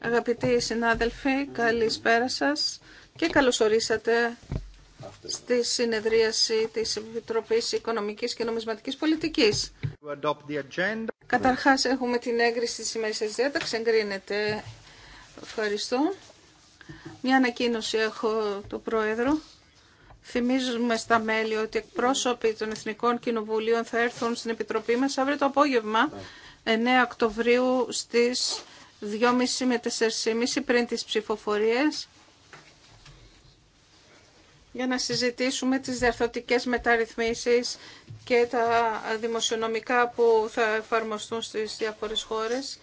Αγαπητοί συνάδελφοι, καλησπέρα σας και καλωσορίσατε ορίσατε στη συνεδρίαση της Επιτροπής Οικονομικής και Νομισματικής Πολιτικής. Καταρχάς έχουμε την έγκριση της σημερινής διάταξης, εγκρίνεται. Ευχαριστώ. Μια ανακοίνωση έχω του Πρόεδρου. Θυμίζουμε στα μέλη ότι εκπρόσωποι των Εθνικών Κοινοβουλίων θα έρθουν στην Επιτροπή μας αύριο το απόγευμα 9 Οκτωβρίου στις 2.30 με 4.30 πριν τις ψηφοφορίες για να συζητήσουμε τις διαρθωτικές μεταρρυθμίσεις και τα δημοσιονομικά που θα εφαρμοστούν στις διάφορες χώρες.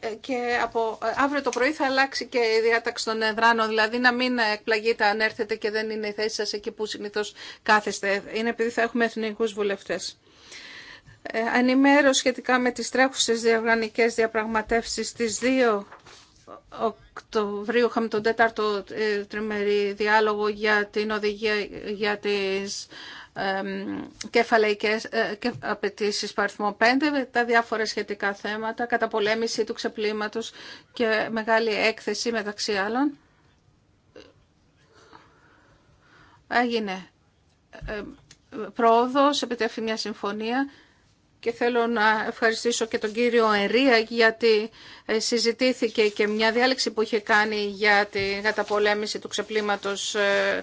Ε, και από ε, αύριο το πρωί θα αλλάξει και η διάταξη των εδράνων, δηλαδή να μην εκπλαγείτε αν έρθετε και δεν είναι η θέση σας εκεί που συνήθως κάθεστε. Είναι επειδή θα έχουμε εθνικούς βουλευτές. Ε, ανημέρω σχετικά με τις τρέχουσες διοργανικές διαπραγματεύσεις στις 2 Οκτωβρίου είχαμε τον τέταρτο ε, τριμερή διάλογο για την οδηγία για τις ε, κεφαλαϊκές ε, απαιτήσεις 5, τα διάφορα σχετικά θέματα, καταπολέμηση του ξεπλήματος και μεγάλη έκθεση μεταξύ άλλων. Έγινε ε, πρόοδος, επιτεύχθη μια συμφωνία και θέλω να ευχαριστήσω και τον κύριο Ερία γιατί ε, συζητήθηκε και μια διάλεξη που είχε κάνει για την καταπολέμηση του ξεπλήματος ε,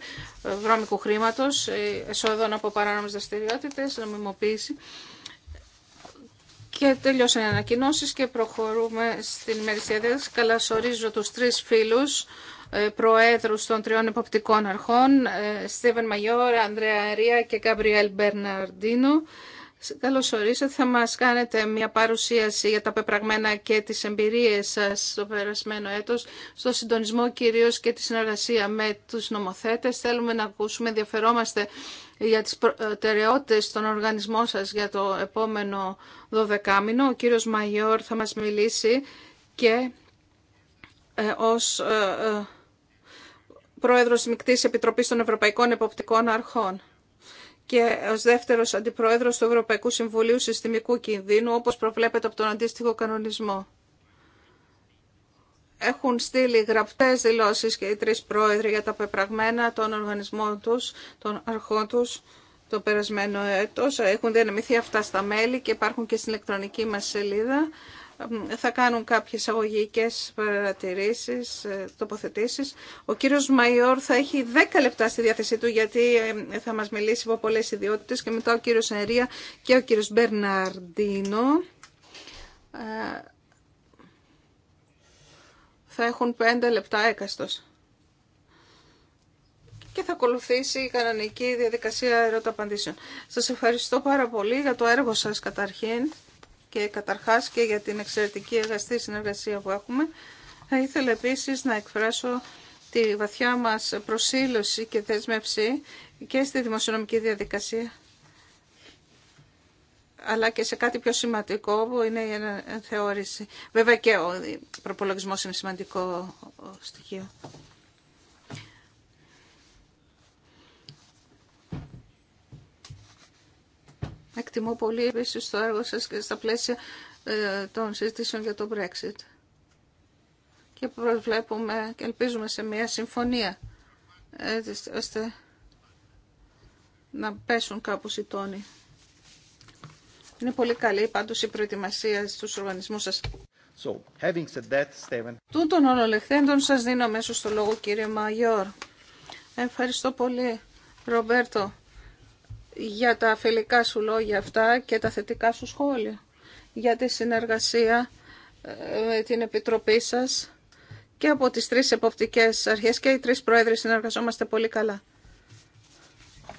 βρώμικου χρήματος, ε, εσόδων από παράνομες δραστηριότητε, νομιμοποίηση. Και τελειώσαν οι ανακοινώσεις και προχωρούμε στην ημερησία διάταξη. Καλασορίζω τους τρεις φίλους προέδρους των τριών υποπτικών αρχών, Στίβεν Μαγιόρ, Ανδρέα Ερία και Γκαμπριέλ Μπερναρντίνου. Καλώς ορίσατε. Θα μας κάνετε μια παρουσίαση για τα πεπραγμένα και τις εμπειρίες σας στο περασμένο έτος, στο συντονισμό κυρίως και τη συνεργασία με τους νομοθέτες. Θέλουμε να ακούσουμε, ενδιαφερόμαστε για τις προτεραιότητες των οργανισμών σας για το επόμενο δωδεκάμινο. Ο κύριος Μαγιόρ θα μας μιλήσει και ε, ως ε, ε, πρόεδρος Μικτής Επιτροπής των Ευρωπαϊκών Εποπτικών Αρχών και ως δεύτερος αντιπρόεδρος του Ευρωπαϊκού Συμβουλίου Συστημικού Κινδύνου, όπως προβλέπεται από τον αντίστοιχο κανονισμό. Έχουν στείλει γραπτές δηλώσεις και οι τρεις πρόεδροι για τα πεπραγμένα των οργανισμών τους, των αρχών τους, το περασμένο έτος. Έχουν διανεμηθεί αυτά στα μέλη και υπάρχουν και στην ηλεκτρονική μας σελίδα θα κάνουν κάποιες αγωγικές παρατηρήσεις, ε, τοποθετήσεις. Ο κύριος Μαϊόρ θα έχει 10 λεπτά στη διάθεσή του γιατί ε, θα μας μιλήσει από πολλές ιδιότητες και μετά ο κύριος Ερία και ο κύριος Μπερναρντίνο ε, θα έχουν 5 λεπτά έκαστος. Και θα ακολουθήσει η κανονική διαδικασία ερώτα απαντήσεων. Σας ευχαριστώ πάρα πολύ για το έργο σας καταρχήν και καταρχάς και για την εξαιρετική εργαστή συνεργασία που έχουμε. Θα ήθελα επίσης να εκφράσω τη βαθιά μας προσήλωση και δέσμευση και στη δημοσιονομική διαδικασία αλλά και σε κάτι πιο σημαντικό που είναι η θεώρηση. Βέβαια και ο προπολογισμός είναι σημαντικό στοιχείο. Εκτιμώ πολύ επίση το έργο σα και στα πλαίσια ε, των συζητήσεων για το Brexit. Και προβλέπουμε και ελπίζουμε σε μια συμφωνία, ε, ώστε να πέσουν κάπω οι τόνοι. Είναι πολύ καλή πάντως η προετοιμασία στους οργανισμού σας. So, having said that, Τούτων ολολεχθέντων σας δίνω μέσω στο λόγο κύριε Μαγιόρ. Ευχαριστώ πολύ, Ρομπέρτο για τα φιλικά σου λόγια αυτά και τα θετικά σου σχόλια, για τη συνεργασία ε, με την Επιτροπή σας και από τις τρεις εποπτικές αρχές και οι τρεις πρόεδροι συνεργαζόμαστε πολύ καλά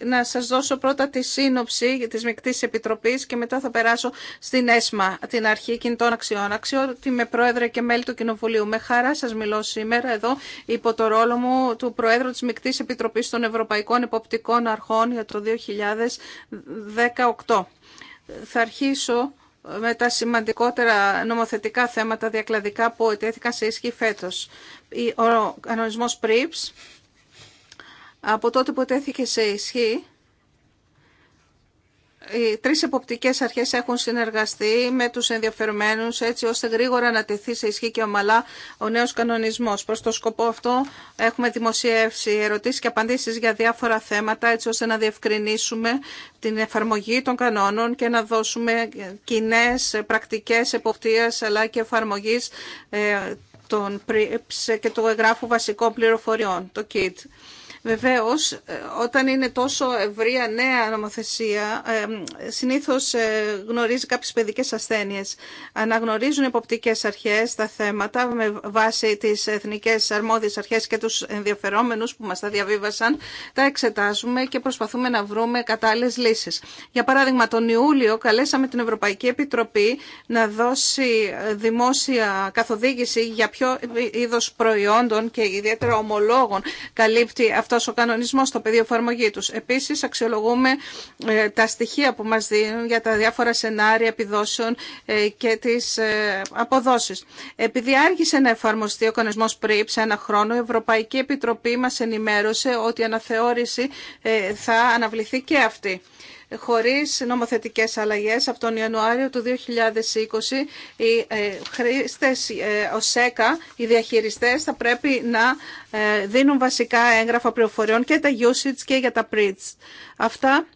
να σας δώσω πρώτα τη σύνοψη της Μικτής Επιτροπής και μετά θα περάσω στην ΕΣΜΑ, την Αρχή Κινητών Αξιών. ότι με πρόεδρε και μέλη του Κοινοβουλίου. Με χαρά σας μιλώ σήμερα εδώ υπό το ρόλο μου του Προέδρου της Μικτής Επιτροπής των Ευρωπαϊκών Εποπτικών Αρχών για το 2018. Θα αρχίσω με τα σημαντικότερα νομοθετικά θέματα διακλαδικά που ετέθηκαν σε ίσχυ φέτος. Ο κανονισμός PRIPS, από τότε που τέθηκε σε ισχύ, οι τρεις εποπτικές αρχές έχουν συνεργαστεί με τους ενδιαφερμένους έτσι ώστε γρήγορα να τεθεί σε ισχύ και ομαλά ο νέος κανονισμός. Προς το σκοπό αυτό έχουμε δημοσιεύσει ερωτήσεις και απαντήσεις για διάφορα θέματα έτσι ώστε να διευκρινίσουμε την εφαρμογή των κανόνων και να δώσουμε κοινέ πρακτικές εποπτείας αλλά και εφαρμογής ε, των ε, και του εγγράφου βασικών πληροφοριών, το KIT. Βεβαίως, ε, όταν είναι τόσο ευρία νέα νομοθεσία, ε, συνήθως ε, γνωρίζει κάποιες παιδικές ασθένειες. Αναγνωρίζουν υποπτικές αρχές τα θέματα με βάση τις εθνικές αρμόδιες αρχές και τους ενδιαφερόμενους που μας τα διαβίβασαν. Τα εξετάζουμε και προσπαθούμε να βρούμε κατάλληλες λύσεις. Για παράδειγμα, τον Ιούλιο καλέσαμε την Ευρωπαϊκή Επιτροπή να δώσει δημόσια καθοδήγηση για ποιο είδος προϊόντων και ιδιαίτερα ομολόγων καλύπτει αυτό αυτός ο κανονισμός στο πεδίο εφαρμογή τους. Επίσης αξιολογούμε ε, τα στοιχεία που μας δίνουν για τα διάφορα σενάρια επιδόσεων ε, και τις ε, αποδόσεις. Επειδή άργησε να εφαρμοστεί ο κανονισμός πριν σε ένα χρόνο, η Ευρωπαϊκή Επιτροπή μας ενημέρωσε ότι η αναθεώρηση θα αναβληθεί και αυτή χωρίς νομοθετικές αλλαγές από τον Ιανουάριο του 2020 οι ε, χρήστες σέκα ε, οι διαχειριστές θα πρέπει να ε, δίνουν βασικά έγγραφα πληροφοριών και τα usage και για τα prints. Αυτά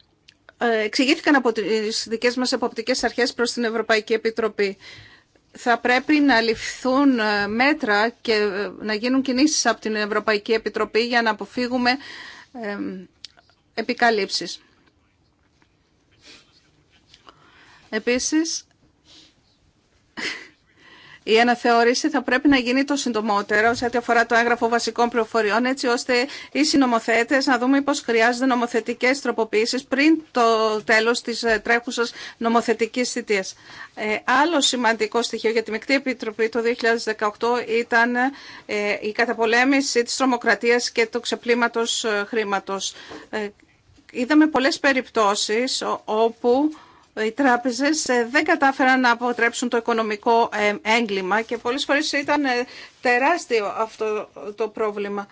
εξηγήθηκαν από τις δικές μας εποπτικές αρχές προς την Ευρωπαϊκή Επιτροπή. Θα πρέπει να ληφθούν μέτρα και να γίνουν κινήσεις από την Ευρωπαϊκή Επιτροπή για να αποφύγουμε επικαλύψεις. Επίσης, η αναθεώρηση θα πρέπει να γίνει το συντομότερο σε ό,τι αφορά το έγγραφο βασικών πληροφοριών, έτσι ώστε οι συνομοθέτε να δούμε πώ χρειάζονται νομοθετικέ τροποποιήσει πριν το τέλο τη ε, τρέχουσα νομοθετική θητεία. Ε, άλλο σημαντικό στοιχείο για τη Μεκτή Επιτροπή το 2018 ήταν ε, η καταπολέμηση τη τρομοκρατία και του ξεπλήματο χρήματο. είδαμε πολλέ περιπτώσει όπου οι τράπεζες ε, δεν κατάφεραν να αποτρέψουν το οικονομικό ε, έγκλημα και πολλές φορές ήταν ε, τεράστιο αυτό το πρόβλημα.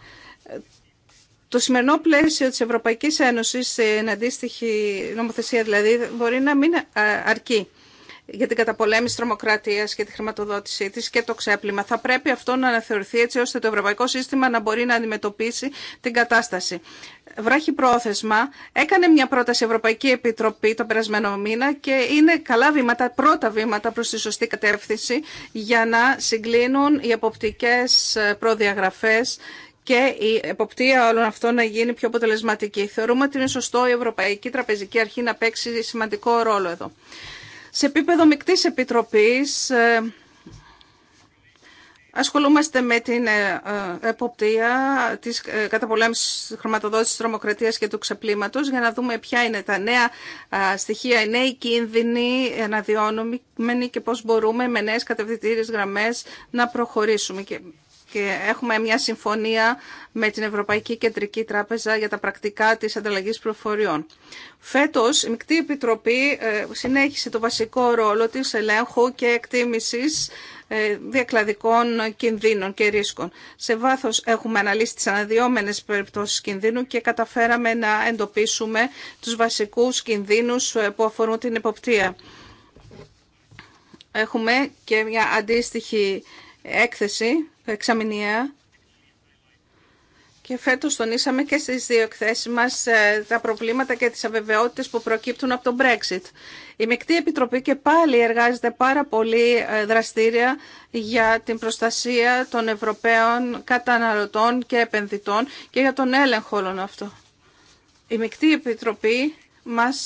Το σημερινό πλαίσιο της Ευρωπαϊκής Ένωσης, στην αντίστοιχη νομοθεσία δηλαδή, μπορεί να μην αρκεί για την καταπολέμηση τρομοκρατίας και τη χρηματοδότησή της και το ξέπλυμα. Θα πρέπει αυτό να αναθεωρηθεί έτσι ώστε το ευρωπαϊκό σύστημα να μπορεί να αντιμετωπίσει την κατάσταση. Βράχει πρόθεσμα, έκανε μια πρόταση η Ευρωπαϊκή Επιτροπή το περασμένο μήνα και είναι καλά βήματα, πρώτα βήματα προς τη σωστή κατεύθυνση για να συγκλίνουν οι αποπτικές προδιαγραφές και η εποπτεία όλων αυτών να γίνει πιο αποτελεσματική. Θεωρούμε ότι είναι σωστό η Ευρωπαϊκή Τραπεζική Αρχή να παίξει σημαντικό ρόλο εδώ. Σε επίπεδο μεικτής επιτροπής ε, ασχολούμαστε με την ε, ε, εποπτεία της καταπολέμησης χρωματοδότησης τρομοκρατίας και του ξεπλήματος για να δούμε ποια είναι τα νέα στοιχεία, οι νέοι κίνδυνοι αναδιώνομοι και πώς μπορούμε με νέες κατευθυντήριες γραμμές να προχωρήσουμε και έχουμε μια συμφωνία με την Ευρωπαϊκή Κεντρική Τράπεζα για τα πρακτικά της ανταλλαγής προφοριών. Φέτος, η Μικτή Επιτροπή ε, συνέχισε το βασικό ρόλο της ελέγχου και εκτίμησης ε, διακλαδικών κινδύνων και ρίσκων. Σε βάθος έχουμε αναλύσει τις αναδυόμενες περιπτώσεις κινδύνου και καταφέραμε να εντοπίσουμε τους βασικούς κινδύνους ε, που αφορούν την εποπτεία. Έχουμε και μια αντίστοιχη έκθεση εξαμηνιαία. Και φέτος τονίσαμε και στις δύο εκθέσεις μας ε, τα προβλήματα και τις αβεβαιότητες που προκύπτουν από τον Brexit. Η Μεκτή Επιτροπή και πάλι εργάζεται πάρα πολύ ε, δραστήρια για την προστασία των Ευρωπαίων καταναλωτών και επενδυτών και για τον έλεγχο όλων αυτό. Η Μεκτή Επιτροπή μας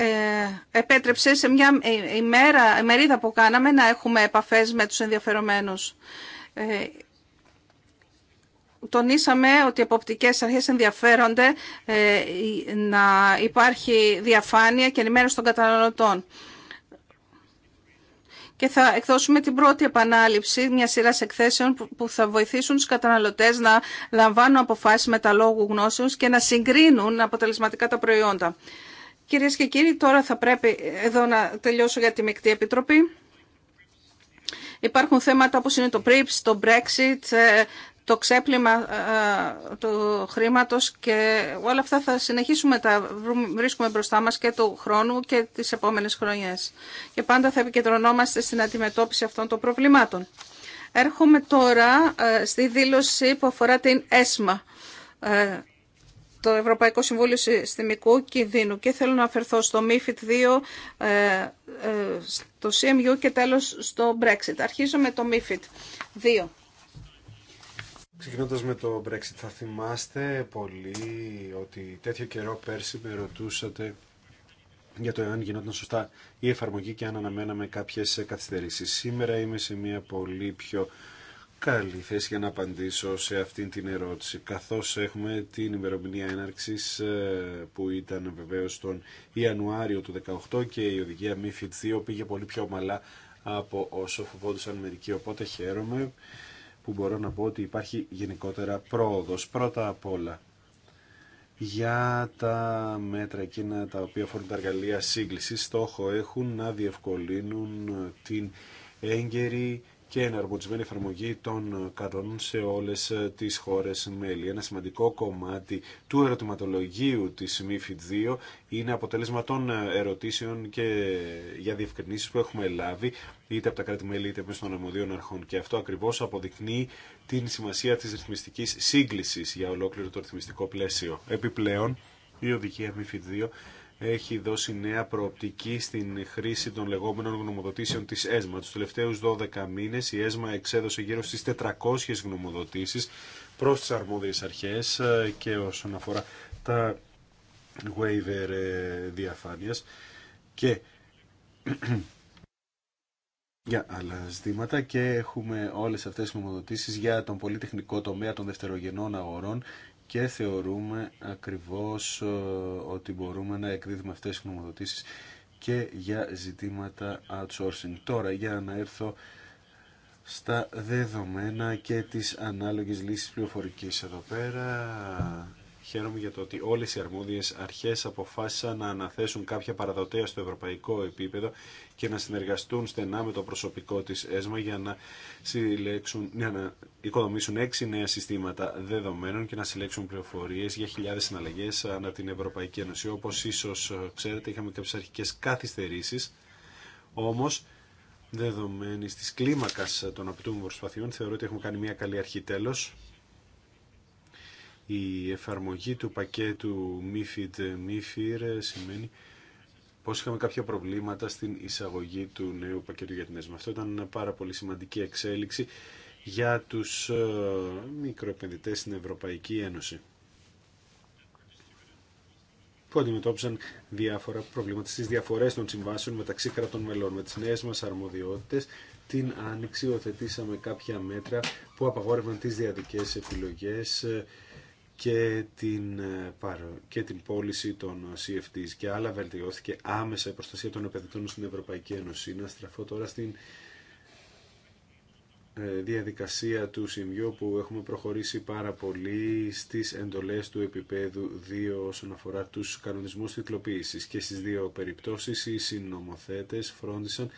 ε, επέτρεψε σε μια ε, ημέρα, ημερίδα που κάναμε να έχουμε επαφές με τους ενδιαφερομένους. Ε, τονίσαμε ότι οι εποπτικές αρχές ενδιαφέρονται να υπάρχει διαφάνεια και ενημέρωση των καταναλωτών. Και θα εκδώσουμε την πρώτη επανάληψη μια σειρά εκθέσεων που θα βοηθήσουν τους καταναλωτές να λαμβάνουν αποφάσεις με τα λόγου και να συγκρίνουν αποτελεσματικά τα προϊόντα. Κυρίες και κύριοι, τώρα θα πρέπει εδώ να τελειώσω για τη Μεκτή Επιτροπή. Υπάρχουν θέματα όπως είναι το PRIPS, το Brexit, ε, το ξέπλυμα ε, του χρήματος και όλα αυτά θα συνεχίσουμε τα βρίσκουμε μπροστά μας και του χρόνου και τις επόμενες χρονιές. Και πάντα θα επικεντρωνόμαστε στην αντιμετώπιση αυτών των προβλημάτων. Έρχομαι τώρα ε, στη δήλωση που αφορά την ΕΣΜΑ το Ευρωπαϊκό Συμβούλιο Συστημικού Κινδύνου και θέλω να αφαιρθώ στο MIFID 2, ε, ε, στο CMU και τέλος στο Brexit. Αρχίζω με το MIFID 2. Ξεκινώντας με το Brexit, θα θυμάστε πολύ ότι τέτοιο καιρό πέρσι με ρωτούσατε για το εάν γινόταν σωστά η εφαρμογή και αν αναμέναμε κάποιες καθυστερήσεις. Σήμερα είμαι σε μια πολύ πιο καλή θέση για να απαντήσω σε αυτήν την ερώτηση, καθώς έχουμε την ημερομηνία έναρξης ε, που ήταν βεβαίως τον Ιανουάριο του 2018 και η οδηγία MIFID 2 πήγε πολύ πιο ομαλά από όσο φοβόντουσαν μερικοί, οπότε χαίρομαι που μπορώ να πω ότι υπάρχει γενικότερα πρόοδος. Πρώτα απ' όλα, για τα μέτρα εκείνα τα οποία αφορούν τα εργαλεία σύγκλησης, στόχο έχουν να διευκολύνουν την έγκαιρη και εναρμονισμένη εφαρμογή των κανόνων σε όλες ε, τις χώρες μέλη. Ένα σημαντικό κομμάτι του ερωτηματολογίου της MIFID 2 είναι αποτέλεσμα των ε, ερωτήσεων και ε, για διευκρινήσεις που έχουμε λάβει είτε από τα κράτη-μέλη είτε μέσω των αρμοδίων αρχών. Και αυτό ακριβώς αποδεικνύει την σημασία της ρυθμιστικής σύγκλησης για ολόκληρο το ρυθμιστικό πλαίσιο. Επιπλέον, η οδηγία MIFID 2 έχει δώσει νέα προοπτική στην χρήση των λεγόμενων γνωμοδοτήσεων της ΕΣΜΑ. Τους τελευταίους 12 μήνες η ΕΣΜΑ εξέδωσε γύρω στις 400 γνωμοδοτήσεις προς τις αρμόδιες αρχές ε, και όσον αφορά τα waiver ε, διαφάνειας και για άλλα ζητήματα και έχουμε όλες αυτές τις νομοδοτήσεις για τον πολυτεχνικό τομέα των δευτερογενών αγορών και θεωρούμε ακριβώς ε, ότι μπορούμε να εκδίδουμε αυτές τις γνωμοδοτήσεις και για ζητήματα outsourcing. Τώρα για να έρθω στα δεδομένα και τις ανάλογες λύσεις πληροφορικής εδώ πέρα Χαίρομαι για το ότι όλε οι αρμόδιε αρχέ αποφάσισαν να αναθέσουν κάποια παραδοτέα στο ευρωπαϊκό επίπεδο και να συνεργαστούν στενά με το προσωπικό τη ΕΣΜΑ για να, συλλέξουν, να οικοδομήσουν έξι νέα συστήματα δεδομένων και να συλλέξουν πληροφορίε για χιλιάδε συναλλαγέ ανά την Ευρωπαϊκή Ένωση. όπω ίσω ξέρετε είχαμε κάποιε αρχικέ καθυστερήσει όμω, δεδομένη της κλίμακα των απαιτούμενων προσπαθειών θεωρώ ότι έχουμε κάνει μια καλή αρχή τέλο η εφαρμογή του πακέτου MIFID-MIFIR σημαίνει πως είχαμε κάποια προβλήματα στην εισαγωγή του νέου πακέτου για την ΕΣΜΑ. Αυτό ήταν μια πάρα πολύ σημαντική εξέλιξη για τους ε, μικροεπενδυτές στην Ευρωπαϊκή Ένωση που αντιμετώπισαν διάφορα προβλήματα στις διαφορές των συμβάσεων μεταξύ κρατών μελών. Με τις νέες μας αρμοδιότητες την άνοιξη οθετήσαμε κάποια μέτρα που απαγόρευαν τις διαδικές επιλογές ε, και την, ε, και την πώληση των CFTs και άλλα βελτιώθηκε άμεσα η προστασία των επενδυτών στην Ευρωπαϊκή Ένωση. Να στραφώ τώρα στην ε, διαδικασία του σημειού που έχουμε προχωρήσει πάρα πολύ στις εντολές του επίπεδου 2 όσον αφορά τους κανονισμούς τυκλοποίησης και στις δύο περιπτώσεις οι συνομοθέτες φρόντισαν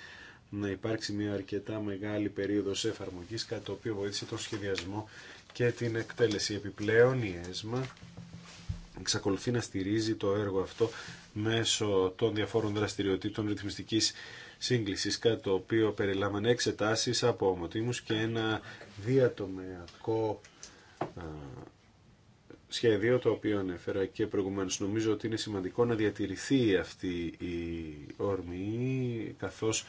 να υπάρξει μια αρκετά μεγάλη περίοδος εφαρμογής κατά το οποίο βοήθησε τον σχεδιασμό και την εκτέλεση. Επιπλέον η ΕΣΜΑ εξακολουθεί να στηρίζει το έργο αυτό μέσω των διαφόρων δραστηριοτήτων ρυθμιστικής σύγκλησης, κάτι το οποίο περιλάμβανε εξετάσεις από ομοτήμους και ένα διατομεακό σχέδιο το οποίο ανέφερα και προηγουμένως. Νομίζω ότι είναι σημαντικό να διατηρηθεί αυτή η όρμη καθώς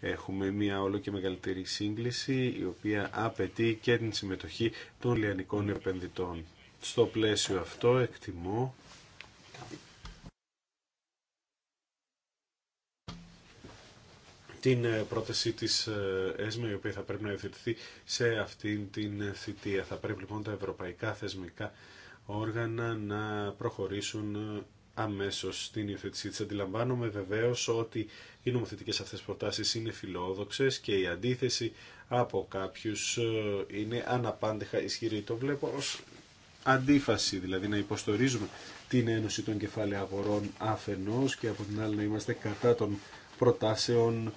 Έχουμε μια όλο και μεγαλύτερη σύγκληση η οποία απαιτεί και την συμμετοχή των λιανικών επενδυτών. Στο πλαίσιο αυτό εκτιμώ την ε, πρόταση της ε, ΕΣΜΕ η οποία θα πρέπει να υιοθετηθεί σε αυτήν την ε, θητεία. Θα πρέπει λοιπόν τα ευρωπαϊκά θεσμικά όργανα να προχωρήσουν αμέσως στην υιοθέτησή τη Αντιλαμβάνομαι βεβαίω ότι οι νομοθετικέ αυτές προτάσεις είναι φιλόδοξες και η αντίθεση από κάποιους ε, είναι αναπάντεχα ισχυρή. Το βλέπω ως αντίφαση, δηλαδή να υποστορίζουμε την Ένωση των Κεφάλαια Αγορών αφενός και από την άλλη να είμαστε κατά των προτάσεων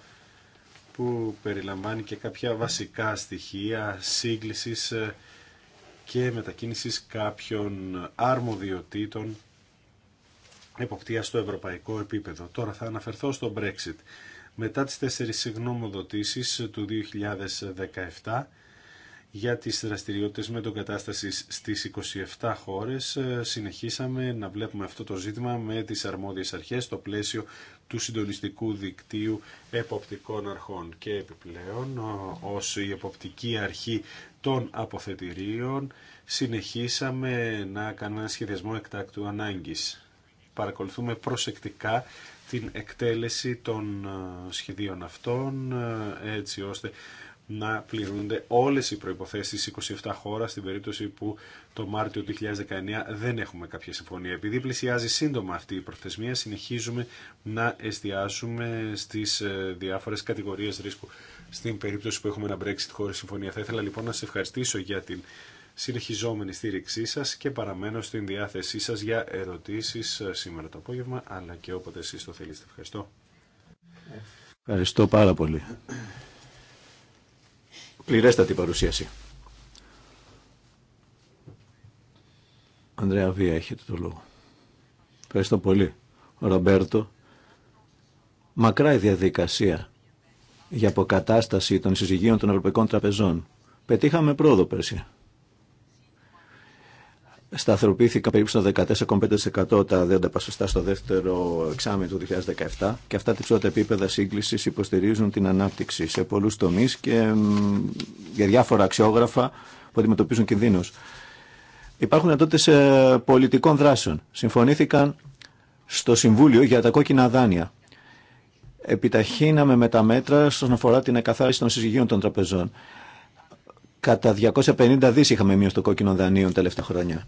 που περιλαμβάνει και κάποια βασικά στοιχεία σύγκλησης ε, και μετακίνησης κάποιων αρμοδιοτήτων εποπτεία στο ευρωπαϊκό επίπεδο. Τώρα θα αναφερθώ στο Brexit. Μετά τις τέσσερις συγνωμοδοτήσεις του 2017 για τις δραστηριότητες με τον κατάσταση στις 27 χώρες ε, συνεχίσαμε να βλέπουμε αυτό το ζήτημα με τις αρμόδιες αρχές στο πλαίσιο του συντονιστικού δικτύου εποπτικών αρχών και επιπλέον ως η εποπτική αρχή των αποθετηρίων συνεχίσαμε να κάνουμε ένα σχεδιασμό εκτάκτου ανάγκης παρακολουθούμε προσεκτικά την εκτέλεση των ε, σχεδίων αυτών ε, έτσι ώστε να πληρούνται όλες οι προϋποθέσεις 27 χώρα στην περίπτωση που το Μάρτιο του 2019 δεν έχουμε κάποια συμφωνία. Επειδή πλησιάζει σύντομα αυτή η προθεσμία συνεχίζουμε να εστιάσουμε στις ε, διάφορες κατηγορίες ρίσκου στην περίπτωση που έχουμε ένα Brexit χωρίς συμφωνία. Θα ήθελα λοιπόν να σας ευχαριστήσω για την συνεχιζόμενη στήριξή σας και παραμένω στην διάθεσή σας για ερωτήσεις ε, σήμερα το απόγευμα, αλλά και όποτε εσείς το θέλετε. Ευχαριστώ. Ευχαριστώ πάρα πολύ. Πληρέστατη παρουσίαση. Ανδρέα Βία, έχετε το λόγο. Ευχαριστώ πολύ. Ο Ρομπέρτο, μακρά η διαδικασία για αποκατάσταση των συζυγίων των Ευρωπαϊκών Τραπεζών. Πετύχαμε πρόοδο πέρσι σταθεροποιήθηκαν περίπου στο 14,5% τα δέοντα ποσοστά στο δεύτερο εξάμεινο του 2017 και αυτά τα υψηλότερα επίπεδα σύγκληση υποστηρίζουν την ανάπτυξη σε πολλού τομεί και για διάφορα αξιόγραφα που αντιμετωπίζουν κινδύνου. Υπάρχουν σε πολιτικών δράσεων. Συμφωνήθηκαν στο Συμβούλιο για τα κόκκινα δάνεια. Επιταχύναμε με τα μέτρα όσον αφορά την εκαθάριση των συζυγίων των τραπεζών. Κατά 250 δις είχαμε μείωση των κόκκινων δανείων τελευταία χρόνια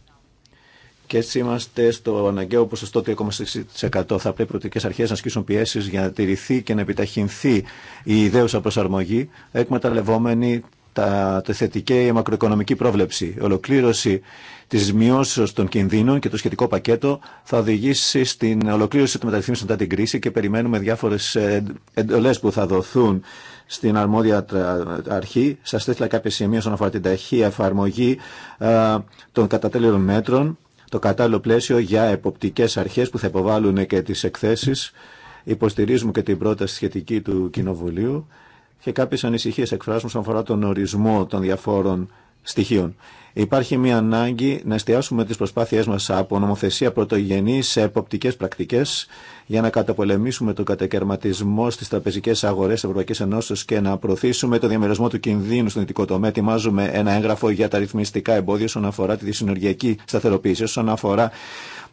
και έτσι είμαστε στο αναγκαίο ποσοστό 3,6%. Θα πρέπει οι πρωτικέ αρχέ να ασκήσουν πιέσει για να τηρηθεί και να επιταχυνθεί η ιδέουσα προσαρμογή, εκμεταλλευόμενη τα, θετική η μακροοικονομική πρόβλεψη. Η ολοκλήρωση τη μειώσεω των κινδύνων και το σχετικό πακέτο θα οδηγήσει στην ολοκλήρωση των μεταρρυθμίσεων μετά την κρίση και περιμένουμε διάφορε εντολέ που θα δοθούν στην αρμόδια αρχή. Σα έστειλα κάποια σημεία όσον αφορά την ταχεία εφαρμογή των κατατέλειων μέτρων το κατάλληλο πλαίσιο για εποπτικές αρχές που θα υποβάλουν και τις εκθέσεις. Υποστηρίζουμε και την πρόταση σχετική του Κοινοβουλίου και κάποιες ανησυχίες εκφράζουμε σχετικά αφορά τον ορισμό των διαφόρων στοιχείων. Υπάρχει μια ανάγκη να εστιάσουμε τις προσπάθειές μας από νομοθεσία πρωτογενή σε εποπτικές πρακτικές για να καταπολεμήσουμε τον κατακαιρματισμό στις τραπεζικές αγορές της Ευρωπαϊκής Ενώσης και να προωθήσουμε το διαμερισμό του κινδύνου στον ειδικό τομέα. Ετοιμάζουμε ένα έγγραφο για τα ρυθμιστικά εμπόδια όσον αφορά τη συνεργειακή σταθεροποίηση, όσον αφορά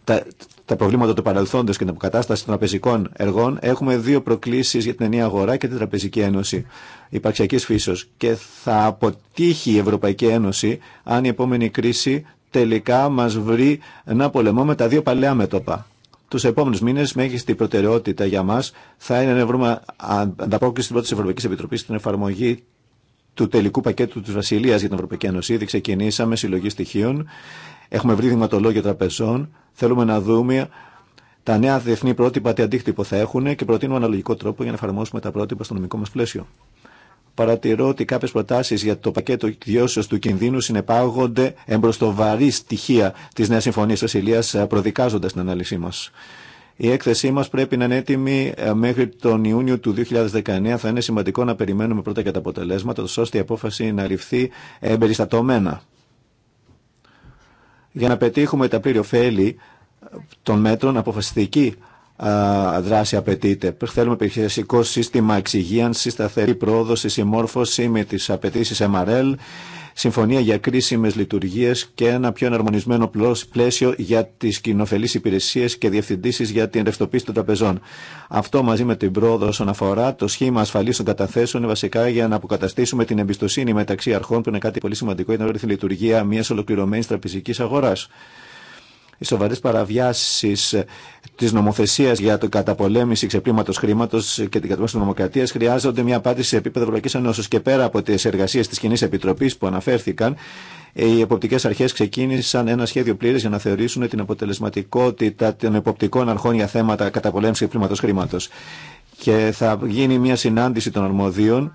τα, τα προβλήματα του παρελθόντος και την αποκατάσταση των τραπεζικών εργών, έχουμε δύο προκλήσεις για την ενιαία αγορά και την Τραπεζική Ένωση υπαρξιακής φύσεως. Και θα αποτύχει η Ευρωπαϊκή Ένωση αν η επόμενη κρίση τελικά μας βρει να πολεμούμε τα δύο παλαιά μέτωπα. Του επόμενου μήνε μέγιστη προτεραιότητα για μα, θα είναι να βρούμε ανταπόκριση στην πρώτη της Ευρωπαϊκής στην εφαρμογή του τελικού πακέτου τη Βασιλεία για την Ευρωπαϊκή Ένωση. Ήδη ξεκινήσαμε συλλογή στοιχείων. Έχουμε βρει δειγματολόγια τραπεζών Θέλουμε να δούμε τα νέα διεθνή πρότυπα τι αντίκτυπο θα έχουν και προτείνουμε αναλογικό τρόπο για να εφαρμόσουμε τα πρότυπα στο νομικό μα πλαίσιο. Παρατηρώ ότι κάποιε προτάσει για το πακέτο εκδιώσεω του κινδύνου συνεπάγονται εμπροστοβαρή στοιχεία τη νέα συμφωνία ασυλία, προδικάζοντα την ανάλυση μα. Η έκθεσή μα πρέπει να είναι έτοιμη μέχρι τον Ιούνιο του 2019. Θα είναι σημαντικό να περιμένουμε πρώτα και τα αποτελέσματα, ώστε η απόφαση να ληφθεί εμπεριστατωμένα για να πετύχουμε τα πλήρη ωφέλη των μέτρων αποφασιστική δράση απαιτείται. Θέλουμε περιχειρησικό σύστημα εξυγίανση, σταθερή πρόοδο, συμμόρφωση με τι απαιτήσει MRL, συμφωνία για κρίσιμες λειτουργίε και ένα πιο εναρμονισμένο πλαίσιο για τις κοινοφελείς υπηρεσίες και διευθυντήσει για την ρευστοποίηση των τραπεζών. Αυτό μαζί με την πρόοδο όσον αφορά το σχήμα ασφαλή των καταθέσεων είναι βασικά για να αποκαταστήσουμε την εμπιστοσύνη μεταξύ αρχών που είναι κάτι πολύ σημαντικό για την λειτουργία μια ολοκληρωμένη τραπεζική αγορά οι σοβαρέ παραβιάσει ε, τη νομοθεσία για την καταπολέμηση ξεπλήματο χρήματο και την καταπολέμηση τη νομοκρατία χρειάζονται μια απάντηση σε επίπεδο Ευρωπαϊκή Ενώσεω. Και πέρα από τι εργασίε τη Κοινή Επιτροπή που αναφέρθηκαν, οι εποπτικέ αρχέ ξεκίνησαν ένα σχέδιο πλήρε για να θεωρήσουν την αποτελεσματικότητα των εποπτικών αρχών για θέματα καταπολέμηση ξεπλήματο χρήματο. Και θα γίνει μια συνάντηση των αρμοδίων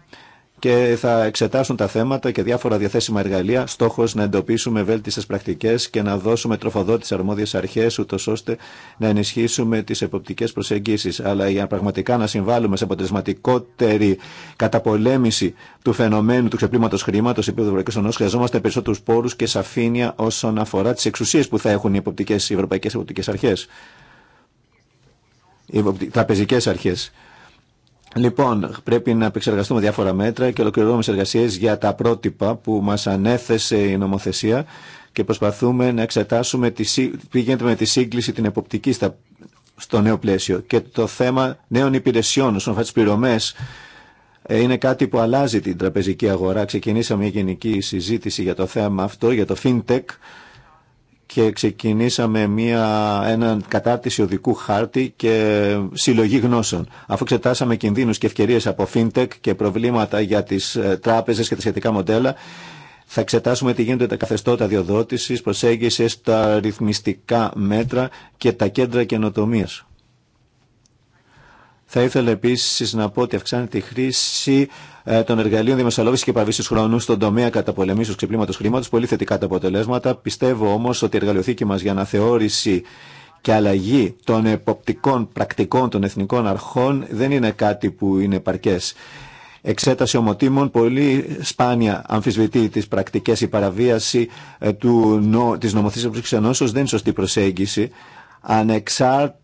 και θα εξετάσουν τα θέματα και διάφορα διαθέσιμα εργαλεία. Στόχο να εντοπίσουμε βέλτιστε πρακτικέ και να δώσουμε τροφοδότη αρμόδιε αρχέ, ούτω ώστε να ενισχύσουμε τι εποπτικέ προσεγγίσει. Αλλά για πραγματικά να συμβάλλουμε σε αποτελεσματικότερη καταπολέμηση του φαινομένου του ξεπλήματο χρήματο επίπεδο Ευρωπαϊκή Ενώση, χρειαζόμαστε περισσότερου πόρου και σαφήνεια όσον αφορά τι εξουσίε που θα έχουν οι, οι ευρωπαϊκέ αρχέ. Οι τραπεζικέ αρχέ. Λοιπόν, πρέπει να επεξεργαστούμε διάφορα μέτρα και ολοκληρώνουμε τι εργασίε για τα πρότυπα που μα ανέθεσε η νομοθεσία και προσπαθούμε να εξετάσουμε τι γίνεται με τη σύγκληση την εποπτική στα, στο νέο πλαίσιο. Και το θέμα νέων υπηρεσιών, όσον αφορά τι πληρωμέ, ε, είναι κάτι που αλλάζει την τραπεζική αγορά. Ξεκινήσαμε μια γενική συζήτηση για το θέμα αυτό, για το FinTech και ξεκινήσαμε μια, έναν κατάρτιση οδικού χάρτη και συλλογή γνώσεων. Αφού εξετάσαμε κινδύνους και ευκαιρίες από fintech και προβλήματα για τις ε, τράπεζες και τα σχετικά μοντέλα, θα εξετάσουμε τι γίνονται τα καθεστώτα διοδότησης, προσέγγισης, τα ρυθμιστικά μέτρα και τα κέντρα καινοτομίας. Θα ήθελα επίση να πω ότι αυξάνεται η χρήση ε, των εργαλείων δημοσιολόγηση και παβίση χρόνου στον τομέα καταπολεμήσεω ξεπλήματο χρήματο. Πολύ θετικά τα αποτελέσματα. Πιστεύω όμω ότι η εργαλειοθήκη μα για αναθεώρηση και αλλαγή των εποπτικών πρακτικών των εθνικών αρχών δεν είναι κάτι που είναι παρκές. Εξέταση ομοτήμων πολύ σπάνια αμφισβητεί τι πρακτικέ, η παραβίαση ε, του, νο, της νομοθεσίας δεν είναι σωστή προσέγγιση. Ανεξάρτητα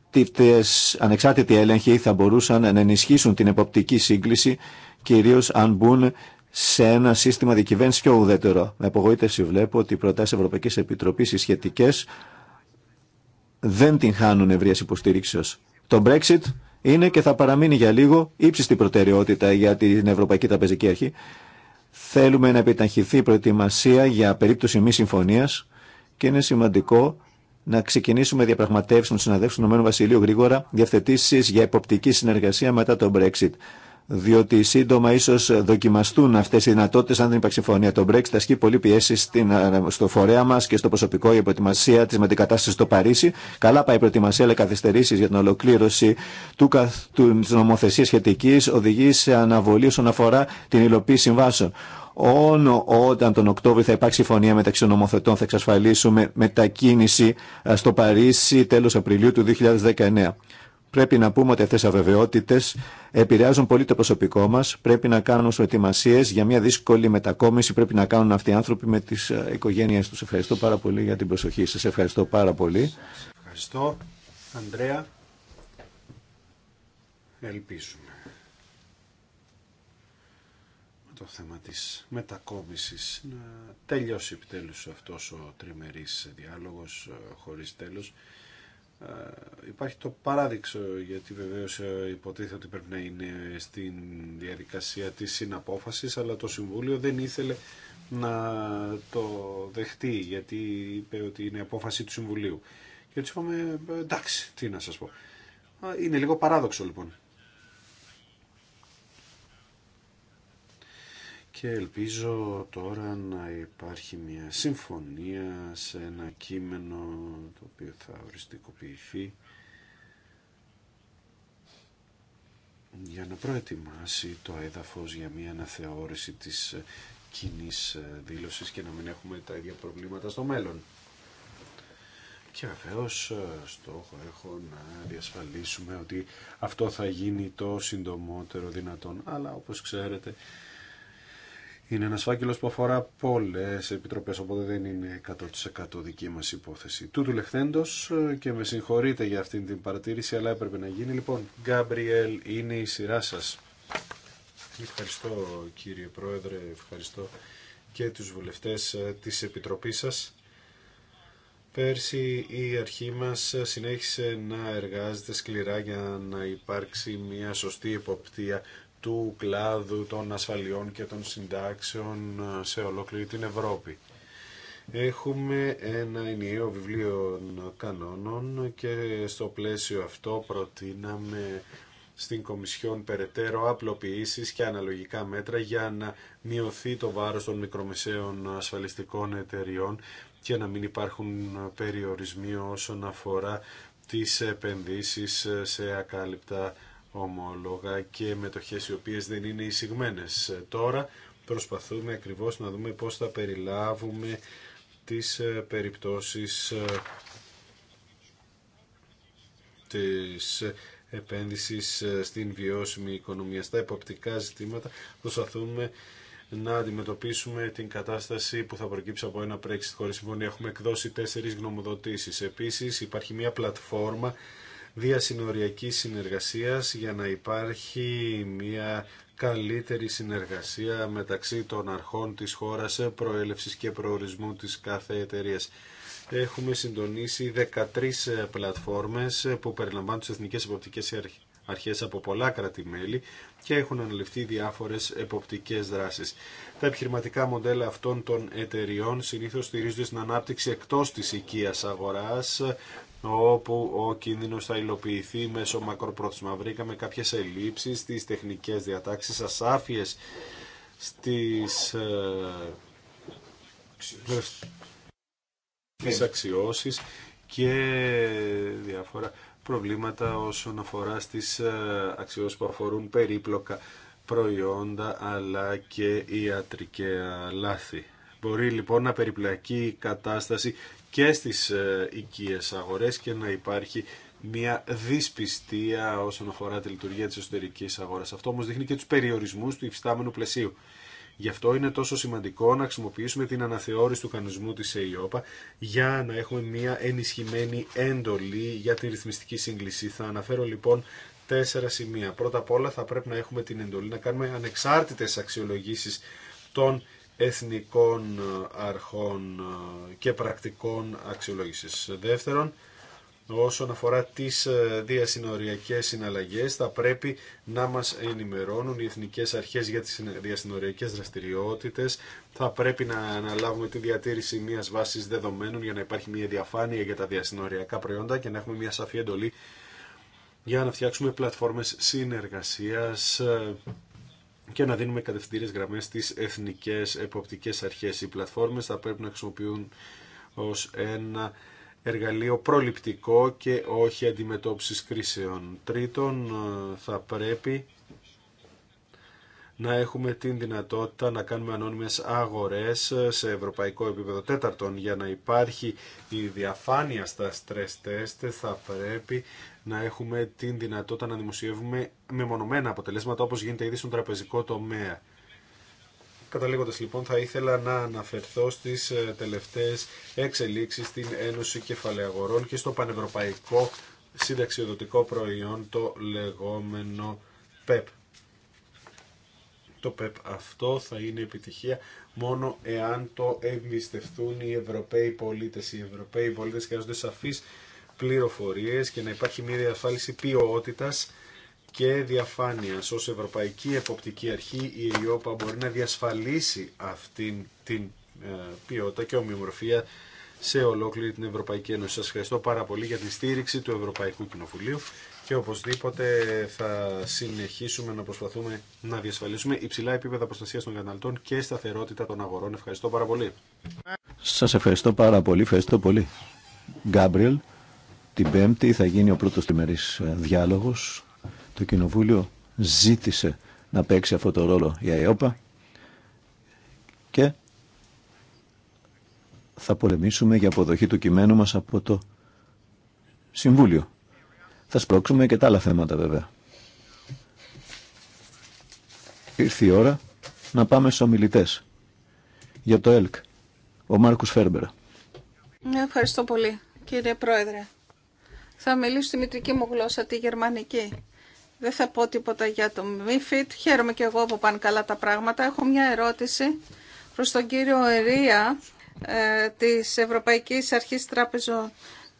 ανεξάρτητοι έλεγχοι θα μπορούσαν να ενισχύσουν την εποπτική σύγκληση, κυρίως αν μπουν σε ένα σύστημα διακυβέρνηση πιο ουδέτερο. Με απογοήτευση βλέπω ότι οι προτάσει Ευρωπαϊκή Επιτροπή, οι σχετικέ, δεν την χάνουν ευρεία υποστήριξεω. Το Brexit είναι και θα παραμείνει για λίγο ύψιστη προτεραιότητα για την Ευρωπαϊκή Τραπεζική Αρχή. Θέλουμε να επιταχυθεί η προετοιμασία για περίπτωση μη συμφωνία και είναι σημαντικό να ξεκινήσουμε διαπραγματεύσει με του συναδέλφου του Ηνωμένου Βασιλείου γρήγορα διευθετήσει για υποπτική συνεργασία μετά το Brexit. Διότι σύντομα ίσω δοκιμαστούν αυτέ οι δυνατότητε αν δεν υπάρξει συμφωνία. Το Brexit ασκεί πολύ πιέσει στο φορέα μα και στο προσωπικό για προετοιμασία τη μετεκατάσταση στο Παρίσι. Καλά πάει η προετοιμασία, αλλά καθυστερήσει για την ολοκλήρωση τη νομοθεσία σχετική οδηγεί σε αναβολή όσον αφορά την υλοποίηση συμβάσεων. Όνο όταν τον Οκτώβριο θα υπάρξει συμφωνία μεταξύ των νομοθετών θα εξασφαλίσουμε μετακίνηση ε, στο Παρίσι τέλος Απριλίου του 2019. Πρέπει να πούμε ότι αυτές οι αβεβαιότητες επηρεάζουν πολύ το προσωπικό μας. Πρέπει να κάνουν προετοιμασίες για μια δύσκολη μετακόμιση. Πρέπει να κάνουν αυτοί οι άνθρωποι με τις ε, οικογένειές τους. Ευχαριστώ πάρα πολύ για την προσοχή σας. Ευχαριστώ πάρα πολύ. Ευχαριστώ, Ανδρέα. Ελπίζουμε θέμα της μετακόμισης να τελειώσει επιτέλους αυτός ο τριμερής διάλογος ε, χωρίς τέλος. Ε, υπάρχει το παράδειξο γιατί βεβαίως ε, υποτίθεται ότι πρέπει να είναι στην διαδικασία της συναπόφασης αλλά το Συμβούλιο δεν ήθελε να το δεχτεί γιατί είπε ότι είναι απόφαση του Συμβουλίου. Και έτσι είπαμε εντάξει τι να σας πω. Είναι λίγο παράδοξο λοιπόν. και ελπίζω τώρα να υπάρχει μια συμφωνία σε ένα κείμενο το οποίο θα οριστικοποιηθεί για να προετοιμάσει το έδαφος για μια αναθεώρηση της κοινή δήλωσης και να μην έχουμε τα ίδια προβλήματα στο μέλλον. Και βεβαίω ε, στόχο έχω να διασφαλίσουμε ότι αυτό θα γίνει το συντομότερο δυνατόν. Αλλά όπως ξέρετε είναι ένα φάκελο που αφορά πολλέ επιτροπές, οπότε δεν είναι 100% δική μα υπόθεση. Τούτου λεχθέντος ε, και με συγχωρείτε για αυτή την παρατήρηση, αλλά έπρεπε να γίνει. Λοιπόν, Γκάμπριελ, είναι η σειρά σα. Ευχαριστώ κύριε Πρόεδρε, ευχαριστώ και τους βουλευτές ε, της Επιτροπής σας. Πέρσι η αρχή μας ε, συνέχισε να εργάζεται σκληρά για να υπάρξει μια σωστή υποπτία του κλάδου των ασφαλιών και των συντάξεων ε, σε ολόκληρη την Ευρώπη. Έχουμε ένα ενιαίο βιβλίο κανόνων και στο πλαίσιο αυτό προτείναμε στην Κομισιόν περαιτέρω απλοποιήσεις και αναλογικά μέτρα για να μειωθεί το βάρος των μικρομεσαίων ασφαλιστικών εταιριών και να μην υπάρχουν περιορισμοί όσον αφορά τις επενδύσεις σε ακάλυπτα ομόλογα και μετοχές οι οποίες δεν είναι εισηγμένες. Τώρα προσπαθούμε ακριβώς να δούμε πώς θα περιλάβουμε τις ε, περιπτώσεις ε, της επένδυσης ε, στην βιώσιμη οικονομία. Στα εποπτικά ζητήματα προσπαθούμε να αντιμετωπίσουμε την κατάσταση που θα προκύψει από ένα Brexit χωρίς συμφωνία. Έχουμε εκδώσει τέσσερις γνωμοδοτήσεις. Επίσης υπάρχει μια πλατφόρμα διασυνοριακής συνεργασίας για να υπάρχει μια καλύτερη συνεργασία μεταξύ των αρχών της χώρας προέλευσης και προορισμού της κάθε εταιρεία. Έχουμε συντονίσει 13 πλατφόρμες που περιλαμβάνουν τις εθνικές εποπτικές αρχές από πολλά κράτη-μέλη και έχουν αναλυφθεί διάφορες εποπτικές δράσεις. Τα επιχειρηματικά μοντέλα αυτών των εταιριών συνήθως στηρίζονται στην ανάπτυξη εκτός της οικίας αγοράς όπου ο κίνδυνο θα υλοποιηθεί μέσω μακροπρόθεσμα. Βρήκαμε κάποιες ελλείψεις στις τεχνικές διατάξεις, ασάφειες στις, ε, αξιώσεις και διάφορα προβλήματα όσον αφορά στις ε, αξιώσεις που αφορούν περίπλοκα προϊόντα αλλά και ιατρικέα λάθη. Μπορεί λοιπόν να περιπλακεί η κατάσταση και στις ε, οικίες αγορές και να υπάρχει μια δυσπιστία όσον αφορά τη λειτουργία της εσωτερικής αγοράς. Αυτό όμως δείχνει και τους περιορισμούς του υφιστάμενου πλαισίου. Γι' αυτό είναι τόσο σημαντικό να χρησιμοποιήσουμε την αναθεώρηση του κανονισμού της ΕΙΟΠΑ για να έχουμε μια ενισχυμένη έντολη για τη ρυθμιστική σύγκληση. Θα αναφέρω λοιπόν τέσσερα σημεία. Πρώτα απ' όλα θα πρέπει να έχουμε την εντολή να κάνουμε ανεξάρτητες αξιολογήσεις των εθνικών ε, αρχών ε, και πρακτικών αξιολόγησης. Δεύτερον, όσον αφορά τις ε, διασυνοριακές συναλλαγές θα πρέπει να μας ενημερώνουν οι εθνικές αρχές για τις διασυνοριακές δραστηριότητες θα πρέπει να αναλάβουμε τη διατήρηση μιας βάσης δεδομένων για να υπάρχει μια διαφάνεια για τα διασυνοριακά προϊόντα και να έχουμε μια σαφή εντολή για να φτιάξουμε πλατφόρμες συνεργασίας και να δίνουμε κατευθυντήριε γραμμές στι εθνικές εποπτικέ αρχές. Οι πλατφόρμες θα πρέπει να χρησιμοποιούν ως ένα εργαλείο προληπτικό και όχι αντιμετώπισης κρίσεων. Τρίτον, θα πρέπει να έχουμε την δυνατότητα να κάνουμε ανώνυμες αγορές σε ευρωπαϊκό επίπεδο. Τέταρτον, για να υπάρχει η διαφάνεια στα stress test θα πρέπει να έχουμε την δυνατότητα να δημοσιεύουμε μεμονωμένα αποτελέσματα όπως γίνεται ήδη στον τραπεζικό τομέα. Καταλήγοντας λοιπόν θα ήθελα να αναφερθώ στις ε, τελευταίες εξελίξεις στην Ένωση Κεφαλαιαγορών και στο Πανευρωπαϊκό Συνταξιοδοτικό Προϊόν το λεγόμενο ΠΕΠ. Το ΠΕΠ αυτό θα είναι επιτυχία μόνο εάν το εμπιστευτούν οι Ευρωπαίοι πολίτες. Οι Ευρωπαίοι πολίτες χρειάζονται σαφείς πληροφορίες και να υπάρχει μια διασφάλιση ποιότητας και διαφάνειας. Ως Ευρωπαϊκή Εποπτική Αρχή η ΕΙΟΠΑ μπορεί να διασφαλίσει αυτή την ε, ποιότητα και ομοιομορφία σε ολόκληρη την Ευρωπαϊκή Ένωση. Σας ευχαριστώ πάρα πολύ για τη στήριξη του Ευρωπαϊκού Κοινοβουλίου και οπωσδήποτε θα συνεχίσουμε να προσπαθούμε να διασφαλίσουμε υψηλά επίπεδα προστασίας των καταναλωτών και σταθερότητα των αγορών. Ευχαριστώ πάρα πολύ. Σας ευχαριστώ πάρα πολύ. Ευχαριστώ πολύ. Γκάμπριελ. Την Πέμπτη θα γίνει ο πρώτος τριμερής ε, διάλογος. Το Κοινοβούλιο ζήτησε να παίξει αυτό το ρόλο η ΑΕΟΠΑ και θα πολεμήσουμε για αποδοχή του κειμένου μας από το Συμβούλιο. Θα σπρώξουμε και τα άλλα θέματα βέβαια. Ήρθε η ώρα να πάμε στους ομιλητές. Για το ΕΛΚ, ο Μάρκους Φέρμπερα. Ευχαριστώ πολύ κύριε Πρόεδρε. Θα μιλήσω στη μητρική μου γλώσσα, τη γερμανική. Δεν θα πω τίποτα για το μύφιτ. Χαίρομαι και εγώ που πάνε καλά τα πράγματα. Έχω μια ερώτηση προς τον κύριο Ερία ε, της Ευρωπαϊκής Αρχής Τράπεζων.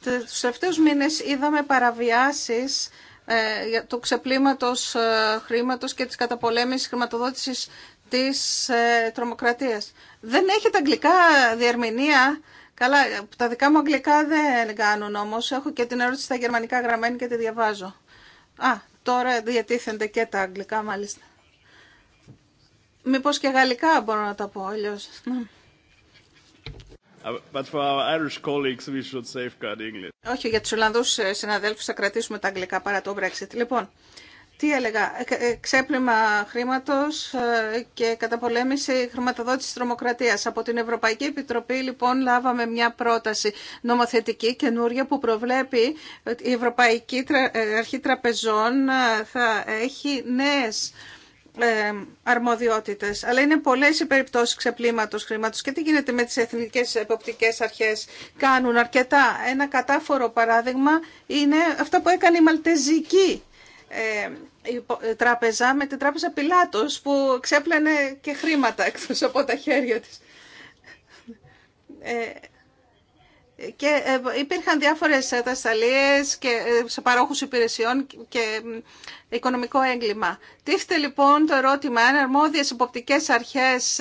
Τους τελευταίους μήνες είδαμε παραβιάσεις ε, του ξεπλήματος ε, χρήματος και της καταπολέμησης χρηματοδότησης της ε, τρομοκρατίας. Δεν έχετε αγγλικά διερμηνία Καλά, τα δικά μου αγγλικά δεν κάνουν όμω, Έχω και την ερώτηση στα γερμανικά γραμμένη και τη διαβάζω. Α, τώρα διατίθενται και τα αγγλικά μάλιστα. Μήπως και γαλλικά μπορώ να τα πω αλλιώ. But for our Irish colleagues, we should safeguard English. Όχι, για τους Ολλανδούς ε, συναδέλφους θα κρατήσουμε τα αγγλικά παρά το Brexit. Λοιπόν, τι έλεγα, ε, ε, ξέπλυμα χρήματος ε, και καταπολέμηση χρηματοδότησης τρομοκρατίας. Από την Ευρωπαϊκή Επιτροπή λοιπόν λάβαμε μια πρόταση νομοθετική καινούρια που προβλέπει ότι η Ευρωπαϊκή Αρχή Τραπεζών θα έχει νέες αρμοδιότητες. Αλλά είναι πολλές οι περιπτώσεις ξεπλήματος χρήματος. Και τι γίνεται με τις εθνικές εποπτικές αρχές. Κάνουν αρκετά. Ένα κατάφορο παράδειγμα είναι αυτό που έκανε η Μαλτεζική η ε, τράπεζα με την τράπεζα Πιλάτος που ξέπλανε και χρήματα εκτός από τα χέρια της. Ε, και ε, υπήρχαν διάφορες ατασταλίες και σε παρόχους υπηρεσιών και οικονομικό έγκλημα. Τίθεται λοιπόν το ερώτημα αν αρμόδιες υποπτικές αρχές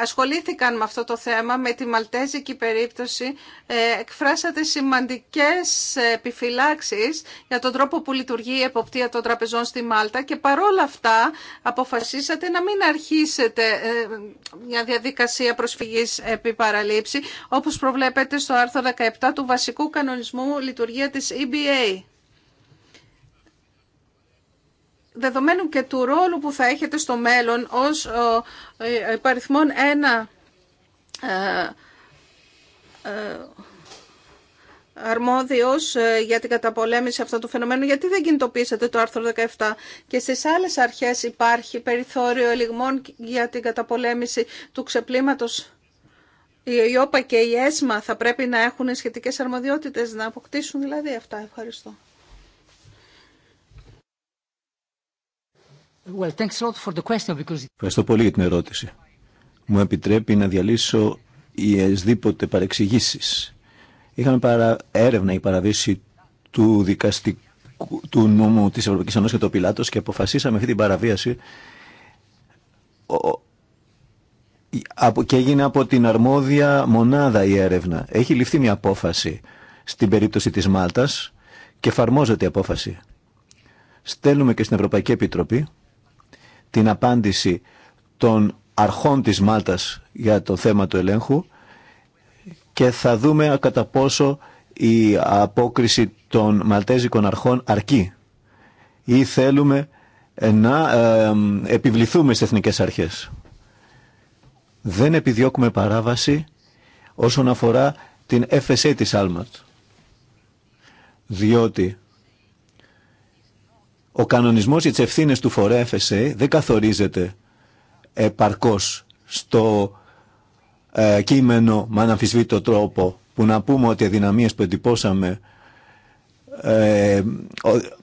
ασχολήθηκαν με αυτό το θέμα, με τη Μαλτέζικη περίπτωση, ε, εκφράσατε σημαντικές επιφυλάξεις για τον τρόπο που λειτουργεί η εποπτεία των τραπεζών στη Μάλτα και παρόλα αυτά αποφασίσατε να μην αρχίσετε ε, μια διαδικασία προσφυγής επί παραλήψη, όπως προβλέπετε στο άρθρο 17 του βασικού κανονισμού λειτουργία της EBA δεδομένου και του ρόλου που θα έχετε στο μέλλον ως ε, υπαριθμόν ένα ε, ε, αρμόδιος για την καταπολέμηση αυτού του φαινομένου, γιατί δεν κινητοποίησατε το άρθρο 17 και στις άλλες αρχές υπάρχει περιθώριο ελιγμών για την καταπολέμηση του ξεπλήματος. Η ΟΠΑ και η ΕΣΜΑ θα πρέπει να έχουν σχετικές αρμοδιότητες, να αποκτήσουν δηλαδή αυτά. Ευχαριστώ. Ευχαριστώ πολύ για την ερώτηση. Μου επιτρέπει να διαλύσω οι εσδήποτε παρεξηγήσεις. Είχαμε παρα... έρευνα η παραβίαση του δικαστικού του νόμου της Ευρωπαϊκής Ένωσης και το Πιλάτος και αποφασίσαμε αυτή την παραβίαση και έγινε από την αρμόδια μονάδα η έρευνα. Έχει ληφθεί μια απόφαση στην περίπτωση της Μάλτας και εφαρμόζεται η απόφαση. Στέλνουμε και στην Ευρωπαϊκή Επιτροπή την απάντηση των αρχών της Μάλτας για το θέμα του ελέγχου και θα δούμε κατά πόσο η απόκριση των Μαλτέζικων αρχών αρκεί ή θέλουμε να επιβληθούμε στις εθνικές αρχές. Δεν επιδιώκουμε παράβαση όσον αφορά την FSA της Άλματ. Διότι ο κανονισμός για τι ευθύνε του φορέα FSA δεν καθορίζεται επαρκώς στο ε, κείμενο με αναμφισβήτητο τρόπο που να πούμε ότι οι δυναμίες που εντυπώσαμε ε,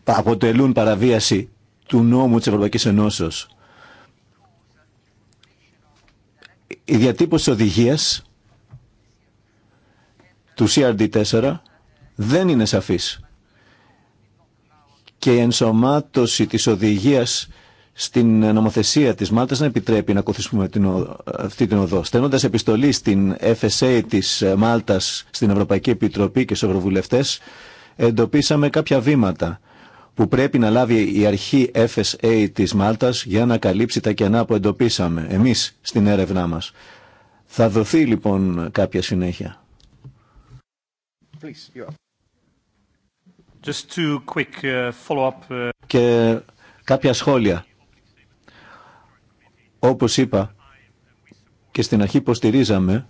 αποτελούν παραβίαση του νόμου της Ευρωπαϊκής Ενώσεως. Η διατύπωση οδηγίας του CRD4 δεν είναι σαφής και η ενσωμάτωση της οδηγίας στην νομοθεσία της Μάλτας να επιτρέπει να ακολουθήσουμε την αυτή την οδό. Στέλνοντας επιστολή στην FSA της Μάλτας, στην Ευρωπαϊκή Επιτροπή και στους Ευρωβουλευτές, εντοπίσαμε κάποια βήματα που πρέπει να λάβει η αρχή FSA της Μάλτας για να καλύψει τα κενά που εντοπίσαμε εμείς στην έρευνά μας. Θα δοθεί λοιπόν κάποια συνέχεια. Uh, uh, και κάποια σχόλια. Όπως είπα και στην αρχή υποστηρίζαμε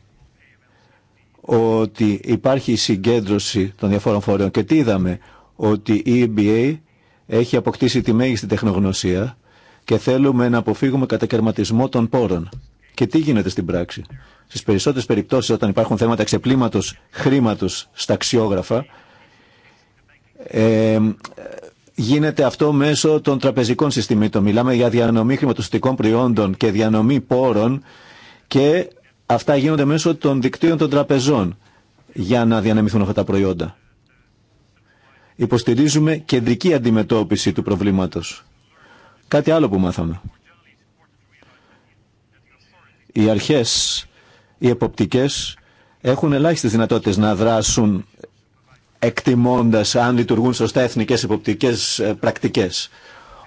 ότι υπάρχει συγκέντρωση των διαφόρων φορέων και τι είδαμε ότι η EBA έχει αποκτήσει τη μέγιστη τεχνογνωσία και θέλουμε να αποφύγουμε κατακαιρματισμό των πόρων. Και τι γίνεται στην πράξη. Στις περισσότερες περιπτώσεις όταν υπάρχουν θέματα εξεπλήματος χρήματος στα αξιόγραφα γίνεται αυτό μέσω των τραπεζικών συστημήτων. Μιλάμε για διανομή χρηματοστικών προϊόντων και διανομή πόρων και αυτά γίνονται μέσω των δικτύων των τραπεζών για να διανεμηθούν αυτά τα προϊόντα. Υποστηρίζουμε κεντρική αντιμετώπιση του προβλήματος. Κάτι άλλο που μάθαμε. Οι αρχές, οι εποπτικές έχουν ελάχιστες δυνατότητες να δράσουν εκτιμώντας αν λειτουργούν σωστά εθνικές υποπτικές ε, πρακτικές.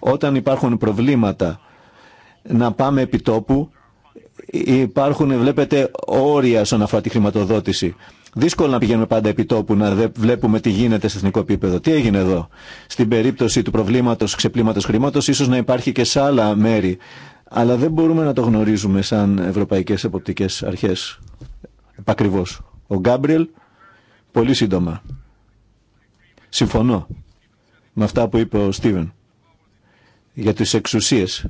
Όταν υπάρχουν προβλήματα να πάμε επί τόπου, ε, υπάρχουν, βλέπετε, όρια όσον αφορά τη χρηματοδότηση. Δύσκολο να πηγαίνουμε πάντα επί τόπου, να βλέπουμε τι γίνεται σε εθνικό επίπεδο. Τι έγινε εδώ. Στην περίπτωση του προβλήματο ξεπλήματο χρήματο, ίσω να υπάρχει και σε άλλα μέρη. Αλλά δεν μπορούμε να το γνωρίζουμε σαν ευρωπαϊκέ εποπτικέ αρχέ. Επακριβώ. Ο Γκάμπριελ, πολύ σύντομα. Συμφωνώ με αυτά που είπε ο Στίβεν για τις εξουσίες.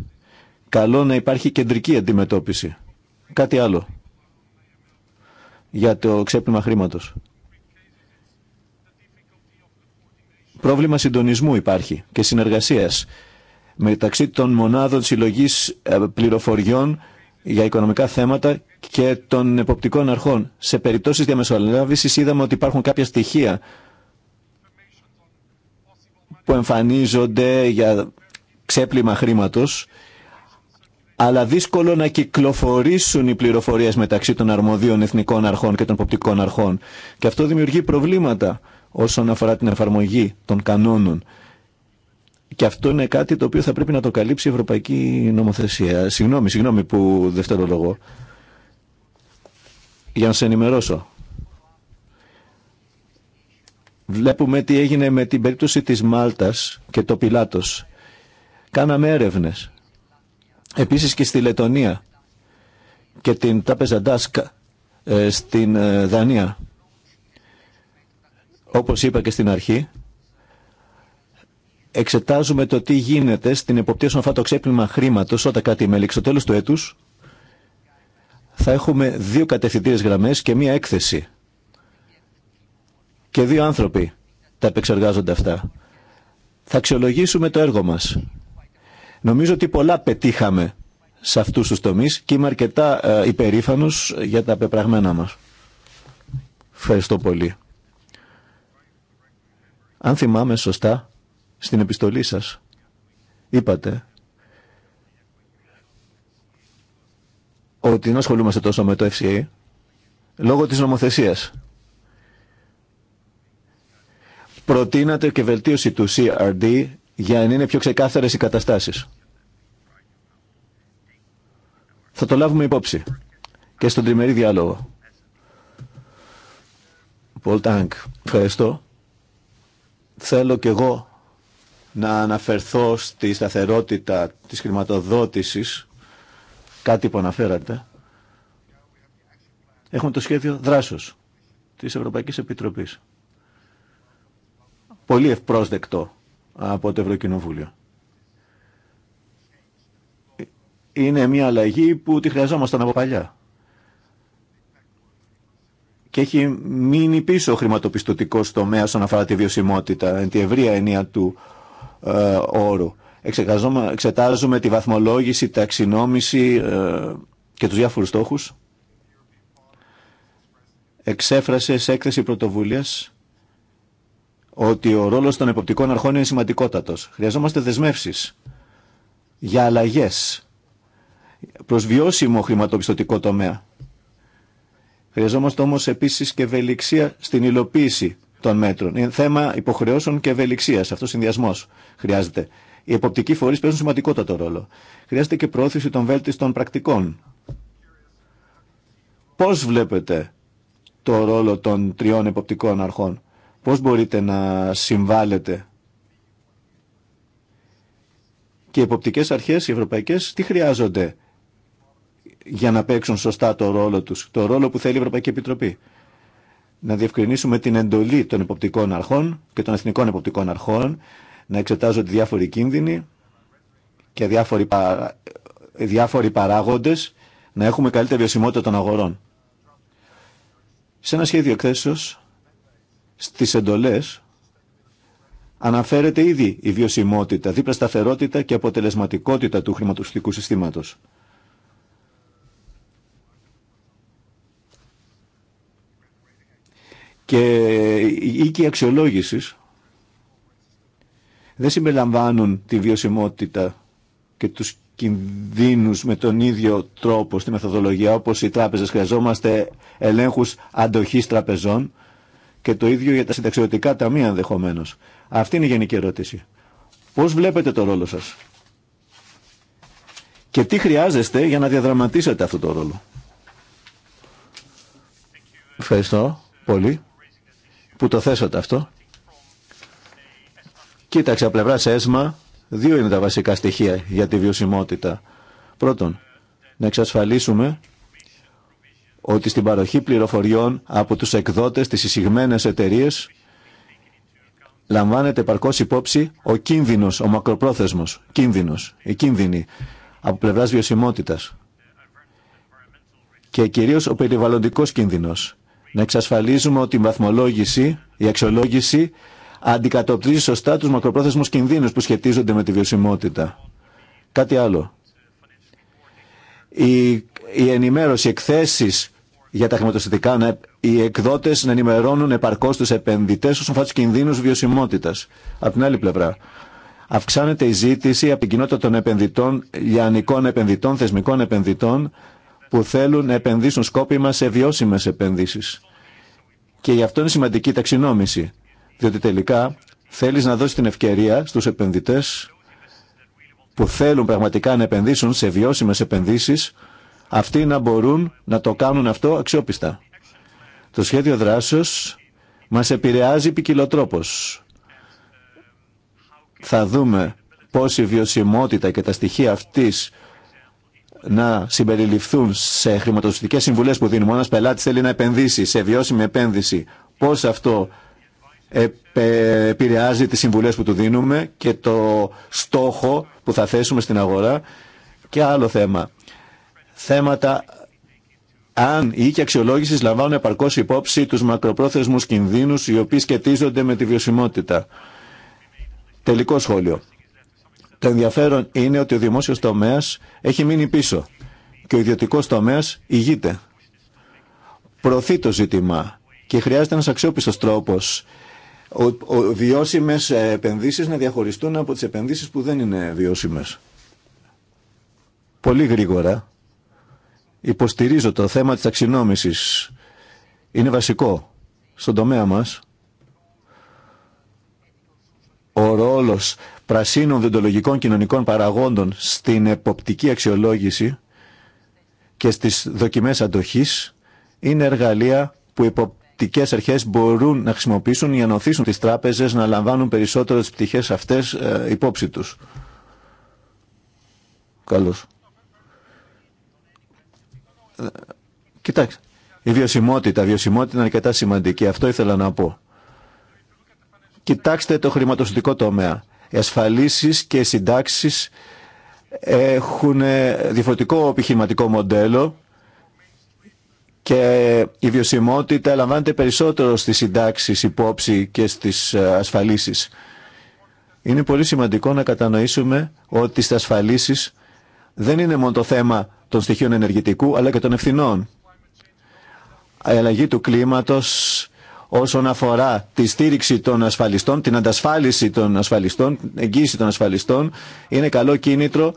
Καλό να υπάρχει κεντρική αντιμετώπιση. Κάτι άλλο για το ξέπλυμα χρήματος. Πρόβλημα συντονισμού υπάρχει και συνεργασίας μεταξύ των μονάδων συλλογή ε, πληροφοριών για οικονομικά θέματα και των εποπτικών αρχών. Σε περιπτώσεις διαμεσολάβησης είδαμε ότι υπάρχουν κάποια στοιχεία που εμφανίζονται για ξέπλυμα χρήματος, αλλά δύσκολο να κυκλοφορήσουν οι πληροφορίες μεταξύ των αρμοδίων εθνικών αρχών και των ποπτικών αρχών. Και αυτό δημιουργεί προβλήματα όσον αφορά την εφαρμογή των κανόνων. Και αυτό είναι κάτι το οποίο θα πρέπει να το καλύψει η Ευρωπαϊκή Νομοθεσία. Συγγνώμη, συγγνώμη που δευτερολογώ. Για να σε ενημερώσω. Βλέπουμε τι έγινε με την περίπτωση της Μάλτας και το Πιλάτος. Κάναμε έρευνες. Επίσης και στη Λετωνία και την Τάπεζα ε, στην ε, Δανία. Όπως είπα και στην αρχή, εξετάζουμε το τι γίνεται στην εποπτεία στον αυτό το ξέπλυμα χρήματος όταν κάτι μελήξει. Στο τέλος του έτους θα έχουμε δύο κατευθυντήρες γραμμές και μία έκθεση και δύο άνθρωποι τα επεξεργάζονται αυτά. Θα αξιολογήσουμε το έργο μας. Νομίζω ότι πολλά πετύχαμε σε αυτούς τους τομείς και είμαι αρκετά ε, υπερήφανος για τα πεπραγμένα μας. Ευχαριστώ πολύ. Αν θυμάμαι σωστά, στην επιστολή σας είπατε ότι δεν ασχολούμαστε τόσο με το FCA λόγω της νομοθεσίας προτείνατε και βελτίωση του CRD για να είναι πιο ξεκάθαρες οι καταστάσεις. Θα το λάβουμε υπόψη και στον τριμερή διάλογο. Πολ Τάγκ, ευχαριστώ. Θέλω και εγώ να αναφερθώ στη σταθερότητα της χρηματοδότησης, κάτι που αναφέρατε. Έχουμε το σχέδιο δράσος της Ευρωπαϊκής Επιτροπής πολύ ευπρόσδεκτο από το Ευρωκοινοβούλιο. Είναι μια αλλαγή που τη χρειαζόμασταν από παλιά. Και έχει μείνει πίσω ο χρηματοπιστωτικό τομέα όσον αφορά τη βιωσιμότητα, εν τη ενία του ε, όρου. Εξετάζουμε τη βαθμολόγηση, ταξινόμηση ε, και τους διάφορους στόχους. Εξέφρασε σε έκθεση πρωτοβουλίας ότι ο ρόλο των εποπτικών αρχών είναι σημαντικότατο. Χρειαζόμαστε δεσμεύσει για αλλαγέ. προ βιώσιμο χρηματοπιστωτικό τομέα. Χρειαζόμαστε όμω επίση και ευελιξία στην υλοποίηση των μέτρων. Είναι θέμα υποχρεώσεων και Αυτό Αυτός συνδυασμό χρειάζεται. Οι εποπτικοί φορεί παίζουν σημαντικότατο ρόλο. Χρειάζεται και προώθηση των βέλτιστων πρακτικών. Πώς βλέπετε το ρόλο των τριών εποπτικών αρχών Πώς μπορείτε να συμβάλλετε και οι εποπτικές αρχές, οι ευρωπαϊκές, τι χρειάζονται για να παίξουν σωστά το ρόλο τους, το ρόλο που θέλει η Ευρωπαϊκή Επιτροπή. Να διευκρινίσουμε την εντολή των εποπτικών αρχών και των εθνικών εποπτικών αρχών, να εξετάζονται διάφοροι κίνδυνοι και διάφοροι, παρα... παράγοντες, να έχουμε καλύτερη βιωσιμότητα των αγορών. Σε ένα σχέδιο εκθέσεως στις εντολές αναφέρεται ήδη η βιωσιμότητα, δίπλα σταθερότητα και αποτελεσματικότητα του χρηματοστικού συστήματος. Και οι οίκοι αξιολόγησης δεν συμπεριλαμβάνουν τη βιωσιμότητα και τους κινδύνους με τον ίδιο τρόπο στη μεθοδολογία όπως οι τράπεζες χρειαζόμαστε ελέγχους αντοχής τραπεζών και το ίδιο για τα συνταξιωτικά ταμεία ενδεχομένω. Αυτή είναι η γενική ερώτηση. Πώς βλέπετε το ρόλο σας και τι χρειάζεστε για να διαδραματίσετε αυτό το ρόλο. Ευχαριστώ πολύ που το θέσατε αυτό. Κοίταξε, από πλευρά ΕΣΜΑ, δύο είναι τα βασικά στοιχεία για τη βιωσιμότητα. Πρώτον, να εξασφαλίσουμε ότι στην παροχή πληροφοριών από τους εκδότες της εισηγμένες εταιρείε λαμβάνεται παρκώς υπόψη ο κίνδυνος, ο μακροπρόθεσμος κίνδυνος, η κίνδυνη από πλευράς βιωσιμότητας και κυρίως ο περιβαλλοντικός κίνδυνος. Να εξασφαλίζουμε ότι η βαθμολόγηση, η αξιολόγηση αντικατοπτρίζει σωστά τους μακροπρόθεσμους κινδύνους που σχετίζονται με τη βιωσιμότητα. Κάτι άλλο. Η η ενημέρωση, εκθέσει για τα χρηματοστατικά, να, οι εκδότες να ενημερώνουν επαρκώς του επενδυτέ όσον αφορά του κινδύνου βιωσιμότητα. Από την άλλη πλευρά, αυξάνεται η ζήτηση από την κοινότητα των επενδυτών, λιανικών επενδυτών, θεσμικών επενδυτών, που θέλουν να επενδύσουν σκόπιμα σε βιώσιμε επενδύσει. Και γι' αυτό είναι σημαντική η ταξινόμηση, διότι τελικά θέλει να δώσει την ευκαιρία στου επενδυτέ που θέλουν πραγματικά να επενδύσουν σε βιώσιμε επενδύσει αυτοί να μπορούν να το κάνουν αυτό αξιόπιστα. Το σχέδιο δράσεως μας επηρεάζει ποικιλοτρόπως. Θα δούμε πώς η βιωσιμότητα και τα στοιχεία αυτής να συμπεριληφθούν σε χρηματοδοτικές συμβουλές που δίνουμε. Ένας πελάτης θέλει να επενδύσει σε βιώσιμη επένδυση. Πώς αυτό επηρεάζει τις συμβουλές που του δίνουμε και το στόχο που θα θέσουμε στην αγορά. Και άλλο θέμα, θέματα αν ή και αξιολόγηση λαμβάνουν επαρκώ υπόψη του μακροπρόθεσμου κινδύνου οι οποίοι σχετίζονται με τη βιωσιμότητα. Τελικό σχόλιο. Το ενδιαφέρον είναι ότι ο δημόσιο τομέα έχει μείνει πίσω και ο ιδιωτικό τομέα ηγείται. Προωθεί το ζήτημα και χρειάζεται ένα αξιόπιστο τρόπο βιώσιμε επενδύσει να διαχωριστούν από τι επενδύσει που δεν είναι βιώσιμε. Πολύ γρήγορα Υποστηρίζω το θέμα της αξινόμησης. Είναι βασικό στον τομέα μας. Ο ρόλος πρασίνων διοντολογικών κοινωνικών παραγόντων στην εποπτική αξιολόγηση και στις δοκιμές αντοχής είναι εργαλεία που εποπτικές αρχές μπορούν να χρησιμοποιήσουν για να οθήσουν τις τράπεζες να λαμβάνουν περισσότερο τις πτυχές αυτές ε, υπόψη τους. Καλώς. Κοιτάξτε, η βιωσιμότητα, η βιωσιμότητα είναι αρκετά σημαντική. Αυτό ήθελα να πω. Κοιτάξτε το χρηματοσυντικό τομέα. Οι ασφαλίσεις και οι συντάξεις έχουν διαφορετικό επιχειρηματικό μοντέλο και η βιωσιμότητα λαμβάνεται περισσότερο στις συντάξεις υπόψη και στις ασφαλίσεις. Είναι πολύ σημαντικό να κατανοήσουμε ότι στις ασφαλίσεις δεν είναι μόνο το θέμα των στοιχείων ενεργητικού, αλλά και των ευθυνών. Η αλλαγή του κλίματος όσον αφορά τη στήριξη των ασφαλιστών, την αντασφάλιση των ασφαλιστών, την εγγύηση των ασφαλιστών, είναι καλό κίνητρο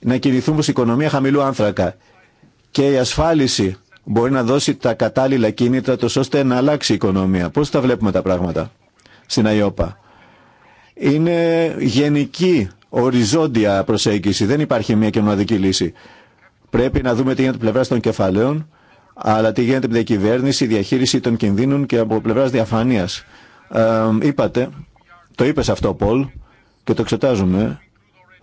να κινηθούν προς οικονομία χαμηλού άνθρακα. Και η ασφάλιση μπορεί να δώσει τα κατάλληλα κίνητρα τόσο ώστε να αλλάξει η οικονομία. Πώς τα βλέπουμε τα πράγματα στην ΑΙΟΠΑ. Είναι γενική οριζόντια προσέγγιση. Δεν υπάρχει μια και λύση. Πρέπει να δούμε τι γίνεται από πλευρά των κεφαλαίων, αλλά τι γίνεται με την κυβέρνηση, διαχείριση των κινδύνων και από πλευρά διαφάνεια. Ε, είπατε, το είπε αυτό, Πολ, και το εξετάζουμε.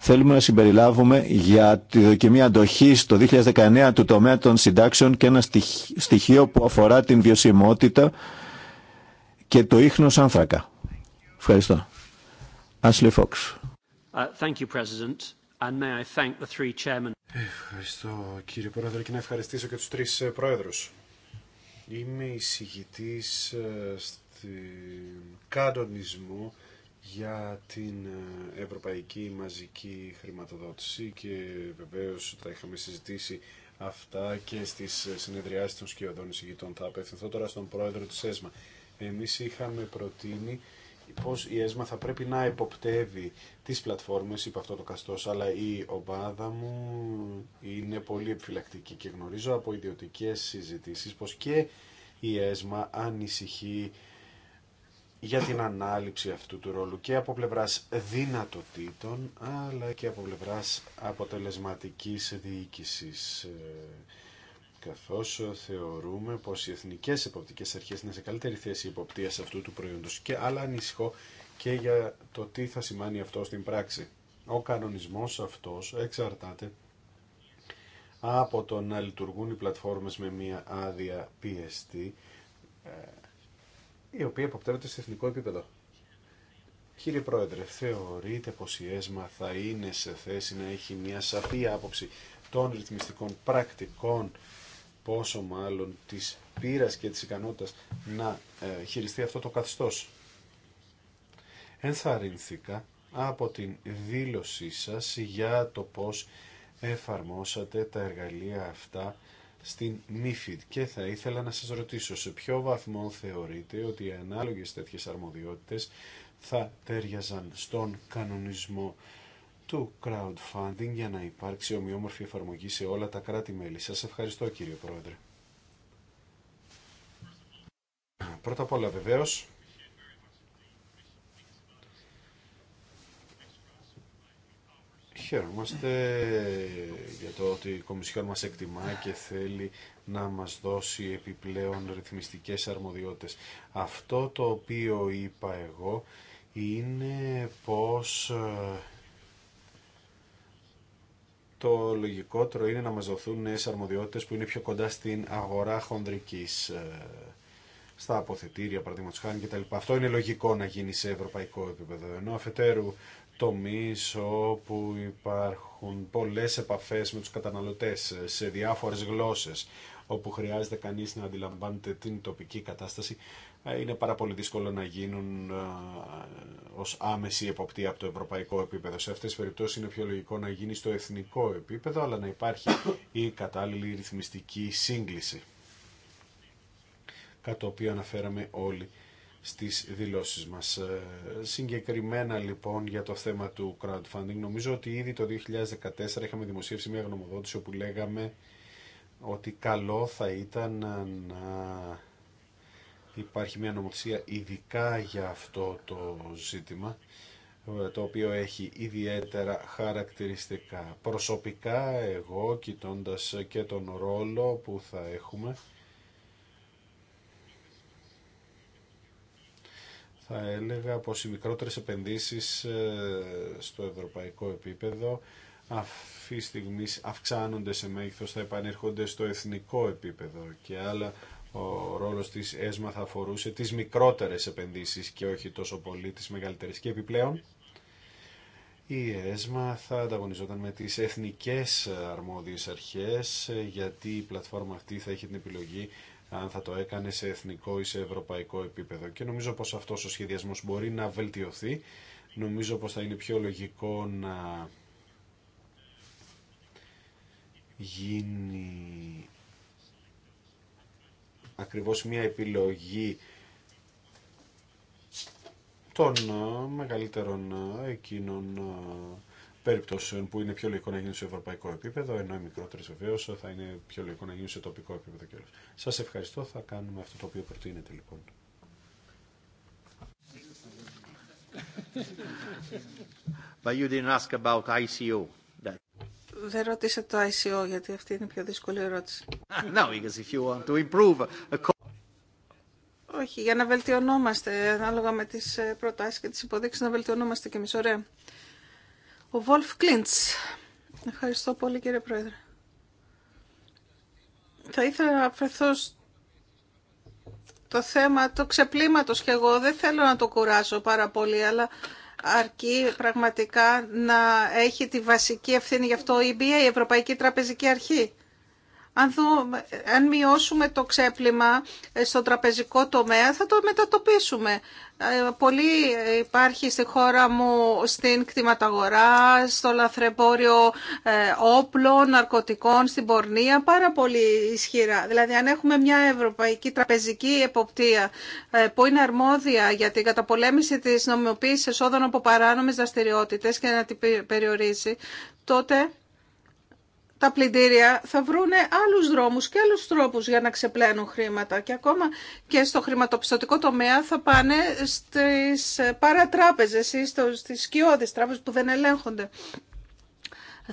Θέλουμε να συμπεριλάβουμε για τη δοκιμή αντοχή το 2019 του τομέα των συντάξεων και ένα στοιχείο που αφορά την βιωσιμότητα και το ίχνος άνθρακα. Ευχαριστώ. Ashley Fox. Ευχαριστώ κύριε Πρόεδρε και να ευχαριστήσω και τους τρεις ε, πρόεδρους. Είμαι εισηγητής ε, στην κανονισμό για την ε, ευρωπαϊκή μαζική χρηματοδότηση και βεβαίως τα είχαμε συζητήσει αυτά και στις συνεδριάσεις των σκιωδών εισηγητών. Θα απευθυνθώ τώρα στον πρόεδρο της ΕΣΜΑ. Εμείς είχαμε προτείνει πως η ΕΣΜΑ θα πρέπει να εποπτεύει τις πλατφόρμες είπε αυτό το καστός, αλλά η ομάδα μου είναι πολύ επιφυλακτική και γνωρίζω από ιδιωτικές συζητήσεις πως και η ΕΣΜΑ ανησυχεί για την ανάληψη αυτού του ρόλου και από πλευράς δυνατοτήτων αλλά και από πλευράς αποτελεσματικής διοίκησης ε, καθώς θεωρούμε πως οι εθνικές εποπτικές αρχές είναι σε καλύτερη θέση υποπτίας αυτού του προϊόντος και άλλα ανησυχώ και για το τι θα σημαίνει αυτό στην πράξη. Ο κανονισμός αυτός εξαρτάται από το να λειτουργούν οι πλατφόρμες με μία άδεια PST, η ε, οποία υποπτεύεται σε εθνικό επίπεδο. Κύριε Πρόεδρε, θεωρείτε πως η ΕΣΜΑ θα είναι σε θέση να έχει μια σαφή άποψη των ρυθμιστικών πρακτικών, πόσο μάλλον της πείρας και της ικανότητας να ε, χειριστεί αυτό το καθεστώς ενθαρρυνθήκα από την δήλωσή σας για το πώς εφαρμόσατε τα εργαλεία αυτά στην MIFID και θα ήθελα να σας ρωτήσω σε ποιο βαθμό θεωρείτε ότι οι ανάλογες τέτοιες αρμοδιότητες θα τέριαζαν στον κανονισμό του crowdfunding για να υπάρξει ομοιόμορφη εφαρμογή σε όλα τα κράτη-μέλη. Σας ευχαριστώ κύριε Πρόεδρε. Πρώτα απ' όλα βεβαίως Χαίρομαστε για το ότι η Κομισιόν μας εκτιμά και θέλει να μας δώσει επιπλέον ρυθμιστικές αρμοδιότητες. Αυτό το οποίο είπα εγώ είναι πως ε, το λογικότερο είναι να μας δοθούν νέες αρμοδιότητες που είναι πιο κοντά στην αγορά χονδρικής ε, στα αποθετήρια, παραδείγματο τα κτλ. Αυτό είναι λογικό να γίνει σε ευρωπαϊκό επίπεδο. Ενώ αφετέρου τομείς όπου υπάρχουν πολλές επαφές με τους καταναλωτές σε διάφορες γλώσσες όπου χρειάζεται κανείς να αντιλαμβάνεται την τοπική κατάσταση ε, είναι πάρα πολύ δύσκολο να γίνουν ε, ως άμεση εποπτεία από το ευρωπαϊκό επίπεδο. Σε αυτές τις περιπτώσεις είναι πιο λογικό να γίνει στο εθνικό επίπεδο αλλά να υπάρχει η κατάλληλη ρυθμιστική σύγκληση κατά το οποίο αναφέραμε όλοι στις δηλώσεις μας. Ε, συγκεκριμένα λοιπόν για το θέμα του crowdfunding, νομίζω ότι ήδη το 2014 είχαμε δημοσίευσει μια γνωμοδότηση όπου λέγαμε ότι καλό θα ήταν να υπάρχει μια νομοθεσία ειδικά για αυτό το ζήτημα ε, το οποίο έχει ιδιαίτερα χαρακτηριστικά. Προσωπικά εγώ κοιτώντας και τον ρόλο που θα έχουμε θα έλεγα πως οι μικρότερες επενδύσεις ε, στο ευρωπαϊκό επίπεδο αυτή τη στιγμή αυξάνονται σε μέγεθος, θα επανέρχονται στο εθνικό επίπεδο και άλλα ο ρόλος της ΕΣΜΑ θα αφορούσε τις μικρότερες επενδύσεις και όχι τόσο πολύ τις μεγαλύτερες. Και επιπλέον η ΕΣΜΑ θα ανταγωνιζόταν με τις εθνικές αρμόδιες αρχές ε, γιατί η πλατφόρμα αυτή θα είχε την επιλογή αν θα το έκανε σε εθνικό ή σε ευρωπαϊκό επίπεδο. Και νομίζω πως αυτός ο σχεδιασμός μπορεί να βελτιωθεί. Νομίζω πως θα είναι πιο λογικό να γίνει ακριβώς μια επιλογή των μεγαλύτερων εκείνων περιπτώσεων που είναι πιο λογικό να γίνουν σε ευρωπαϊκό επίπεδο, ενώ οι μικρότερε βεβαίω θα είναι πιο λογικό να γίνουν σε τοπικό επίπεδο κιόλα. Σα ευχαριστώ. Θα κάνουμε αυτό το οποίο προτείνετε λοιπόν. But you didn't ask about ICO. Δεν ρωτήσατε το ICO, γιατί αυτή είναι η πιο δύσκολη ερώτηση. No, because if you want to improve a... Όχι, για να βελτιωνόμαστε, ανάλογα με τις ε, προτάσεις και τις υποδείξεις, να βελτιωνόμαστε και εμείς. Ωραία. Ο Βολφ Κλίντς. Ευχαριστώ πολύ κύριε Πρόεδρε. Θα ήθελα να το θέμα το ξεπλήματος και εγώ δεν θέλω να το κουράσω πάρα πολύ, αλλά αρκεί πραγματικά να έχει τη βασική ευθύνη γι' αυτό η EBA, η Ευρωπαϊκή Τραπεζική Αρχή. Αν, αν μειώσουμε το ξέπλυμα ε, στο τραπεζικό τομέα θα το μετατοπίσουμε. Ε, πολύ υπάρχει στη χώρα μου στην κτηματαγορά, στο λαθρεμπόριο ε, όπλων, ναρκωτικών, στην πορνεία, πάρα πολύ ισχυρά. Δηλαδή αν έχουμε μια ευρωπαϊκή τραπεζική εποπτεία που είναι αρμόδια για την καταπολέμηση της νομιμοποίησης εσόδων από παράνομες δραστηριότητες και να την περιορίσει, τότε τα πλυντήρια θα βρούνε άλλους δρόμους και άλλους τρόπους για να ξεπλένουν χρήματα και ακόμα και στο χρηματοπιστωτικό τομέα θα πάνε στις παρατράπεζες ή στις σκιώδεις τράπεζες που δεν ελέγχονται.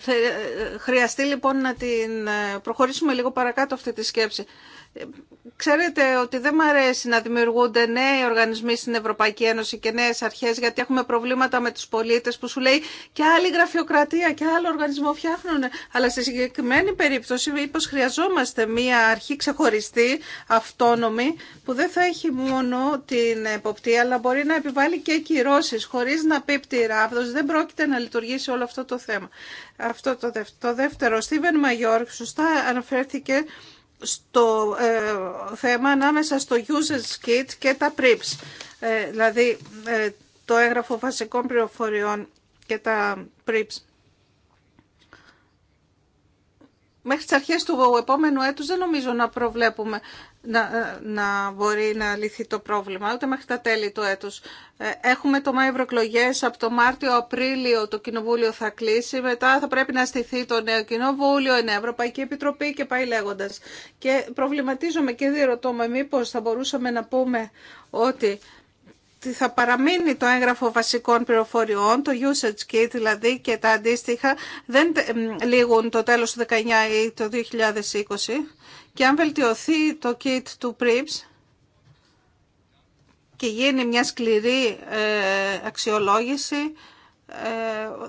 Ε, ε, χρειαστεί λοιπόν να την ε, προχωρήσουμε λίγο παρακάτω αυτή τη σκέψη. Ξέρετε ότι δεν μου αρέσει να δημιουργούνται νέοι οργανισμοί στην Ευρωπαϊκή Ένωση και νέε αρχέ, γιατί έχουμε προβλήματα με του πολίτε που σου λέει και άλλη γραφειοκρατία και άλλο οργανισμό φτιάχνουν. Αλλά στη συγκεκριμένη περίπτωση, μήπω χρειαζόμαστε μία αρχή ξεχωριστή, αυτόνομη, που δεν θα έχει μόνο την εποπτεία, αλλά μπορεί να επιβάλλει και κυρώσει, χωρί να πείπτει ράβδο. Δεν πρόκειται να λειτουργήσει όλο αυτό το θέμα. Αυτό το δεύτερο. Στίβεν Μαγιόρ, σωστά αναφέρθηκε στο ε, θέμα ανάμεσα στο Users Kit και τα PRIPS, ε, δηλαδή ε, το έγγραφο βασικών πληροφοριών και τα PRIPS. μέχρι τις αρχές του επόμενου έτους δεν νομίζω να προβλέπουμε ε, να, μπορεί να λυθεί το πρόβλημα, ούτε μέχρι τα τέλη του έτους. Ε, έχουμε το Μάιο ευρωεκλογέ από το Μάρτιο-Απρίλιο το Κοινοβούλιο θα κλείσει, μετά θα πρέπει να στηθεί το νέο Κοινοβούλιο, η Ευρωπαϊκή Επιτροπή και πάει λέγοντας. Και προβληματίζομαι και διερωτώ με μήπως θα μπορούσαμε να πούμε ότι θα παραμείνει το έγγραφο βασικών πληροφοριών, το usage kit δηλαδή και τα αντίστοιχα δεν λήγουν το τέλος του 19 ή το 2020 και αν βελτιωθεί το kit του PRIPS και γίνει μια σκληρή ε, αξιολόγηση ε,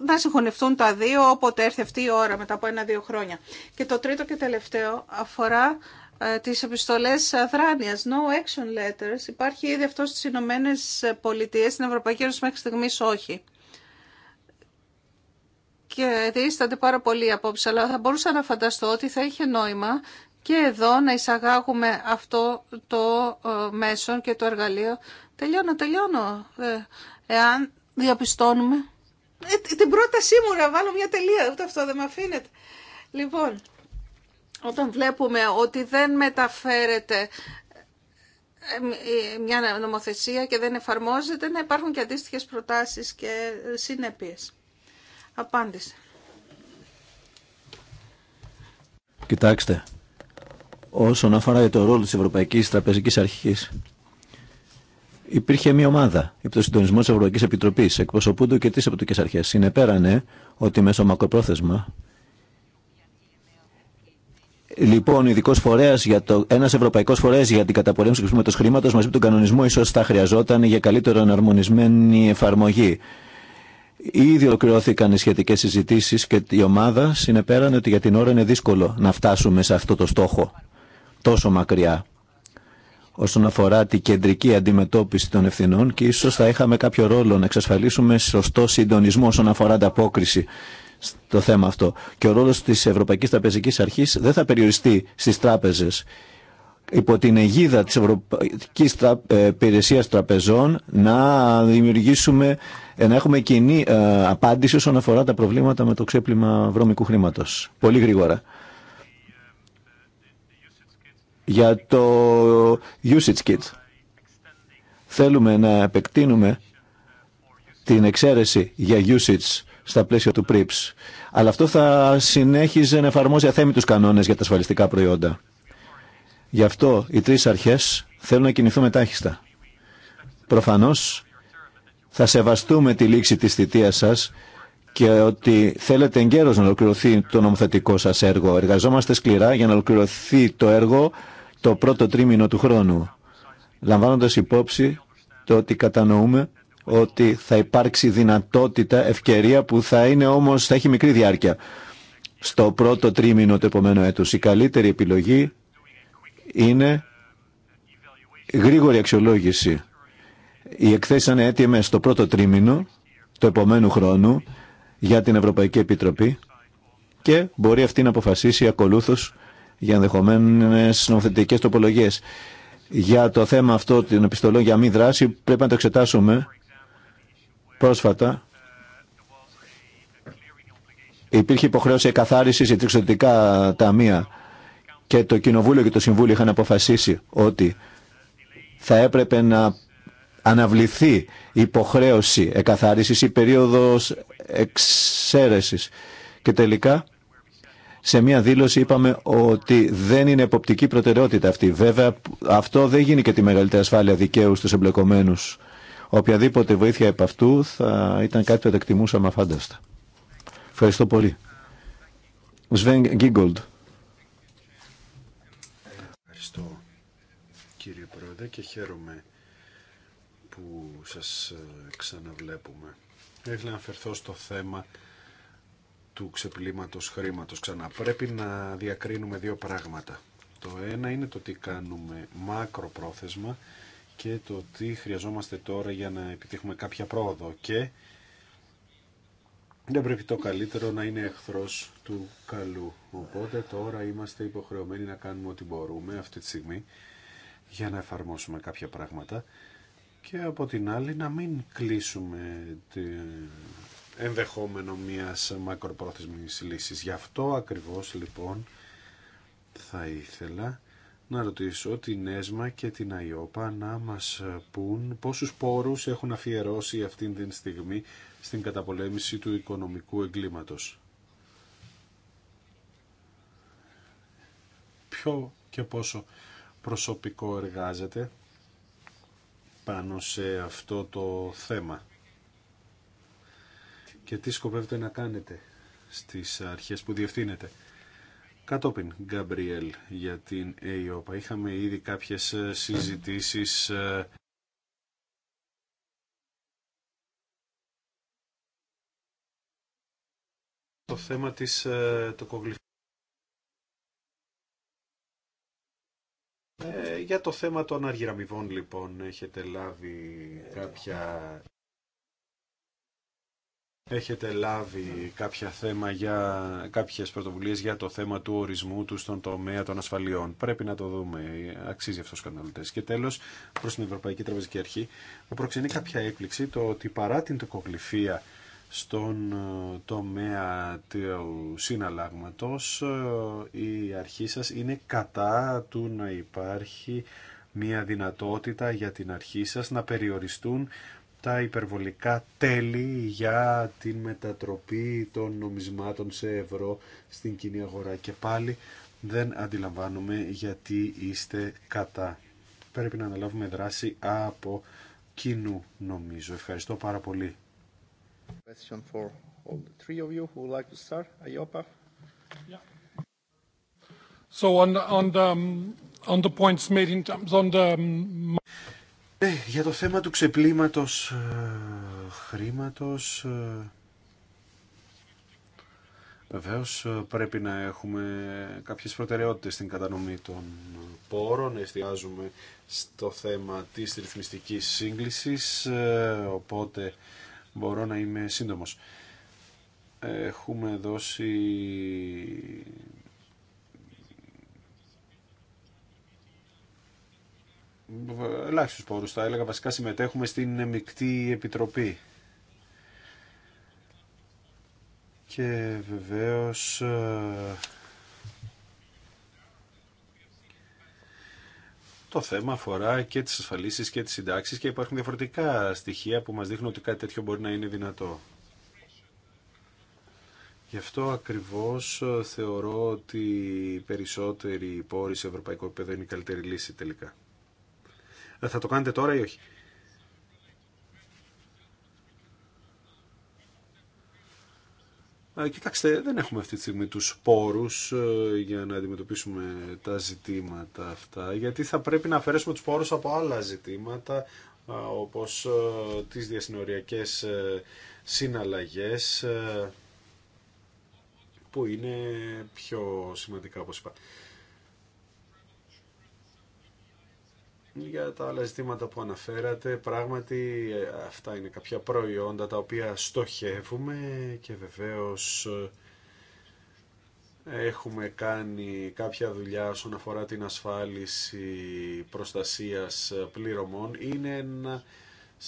να συγχωνευτούν τα δύο όποτε έρθει αυτή η ώρα μετά από ένα-δύο χρόνια. Και το τρίτο και τελευταίο αφορά ε, τις επιστολές αδράνειας, no action letters. Υπάρχει ήδη αυτό στις Ηνωμένε Πολιτείες, στην Ευρωπαϊκή Ένωση μέχρι στιγμής όχι. Και διήστανται πάρα πολύ απόψεις αλλά θα μπορούσα να φανταστώ ότι θα είχε νόημα και εδώ να εισαγάγουμε αυτό το ε, μέσο και το εργαλείο. Τελειώνω, τελειώνω. Ε, εάν διαπιστώνουμε. την πρότασή μου να βάλω μια τελεία, ούτε αυτό δεν με αφήνεται. Λοιπόν, όταν βλέπουμε ότι δεν μεταφέρεται ε, μια νομοθεσία και δεν εφαρμόζεται, να υπάρχουν και αντίστοιχες προτάσεις και συνέπειες. Απάντησε. Κοιτάξτε, όσον αφορά το ρόλο της Ευρωπαϊκής Τραπεζικής Αρχής, υπήρχε μια ομάδα υπό το συντονισμό της Ευρωπαϊκής Επιτροπής, εκπροσωπούνται και τις Επιτροπικές Αρχές. Συνεπέρανε ότι μέσω μακροπρόθεσμα Λοιπόν, ειδικό φορέα, ένα ευρωπαϊκό φορέα για την καταπολέμηση του χρήματο μαζί με τον κανονισμό ίσω θα χρειαζόταν για καλύτερο εναρμονισμένη εφαρμογή. Ήδη ολοκληρώθηκαν οι σχετικέ συζητήσει και η ομάδα συνεπέρανε ότι για την ώρα είναι δύσκολο να φτάσουμε σε αυτό το στόχο τόσο μακριά όσον αφορά την κεντρική αντιμετώπιση των ευθυνών και ίσως θα είχαμε κάποιο ρόλο να εξασφαλίσουμε σωστό συντονισμό όσον αφορά ανταπόκριση στο θέμα αυτό. Και ο ρόλο της Ευρωπαϊκής Τραπεζική αρχή δεν θα περιοριστεί στις τράπεζες. Υπό την αιγίδα της Ευρωπαϊκής ε, περιεσίας Τραπεζών να δημιουργήσουμε, ε, να έχουμε κοινή ε, απάντηση όσον αφορά τα προβλήματα με το ξέπλυμα βρώμικου χρήματο. Πολύ γρήγορα για το usage kit. Θέλουμε να επεκτείνουμε την εξαίρεση για usage στα πλαίσια του PRIPS. Αλλά αυτό θα συνέχιζε να εφαρμόζει αθέμητους κανόνες για τα ασφαλιστικά προϊόντα. Γι' αυτό οι τρεις αρχές θέλουν να κινηθούμε τάχιστα. Προφανώς θα σεβαστούμε τη λήξη της θητείας σας και ότι θέλετε εγκαίρως να ολοκληρωθεί το νομοθετικό σας έργο. Εργαζόμαστε σκληρά για να ολοκληρωθεί το έργο το πρώτο τρίμηνο του χρόνου, λαμβάνοντας υπόψη το ότι κατανοούμε ότι θα υπάρξει δυνατότητα, ευκαιρία που θα είναι όμως, θα έχει μικρή διάρκεια. Στο πρώτο τρίμηνο του επόμενου έτους η καλύτερη επιλογή είναι γρήγορη αξιολόγηση. Οι εκθέσεις είναι έτοιμε στο πρώτο τρίμηνο του επομένου χρόνου για την Ευρωπαϊκή Επιτροπή και μπορεί αυτή να αποφασίσει ακολούθως για ενδεχομένε νομοθετικέ τοπολογίε. Για το θέμα αυτό, την επιστολή για μη δράση, πρέπει να το εξετάσουμε Πρόσφατα υπήρχε υποχρέωση εκαθάριση σε τριξωτικά ταμεία και το Κοινοβούλιο και το Συμβούλιο είχαν αποφασίσει ότι θα έπρεπε να αναβληθεί υποχρέωση εκαθάρισης ή περίοδος εξαίρεσης. Και τελικά σε μια δήλωση είπαμε ότι δεν είναι εποπτική προτεραιότητα αυτή. Βέβαια αυτό δεν γίνει και τη μεγαλύτερη ασφάλεια δικαίου στους εμπλεκομένους Οποιαδήποτε βοήθεια επ' αυτού θα ήταν κάτι που θα εκτιμούσαμε αφάνταστα. Ευχαριστώ πολύ. Σβέν Γκίγκολντ. Ευχαριστώ κύριε Πρόεδρε και χαίρομαι που σας ε, ξαναβλέπουμε. Έχω να αφαιρθώ στο θέμα του ξεπλήματος χρήματος ξανά. Πρέπει να διακρίνουμε δύο πράγματα. Το ένα είναι το τι κάνουμε μακροπρόθεσμα και το τι χρειαζόμαστε τώρα για να επιτύχουμε κάποια πρόοδο και δεν πρέπει το καλύτερο να είναι εχθρός του καλού. Οπότε τώρα είμαστε υποχρεωμένοι να κάνουμε ό,τι μπορούμε αυτή τη στιγμή για να εφαρμόσουμε κάποια πράγματα και από την άλλη να μην κλείσουμε τη... ενδεχόμενο μιας μακροπρόθεσμης λύσης. Γι' αυτό ακριβώς λοιπόν θα ήθελα να ρωτήσω την ΕΣΜΑ και την ΑΙΟΠΑ να μας πούν πόσους πόρους έχουν αφιερώσει αυτήν την στιγμή στην καταπολέμηση του οικονομικού εγκλήματος. Ποιο και πόσο προσωπικό εργάζεται πάνω σε αυτό το θέμα και τι σκοπεύετε να κάνετε στις αρχές που διευθύνετε. Κατόπιν, Γκαμπριέλ, για την ΕΙΟΠΑ. Είχαμε ήδη κάποιες ε, συζητήσεις ε, το θέμα της ε, για το θέμα των αργυραμιβών λοιπόν έχετε λάβει κάποια έχετε λάβει κάποια θέμα για κάποιες πρωτοβουλίες για το θέμα του ορισμού του στον τομέα των ασφαλιών. Πρέπει να το δούμε. Αξίζει αυτός ο καταναλωτές. Και τέλος, προς την Ευρωπαϊκή Τραπεζική Αρχή, μου προξενεί κάποια έκπληξη το ότι παρά την τοκοκληφία στον ε, τομέα του συναλλάγματος ε, η αρχή σας είναι κατά του να υπάρχει μια δυνατότητα για την αρχή σας να περιοριστούν τα υπερβολικά τέλη για την μετατροπή των νομισμάτων σε ευρώ στην κοινή αγορά. Και πάλι δεν αντιλαμβάνομαι γιατί είστε κατά. Πρέπει να αναλάβουμε δράση από κοινού νομίζω. Ευχαριστώ πάρα πολύ. Ε, για το θέμα του ξεπλήματος ε, χρήματος... Ε, Βεβαίω πρέπει να έχουμε κάποιες προτεραιότητες στην κατανομή των πόρων. Εστιάζουμε στο θέμα της ρυθμιστικής σύγκλησης, οπότε μπορώ να είμαι σύντομος. Έχουμε δώσει ελάχιστου πόρους θα έλεγα βασικά συμμετέχουμε στην μεικτή επιτροπή και βεβαίως ε, το θέμα αφορά και τις ασφαλίσεις και τις συντάξεις και υπάρχουν διαφορετικά στοιχεία που μας δείχνουν ότι κάτι τέτοιο μπορεί να είναι δυνατό. Γι' αυτό ακριβώς ε, θεωρώ ότι περισσότεροι πόροι σε ευρωπαϊκό επίπεδο είναι η καλύτερη λύση τελικά. Ε, θα το κάνετε τώρα ή όχι. Ε, κοιτάξτε, δεν έχουμε αυτή τη στιγμή τους πόρους ε, για να αντιμετωπίσουμε τα ζητήματα αυτά, γιατί θα πρέπει να αφαιρέσουμε τους πόρους από άλλα ζητήματα, όπως τις διασυνοριακές συναλλαγές, που είναι πιο σημαντικά, όπως είπα. Για τα άλλα ζητήματα που αναφέρατε, πράγματι αυτά είναι κάποια προϊόντα τα οποία στοχεύουμε και βεβαίως ε, έχουμε κάνει κάποια δουλειά όσον αφορά την ασφάλιση προστασίας πληρωμών. Είναι ένα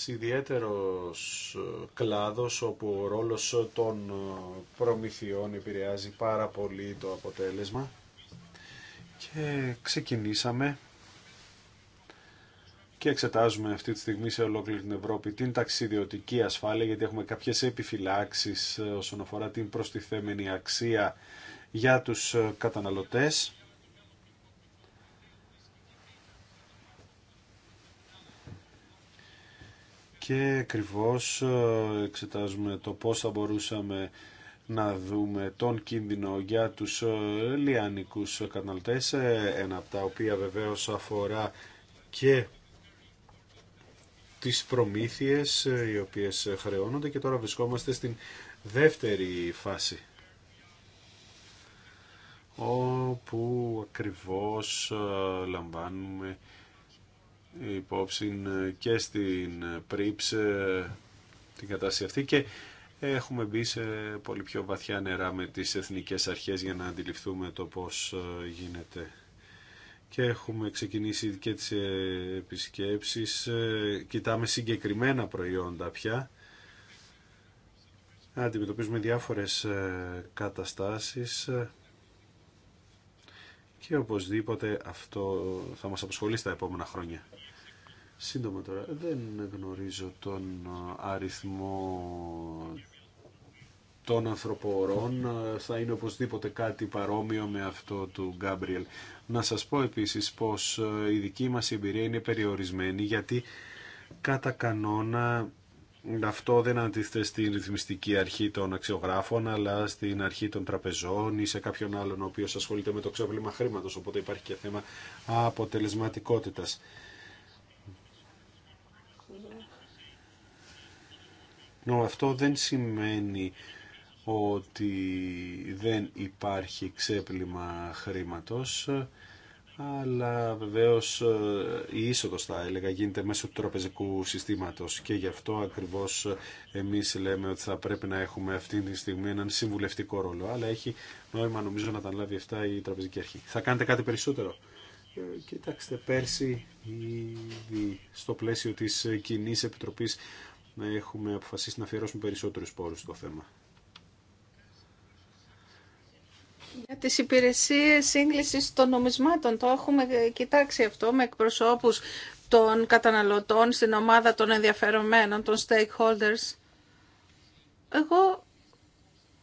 ιδιαίτερο κλάδος όπου ο ρόλος των προμηθειών επηρεάζει πάρα πολύ το αποτέλεσμα και ξεκινήσαμε και εξετάζουμε αυτή τη στιγμή σε ολόκληρη την Ευρώπη την ταξιδιωτική ασφάλεια γιατί έχουμε κάποιες επιφυλάξεις ε, όσον αφορά την προστιθέμενη αξία για τους ε, καταναλωτές. Και ακριβώ ε, εξετάζουμε το πώς θα μπορούσαμε να δούμε τον κίνδυνο για τους λιανικούς καταναλωτές, ένα από τα οποία βεβαίως αφορά και τις προμήθειες ε, οι οποίες χρεώνονται και τώρα βρισκόμαστε στην δεύτερη φάση όπου ακριβώς ε, λαμβάνουμε υπόψη ε, και στην πρίψ την κατάσταση αυτή και έχουμε μπει σε πολύ πιο βαθιά νερά με τις εθνικές αρχές για να αντιληφθούμε το πώς γίνεται και έχουμε ξεκινήσει και τις ε, επισκέψεις. Ε, κοιτάμε συγκεκριμένα προϊόντα πια. Αντιμετωπίζουμε διάφορες ε, καταστάσεις και οπωσδήποτε αυτό θα μας απασχολεί στα επόμενα χρόνια. Σύντομα τώρα, δεν γνωρίζω τον αριθμό των ανθρωπορών ε, θα είναι οπωσδήποτε κάτι παρόμοιο με αυτό του Γκάμπριελ. Να σας πω επίσης πως ε, η δική μας εμπειρία είναι περιορισμένη γιατί κατά κανόνα αυτό δεν αντίθεται στην ρυθμιστική αρχή των αξιογράφων, αλλά στην αρχή των τραπεζών ή σε κάποιον άλλον ο οποίο ασχολείται με το ξέπλυμα χρήματο. Οπότε υπάρχει και θέμα αποτελεσματικότητας. αυτό δεν σημαίνει ότι δεν υπάρχει ξέπλυμα χρήματος αλλά βεβαίως ε, η είσοδος θα έλεγα γίνεται μέσω του τραπεζικού συστήματος και γι' αυτό ακριβώς εμείς λέμε ότι θα πρέπει να έχουμε αυτή τη στιγμή έναν συμβουλευτικό ρόλο αλλά έχει νόημα νομίζω να τα λάβει αυτά η τραπεζική αρχή. Θα κάνετε κάτι περισσότερο. Ε, κοιτάξτε, πέρσι ήδη στο πλαίσιο της ε, κοινή επιτροπής έχουμε αποφασίσει να αφιερώσουμε περισσότερους πόρους στο θέμα. Για τις υπηρεσίες σύγκλησης των νομισμάτων, το έχουμε κοιτάξει αυτό με εκπροσώπους των καταναλωτών στην ομάδα των ενδιαφερομένων, των stakeholders. Εγώ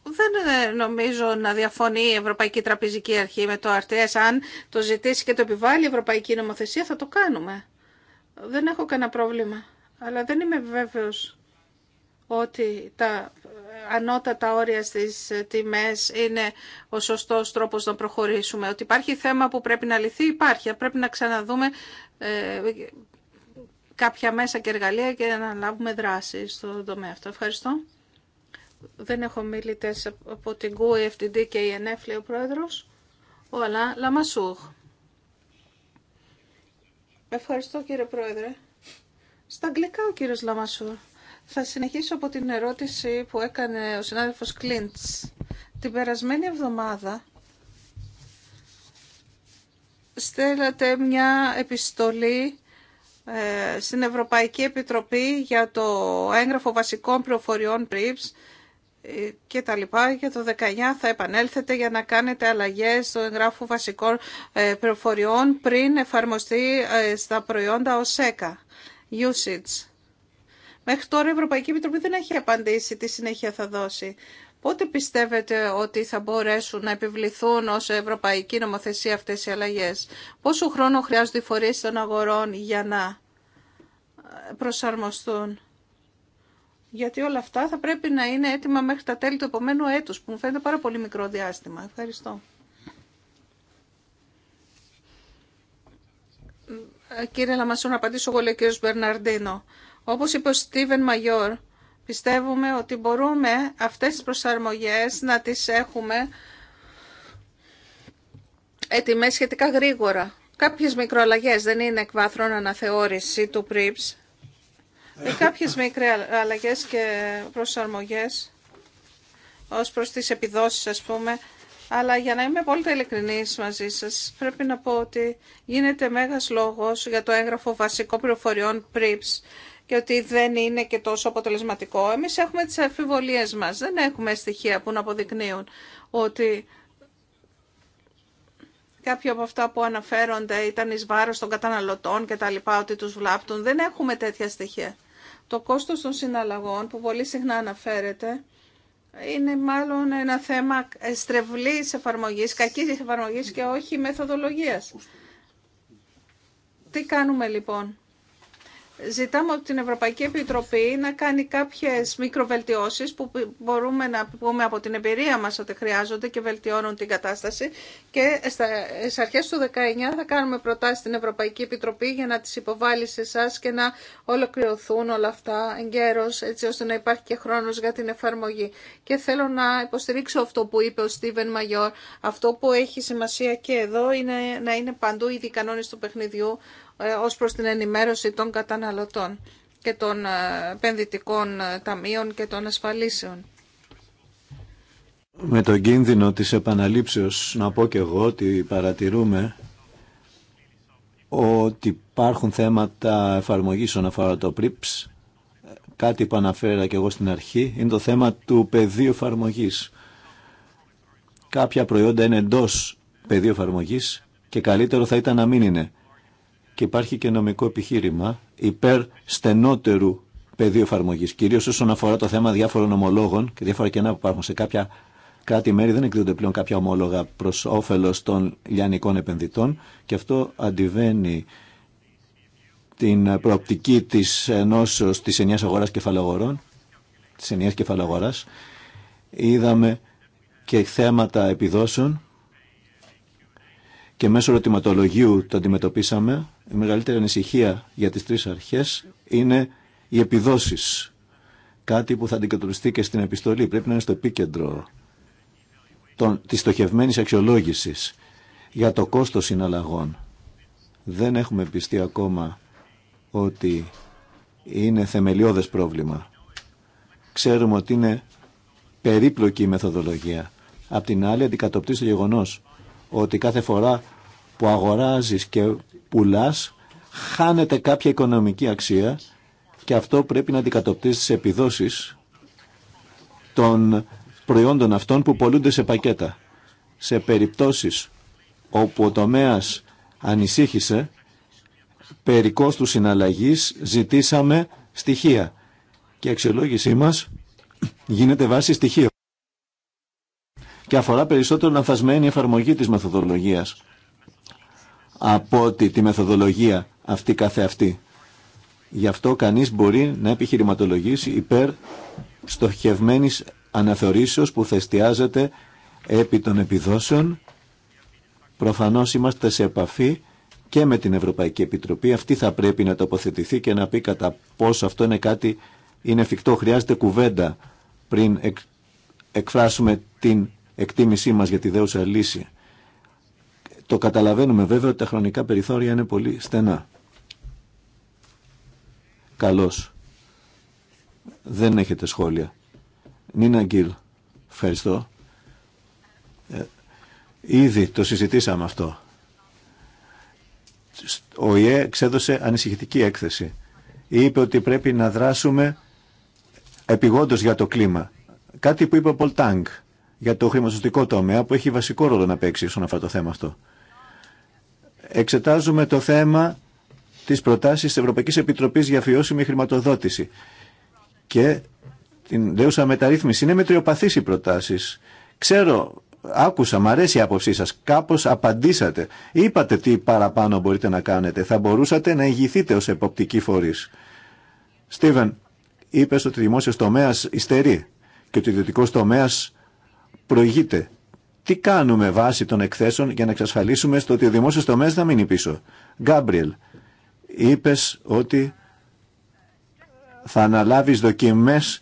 δεν νομίζω να διαφωνεί η Ευρωπαϊκή Τραπεζική Αρχή με το RTS. Αν το ζητήσει και το επιβάλλει η Ευρωπαϊκή Νομοθεσία θα το κάνουμε. Δεν έχω κανένα πρόβλημα. Αλλά δεν είμαι βέβαιος ότι τα ανώτατα όρια στις τιμές είναι ο σωστός τρόπος να προχωρήσουμε. Ότι υπάρχει θέμα που πρέπει να λυθεί, υπάρχει. Πρέπει να ξαναδούμε ε, κάποια μέσα και εργαλεία και να λάβουμε δράση στο τομέα αυτό. Ευχαριστώ. Δεν έχω μιλητέ από την ΚΟΥ, η FTD και η ΕΝΕΦ, λέει ο Πρόεδρος. Όλα. Λαμασούχ. Ευχαριστώ κύριε Πρόεδρε. Στα αγγλικά ο κύριος Λαμασούχ. Θα συνεχίσω από την ερώτηση που έκανε ο συνάδελφος Κλίντς. Την περασμένη εβδομάδα στέλατε μια επιστολή ε, στην Ευρωπαϊκή Επιτροπή για το έγγραφο βασικών προφοριών PRIPS ε, και τα λοιπά. Για το 19 θα επανέλθετε για να κάνετε αλλαγές στο εγγράφο βασικών ε, πληροφοριών πριν εφαρμοστεί στα προϊόντα ως ΕΚΑ, usage. Μέχρι τώρα η Ευρωπαϊκή Επιτροπή δεν έχει απαντήσει τι συνέχεια θα δώσει. Πότε πιστεύετε ότι θα μπορέσουν να επιβληθούν ως ευρωπαϊκή νομοθεσία αυτές οι αλλαγές. Πόσο χρόνο χρειάζονται οι φορείς των αγορών για να ε, προσαρμοστούν. Γιατί όλα αυτά θα πρέπει να είναι έτοιμα μέχρι τα τέλη του επομένου έτους, που μου φαίνεται πάρα πολύ μικρό διάστημα. Ευχαριστώ. Ε, κύριε Λαμασού, να απαντήσω εγώ, λέει ο κύριος Μπερναρντίνο. Όπως είπε ο Στίβεν Μαγιόρ, πιστεύουμε ότι μπορούμε αυτές τις προσαρμογές να τις έχουμε έτοιμες σχετικά γρήγορα. Κάποιες μικροαλλαγές δεν είναι εκ αναθεώρηση του ΠΡΙΠΣ. Ή κάποιες μικροαλλαγές και προσαρμογές ως προς τις επιδόσεις ας πούμε. Αλλά για να είμαι πολύ ειλικρινής μαζί σας, πρέπει να πω ότι γίνεται μέγας λόγος για το έγγραφο βασικό πληροφοριών ΠΡΙΠΣ και ότι δεν είναι και τόσο αποτελεσματικό. Εμείς έχουμε τις αφιβολίες μας, δεν έχουμε στοιχεία που να αποδεικνύουν ότι κάποια από αυτά που αναφέρονται ήταν εις βάρος των καταναλωτών και τα λοιπά, ότι τους βλάπτουν. Δεν έχουμε τέτοια στοιχεία. Το κόστος των συναλλαγών που πολύ συχνά αναφέρεται είναι μάλλον ένα θέμα στρεβλής εφαρμογής, κακής εφαρμογής και όχι μεθοδολογίας. Τι κάνουμε λοιπόν ζητάμε από την Ευρωπαϊκή Επιτροπή να κάνει κάποιες μικροβελτιώσεις που μπορούμε να πούμε από την εμπειρία μας ότι χρειάζονται και βελτιώνουν την κατάσταση και στις αρχές του 19 θα κάνουμε προτάσεις στην Ευρωπαϊκή Επιτροπή για να τις υποβάλει σε εσά και να ολοκληρωθούν όλα αυτά εγκαίρως έτσι ώστε να υπάρχει και χρόνος για την εφαρμογή. Και θέλω να υποστηρίξω αυτό που είπε ο Στίβεν Μαγιόρ. Αυτό που έχει σημασία και εδώ είναι να είναι παντού ήδη οι κανόνες του παιχνιδιού ε, ως προς την ενημέρωση των καταναλωτών και των ε, επενδυτικών ε, ταμείων και των ασφαλίσεων. Με τον κίνδυνο της επαναλήψεως να πω και εγώ ότι παρατηρούμε ότι υπάρχουν θέματα εφαρμογής όσον αφορά το PRIPS. Κάτι που αναφέρα και εγώ στην αρχή είναι το θέμα του πεδίου εφαρμογή. Κάποια προϊόντα είναι εντό πεδίου εφαρμογή και καλύτερο θα ήταν να μην είναι και υπάρχει και νομικό επιχείρημα υπέρ στενότερου πεδίου εφαρμογή, κυρίω όσον αφορά το θέμα διάφορων ομολόγων και διάφορα κενά που υπάρχουν σε κάποια κράτη-μέρη. Δεν εκδίδονται πλέον κάποια ομόλογα προ όφελο των λιανικών επενδυτών και αυτό αντιβαίνει την προοπτική τη ενώσεω τη ενιαία αγορά κεφαλαγορών, τη ενιαία κεφαλαγορά. Είδαμε και θέματα επιδόσεων και μέσω ερωτηματολογίου το αντιμετωπίσαμε η μεγαλύτερη ανησυχία για τις τρεις αρχές είναι οι επιδόσεις. Κάτι που θα αντικατοπιστεί και στην επιστολή. Πρέπει να είναι στο επίκεντρο των, της στοχευμένης αξιολόγησης για το κόστος συναλλαγών. Δεν έχουμε πιστεί ακόμα ότι είναι θεμελιώδες πρόβλημα. Ξέρουμε ότι είναι περίπλοκη η μεθοδολογία. Απ' την άλλη αντικατοπτήσει το γεγονός ότι κάθε φορά που αγοράζεις και πουλάς χάνεται κάποια οικονομική αξία και αυτό πρέπει να αντικατοπτήσει τις επιδόσεις των προϊόντων αυτών που πολλούνται σε πακέτα. Σε περιπτώσεις όπου ο τομέας ανησύχησε, περί κόστου συναλλαγής ζητήσαμε στοιχεία και η αξιολόγησή μας γίνεται βάση στοιχείων και αφορά περισσότερο λανθασμένη εφαρμογή της μεθοδολογίας από ότι τη μεθοδολογία αυτή καθεαυτή. Γι' αυτό κανείς μπορεί να επιχειρηματολογήσει υπέρ στοχευμένης αναθεωρήσεως που θα επί των επιδόσεων. Προφανώς είμαστε σε επαφή και με την Ευρωπαϊκή Επιτροπή. Αυτή θα πρέπει να τοποθετηθεί και να πει κατά πόσο αυτό είναι κάτι είναι εφικτό. Χρειάζεται κουβέντα πριν εκφράσουμε την εκτίμησή μας για τη δέουσα λύση. Το καταλαβαίνουμε βέβαια ότι τα χρονικά περιθώρια είναι πολύ στενά. Καλώς. Δεν έχετε σχόλια. Νίνα Γκίλ, ευχαριστώ. Ε, ήδη το συζητήσαμε αυτό. Ο ΙΕ εξέδωσε ανησυχητική έκθεση. Είπε ότι πρέπει να δράσουμε επιγόντως για το κλίμα. Κάτι που είπε ο Πολ για το χρηματοστικό τομέα που έχει βασικό ρόλο να παίξει στον αφορά το θέμα αυτό εξετάζουμε το θέμα της προτάσεις της Ευρωπαϊκής Επιτροπής για φιώσιμη χρηματοδότηση. Και την δέουσα μεταρρύθμιση. Είναι μετριοπαθής οι προτάσεις. Ξέρω, άκουσα, μ' αρέσει η άποψή σας. Κάπως απαντήσατε. Είπατε τι παραπάνω μπορείτε να κάνετε. Θα μπορούσατε να ηγηθείτε ως εποπτική φορείς. Στίβεν, είπες ότι ο δημόσιος τομέας υστερεί και ότι ο ιδιωτικός τομέας προηγείται τι κάνουμε βάσει των εκθέσεων για να εξασφαλίσουμε στο ότι ο δημόσιο τομέας θα μείνει πίσω. Γκάμπριελ, είπες ότι θα αναλάβει δοκιμές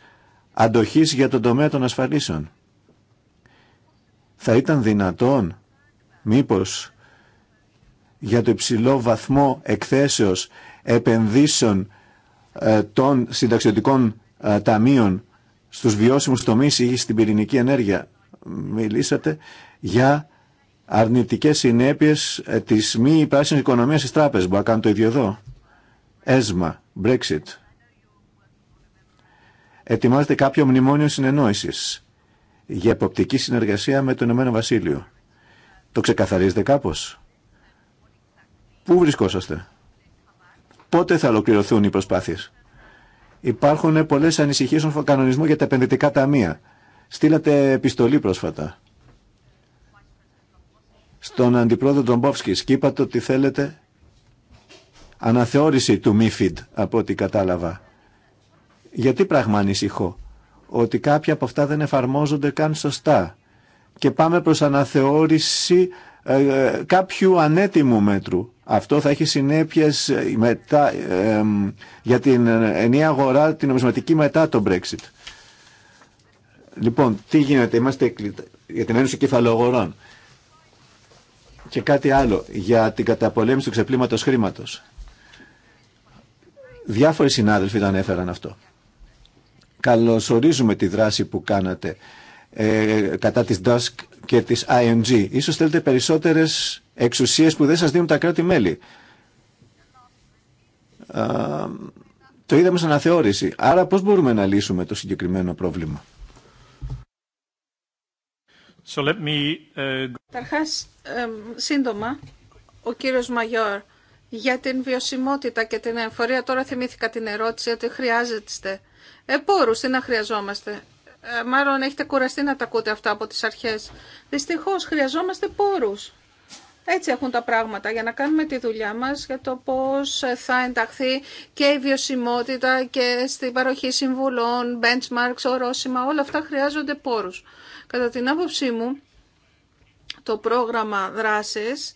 αντοχή για τον τομέα των ασφαλίσεων. Θα ήταν δυνατόν, μήπω, για το υψηλό βαθμό εκθέσεως επενδύσεων ε, των συνταξιωτικών ε, ταμείων στους βιώσιμους τομείς ή στην πυρηνική ενέργεια μιλήσατε για αρνητικές συνέπειες ε, της μη πράσινή οικονομίας στις τράπεζες. Μπορεί να κάνω το ίδιο εδώ. ΕΣΜΑ, Brexit. Ετοιμάζεται κάποιο μνημόνιο συνεννόησης για εποπτική συνεργασία με το Ηνωμένο Βασίλειο. Το ξεκαθαρίζετε κάπως. Πού βρισκόσαστε. Πότε θα ολοκληρωθούν οι προσπάθειες. Υπάρχουν πολλές ανησυχίες στον κανονισμό για τα επενδυτικά ταμεία. Στείλατε επιστολή πρόσφατα στον αντιπρόεδρο Τρομπόφσκης και είπατε ότι θέλετε αναθεώρηση του ΜΥΦΙΔ από ό,τι κατάλαβα. Γιατί πράγμα ανησυχώ ότι κάποια από αυτά δεν εφαρμόζονται καν σωστά και πάμε προς αναθεώρηση ε, ε, κάποιου ανέτοιμου μέτρου. Αυτό θα έχει συνέπειες ε, μετά, ε, για την ενιαία αγορά, την νομισματική μετά το Brexit. Λοιπόν, τι γίνεται, είμαστε για την ένωση κεφαλογορών. Και κάτι άλλο για την καταπολέμηση του ξεπλήματος χρήματος. Διάφοροι συνάδελφοι τα ανέφεραν αυτό. Καλωσορίζουμε τη δράση που κάνατε ε, κατά της DUSK και της ING. Ίσως θέλετε περισσότερες εξουσίες που δεν σας δίνουν τα κράτη-μέλη. Το είδαμε σαν αναθεώρηση. Άρα πώς μπορούμε να λύσουμε το συγκεκριμένο πρόβλημα. So uh, σύντομα, ο κύριος Μαγιόρ, για την βιωσιμότητα και την εμφορία, τώρα θυμήθηκα την ερώτηση ότι χρειάζεστε. Ε, πόρους, τι να χρειαζόμαστε. Ε, μάλλον έχετε κουραστεί να τα ακούτε αυτά από τις αρχές. Δυστυχώς, χρειαζόμαστε πόρους. Έτσι έχουν τα πράγματα για να κάνουμε τη δουλειά μας για το πώς θα ενταχθεί και η βιωσιμότητα και στην παροχή συμβουλών, benchmarks, ορόσημα, όλα αυτά χρειάζονται πόρους. Κατά την άποψή μου, το πρόγραμμα δράσης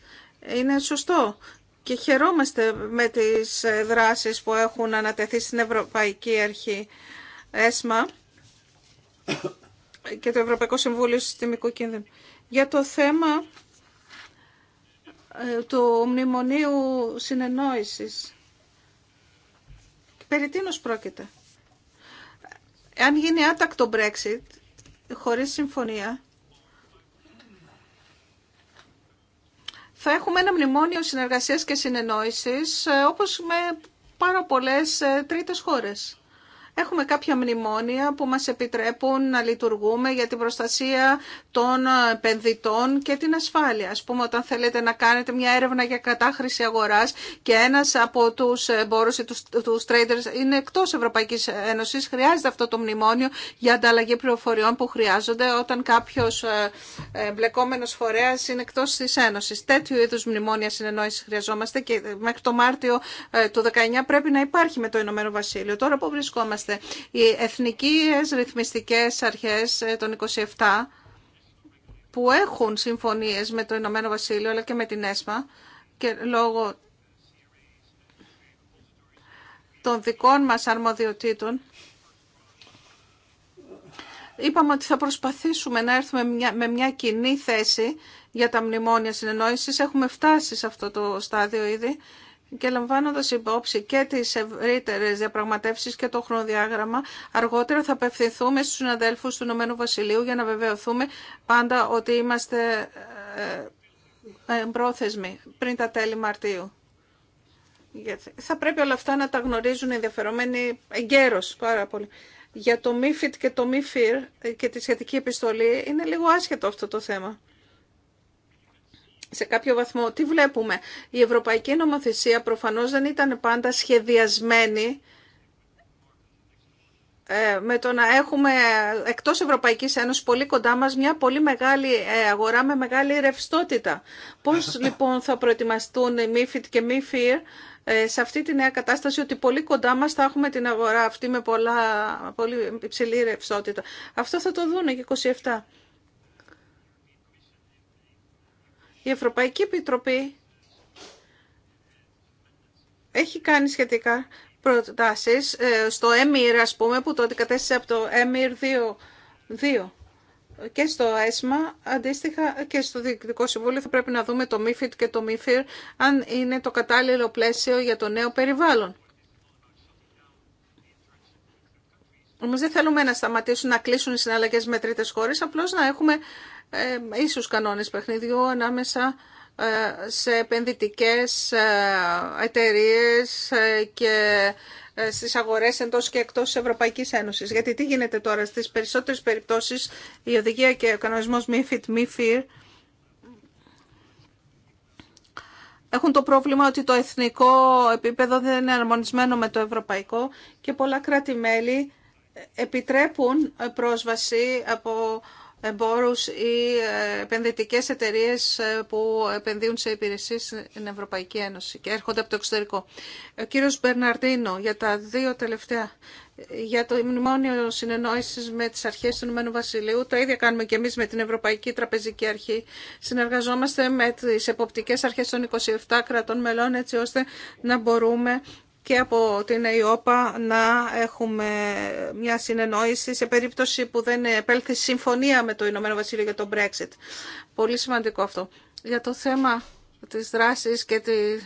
είναι σωστό και χαιρόμαστε με τις ε, δράσεις που έχουν ανατεθεί στην Ευρωπαϊκή Αρχή ΕΣΜΑ και το Ευρωπαϊκό Συμβούλιο Συστημικού Κίνδυνου. Για το θέμα ε, του Μνημονίου Συνεννόησης. Περί τίνος πρόκειται. Αν γίνει άτακτο Brexit, χωρίς συμφωνία θα έχουμε ένα μνημόνιο συνεργασίας και συνεννόησης ε, όπως με πάρα πολλές ε, τρίτες χώρες. Έχουμε κάποια μνημόνια που μας επιτρέπουν να λειτουργούμε για την προστασία των επενδυτών και την ασφάλεια. Ας πούμε, όταν θέλετε να κάνετε μια έρευνα για κατάχρηση αγοράς και ένας από τους εμπόρους ή τους, τους traders είναι εκτός Ευρωπαϊκής Ένωσης, χρειάζεται αυτό το μνημόνιο για ανταλλαγή πληροφοριών που χρειάζονται όταν κάποιος ε, ε, μπλεκόμενος φορέας είναι εκτός της Ένωσης. Τέτοιου είδους μνημόνια συνεννόηση χρειαζόμαστε και μέχρι το Μάρτιο ε, του 19 πρέπει να υπάρχει με το Ηνωμένο Βασίλειο. Τώρα που βρισκόμαστε η Οι εθνικές ρυθμιστικές αρχές ε, των 27 που έχουν συμφωνίες με το Ηνωμένο Βασίλειο αλλά και με την ΕΣΜΑ και λόγω των δικών μας αρμοδιοτήτων είπαμε ότι θα προσπαθήσουμε να έρθουμε με μια κοινή θέση για τα μνημόνια συνεννόησης. Έχουμε φτάσει σε αυτό το στάδιο ήδη και λαμβάνοντας υπόψη και τις ευρύτερε διαπραγματεύσεις και το χρονοδιάγραμμα, αργότερα θα απευθυνθούμε στους συναδέλφους του Ηνωμένου Βασιλείου για να βεβαιωθούμε πάντα ότι είμαστε ε, ε, πρόθεσμοι πριν τα τέλη Μαρτίου. Γιατί θα πρέπει όλα αυτά να τα γνωρίζουν οι ενδιαφερομένοι εγκαίρως πάρα πολύ. Για το MIFID και το MIFIR και τη σχετική επιστολή είναι λίγο άσχετο αυτό το θέμα σε κάποιο βαθμό. Τι βλέπουμε. Η ευρωπαϊκή νομοθεσία προφανώς δεν ήταν πάντα σχεδιασμένη ε, με το να έχουμε εκτός Ευρωπαϊκής Ένωσης πολύ κοντά μας μια πολύ μεγάλη ε, αγορά με μεγάλη ρευστότητα. Πώς λοιπόν θα προετοιμαστούν οι MIFID και MIFIR ε, σε αυτή τη νέα κατάσταση ότι πολύ κοντά μας θα έχουμε την αγορά αυτή με πολλά, πολύ υψηλή ρευστότητα. Αυτό θα το δουν και 27. Η Ευρωπαϊκή Επιτροπή έχει κάνει σχετικά προτάσεις ε, στο ΕΜΙΡ, ας πούμε, που το αντικατέστησε από το ΕΜΙΡ 2 και στο ΕΣΜΑ, αντίστοιχα και στο Διοικητικό Συμβούλιο θα πρέπει να δούμε το ΜΥΦΙΤ και το ΜΥΦΙΡ αν είναι το κατάλληλο πλαίσιο για το νέο περιβάλλον. Όμω δεν θέλουμε να σταματήσουν να κλείσουν οι συναλλαγέ με τρίτε χώρε, απλώ να έχουμε ε, ίσου κανόνε παιχνιδιού ανάμεσα ε, σε επενδυτικές ε, εταιρείε ε, και στις αγορές εντός και εκτός τη Ευρωπαϊκής Ένωσης. Γιατί τι γίνεται τώρα, στις περισσότερες περιπτώσεις η οδηγία και ο κανονισμός μη MIFIR έχουν το πρόβλημα ότι το εθνικό επίπεδο δεν είναι αρμονισμένο με το ευρωπαϊκό και πολλά κράτη-μέλη επιτρέπουν ε, πρόσβαση από εμπόρους ή ε, επενδυτικές εταιρείες ε, που επενδύουν σε υπηρεσίες στην Ευρωπαϊκή Ένωση και έρχονται από το εξωτερικό. Ο κύριος Μπερναρντίνο για τα δύο τελευταία για το μνημόνιο συνεννόησης με τις αρχές του Ηνωμένου Βασιλείου. Το ίδιο κάνουμε και εμείς με την Ευρωπαϊκή Τραπεζική Αρχή. Συνεργαζόμαστε με τις εποπτικές αρχές των 27 κρατών μελών έτσι ώστε να μπορούμε και από την ΕΙΟΠΑ να έχουμε μια συνεννόηση σε περίπτωση που δεν επέλθει συμφωνία με το Ηνωμένο Βασίλειο για το Brexit. Πολύ σημαντικό αυτό. Για το θέμα της δράσης και της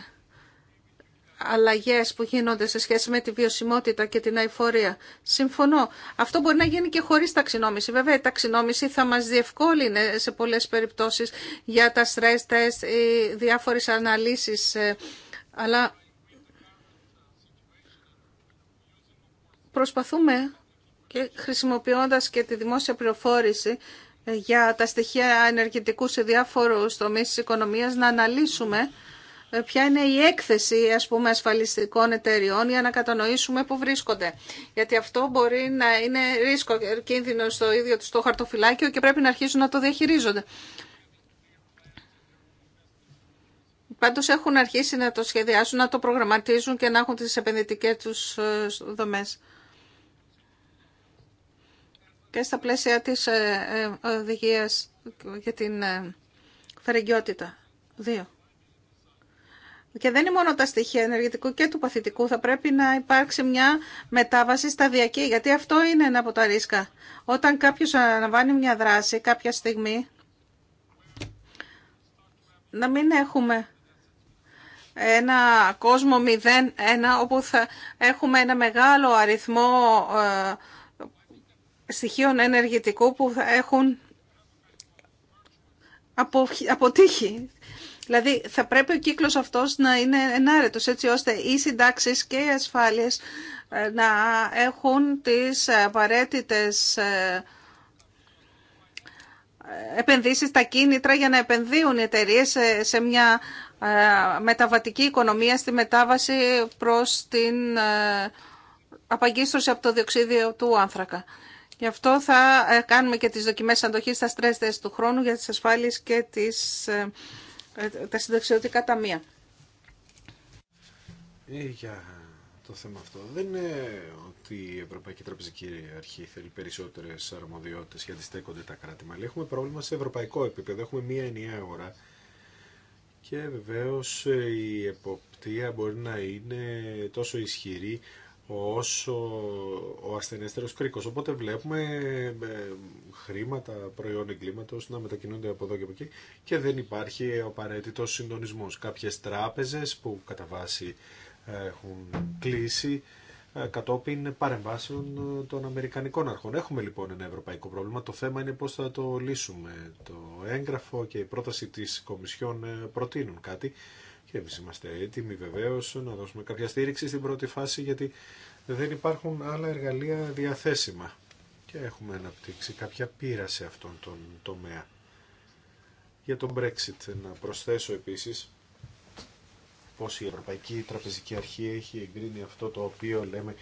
αλλαγές που γίνονται σε σχέση με τη βιωσιμότητα και την αηφορία. Συμφωνώ. Αυτό μπορεί να γίνει και χωρίς ταξινόμηση. Βέβαια, η ταξινόμηση θα μας διευκόλυνε σε πολλές περιπτώσεις για τα stress test ή διάφορες αναλύσεις. Ε, αλλά προσπαθούμε και χρησιμοποιώντας και τη δημόσια πληροφόρηση ε, για τα στοιχεία ενεργητικού σε διάφορους τομείς της οικονομίας να αναλύσουμε ε, ποια είναι η έκθεση πούμε, ασφαλιστικών εταιριών για να κατανοήσουμε πού βρίσκονται. Γιατί αυτό μπορεί να είναι ρίσκο κίνδυνο στο ίδιο του το χαρτοφυλάκιο και πρέπει να αρχίσουν να το διαχειρίζονται. Πάντω έχουν αρχίσει να το σχεδιάσουν, να το προγραμματίζουν και να έχουν τις επενδυτικές τους ε, δομές και στα πλαίσια της ε, ε, οδηγίας για την ε, φερεγγιότητα. Δύο. Και δεν είναι μόνο τα στοιχεία ενεργητικού και του παθητικού. Θα πρέπει να υπάρξει μια μετάβαση σταδιακή, γιατί αυτό είναι ένα από τα ρίσκα. Όταν κάποιος αναβάνει μια δράση κάποια στιγμή, να μην έχουμε ένα κόσμο 0-1, όπου θα έχουμε ένα μεγάλο αριθμό στοιχείων ενεργητικού που θα έχουν αποτύχει. Δηλαδή θα πρέπει ο κύκλος αυτός να είναι ενάρετος έτσι ώστε οι συντάξει και οι ασφάλειες ε, να έχουν τις απαραίτητε ε, επενδύσεις, τα κίνητρα για να επενδύουν οι εταιρείε σε μια ε, μεταβατική οικονομία στη μετάβαση προς την απαγκίστρωση από το διοξίδιο του άνθρακα. Γι' αυτό θα ε, κάνουμε και τις δοκιμές αντοχής στα στρες test του χρόνου για τις ασφάλειες και τις, ε, ε, τα συνταξιωτικά ταμεία. για το θέμα αυτό δεν είναι ότι η Ευρωπαϊκή Τραπεζική Αρχή θέλει περισσότερες αρμοδιότητες γιατί στέκονται τα κράτη. Αλλά έχουμε πρόβλημα σε ευρωπαϊκό επίπεδο. Έχουμε μία ενιαία αγορά και βεβαίως η εποπτεία μπορεί να είναι τόσο ισχυρή όσο ο ασθενέστερος κρίκος. Οπότε βλέπουμε ε, χρήματα, προϊόν εγκλήματος να μετακινούνται από εδώ και από εκεί και δεν υπάρχει απαραίτητο συντονισμός. Κάποιες τράπεζες που κατά βάση ε, έχουν κλείσει ε, κατόπιν παρεμβάσεων των Αμερικανικών αρχών. Έχουμε λοιπόν ένα ευρωπαϊκό πρόβλημα. Το θέμα είναι πώς θα το λύσουμε. Το έγγραφο και η πρόταση της Κομισιόν προτείνουν κάτι και εμείς είμαστε έτοιμοι βεβαίω. να δώσουμε κάποια στήριξη στην πρώτη φάση γιατί δεν υπάρχουν άλλα εργαλεία διαθέσιμα. Και έχουμε αναπτύξει κάποια πείρα σε αυτόν τον τομέα. Για τον Brexit να προσθέσω επίσης πως η Ευρωπαϊκή Τραπεζική Αρχή έχει εγκρίνει αυτό το οποίο λέμε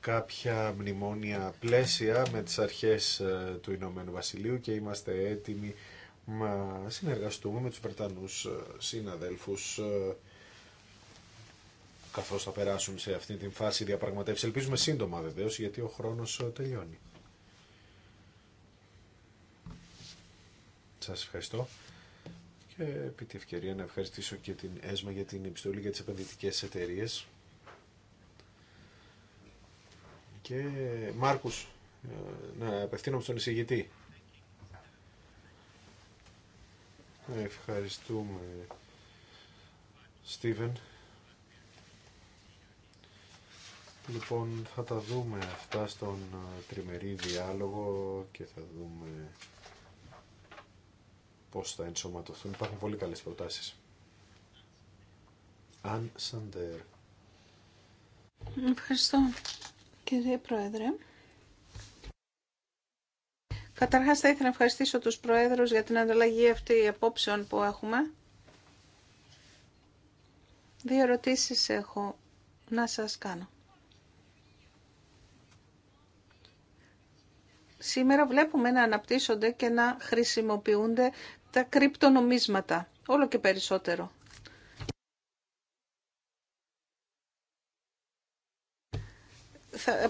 κάποια μνημόνια πλαίσια με τις αρχές ε, του Ηνωμένου Βασιλείου και είμαστε έτοιμοι να συνεργαστούμε με τους Βρετανούς ε, συναδέλφους ε, καθώς θα περάσουν σε αυτή την φάση διαπραγματεύσεις. Ελπίζουμε σύντομα βεβαίως γιατί ο χρόνος ε, τελειώνει. Σας ευχαριστώ και επί τη ευκαιρία να ευχαριστήσω και την ΕΣΜΑ για την επιστολή για τις επενδυτικές εταιρείε. Και Μάρκους, να απευθύνομαι στον εισηγητή Ευχαριστούμε, Στίβεν. Λοιπόν, θα τα δούμε αυτά στον τριμερή διάλογο και θα δούμε πώς θα ενσωματωθούν. Υπάρχουν πολύ καλές προτάσεις. Αν Σαντέρ. Ευχαριστώ, κύριε Πρόεδρε. Καταρχάς θα ήθελα να ευχαριστήσω τους Προέδρους για την ανταλλαγή αυτή απόψεων που έχουμε. Δύο ερωτήσεις έχω να σας κάνω. Σήμερα βλέπουμε να αναπτύσσονται και να χρησιμοποιούνται τα κρυπτονομίσματα, όλο και περισσότερο.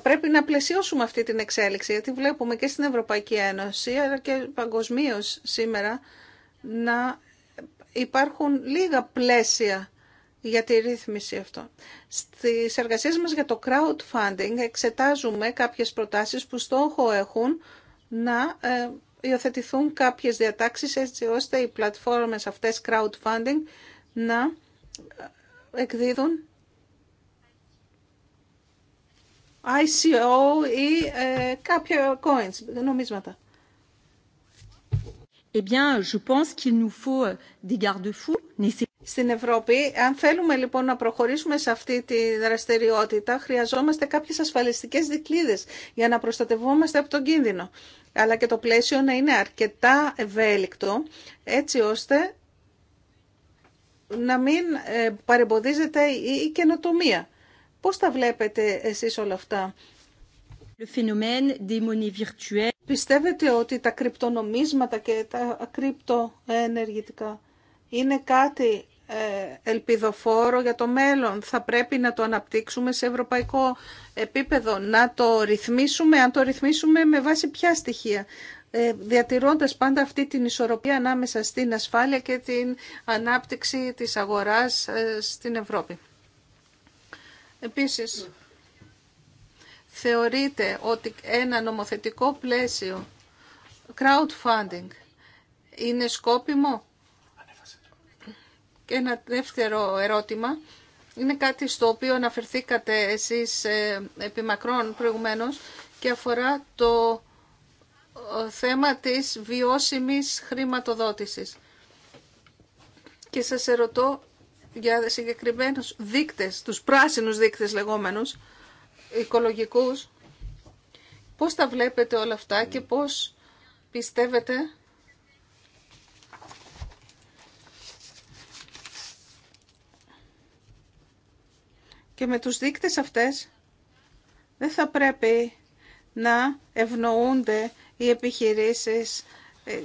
πρέπει να πλαισιώσουμε αυτή την εξέλιξη, γιατί βλέπουμε και στην Ευρωπαϊκή Ένωση, αλλά και παγκοσμίω σήμερα, να υπάρχουν λίγα πλαίσια για τη ρύθμιση αυτό. Στις εργασίες μας για το crowdfunding εξετάζουμε κάποιες προτάσεις που στόχο έχουν να ε, υιοθετηθούν κάποιες διατάξεις έτσι ώστε οι πλατφόρμες αυτές crowdfunding να ε, εκδίδουν ICO ή ε, κάποια coins, νομίσματα. Στην Ευρώπη, αν θέλουμε λοιπόν να προχωρήσουμε σε αυτή τη δραστηριότητα, χρειαζόμαστε κάποιες ασφαλιστικές δικλείδες για να προστατευόμαστε από τον κίνδυνο. Αλλά και το πλαίσιο να είναι αρκετά ευέλικτο, έτσι ώστε να μην ε, παρεμποδίζεται η καινοτομία. Πώς τα βλέπετε εσείς όλα αυτά. Πιστεύετε ότι τα κρυπτονομίσματα και τα κρυπτοενεργητικά είναι κάτι ε, ελπιδοφόρο για το μέλλον. Θα πρέπει να το αναπτύξουμε σε ευρωπαϊκό επίπεδο, να το ρυθμίσουμε, αν το ρυθμίσουμε με βάση ποια στοιχεία. Ε, διατηρώντας πάντα αυτή την ισορροπία ανάμεσα στην ασφάλεια και την ανάπτυξη της αγοράς ε, στην Ευρώπη. Επίσης, θεωρείτε ότι ένα νομοθετικό πλαίσιο crowdfunding είναι σκόπιμο. Και ένα δεύτερο ερώτημα. Είναι κάτι στο οποίο αναφερθήκατε εσείς ε, επιμακρών προηγουμένως και αφορά το θέμα της βιώσιμης χρηματοδότησης. Και σας ερωτώ για συγκεκριμένους δείκτες, τους πράσινους δείκτες λεγόμενους, οικολογικούς. Πώς τα βλέπετε όλα αυτά και πώς πιστεύετε και με τους δείκτες αυτές δεν θα πρέπει να ευνοούνται οι επιχειρήσεις ε,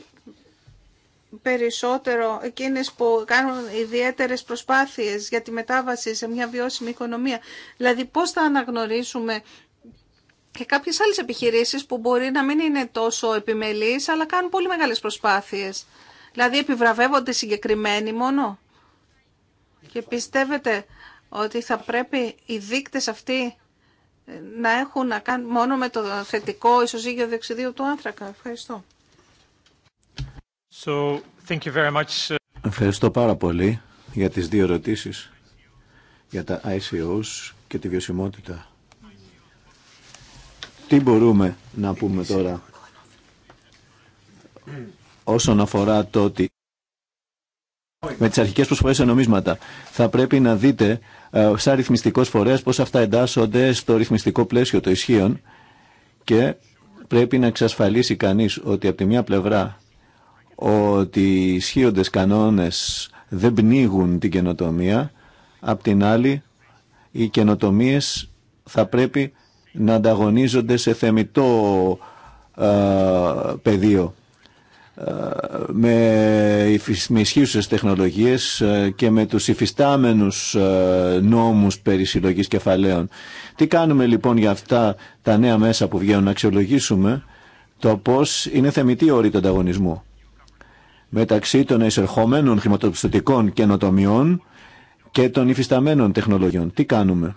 περισσότερο εκείνες που κάνουν ιδιαίτερες προσπάθειες για τη μετάβαση σε μια βιώσιμη οικονομία. Δηλαδή πώς θα αναγνωρίσουμε και κάποιες άλλες επιχειρήσεις που μπορεί να μην είναι τόσο επιμελείς αλλά κάνουν πολύ μεγάλες προσπάθειες. Δηλαδή επιβραβεύονται συγκεκριμένοι μόνο. Και πιστεύετε ότι θα πρέπει οι δείκτες αυτοί να έχουν να κάνουν μόνο με το θετικό ισοζύγιο δεξιδίου του άνθρακα. Ευχαριστώ. Ευχαριστώ πάρα πολύ για τις δύο ρωτήσεις για τα ICOs και τη βιωσιμότητα. Τι μπορούμε να πούμε τώρα όσον αφορά το ότι με τις αρχικές προσφορές σε νομίσματα θα πρέπει να δείτε ε, σαν ρυθμιστικός φορέας πώς αυτά εντάσσονται στο ρυθμιστικό πλαίσιο των ισχύων και πρέπει να εξασφαλίσει κανείς ότι από τη μια πλευρά ότι οι ισχύοντες κανόνες δεν πνίγουν την καινοτομία, απ' την άλλη οι καινοτομίε θα πρέπει να ανταγωνίζονται σε θεμητό ε, πεδίο ε, με, με ισχύουσες τεχνολογίες ε, και με τους υφιστάμενους νόμους περί συλλογής κεφαλαίων. Τι κάνουμε λοιπόν για αυτά τα νέα μέσα που βγαίνουν να αξιολογήσουμε το πώς είναι θεμητή όρη του ανταγωνισμού μεταξύ των εισερχόμενων χρηματοπιστωτικών καινοτομιών και των υφισταμένων τεχνολογιών. Τι κάνουμε.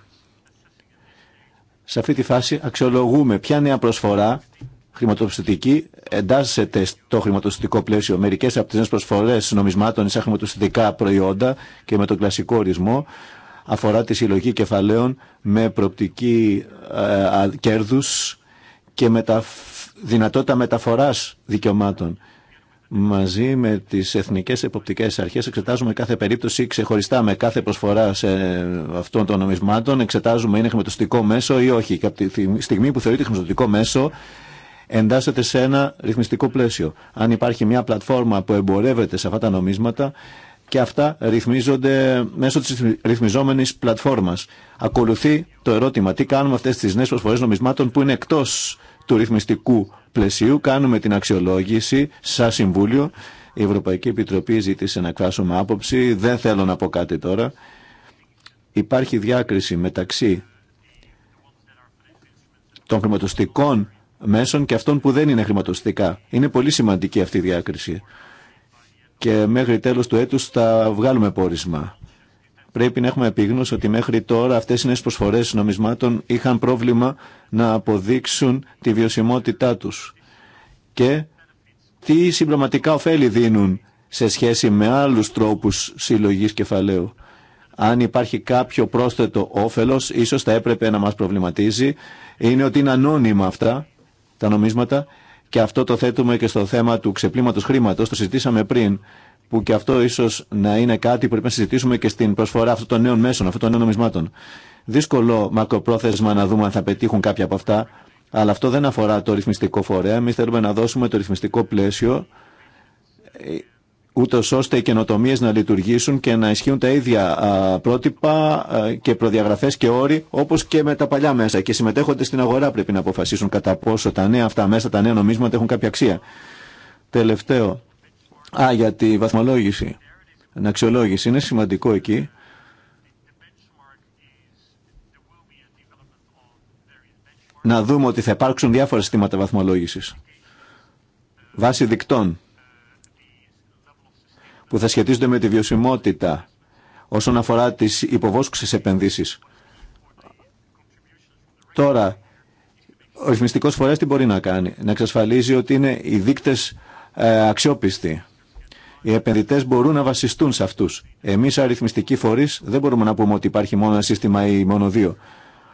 Σε αυτή τη φάση αξιολογούμε ποια νέα προσφορά χρηματοπιστωτική εντάσσεται στο χρηματοπιστωτικό πλαίσιο. Μερικές από τις νέες προσφορές νομισμάτων σε χρηματοπιστωτικά προϊόντα και με τον κλασικό ορισμό αφορά τη συλλογή κεφαλαίων με προπτική ε, κέρδους και δυνατότητα μεταφοράς δικαιωμάτων μαζί με τι εθνικέ εποπτικέ αρχέ, εξετάζουμε κάθε περίπτωση ξεχωριστά με κάθε προσφορά σε αυτών των νομισμάτων εξετάζουμε είναι χρηματοστικό μέσο ή όχι και από τη στιγμή που θεωρείται χρηματοστικό μέσο εντάσσεται σε ένα ρυθμιστικό πλαίσιο. Αν υπάρχει μια πλατφόρμα που εμπορεύεται σε αυτά τα νομίσματα και αυτά ρυθμίζονται μέσω της ρυθμιζόμενης πλατφόρμας. Ακολουθεί το ερώτημα τι κάνουμε αυτές τις νέες προσφορές νομισμάτων που είναι εκτός του ρυθμιστικού πλαισίου. Κάνουμε την αξιολόγηση σαν Συμβούλιο. Η Ευρωπαϊκή Επιτροπή ζήτησε να εκφράσουμε άποψη. Δεν θέλω να πω κάτι τώρα. Υπάρχει διάκριση μεταξύ των χρηματοστικών μέσων και αυτών που δεν είναι χρηματοστικά. Είναι πολύ σημαντική αυτή η διάκριση. Και μέχρι τέλος του έτους θα βγάλουμε πόρισμα. Πρέπει να έχουμε επίγνωση ότι μέχρι τώρα αυτές οι νέες προσφορές νομισμάτων είχαν πρόβλημα να αποδείξουν τη βιωσιμότητά τους και τι συμπληρωματικά ωφέλη δίνουν σε σχέση με άλλους τρόπους συλλογής κεφαλαίου. Αν υπάρχει κάποιο πρόσθετο όφελος, ίσως θα έπρεπε να μας προβληματίζει, είναι ότι είναι ανώνυμα αυτά τα νομίσματα και αυτό το θέτουμε και στο θέμα του ξεπλήματος χρήματος, το συζητήσαμε πριν που και αυτό ίσω να είναι κάτι που πρέπει να συζητήσουμε και στην προσφορά αυτών των νέων μέσων, αυτών των νέων νομισμάτων. Δύσκολο μακροπρόθεσμα να δούμε αν θα πετύχουν κάποια από αυτά, αλλά αυτό δεν αφορά το ρυθμιστικό φορέα. Εμεί θέλουμε να δώσουμε το ρυθμιστικό πλαίσιο, ε, ούτω ώστε οι καινοτομίε να λειτουργήσουν και να ισχύουν τα ίδια πρότυπα και προδιαγραφέ και όροι, όπω και με τα παλιά μέσα. Και συμμετέχονται στην αγορά πρέπει να αποφασίσουν κατά πόσο τα νέα αυτά μέσα, τα νέα νομίσματα έχουν κάποια αξία. Τελευταίο, Α, για τη βαθμολόγηση, την Είναι σημαντικό εκεί. Να δούμε ότι θα υπάρξουν διάφορα στήματα βαθμολόγησης. Βάσει δικτών που θα σχετίζονται με τη βιωσιμότητα όσον αφορά τις υποβόσκουσες επενδύσεις. Τώρα, ο ρυθμιστικός φορέας τι μπορεί να κάνει. Να εξασφαλίζει ότι είναι οι δείκτες ε, αξιόπιστοι. Οι επενδυτέ μπορούν να βασιστούν σε αυτού. Εμεί, αριθμιστικοί φορεί, δεν μπορούμε να πούμε ότι υπάρχει μόνο ένα σύστημα ή μόνο δύο.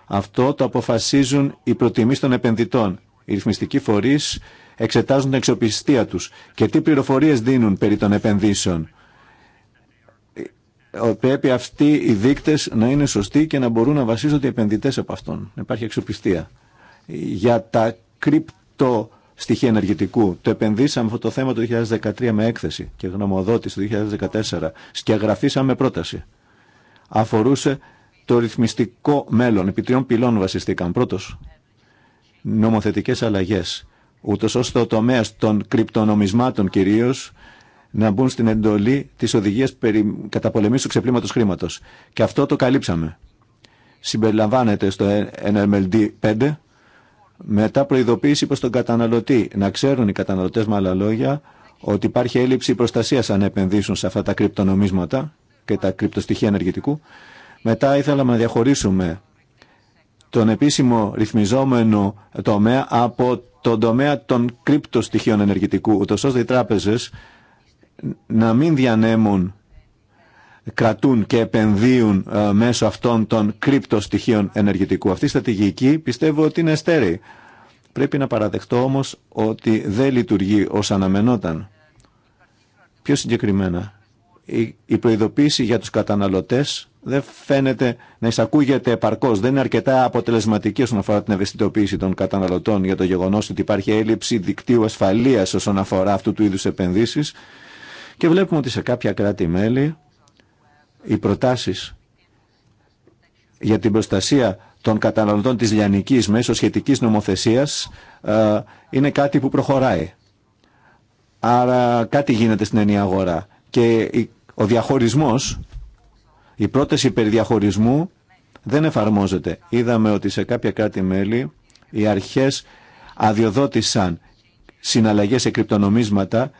Αυτό το αποφασίζουν οι προτιμήσει των επενδυτών. Οι ρυθμιστικοί φορεί εξετάζουν την αξιοπιστία του και τι πληροφορίε δίνουν περί των επενδύσεων. Ε, πρέπει αυτοί οι δείκτε να είναι σωστοί και να μπορούν να βασίζονται οι επενδυτέ από αυτόν. Να υπάρχει αξιοπιστία. Για τα κρυπτο στοιχεία ενεργητικού. Το επενδύσαμε αυτό το θέμα το 2013 με έκθεση και γνωμοδότηση το 2014. γραφήσαμε πρόταση. Αφορούσε το ρυθμιστικό μέλλον. Επί τριών πυλών βασιστήκαν. Πρώτος, νομοθετικές αλλαγές. Ούτω ώστε ο τομέα των κρυπτονομισμάτων κυρίως να μπουν στην εντολή της οδηγίας περί πολεμή του ξεπλήματο χρήματο. Και αυτό το καλύψαμε. Συμπεριλαμβάνεται στο NMLD 5 μετά προειδοποίηση προς τον καταναλωτή. Να ξέρουν οι καταναλωτές με άλλα λόγια ότι υπάρχει έλλειψη προστασίας αν επενδύσουν σε αυτά τα κρυπτονομίσματα και τα κρυπτοστοιχεία ενεργητικού. Μετά ήθελαμε να διαχωρίσουμε τον επίσημο ρυθμιζόμενο τομέα από τον τομέα των κρυπτοστοιχείων ενεργητικού, ούτως ώστε οι τράπεζες να μην διανέμουν κρατούν και επενδύουν ε, μέσω αυτών των κρύπτο στοιχείων ενεργητικού. Αυτή η στρατηγική πιστεύω ότι είναι στέρη. Πρέπει να παραδεχτώ όμως ότι δεν λειτουργεί ως αναμενόταν. Πιο συγκεκριμένα, η προειδοποίηση για τους καταναλωτές δεν φαίνεται να εισακούγεται επαρκώ. Δεν είναι αρκετά αποτελεσματική όσον αφορά την ευαισθητοποίηση των καταναλωτών για το γεγονό ότι υπάρχει έλλειψη δικτύου ασφαλεία όσον αφορά αυτού του είδου επενδύσει. Και βλέπουμε ότι σε κάποια κράτη-μέλη οι προτάσεις για την προστασία των καταναλωτών της λιανικής μέσω σχετικής νομοθεσίας ε, είναι κάτι που προχωράει. Άρα κάτι γίνεται στην ενιαία αγορά. Και ο διαχωρισμός, η πρόταση διαχωρισμού δεν εφαρμόζεται. Είδαμε ότι σε κάποια κράτη-μέλη οι αρχές αδειοδότησαν συναλλαγές σε κρυπτονομίσματα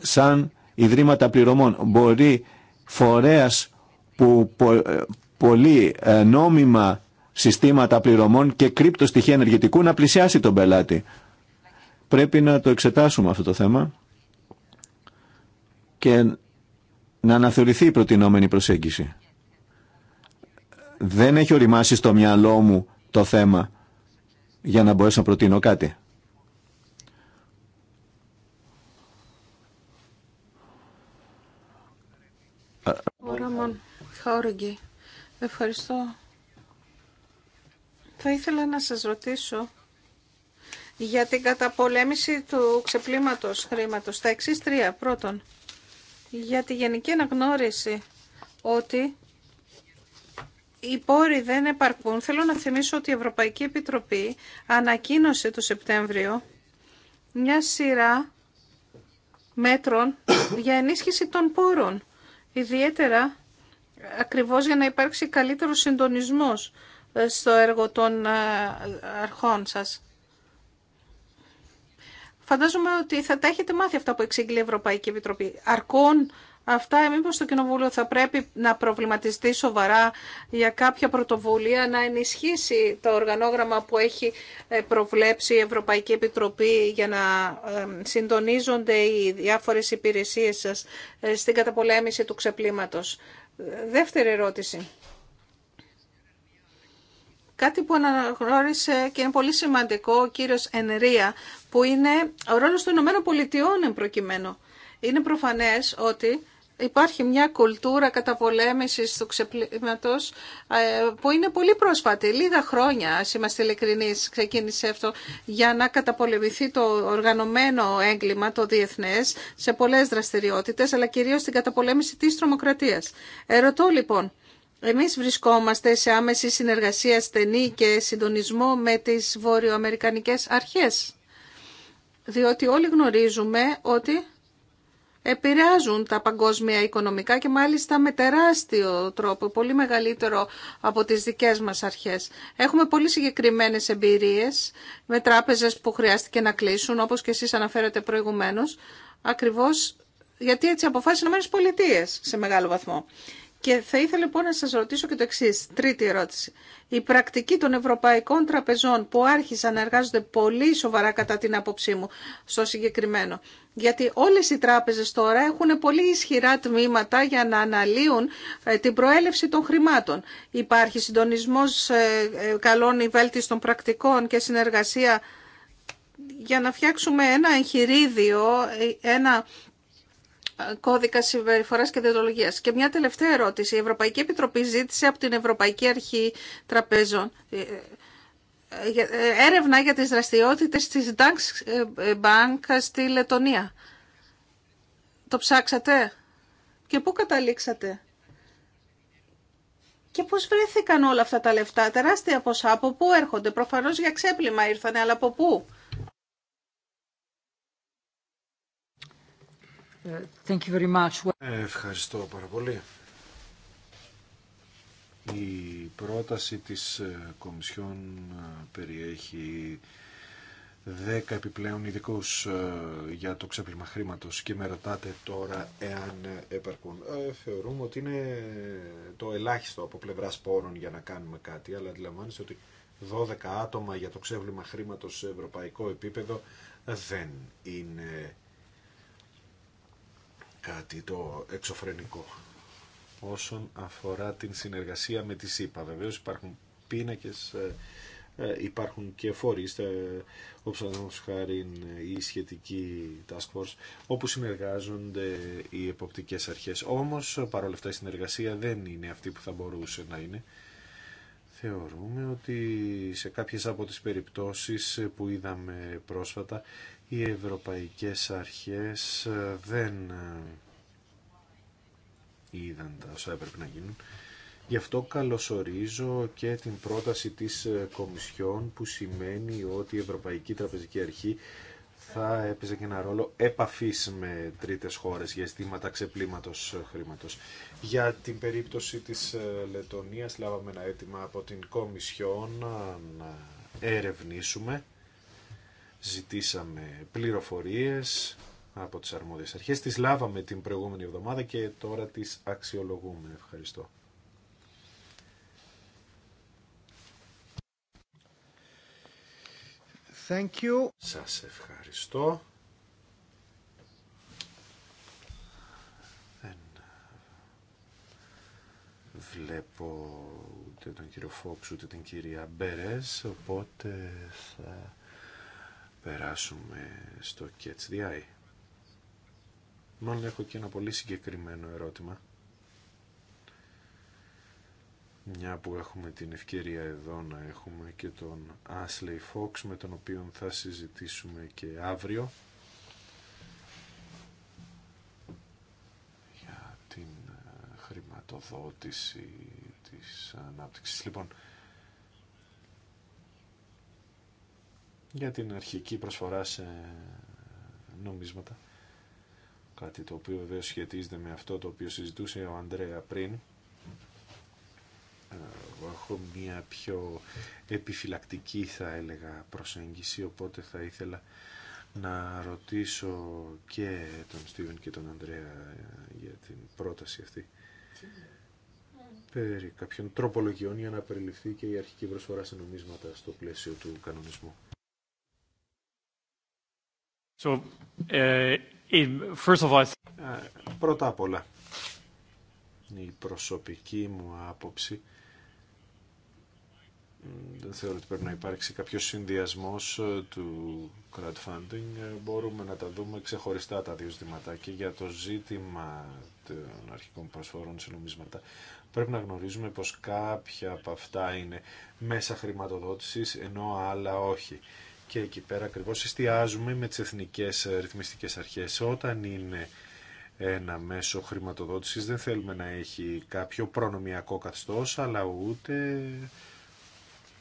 σαν ιδρύματα πληρωμών. Μπορεί φορέας που ε, πολύ ε, νόμιμα συστήματα πληρωμών και κρύπτο στοιχεία ενεργητικού να πλησιάσει τον πελάτη. Πρέπει να το εξετάσουμε αυτό το θέμα και να αναθεωρηθεί η προτινόμενη προσέγγιση. Δεν έχει οριμάσει στο μυαλό μου το θέμα για να μπορέσω να προτείνω κάτι. Ευχαριστώ. Θα ήθελα να σας ρωτήσω για την καταπολέμηση του ξεπλήματος χρήματος. Τα εξής τρία. Πρώτον, για τη γενική αναγνώριση ότι οι πόροι δεν επαρκούν. Θέλω να θυμίσω ότι η Ευρωπαϊκή Επιτροπή ανακοίνωσε το Σεπτέμβριο μια σειρά μέτρων για ενίσχυση των πόρων ιδιαίτερα ακριβώς για να υπάρξει καλύτερος συντονισμός ε, στο έργο των ε, αρχών σας. Φαντάζομαι ότι θα τα έχετε μάθει αυτά που εξήγηλε η Ευρωπαϊκή Επιτροπή. Αρκών αυτά ε, μήπως το Κοινοβούλιο θα πρέπει να προβληματιστεί σοβαρά για κάποια πρωτοβουλία να ενισχύσει το οργανόγραμμα που έχει ε, προβλέψει η Ευρωπαϊκή Επιτροπή για να ε, συντονίζονται οι διάφορες υπηρεσίες σας στην καταπολέμηση του ξεπλήματος. Δεύτερη ερώτηση. Κάτι που αναγνώρισε και είναι πολύ σημαντικό ο κύριος Ενρία, που είναι ο ρόλος των Ηνωμένων Πολιτειών εν προκειμένου. Είναι προφανές ότι υπάρχει μια κουλτούρα καταπολέμησης του ξεπλήματος ε, που είναι πολύ πρόσφατη, λίγα χρόνια, ας είμαστε ειλικρινείς, ξεκίνησε αυτό, για να καταπολεμηθεί το οργανωμένο έγκλημα, το διεθνές, σε πολλές δραστηριότητες, αλλά κυρίως στην καταπολέμηση της τρομοκρατίας. Ερωτώ λοιπόν, εμείς βρισκόμαστε σε άμεση συνεργασία στενή και συντονισμό με τις βορειοαμερικανικές αρχές, διότι όλοι γνωρίζουμε ότι επηρεάζουν τα παγκόσμια οικονομικά και μάλιστα με τεράστιο τρόπο, πολύ μεγαλύτερο από τις δικές μας αρχές. Έχουμε πολύ συγκεκριμένες εμπειρίες με τράπεζες που χρειάστηκε να κλείσουν, όπως και εσείς αναφέρατε προηγουμένως, ακριβώς γιατί έτσι αποφάσισαν οι ΗΠΑ σε μεγάλο βαθμό. Και θα ήθελα λοιπόν να σας ρωτήσω και το εξή. τρίτη ερώτηση. Η πρακτική των ευρωπαϊκών τραπεζών που άρχισαν να εργάζονται πολύ σοβαρά κατά την άποψή μου στο συγκεκριμένο. Γιατί όλες οι τράπεζες τώρα έχουν πολύ ισχυρά τμήματα για να αναλύουν ε, την προέλευση των χρημάτων. Υπάρχει συντονισμός ε, ε, καλών υβέλτιστων πρακτικών και συνεργασία για να φτιάξουμε ένα εγχειρίδιο, ένα κώδικα συμπεριφορά και διοντολογία. Και μια τελευταία ερώτηση. Η Ευρωπαϊκή Επιτροπή ζήτησε από την Ευρωπαϊκή Αρχή Τραπέζων ε, ε, ε, έρευνα για τις δραστηριότητες της Bank στη Λετωνία. Το ψάξατε και πού καταλήξατε. Και πώς βρέθηκαν όλα αυτά τα λεφτά, τεράστια ποσά, από πού έρχονται. Προφανώς για ξέπλυμα ήρθανε, αλλά από πού. Ευχαριστώ πάρα πολύ. Η πρόταση της ε, Κομισιόν ε, περιέχει 10 επιπλέον ειδικού ε, για το ξέπλυμα χρήματο και με ρωτάτε τώρα εάν επαρκούν. Ε, θεωρούμε ότι είναι το ελάχιστο από πλευρά πόρων για να κάνουμε κάτι, αλλά αντιλαμβάνεστε ότι 12 άτομα για το ξέπλυμα χρήματο σε ευρωπαϊκό επίπεδο δεν είναι κάτι το εξωφρενικό. Όσον αφορά την συνεργασία με τη ΣΥΠΑ, βεβαίως υπάρχουν πίνακες, ε, ε, υπάρχουν και φορείς, ε, όπως χάρη η σχετική task force, όπου συνεργάζονται οι εποπτικές αρχές. Όμως, παρόλα αυτά, η συνεργασία δεν είναι αυτή που θα μπορούσε να είναι. Θεωρούμε ότι σε κάποιες από τις περιπτώσεις που είδαμε πρόσφατα οι ευρωπαϊκές αρχές ε, δεν ε, είδαν τα όσα έπρεπε να γίνουν. Γι' αυτό καλωσορίζω και την πρόταση της ε, Κομισιόν που σημαίνει ότι η Ευρωπαϊκή Τραπεζική Αρχή θα έπαιζε και ένα ρόλο επαφής με τρίτες χώρες για αισθήματα ξεπλήματος χρήματος. Για την περίπτωση της Λετωνίας λάβαμε ένα αίτημα από την Κομισιόν να ερευνήσουμε ζητήσαμε πληροφορίες από τις αρμόδιες αρχές. Τις λάβαμε την προηγούμενη εβδομάδα και τώρα τις αξιολογούμε. Ευχαριστώ. Thank you. Σας ευχαριστώ. Δεν βλέπω ούτε τον κύριο Φόξ ούτε την κυρία Μπέρες, οπότε θα περάσουμε στο Catch the Eye. Μάλλον έχω και ένα πολύ συγκεκριμένο ερώτημα. Μια που έχουμε την ευκαιρία εδώ να έχουμε και τον Ashley Fox με τον οποίον θα συζητήσουμε και αύριο για την ε, χρηματοδότηση της ανάπτυξης. Λοιπόν, για την αρχική προσφορά σε νομίσματα. Κάτι το οποίο βεβαίως σχετίζεται με αυτό το οποίο συζητούσε ο Ανδρέα πριν. Εγώ έχω μια πιο επιφυλακτική θα έλεγα προσέγγιση, οπότε θα ήθελα να ρωτήσω και τον Στίβεν και τον Ανδρέα ε, για την πρόταση αυτή περί κάποιων τροπολογιών για να περιληφθεί και η αρχική προσφορά σε νομίσματα στο πλαίσιο του κανονισμού. Uh, ε, πρώτα απ' όλα, η προσωπική μου άποψη δεν θεωρώ ότι πρέπει να υπάρξει κάποιο συνδυασμό ε, του crowdfunding. Ε, μπορούμε να τα δούμε ξεχωριστά τα δύο ζητήματα και για το ζήτημα των αρχικών προσφορών σε νομίσματα. Πρέπει να γνωρίζουμε πως κάποια από αυτά είναι μέσα χρηματοδότησης ενώ άλλα όχι και εκεί πέρα ακριβώς εστιάζουμε με τις εθνικές ε, ρυθμιστικές αρχές. Όταν είναι ένα μέσο χρηματοδότησης δεν θέλουμε να έχει κάποιο προνομιακό καθεστώς αλλά ούτε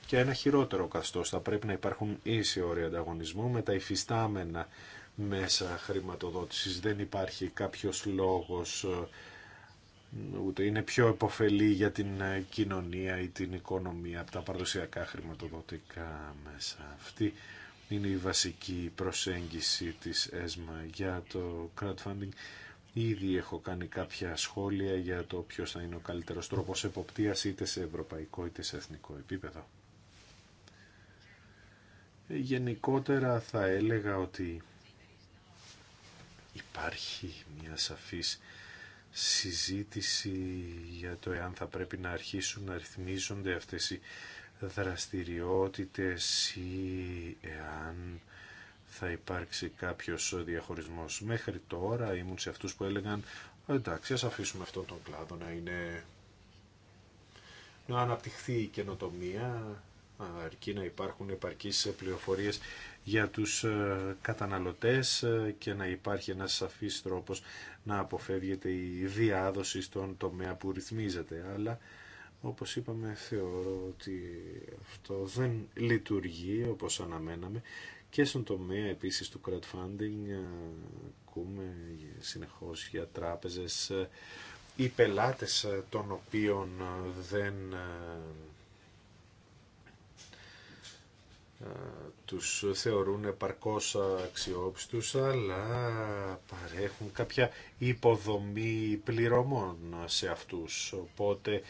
και ένα χειρότερο καθεστώς. Θα πρέπει να υπάρχουν ίσοι όροι ανταγωνισμού με τα υφιστάμενα μέσα χρηματοδότησης. Δεν υπάρχει κάποιος λόγος ε, ούτε είναι πιο επωφελή για την ε, κοινωνία ή την οικονομία από τα παραδοσιακά χρηματοδοτικά μέσα. Αυτή είναι η βασική προσέγγιση της ΕΣΜΑ για το crowdfunding. Ήδη έχω κάνει κάποια σχόλια για το ποιο θα είναι ο καλύτερος τρόπος εποπτείας είτε σε ευρωπαϊκό είτε σε εθνικό επίπεδο. Γενικότερα θα έλεγα ότι υπάρχει μια σαφής συζήτηση για το εάν θα πρέπει να αρχίσουν να ρυθμίζονται αυτές οι δραστηριότητες ή εάν θα υπάρξει κάποιος διαχωρισμός. Μέχρι τώρα ήμουν σε αυτούς που έλεγαν εντάξει ας αφήσουμε αυτόν τον κλάδο να είναι να αναπτυχθεί η καινοτομία αρκεί να υπάρχουν επαρκείς πληροφορίες για τους ε, καταναλωτές ε, και να υπάρχει ένας σαφής τρόπος να αποφεύγεται η διάδοση στον τομέα που ρυθμίζεται. Αλλά όπως είπαμε, θεωρώ ότι αυτό δεν λειτουργεί όπως αναμέναμε και στον τομέα επίσης του crowdfunding ε, ακούμε συνεχώς για τράπεζες ή ε, πελάτες ε, των οποίων δεν τους θεωρούν επαρκώς αξιόπιστους αλλά παρέχουν κάποια υποδομή πληρωμών σε αυτούς οπότε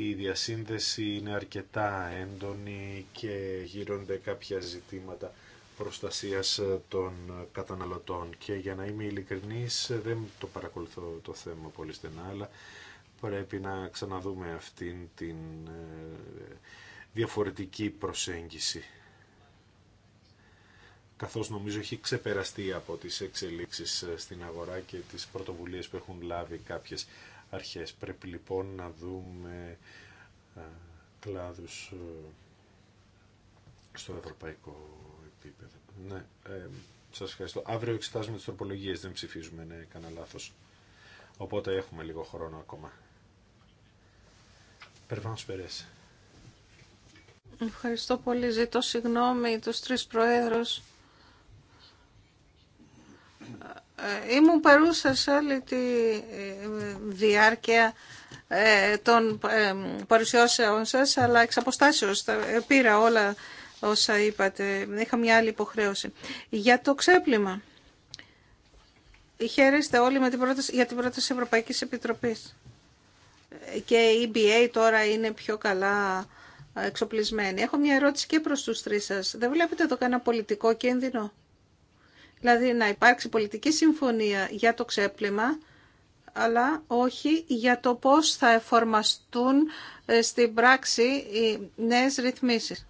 η διασύνδεση είναι αρκετά έντονη και γύρονται κάποια ζητήματα προστασίας των καταναλωτών. Και για να είμαι ειλικρινής, δεν το παρακολουθώ το θέμα πολύ στενά, αλλά πρέπει να ξαναδούμε αυτήν την ε, διαφορετική προσέγγιση. Καθώς νομίζω έχει ξεπεραστεί από τις εξελίξεις ε, στην αγορά και τις πρωτοβουλίες που έχουν λάβει κάποιες αρχές. Πρέπει λοιπόν να δούμε κλάδους ε, στο ευρωπαϊκό επίπεδο. Ναι, ε, σας ευχαριστώ. Αύριο εξετάζουμε τις τροπολογίες, δεν ψηφίζουμε, ναι, κανένα λάθος. Οπότε έχουμε λίγο χρόνο ακόμα. Περβάνω Περές. Ευχαριστώ πολύ. Ζητώ συγγνώμη τους τρεις προέδρους ε, ήμουν παρούσα σε όλη τη ε, διάρκεια ε, των παρουσιώσεων σας, αλλά εξ αποστάσεως πήρα όλα όσα είπατε. Είχα μια άλλη υποχρέωση. Για το ξέπλυμα. Χαίρεστε όλοι με την πρόταση, για την πρόταση Ευρωπαϊκής Επιτροπής. Και η EBA τώρα είναι πιο καλά εξοπλισμένη. Έχω μια ερώτηση και προς τους τρεις σας. Δεν βλέπετε εδώ κανένα πολιτικό κίνδυνο Δηλαδή να υπάρξει πολιτική συμφωνία για το ξέπλυμα, αλλά όχι για το πώς θα εφορμαστούν ε, στην πράξη οι νέες ρυθμίσεις.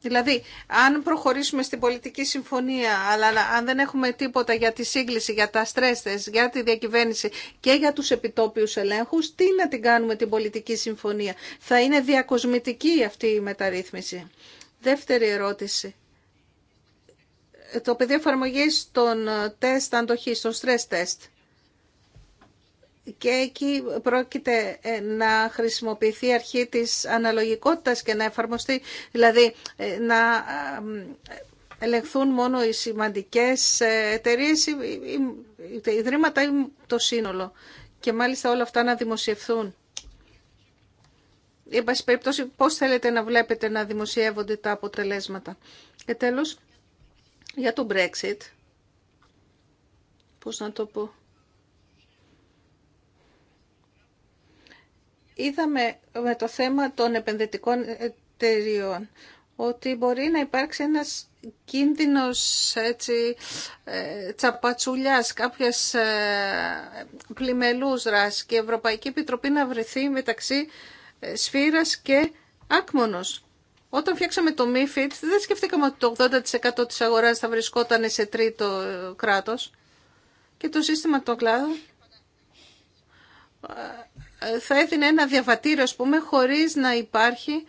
Δηλαδή, αν προχωρήσουμε στην πολιτική συμφωνία, αλλά αν δεν έχουμε τίποτα για τη σύγκληση, για τα στρέστες, για τη διακυβέρνηση και για τους επιτόπιους ελέγχους, τι να την κάνουμε την πολιτική συμφωνία. Θα είναι διακοσμητική αυτή η μεταρρύθμιση. Δεύτερη ερώτηση το πεδίο εφαρμογή των ε, τεστ αντοχής, των stress test. Και εκεί πρόκειται ε, να χρησιμοποιηθεί αρχή της αναλογικότητας και να εφαρμοστεί, δηλαδή ε, να ελεγχθούν μόνο οι σημαντικές εταιρείε, τα ιδρύματα ή το σύνολο. Και μάλιστα όλα αυτά να δημοσιευθούν. Εν πάση περιπτώσει, πώς θέλετε να βλέπετε να δημοσιεύονται τα αποτελέσματα. Και τέλος, για το Brexit. Πώς να το πω. Είδαμε με το θέμα των επενδυτικών εταιριών ότι μπορεί να υπάρξει ένας κίνδυνος έτσι, ε, τσαπατσουλιάς, κάποιας ε, πλημελούς και η Ευρωπαϊκή Επιτροπή να βρεθεί μεταξύ ε, σφύρας και άκμονος. Όταν φτιάξαμε το MIFID δεν σκεφτήκαμε ότι το 80% της αγοράς θα βρισκόταν σε τρίτο ε, κράτος και το σύστημα των κλάδων ε, ε, θα έδινε ένα διαβατήριο, ας πούμε, χωρίς να υπάρχει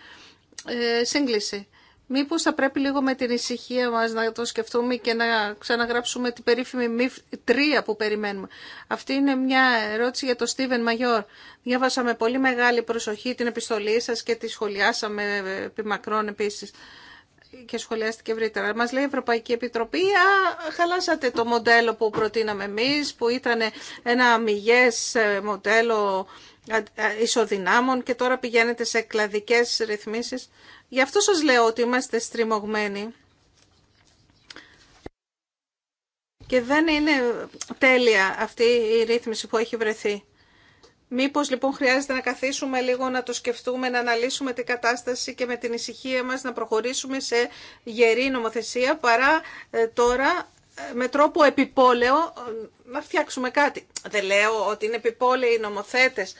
σύγκληση. Μήπως θα πρέπει λίγο με την ησυχία μας να το σκεφτούμε και να ξαναγράψουμε την περίφημη τρία 3 που περιμένουμε. Αυτή είναι μια ερώτηση για τον Στίβεν Μαγιόρ. Διάβασα με πολύ μεγάλη προσοχή την επιστολή σας και τη σχολιάσαμε ε, επί μακρόν επίσης και σχολιάστηκε ευρύτερα. Μας λέει η Ευρωπαϊκή Επιτροπή, α, χαλάσατε το μοντέλο που προτείναμε εμείς, που ήταν ένα αμυγές ε, μοντέλο ισοδυνάμων και τώρα πηγαίνετε σε κλαδικές ρυθμίσεις. Γι' αυτό σας λέω ότι είμαστε στριμωγμένοι. Και δεν είναι τέλεια αυτή η ρύθμιση που έχει βρεθεί. Μήπως λοιπόν χρειάζεται να καθίσουμε λίγο να το σκεφτούμε, να αναλύσουμε την κατάσταση και με την ησυχία μας να προχωρήσουμε σε γερή νομοθεσία παρά ε, τώρα με τρόπο επιπόλαιο να φτιάξουμε κάτι. Δεν λέω ότι είναι επιπόλαιοι οι νομοθέτες,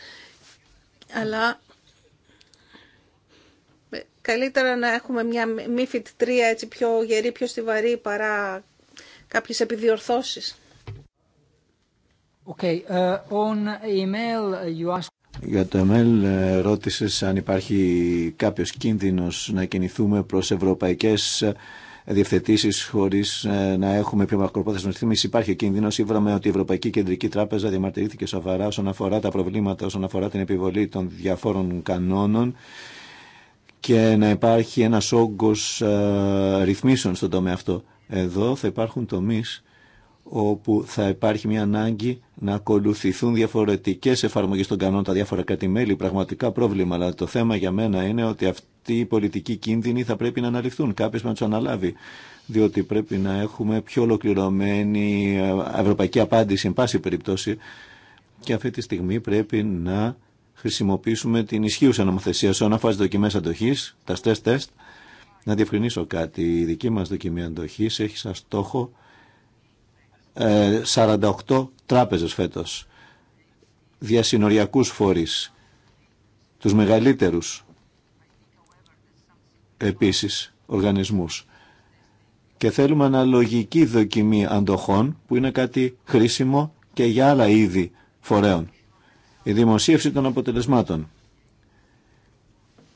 αλλά καλύτερα να έχουμε μια MIFID 3 έτσι πιο γερή, πιο στιβαρή παρά κάποιες επιδιορθώσεις. Okay, uh, on email you ask... Για το email ε, ρώτησες αν υπάρχει κάποιος κίνδυνος να κινηθούμε προς ευρωπαϊκές διευθετήσεις χωρίς ε, να έχουμε πιο μακροπρόθεσμε ρυθμίσει. Υπάρχει σύμφωνα με ότι η Ευρωπαϊκή Κεντρική Τράπεζα διαμαρτυρήθηκε σοβαρά όσον αφορά τα προβλήματα, όσον αφορά την επιβολή των διαφόρων κανόνων και να υπάρχει ένας όγκος ε, ρυθμίσεων στον τομέα αυτό. Εδώ θα υπάρχουν τομεί όπου θα υπάρχει μια ανάγκη να ακολουθηθούν διαφορετικέ εφαρμογές των κανόνων τα διάφορα κράτη-μέλη, πραγματικά πρόβλημα. Αλλά το θέμα για μένα είναι ότι αυτοί οι πολιτικοί κίνδυνοι θα πρέπει να αναλυθούν κάποιο να του αναλάβει. Διότι πρέπει να έχουμε πιο ολοκληρωμένη ε, ευρωπαϊκή απάντηση, εν πάση περιπτώσει. Και αυτή τη στιγμή πρέπει να χρησιμοποιήσουμε την ισχύουσα νομοθεσία σε αναφάση δοκιμέ αντοχή, τα stress test. Να διευκρινίσω κάτι. Η δική μα δοκιμή έχει σαν στόχο 48 ε, τράπεζες φέτος, διασυνοριακούς φορείς, τους μεγαλύτερους επίσης οργανισμούς. Και θέλουμε αναλογική δοκιμή αντοχών που είναι κάτι χρήσιμο και για άλλα είδη φορέων. Η δημοσίευση των αποτελεσμάτων.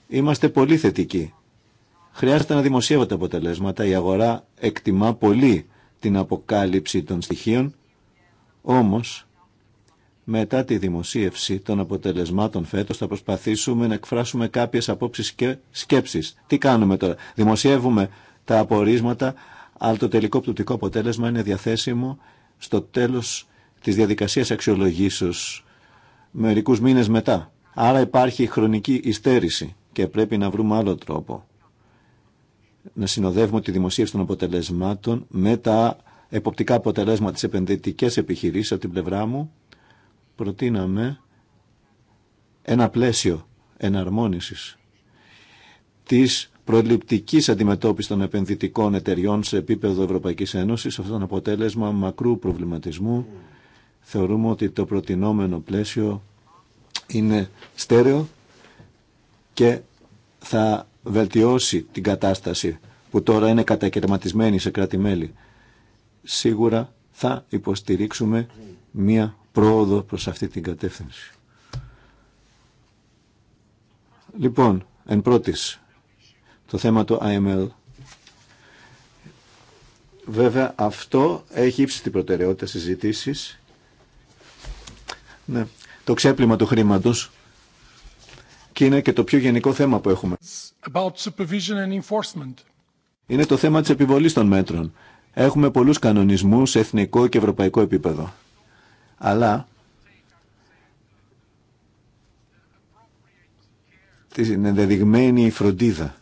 Είμαστε πολύ θετικοί. Χρειάζεται να δημοσιεύονται αποτελέσματα. Η αγορά εκτιμά πολύ την αποκάλυψη των στοιχείων, όμως μετά τη δημοσίευση των αποτελεσμάτων φέτος θα προσπαθήσουμε να εκφράσουμε κάποιες απόψεις και σκέψεις. Τι κάνουμε τώρα, δημοσιεύουμε τα απορίσματα, αλλά το τελικό πτωτικό αποτέλεσμα είναι διαθέσιμο στο τέλος της διαδικασίας αξιολογήσεως μερικούς μήνες μετά. Άρα υπάρχει χρονική υστέρηση και πρέπει να βρούμε άλλο τρόπο να συνοδεύουμε τη δημοσίευση των αποτελεσμάτων με τα εποπτικά αποτελέσματα της επενδυτικής επιχειρήσης. από την πλευρά μου προτείναμε ένα πλαίσιο εναρμόνισης της προληπτικής αντιμετώπισης των επενδυτικών εταιριών σε επίπεδο Ευρωπαϊκής Ένωσης. Αυτό ήταν αποτέλεσμα μακρού προβληματισμού. Θεωρούμε ότι το προτινόμενο πλαίσιο είναι στέρεο και θα βελτιώσει την κατάσταση που τώρα είναι κατακαιρματισμένη σε κράτη-μέλη. Σίγουρα θα υποστηρίξουμε μία πρόοδο προς αυτή την κατεύθυνση. Λοιπόν, εν πρώτης, το θέμα του IML. Βέβαια, αυτό έχει ύψη την προτεραιότητα συζητήσεις. Ναι, το ξέπλυμα του χρήματος και είναι και το πιο γενικό θέμα που έχουμε. Είναι το θέμα της επιβολής των μέτρων. Έχουμε πολλούς κανονισμούς σε εθνικό και ευρωπαϊκό επίπεδο. Αλλά την ενδεδειγμένη φροντίδα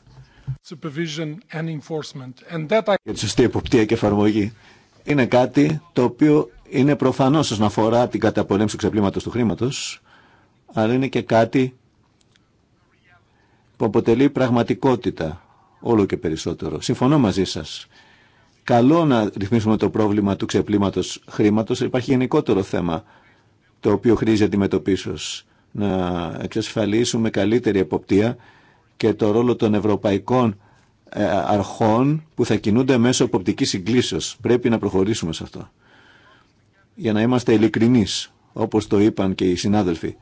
για τη σωστή εποπτεία και εφαρμογή είναι κάτι το οποίο είναι προφανώς όσον αφορά την καταπολέμηση του του χρήματος αλλά είναι και κάτι που αποτελεί πραγματικότητα όλο και περισσότερο. Συμφωνώ μαζί σας. Καλό να ρυθμίσουμε το πρόβλημα του ξεπλήματο χρήματος. Υπάρχει γενικότερο θέμα το οποίο χρήζει αντιμετωπίσεω. Να εξασφαλίσουμε καλύτερη εποπτεία και το ρόλο των ευρωπαϊκών ε, αρχών που θα κινούνται μέσω εποπτικής συγκλήσεω. Πρέπει να προχωρήσουμε σε αυτό. Για να είμαστε ειλικρινεί, όπως το είπαν και οι συνάδελφοι.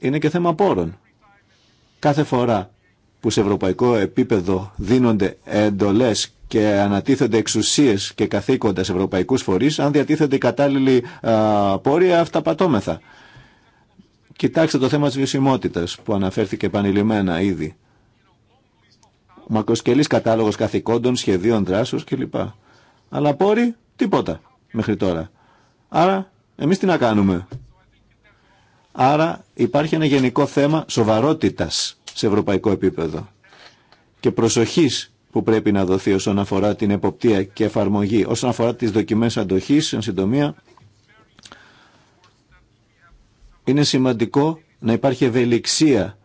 Είναι και θέμα πόρων. Κάθε φορά που σε ευρωπαϊκό επίπεδο δίνονται εντολές και ανατίθενται εξουσίες και καθήκοντα σε ευρωπαϊκούς φορείς, αν διατίθενται οι κατάλληλοι πόρια αυταπατώμεθα. Κοιτάξτε το θέμα της βιωσιμότητας που αναφέρθηκε επανειλημμένα ήδη. Μακροσκελής κατάλογος καθηκόντων, σχεδίων δράσεως κλπ. Αλλά πόροι τίποτα μέχρι τώρα. Άρα εμείς τι να κάνουμε. Άρα υπάρχει ένα γενικό θέμα σοβαρότητας σε ευρωπαϊκό επίπεδο και προσοχής που πρέπει να δοθεί όσον αφορά την εποπτεία και εφαρμογή. Όσον αφορά τις δοκιμές αντοχής, εν συντομία, είναι σημαντικό να υπάρχει ευελιξία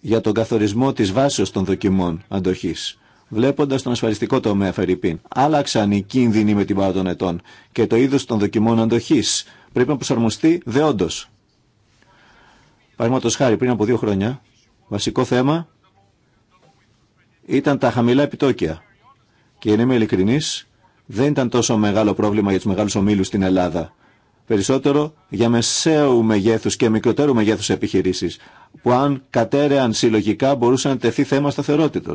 για τον καθορισμό της βάσης των δοκιμών αντοχής. Βλέποντα τον ασφαλιστικό τομέα, Φερρυπίν, άλλαξαν οι κίνδυνοι με την πάρα των ετών και το είδο των δοκιμών αντοχή πρέπει να προσαρμοστεί δεόντω. Παραδείγματο χάρη, πριν από δύο χρόνια, βασικό θέμα ήταν τα χαμηλά επιτόκια. Και είναι με ειλικρινή, δεν ήταν τόσο μεγάλο πρόβλημα για του μεγάλου ομίλου στην Ελλάδα. Περισσότερο για μεσαίου μεγέθου και μικροτέρου μεγέθου επιχειρήσει, που αν κατέρεαν συλλογικά μπορούσαν να τεθεί θέμα σταθερότητα.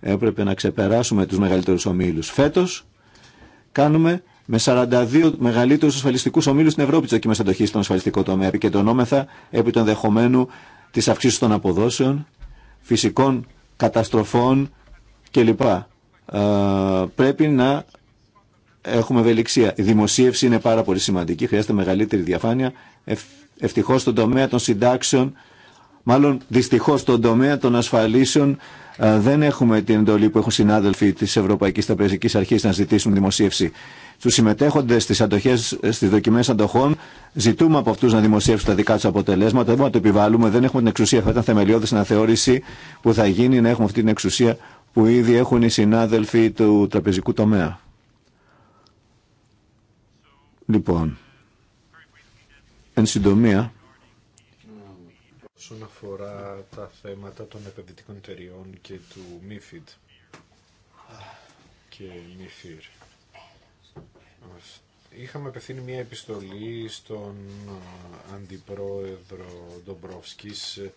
Έπρεπε να ξεπεράσουμε του μεγαλύτερου ομίλου. Φέτο κάνουμε με 42 μεγαλύτερου ασφαλιστικού ομίλου στην Ευρώπη τι δοκιμέ αντοχή στον ασφαλιστικό τομέα. Επικεντρωνόμεθα επί του ενδεχομένου τη αυξήση των αποδόσεων, φυσικών καταστροφών κλπ. Ε, πρέπει να έχουμε ευελιξία. Η δημοσίευση είναι πάρα πολύ σημαντική, χρειάζεται μεγαλύτερη διαφάνεια. Ευτυχώ στον τομέα των συντάξεων, μάλλον δυστυχώ στον τομέα των ασφαλίσεων ε, δεν έχουμε την εντολή που έχουν συνάδελφοι τη Ευρωπαϊκή Τραπεζική Αρχή να ζητήσουν δημοσίευση. Στου συμμετέχοντε στι στις δοκιμέ αντοχών, ζητούμε από αυτού να δημοσιεύσουν τα δικά του αποτελέσματα. Δεν μπορούμε να το επιβάλλουμε, δεν έχουμε την εξουσία. Θα ήταν θεμελιώδη αναθεώρηση που θα γίνει να έχουμε αυτή την εξουσία που ήδη έχουν οι συνάδελφοι του τραπεζικού τομέα. Λοιπόν, εν συντομία, όσον αφορά τα θέματα των επενδυτικών εταιριών και του MIFID και MIFIR. Είχαμε απευθύνει μια επιστολή στον αντιπρόεδρο Ντομπρόφσκης ε,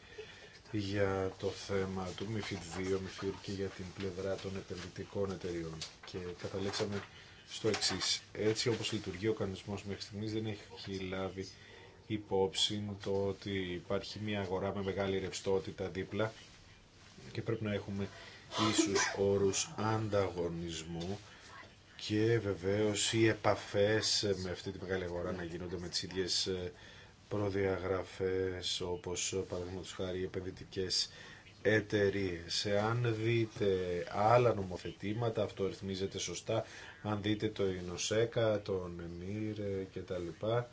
για το θέμα του MIFID 2, MIFIR και για την πλευρά των επενδυτικών εταιριών και καταλήξαμε στο εξής. Έτσι όπως λειτουργεί ο κανονισμός μέχρι στιγμής δεν έχει λάβει υπόψη το ότι υπάρχει μια αγορά με μεγάλη ρευστότητα δίπλα και πρέπει να έχουμε ίσους όρους ανταγωνισμού και βεβαίως οι επαφές με αυτή τη μεγάλη αγορά να γίνονται με τις ίδιες ε, προδιαγραφές όπως παραδείγματος χάρη επενδυτικές εταιρείε. αν δείτε άλλα νομοθετήματα, αυτό ρυθμίζεται σωστά, αν δείτε το Ινοσέκα, τον ΕΜΙΡ και τα λοιπά,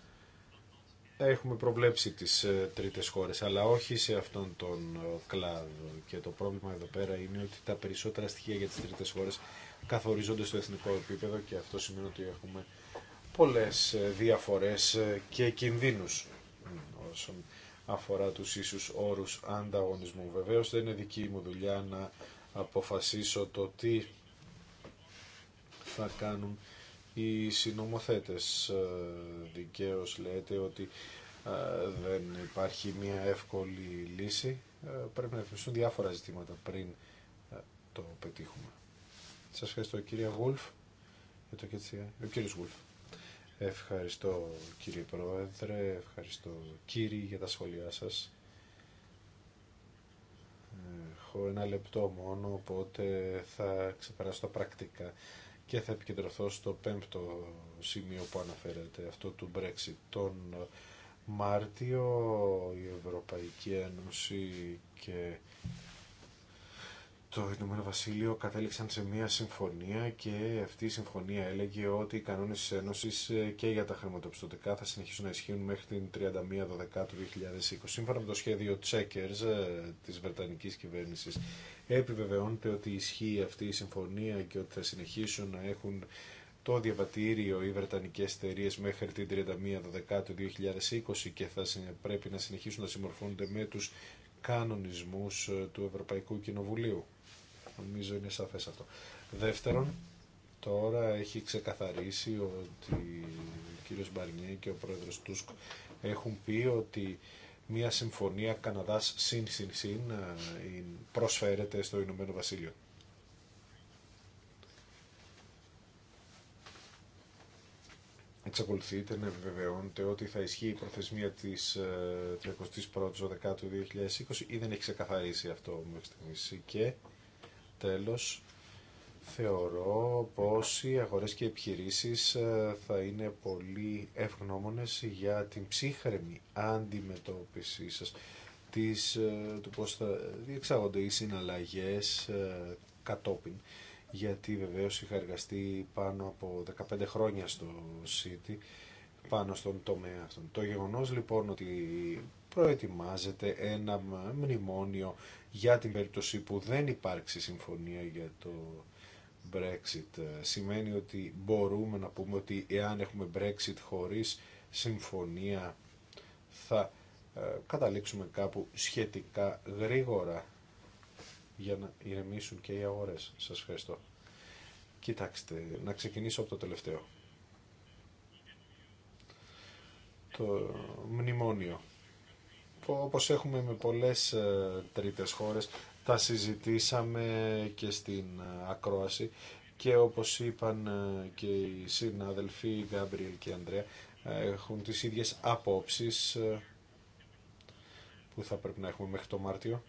έχουμε προβλέψει τις ε, τρίτες χώρες, αλλά όχι σε αυτόν τον ε, κλάδο. Και το πρόβλημα εδώ πέρα είναι ότι τα περισσότερα στοιχεία για τις τρίτες χώρες καθορίζονται στο εθνικό επίπεδο και αυτό σημαίνει ότι έχουμε πολλές ε, διαφορές και κινδύνους όσον αφορά τους ίσους όρους ανταγωνισμού. Βεβαίως δεν είναι δική μου δουλειά να αποφασίσω το τι θα κάνουν οι συνομοθέτες. Ε, δικαίως λέτε ότι ε, δεν υπάρχει μια εύκολη λύση. Ε, πρέπει να ρυθμιστούν διάφορα ζητήματα πριν το πετύχουμε. Σας ευχαριστώ κυρία Γουλφ. Ο κύριος Γουλφ. Ευχαριστώ κύριε Πρόεδρε, ευχαριστώ κύριοι για τα σχόλιά σας. Έχω ένα λεπτό μόνο, οπότε θα ξεπεράσω τα πρακτικά και θα επικεντρωθώ στο πέμπτο σημείο που αναφέρεται, αυτό του Brexit. Τον Μάρτιο η Ευρωπαϊκή Ένωση και το Ηνωμένο Βασίλειο κατέληξαν σε μια συμφωνία και αυτή η συμφωνία έλεγε ότι οι κανόνες της Ένωσης ε, και για τα χρηματοπιστωτικά θα συνεχίσουν να ισχύουν μέχρι την 31 του 2020. Σύμφωνα με το σχέδιο Checkers ε, της Βρετανικής κυβέρνησης επιβεβαιώνεται ότι ισχύει αυτή η συμφωνία και ότι θα συνεχίσουν να έχουν το διαβατήριο οι Βρετανικές εταιρείε μέχρι την 31 του 2020 και θα πρέπει να συνεχίσουν να συμμορφώνονται με τους κανονισμούς ε, του Ευρωπαϊκού Κοινοβουλίου. Νομίζω είναι σαφές αυτό. Δεύτερον, τώρα έχει ξεκαθαρίσει ότι ο κύριος Μπαρνιέ και ο πρόεδρος Τούσκ έχουν πει ότι μια συμφωνία Καναδάς συν συν συν ε, προσφέρεται στο Ηνωμένο Βασίλειο. Εξακολουθείτε να επιβεβαιώνετε ότι θα ισχύει η προθεσμία της 31ης 12 του 2020 ή δεν έχει ξεκαθαρίσει αυτό μέχρι στιγμής και Τέλος, θεωρώ πως οι αγορές και οι επιχειρήσεις ε, θα είναι πολύ ευγνώμονες για την ψύχρεμη αντιμετώπιση σας της, ε, του πώς θα διεξάγονται οι συναλλαγές ε, κατόπιν γιατί βεβαίως είχα εργαστεί πάνω από 15 χρόνια στο City πάνω στον τομέα αυτόν. Το γεγονός λοιπόν ότι προετοιμάζεται ένα μνημόνιο για την περίπτωση που δεν υπάρξει συμφωνία για το Brexit. Ε, σημαίνει ότι μπορούμε να πούμε ότι εάν έχουμε Brexit χωρίς συμφωνία θα ε, καταλήξουμε κάπου σχετικά γρήγορα για να ηρεμήσουν και οι αγορές. Σας ευχαριστώ. Κοιτάξτε, να ξεκινήσω από το τελευταίο. Το μνημόνιο όπως έχουμε με πολλές ε, τρίτες χώρες, τα συζητήσαμε και στην ε, ακρόαση και όπως είπαν ε, και οι συναδελφοί Γκάμπριελ και Ανδρέα, έχουν τις ίδιες απόψεις που θα πρέπει να έχουμε μέχρι το Μάρτιο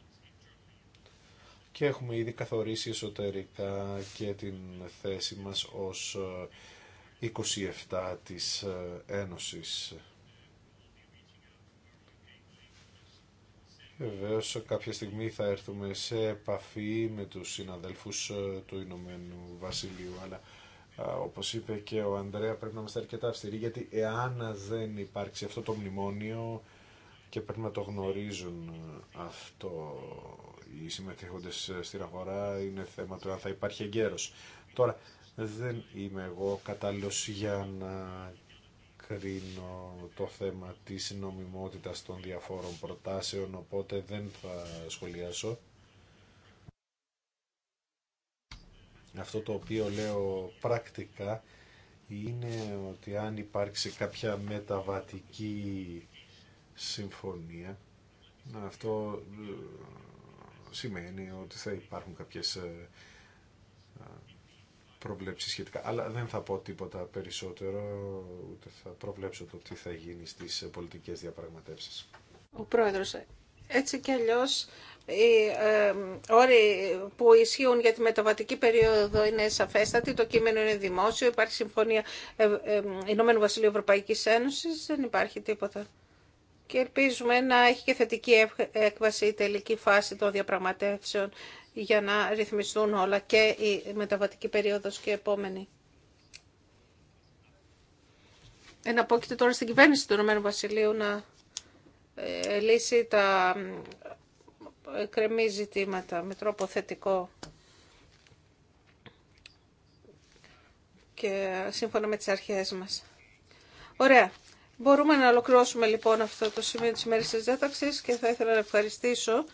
και έχουμε ήδη καθορίσει εσωτερικά και την θέση μας ως 27 της Ένωσης. Βεβαίω κάποια στιγμή θα έρθουμε σε επαφή με τους συναδέλφους ε, του Ηνωμένου Βασιλείου, αλλά ε, όπως είπε και ο Ανδρέα πρέπει να είμαστε αρκετά αυστηροί, γιατί εάν δεν υπάρξει αυτό το μνημόνιο και πρέπει να το γνωρίζουν ε, αυτό οι συμμετέχοντες στη αγορά, είναι θέμα του αν θα υπάρχει εγκαίρος. Τώρα δεν είμαι εγώ κατάλληλο για να κρίνω το θέμα της νομιμότητας των διαφόρων προτάσεων, οπότε δεν θα σχολιάσω. Αυτό το οποίο λέω πρακτικά είναι ότι αν υπάρξει κάποια μεταβατική συμφωνία, αυτό ε, σημαίνει ότι θα υπάρχουν κάποιες ε, προβλέψει σχετικά. Αλλά δεν θα πω τίποτα περισσότερο, ούτε θα προβλέψω το τι θα γίνει στις πολιτικές διαπραγματεύσεις. Ο Πρόεδρος, έτσι κι αλλιώς οι όροι που ισχύουν για τη μεταβατική περίοδο είναι σαφέστατοι, το κείμενο είναι δημόσιο, υπάρχει συμφωνία ε, ε, Βασιλείου Ευρωπαϊκής Ένωσης, δεν υπάρχει τίποτα. Και ελπίζουμε να έχει και θετική έκβαση η τελική φάση των διαπραγματεύσεων για να ρυθμιστούν όλα και η μεταβατική περίοδος και η επόμενη. Εναπόκειται τώρα στην κυβέρνηση του Ηνωμένου Βασιλείου να ε, λύσει τα ε, κρεμή ζητήματα με τρόπο θετικό και σύμφωνα με τις αρχές μας. Ωραία. Μπορούμε να ολοκληρώσουμε λοιπόν αυτό το σημείο της ημέρης της διάταξης και θα ήθελα να ευχαριστήσω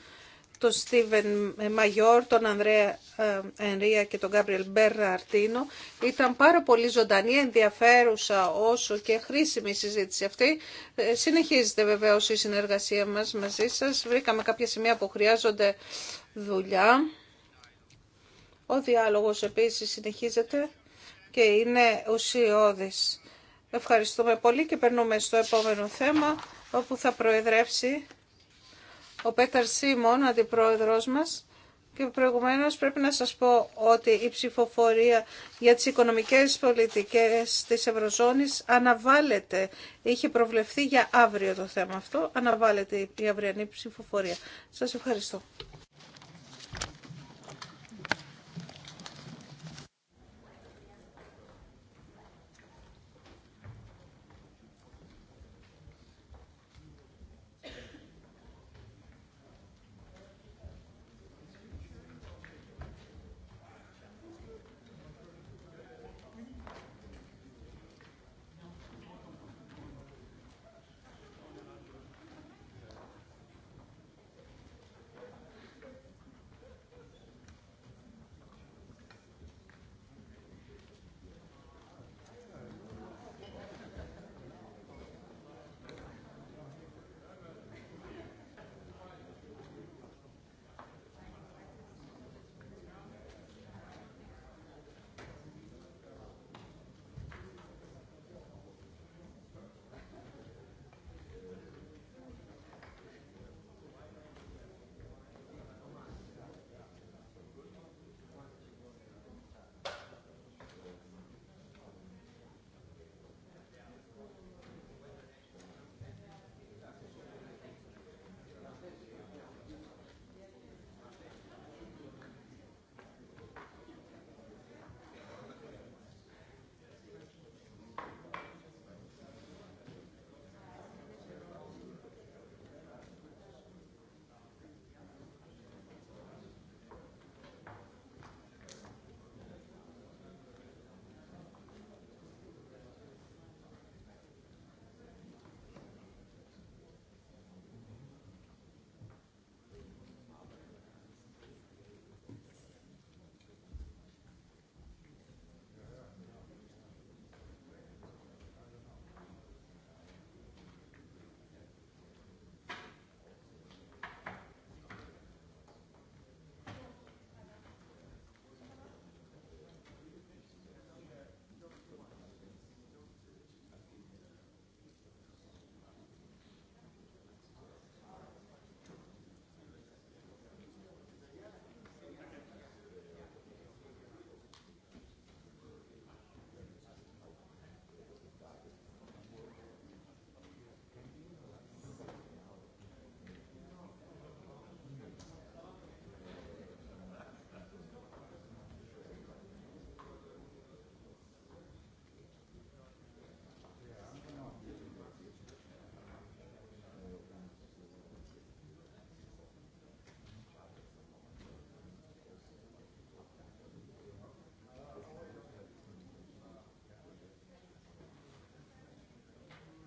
τον Στίβεν Μαγιόρ, τον Ανδρέα ε, Ενρία και τον Γκάμπριελ Αρτίνο. Ήταν πάρα πολύ ζωντανή, ενδιαφέρουσα όσο και χρήσιμη η συζήτηση αυτή. Ε, συνεχίζεται βεβαίω η συνεργασία μας μαζί σα. Βρήκαμε κάποια σημεία που χρειάζονται δουλειά. Ο διάλογος επίσης συνεχίζεται και είναι ουσιώδης. Ευχαριστούμε πολύ και περνούμε στο επόμενο θέμα όπου θα προεδρεύσει ο Πέτερ Σίμων, αντιπρόεδρος μας, και προηγουμένως πρέπει να σας πω ότι η ψηφοφορία για τις οικονομικές πολιτικές της Ευρωζώνης αναβάλλεται. Είχε προβλεφθεί για αύριο το θέμα αυτό. Αναβάλλεται η αυριανή ψηφοφορία. Σας ευχαριστώ.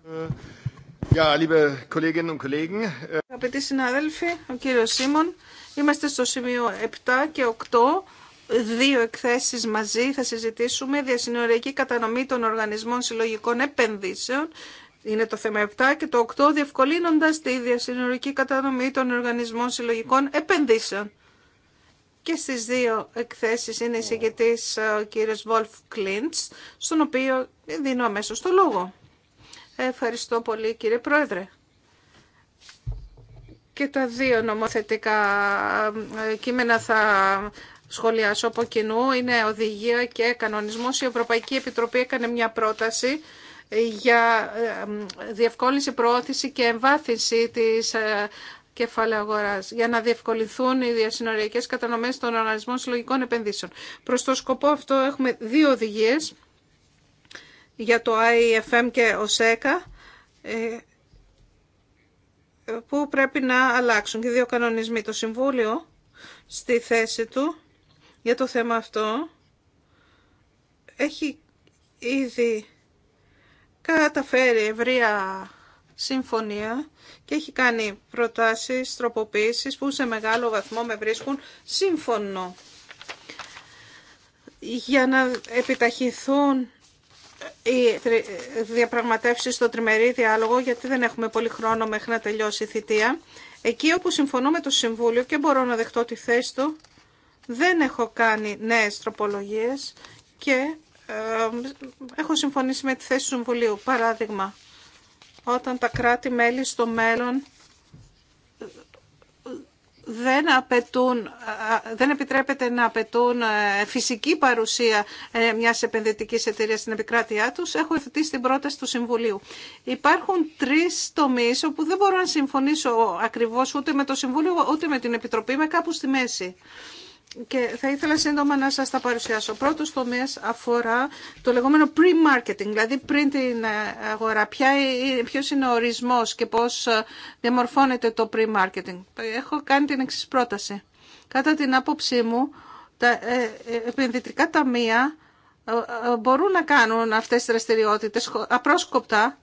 Äh, äh, Αγαπητοί συνάδελφοι, ο κύριος Σίμων, είμαστε στο σημείο 7 και 8, δύο εκθέσεις μαζί θα συζητήσουμε, διασυνοριακή κατανομή των οργανισμών συλλογικών επενδύσεων, είναι το θέμα 7 και το 8, διευκολύνοντας τη διασυνοριακή κατανομή των οργανισμών συλλογικών επενδύσεων. Και στις δύο εκθέσεις είναι συγκεκριτή ο κύριος Βολφ Κλίντς, στον οποίο δίνω αμέσω το λόγο. Ευχαριστώ πολύ κύριε Πρόεδρε. Και τα δύο νομοθετικά ε, κείμενα θα σχολιάσω από κοινού. Είναι οδηγία και κανονισμός. Η Ευρωπαϊκή Επιτροπή έκανε μια πρόταση για ε, διευκόλυνση, προώθηση και εμβάθυνση της ε, κεφάλαια αγορά για να διευκολυνθούν οι διασυνοριακέ κατανομέ των οργανισμών συλλογικών επενδύσεων. Προ το σκοπό αυτό έχουμε δύο οδηγίε για το IFM και ο ΣΕΚΑ ε, που πρέπει να αλλάξουν και δύο κανονισμοί. Το Συμβούλιο στη θέση του για το θέμα αυτό έχει ήδη καταφέρει ευρεία συμφωνία και έχει κάνει προτάσεις, τροποποίησεις που σε μεγάλο βαθμό με βρίσκουν σύμφωνο για να επιταχυθούν οι διαπραγματεύσει στο τριμερή διάλογο, γιατί δεν έχουμε πολύ χρόνο μέχρι να τελειώσει η θητεία. Εκεί όπου συμφωνώ με το Συμβούλιο και μπορώ να δεχτώ τη θέση του, δεν έχω κάνει νέε τροπολογίες και έχω συμφωνήσει με τη θέση του Συμβουλίου. Παράδειγμα, όταν τα κράτη-μέλη στο μέλλον δεν, απαιτούν, δεν επιτρέπεται να απαιτούν ε, φυσική παρουσία ε, μιας επενδυτικής εταιρείας στην επικράτειά τους, έχω ευθύσει την πρόταση του Συμβουλίου. Υπάρχουν τρεις τομείς όπου δεν μπορώ να συμφωνήσω ακριβώς ούτε με το Συμβούλιο ούτε με την Επιτροπή, είμαι κάπου στη μέση και θα ήθελα σύντομα να σας τα παρουσιάσω. Ο πρώτος τομέας αφορά το λεγόμενο pre-marketing, δηλαδή πριν την ε, αγορά. Ποια, ε, ε, ποιος είναι ο ορισμός και πώς διαμορφώνεται το pre-marketing. Έχω κάνει την εξή πρόταση. Κατά την άποψή μου, τα επενδυτικά ταμεία μπορούν να κάνουν αυτές τις δραστηριότητες απρόσκοπτα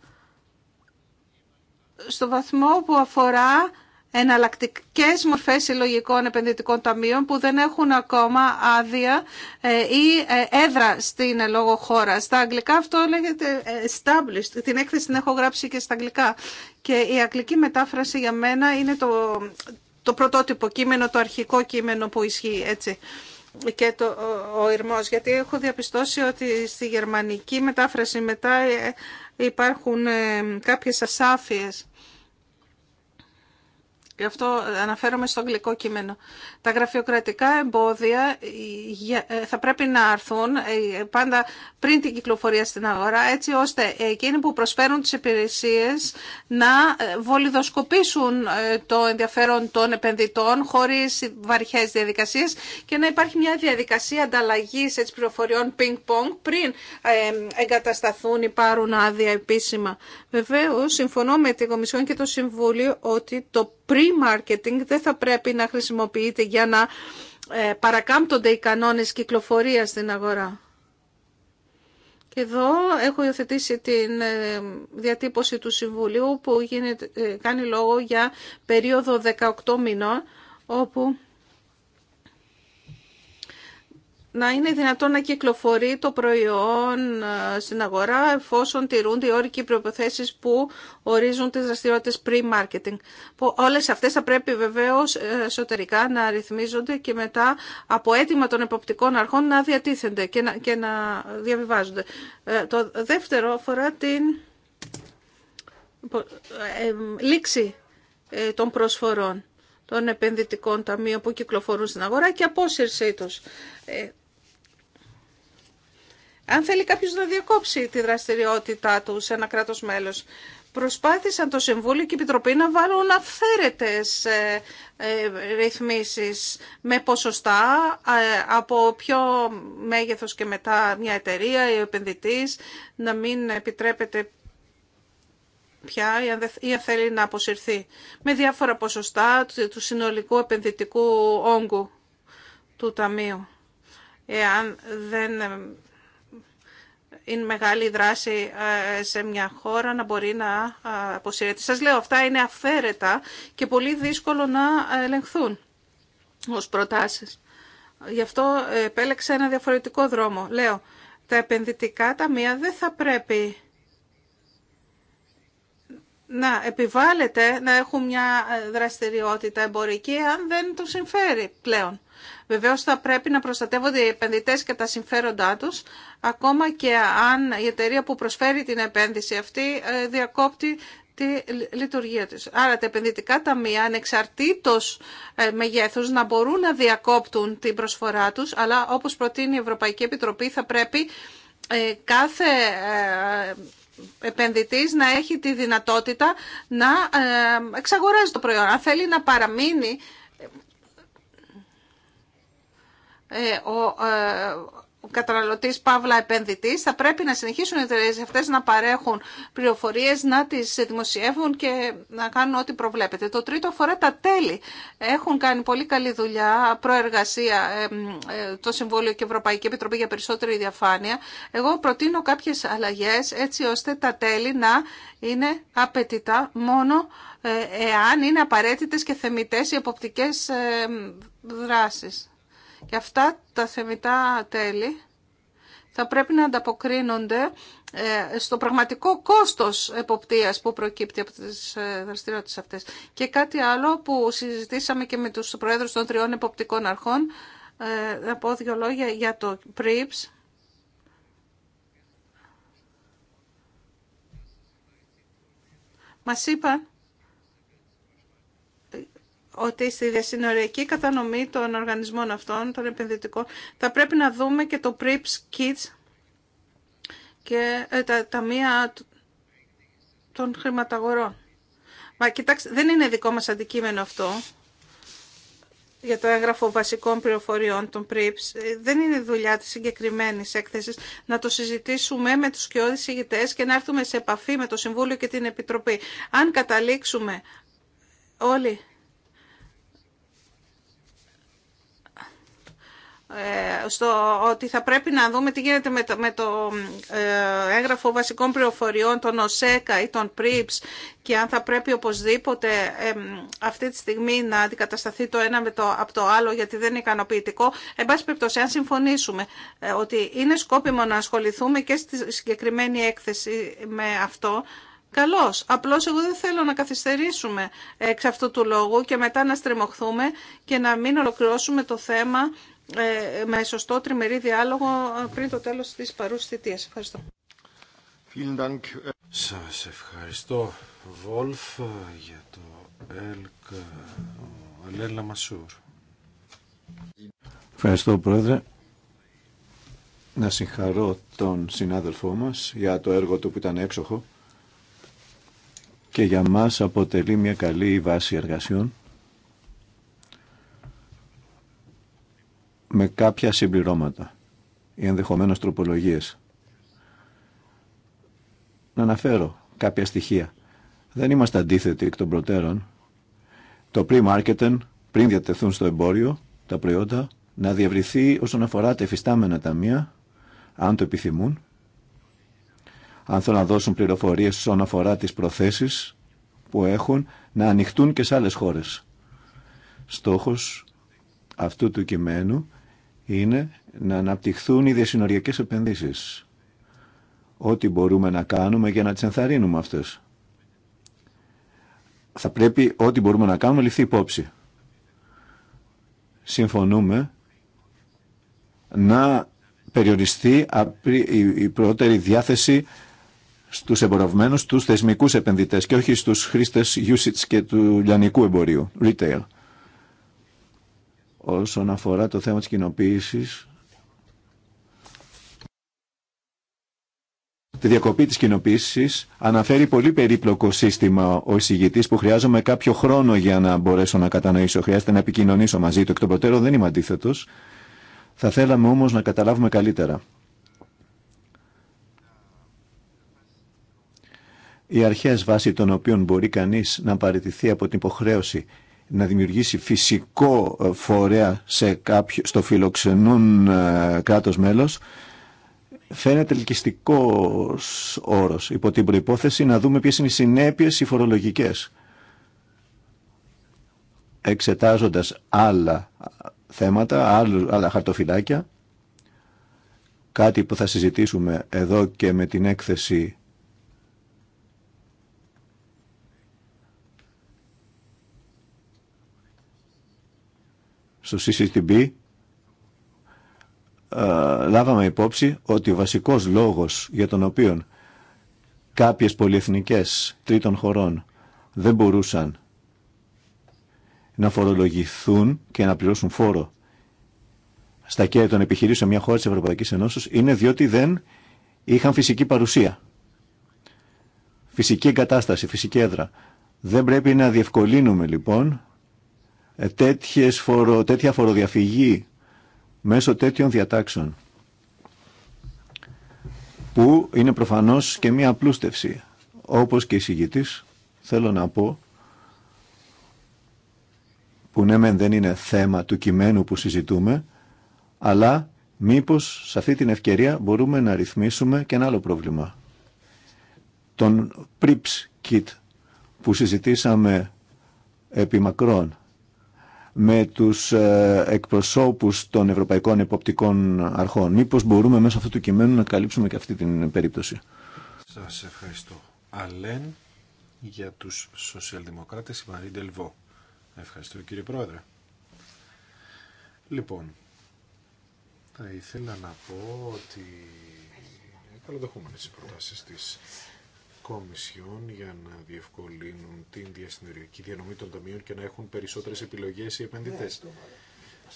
στο βαθμό που αφορά εναλλακτικές μορφές συλλογικών επενδυτικών ταμείων που δεν έχουν ακόμα άδεια ε, ή ε, έδρα στην ε, λόγο χώρα. Στα αγγλικά αυτό λέγεται established. Την έκθεση την έχω γράψει και στα αγγλικά. Και η αγγλική μετάφραση για μένα είναι το, το πρωτότυπο κείμενο, το αρχικό κείμενο που ισχύει έτσι και το, ο, ο γιατί έχω διαπιστώσει ότι στη γερμανική μετάφραση μετά υπάρχουν ε, κάποιες ασάφειες. Γι' αυτό αναφέρομαι στο αγγλικό κείμενο. Τα γραφειοκρατικά εμπόδια ε, θα πρέπει να αρθούν ε, πάντα πριν την κυκλοφορία στην αγορά, έτσι ώστε εκείνοι που προσφέρουν τις υπηρεσίες να ε, βολιδοσκοπήσουν το ενδιαφέρον των επενδυτών χωρίς βαριές διαδικασίες και να υπάρχει μια διαδικασία ανταλλαγής έτσι, πληροφοριών ping-pong πριν εγκατασταθούν ή πάρουν άδεια επίσημα. Βεβαίως, συμφωνώ με την Κομισιόν και το Συμβούλιο ότι το pre-marketing δεν θα πρέπει να χρησιμοποιείται για να ε, παρακάμπτονται οι κανόνες κυκλοφορίας στην αγορά. Και εδώ έχω υιοθετήσει την ε, διατύπωση του Συμβουλίου που γίνεται, ε, κάνει λόγο για περίοδο 18 μηνών όπου να είναι δυνατόν να κυκλοφορεί το προϊόν ε, στην αγορά εφόσον τηρούνται οι όροι που ορίζουν τις δραστηριότητες pre-marketing. Όλες αυτές θα πρέπει βεβαίως ε, εσωτερικά να ρυθμίζονται και μετά από αίτημα των εποπτικών αρχών να διατίθενται και να, και να διαβιβάζονται. Ε, το δεύτερο αφορά την λήξη των προσφορών των επενδυτικών ταμείων που κυκλοφορούν στην αγορά και απόσυρσή τους αν θέλει κάποιο να διακόψει τη δραστηριότητά του σε ένα κρατο μέλος. Προσπάθησαν το Συμβούλιο και η Επιτροπή να βάλουν αυθαίρετες ε, ε, ρυθμίσει με ποσοστά ε, από ποιο μέγεθος και μετά μια εταιρεία ή ο επενδυτής να μην επιτρέπεται πια ή αν θέλει να αποσυρθεί με διάφορα ποσοστά του συνολικού επενδυτικού όγκου του Ταμείου εάν δεν είναι μεγάλη δράση ε, σε μια χώρα να μπορεί να ε, αποσύρεται. Σας λέω, αυτά είναι αφαίρετα και πολύ δύσκολο να ελεγχθούν ως προτάσεις. Γι' αυτό επέλεξα ένα διαφορετικό δρόμο. Λέω, τα επενδυτικά ταμεία δεν θα πρέπει να επιβάλλεται να έχουν μια ε, δραστηριότητα εμπορική αν δεν τους συμφέρει πλέον. Βεβαίως θα πρέπει να προστατεύονται οι επενδυτές και τα συμφέροντά τους, ακόμα και αν η εταιρεία που προσφέρει την επένδυση αυτή ε, διακόπτει τη λειτουργία της. Άρα τα επενδυτικά ταμεία ανεξαρτήτως ε, μεγέθους να μπορούν να διακόπτουν την προσφορά τους, αλλά όπως προτείνει η Ευρωπαϊκή Επιτροπή θα πρέπει ε, κάθε επενδυτής να έχει τη δυνατότητα να εξαγοράζει το προϊόν. Αν θέλει να παραμείνει Ε, ο, ε, ο καταναλωτής παύλα επενδυτής θα πρέπει να συνεχίσουν οι εταιρείε αυτές να παρέχουν πληροφορίες, να τις δημοσιεύουν και να κάνουν ό,τι προβλέπεται. Το τρίτο αφορά τα τέλη. Έχουν κάνει πολύ καλή δουλειά, προεργασία ε, το Συμβούλιο και η Ευρωπαϊκή Επιτροπή για περισσότερη διαφάνεια. Εγώ προτείνω κάποιες αλλαγέ, έτσι ώστε τα τέλη να είναι απαιτητά μόνο εάν είναι απαραίτητε και θεμητές οι εποπτικές δράσεις. Και αυτά τα θεμητά τέλη θα πρέπει να ανταποκρίνονται ε, στο πραγματικό κόστος εποπτείας που προκύπτει από τις ε, δραστηριότητες αυτές. Και κάτι άλλο που συζητήσαμε και με τους προέδρους των τριών εποπτικών αρχών, ε, να πω δύο λόγια για το PRIPS. Μας είπαν ότι στη διασυνοριακή κατανομή των οργανισμών αυτών, των επενδυτικών, θα πρέπει να δούμε και το PRIPS Kids και ε, τα ταμεία των χρηματαγορών. Μα κοιτάξτε, δεν είναι δικό μας αντικείμενο αυτό για το έγγραφο βασικών πληροφοριών των PRIPS. Ε, δεν είναι δουλειά της συγκεκριμένη έκθεσης να το συζητήσουμε με τους κοιόδης ηγητές και να έρθουμε σε επαφή με το Συμβούλιο και την Επιτροπή. Αν καταλήξουμε όλοι Ε, ότι θα πρέπει να δούμε τι γίνεται με το, με το ε, έγγραφο βασικών πληροφοριών των ΟΣΕΚΑ ή των ΠΡΙΠΣ και αν θα πρέπει οπωσδήποτε αυτή τη στιγμή να αντικατασταθεί το ένα από το άλλο γιατί δεν είναι ικανοποιητικό. Εν πάση περιπτώσει, αν συμφωνήσουμε ε, ότι είναι σκόπιμο να ασχοληθούμε και στη συγκεκριμένη έκθεση με αυτό, Καλώς. Απλώς εγώ δεν θέλω να καθυστερήσουμε εξ αυτού του λόγου και μετά να στριμωχθούμε και να μην ολοκληρώσουμε το θέμα ε, με σωστό τριμερή διάλογο ε, πριν το τέλος της παρούσης θητείας. Ευχαριστώ. Σας ευχαριστώ, Βόλφ, για το ΕΛΚ, Ευχαριστώ, Πρόεδρε. Να συγχαρώ τον συνάδελφό μας για το έργο του που ήταν έξοχο και για μας αποτελεί μια καλή βάση εργασιών με κάποια συμπληρώματα ή ενδεχομένως τροπολογίες. Να αναφέρω κάποια στοιχεία. Δεν είμαστε αντίθετοι εκ των προτέρων. Το pre-marketing, πριν διατεθούν στο εμπόριο τα προϊόντα, να διευρυθεί όσον αφορά τα εφιστάμενα ταμεία, αν το επιθυμούν, αν θέλουν να δώσουν πληροφορίες όσον αφορά τις προθέσεις που έχουν, να ανοιχτούν και σε άλλες χώρες. Στόχος αυτού του κειμένου είναι να αναπτυχθούν οι διασυνοριακές επενδύσεις. Ό,τι μπορούμε να κάνουμε για να τις ενθαρρύνουμε αυτές. Θα πρέπει ό,τι μπορούμε να κάνουμε ληφθεί υπόψη. Συμφωνούμε να περιοριστεί η πρώτερη διάθεση στους εμπορευμένους, τους θεσμικούς επενδυτές και όχι στους χρήστες usage και του λιανικού εμπορίου, retail όσον αφορά το θέμα της κοινοποίηση. Τη διακοπή της κοινοποίηση αναφέρει πολύ περίπλοκο σύστημα ο εισηγητής που χρειάζομαι κάποιο χρόνο για να μπορέσω να κατανοήσω. Χρειάζεται να επικοινωνήσω μαζί του. Εκ των προτέρων δεν είμαι αντίθετο. Θα θέλαμε όμως να καταλάβουμε καλύτερα. Οι αρχές βάσει των οποίων μπορεί κανείς να παραιτηθεί από την υποχρέωση να δημιουργήσει φυσικό ε, φορέα σε κάποιο, στο φιλοξενούν ε, κράτος μέλος φαίνεται ελκυστικό όρος υπό την προϋπόθεση να δούμε ποιες είναι οι συνέπειες οι φορολογικές εξετάζοντας άλλα θέματα, άλλα χαρτοφυλάκια κάτι που θα συζητήσουμε εδώ και με την έκθεση στο CCTB ε, λάβαμε υπόψη ότι ο βασικός λόγος για τον οποίο κάποιες πολυεθνικές τρίτων χωρών δεν μπορούσαν να φορολογηθούν και να πληρώσουν φόρο στα κέρδη των επιχειρήσεων μια χώρα της Ευρωπαϊκής Ενώσης είναι διότι δεν είχαν φυσική παρουσία. Φυσική εγκατάσταση, φυσική έδρα. Δεν πρέπει να διευκολύνουμε λοιπόν ε, φορο, τέτοια φοροδιαφυγή μέσω τέτοιων διατάξεων που είναι προφανώς και μία απλούστευση. Όπως και η θέλω να πω που ναι μεν δεν είναι θέμα του κειμένου που συζητούμε αλλά μήπως σε αυτή την ευκαιρία μπορούμε να ρυθμίσουμε και ένα άλλο πρόβλημα. Τον PRIPS kit που συζητήσαμε επί μακρόν με τους ε, εκπροσώπους των Ευρωπαϊκών Εποπτικών Αρχών. Μήπως μπορούμε μέσα αυτού του κειμένου να καλύψουμε και αυτή την περίπτωση. Σας ευχαριστώ. Αλέν για τους σοσιαλδημοκράτες η Μαρή Ντελβό. Ευχαριστώ κύριε Πρόεδρε. Λοιπόν, θα ήθελα να πω ότι καλοδεχούμενες οι προτάσεις της Κομισιόν για να διευκολύνουν την διασυνοριακή διανομή των ταμείων και να έχουν περισσότερες επιλογές οι επενδυτές. Ναι,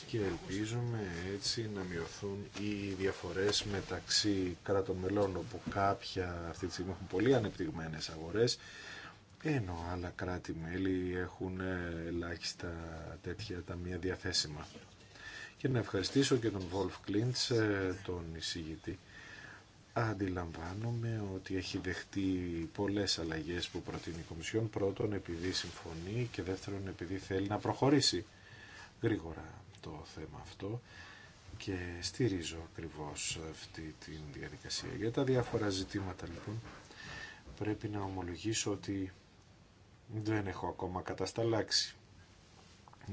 και ελπίζουμε έτσι να μειωθούν οι διαφορές μεταξύ κράτων μελών όπου κάποια αυτή τη στιγμή έχουν πολύ ανεπτυγμένες αγορές ενώ άλλα κράτη-μέλη έχουν ελάχιστα τέτοια ταμεία διαθέσιμα. Και να ευχαριστήσω και τον Βολφ Κλίντς, ε, τον εισηγητή αντιλαμβάνομαι ότι έχει δεχτεί πολλές αλλαγές που προτείνει η Κομισιόν. Πρώτον, επειδή συμφωνεί και δεύτερον, επειδή θέλει να προχωρήσει γρήγορα το θέμα αυτό και στηρίζω ακριβώς αυτή τη διαδικασία. Για τα διάφορα ζητήματα λοιπόν πρέπει να ομολογήσω ότι δεν έχω ακόμα κατασταλάξει.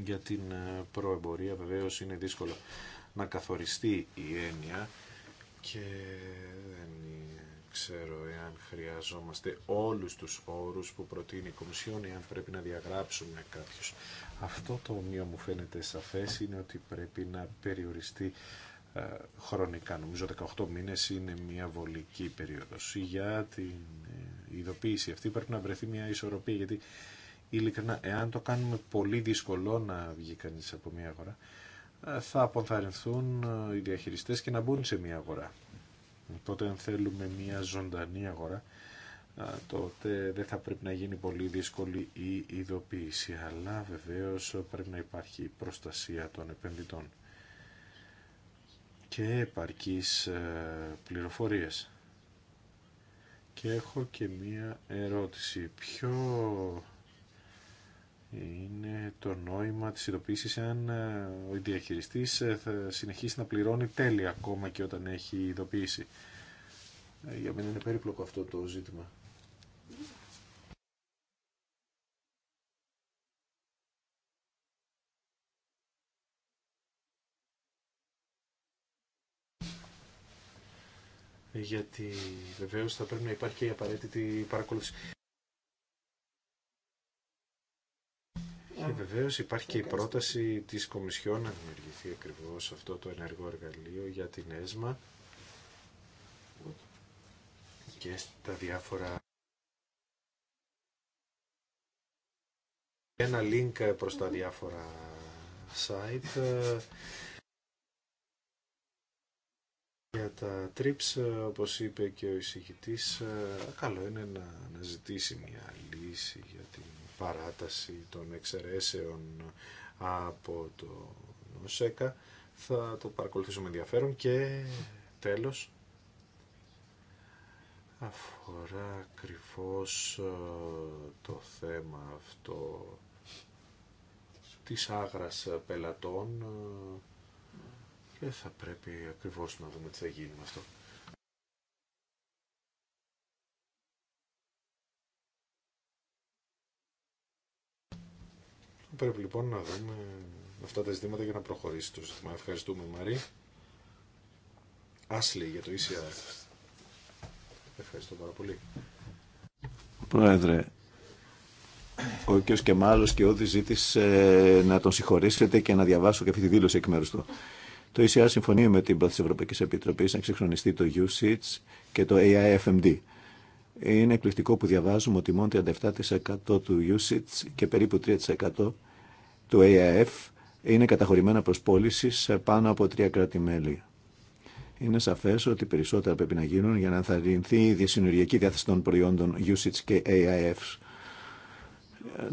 Για την προεμπορία βεβαίως είναι δύσκολο να καθοριστεί η έννοια και δεν ξέρω εάν χρειαζόμαστε όλους τους όρους που προτείνει η Κομισιόν, εάν πρέπει να διαγράψουμε κάποιους. Αυτό το ομοίο μου φαίνεται σαφές είναι ότι πρέπει να περιοριστεί ε, χρονικά. Νομίζω 18 μήνες είναι μια βολική περίοδος. Για την ε, ειδοποίηση αυτή πρέπει να βρεθεί μια ισορροπία, γιατί ειλικρινά, εάν το κάνουμε πολύ δύσκολο να βγει κανείς από μια αγορά, ε, θα αποθαρρυνθούν ε, οι διαχειριστές και να μπουν σε μια αγορά. Τότε αν θέλουμε μια ζωντανή αγορά, ε, τότε δεν θα πρέπει να γίνει πολύ δύσκολη η ειδοποίηση, αλλά βεβαίως πρέπει να υπάρχει προστασία των επενδυτών και επαρκής πληροφορίες. Και έχω και μία ερώτηση. Ποιο είναι το νόημα της ειδοποίησης αν ε, ο διαχειριστής ε, θα συνεχίσει να πληρώνει τέλεια ακόμα και όταν έχει ειδοποίηση. Ε, για μένα είναι περίπλοκο αυτό το ζήτημα. Γιατί βεβαίως θα πρέπει να υπάρχει και η απαραίτητη παρακολούθηση. Και βεβαίω υπάρχει και η πρόταση της Κομισιόν να δημιουργηθεί ακριβώ αυτό το ενεργό εργαλείο για την ΕΣΜΑ και στα διάφορα ένα link προς τα διάφορα site για τα TRIPS, ε, όπως είπε και ο εισηγητής, ε, καλό είναι να ζητήσει μια λύση για την παράταση των εξαιρέσεων από το ΣΕΚΑ. Θα το παρακολουθήσουμε ενδιαφέρον και τέλος αφορά ακριβώς ε, το θέμα αυτό της άγρας πελατών και θα πρέπει ακριβώς να δούμε τι θα γίνει με αυτό. Πρέπει λοιπόν να δούμε αυτά τα ζητήματα για να προχωρήσει το ζήτημα. Ευχαριστούμε Μαρή. Άσλη για το ECR. Ευχαριστώ πάρα πολύ. Πρόεδρε, ο κ. Κεμάλος και ό,τι ζήτησε να τον συγχωρήσετε και να διαβάσω και αυτή τη δήλωση εκ μέρους του. Το ECR συμφωνεί με την πρόταση Ευρωπαϊκή Επιτροπή να ξεχρονιστεί το USITS και το AIFMD. Είναι εκπληκτικό που διαβάζουμε ότι μόνο 37% του USITS και περίπου 3% του AIF είναι καταχωρημένα προς πώληση σε πάνω από τρία κράτη-μέλη. Είναι σαφέ ότι περισσότερα πρέπει να γίνουν για να ενθαρρυνθεί η διασυνοριακή διάθεση των προϊόντων usage και AIF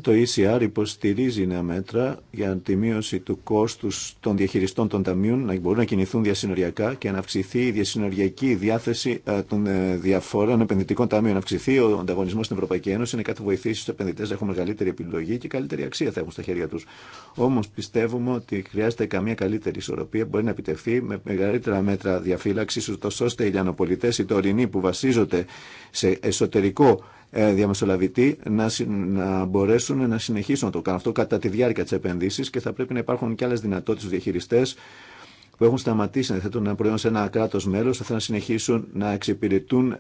το ECR υποστηρίζει νέα μέτρα για τη μείωση του κόστους των διαχειριστών των ταμείων να μπορούν να κινηθούν διασυνοριακά και να αυξηθεί η διασυνοριακή διάθεση ε, των ε, διαφόρων επενδυτικών ταμείων. Να αυξηθεί ο ανταγωνισμός στην Ευρωπαϊκή Ένωση είναι κάτι που βοηθήσει του επενδυτές να έχουν μεγαλύτερη επιλογή και καλύτερη αξία θα έχουν στα χέρια τους. Όμως πιστεύουμε ότι χρειάζεται καμία καλύτερη ισορροπία μπορεί να επιτευχθεί με μεγαλύτερα μέτρα διαφύλαξης ώστε οι λιανοπολιτές, οι τωρινοί που βασίζονται σε εσωτερικό ε, διαμεσολαβητή να, να μπορέσουν να συνεχίσουν να το κάνουν αυτό κατά τη διάρκεια τη επενδύση και θα πρέπει να υπάρχουν και άλλε δυνατότητε στου διαχειριστέ που έχουν σταματήσει να θέτουν ένα προϊόν σε ένα κράτο μέλο, θα θέλουν να συνεχίσουν να εξυπηρετούν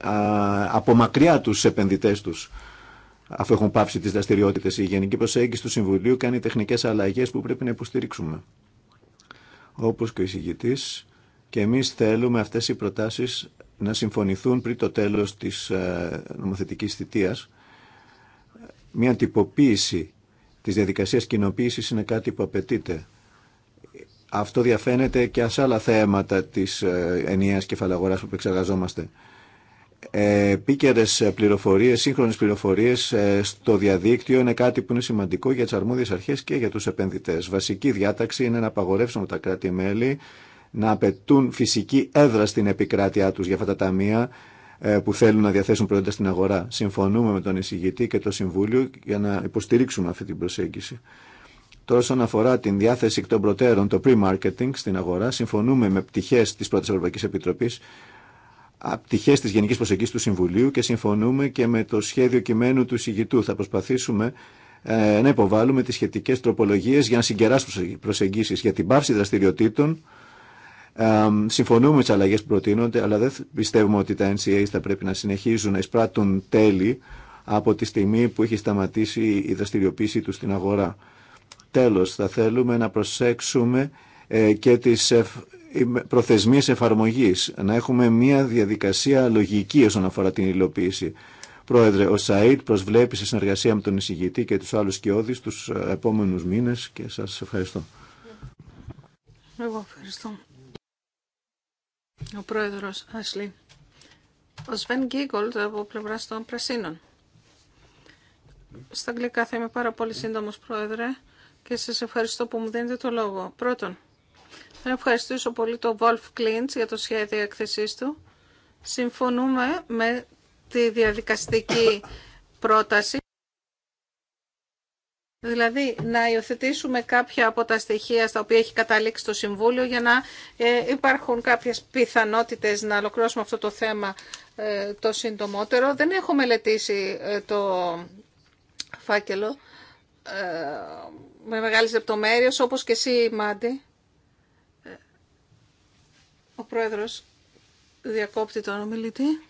από μακριά του επενδυτέ του αφού έχουν πάψει τι δραστηριότητε. Η γενική προσέγγιση του Συμβουλίου κάνει τεχνικέ αλλαγέ που πρέπει να υποστηρίξουμε. Όπω και ο εισηγητή, και εμεί θέλουμε αυτέ οι προτάσει να συμφωνηθούν πριν το τέλος της ε, νομοθετικής θητείας. Μια τυποποίηση της διαδικασίας κοινοποίησης είναι κάτι που απαιτείται. Αυτό διαφαίνεται και σε άλλα θέματα της ε, ενιαίας κεφαλαγοράς που επεξεργαζόμαστε. Ε, Επίκαιρε πληροφορίες, σύγχρονες πληροφορίες στο διαδίκτυο είναι κάτι που είναι σημαντικό για τις αρμόδιες αρχές και για τους επενδυτές. Βασική διάταξη είναι να απαγορεύσουμε τα κράτη-μέλη να απαιτούν φυσική έδρα στην επικράτειά τους για αυτά τα ταμεία ε, που θέλουν να διαθέσουν προϊόντα στην αγορά. Συμφωνούμε με τον εισηγητή και το Συμβούλιο για να υποστηρίξουμε αυτή την προσέγγιση. Τώρα, όσον αφορά την διάθεση εκ των προτέρων, το pre-marketing στην αγορά, συμφωνούμε με πτυχέ τη πρώτη Ευρωπαϊκή Επιτροπή, πτυχέ τη Γενική Προσεγγίση του Συμβουλίου και συμφωνούμε και με το σχέδιο κειμένου του εισηγητού. Θα προσπαθήσουμε ε, να υποβάλουμε τι σχετικέ τροπολογίε για να συγκεράσουμε προσεγγίσει για την πάυση δραστηριοτήτων συμφωνούμε με τι αλλαγέ που προτείνονται, αλλά δεν πιστεύουμε ότι τα NCA θα πρέπει να συνεχίζουν να εισπράττουν τέλη από τη στιγμή που έχει σταματήσει η δραστηριοποίησή του στην αγορά. Τέλο, θα θέλουμε να προσέξουμε ε, και τι προθεσμίε εφαρμογή να έχουμε μια διαδικασία λογική όσον αφορά την υλοποίηση. Πρόεδρε, ο ΣΑΙΤ προσβλέπει σε συνεργασία με τον εισηγητή και τους άλλους κοιόδης τους ε, επόμενους μήνες και σας ευχαριστώ. Εγώ ευχαριστώ. Ο πρόεδρος Ασλή. Ο Σβέν Γκίγκολτ από πλευρά των Πρασίνων. Στα αγγλικά θα είμαι πάρα πολύ σύντομος πρόεδρε και σας ευχαριστώ που μου δίνετε το λόγο. Πρώτον, θα ευχαριστήσω πολύ τον Βόλφ Κλίντς για το σχέδιο έκθεσή του. Συμφωνούμε με τη διαδικαστική πρόταση. Δηλαδή να υιοθετήσουμε κάποια από τα στοιχεία στα οποία έχει καταλήξει το Συμβούλιο για να ε, υπάρχουν κάποιες πιθανότητες να ολοκληρώσουμε αυτό το θέμα ε, το συντομότερο. Δεν έχω μελετήσει ε, το φάκελο με μεγάλες λεπτομέρειες όπως και εσύ Μάντι. Ο πρόεδρος διακόπτει τον ομιλητή.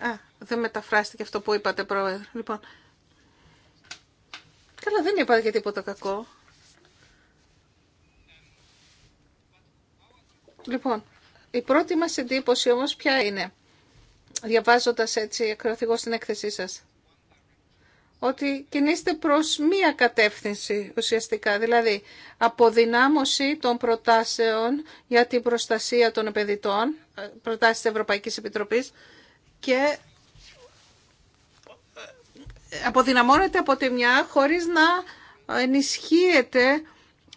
Α, δεν μεταφράστηκε αυτό που είπατε πρόεδρε. Λοιπόν, Καλά, δεν είπα και τίποτα κακό. Λοιπόν, η πρώτη μας εντύπωση όμως ποια είναι, διαβάζοντας έτσι ακροθυγώς την έκθεσή σας, ότι κινείστε προς μία κατεύθυνση ουσιαστικά, δηλαδή αποδυνάμωση των προτάσεων για την προστασία των επενδυτών, ε, προτάσεις της Ευρωπαϊκής Επιτροπής και αποδυναμώνεται από τη μια χωρίς να ενισχύεται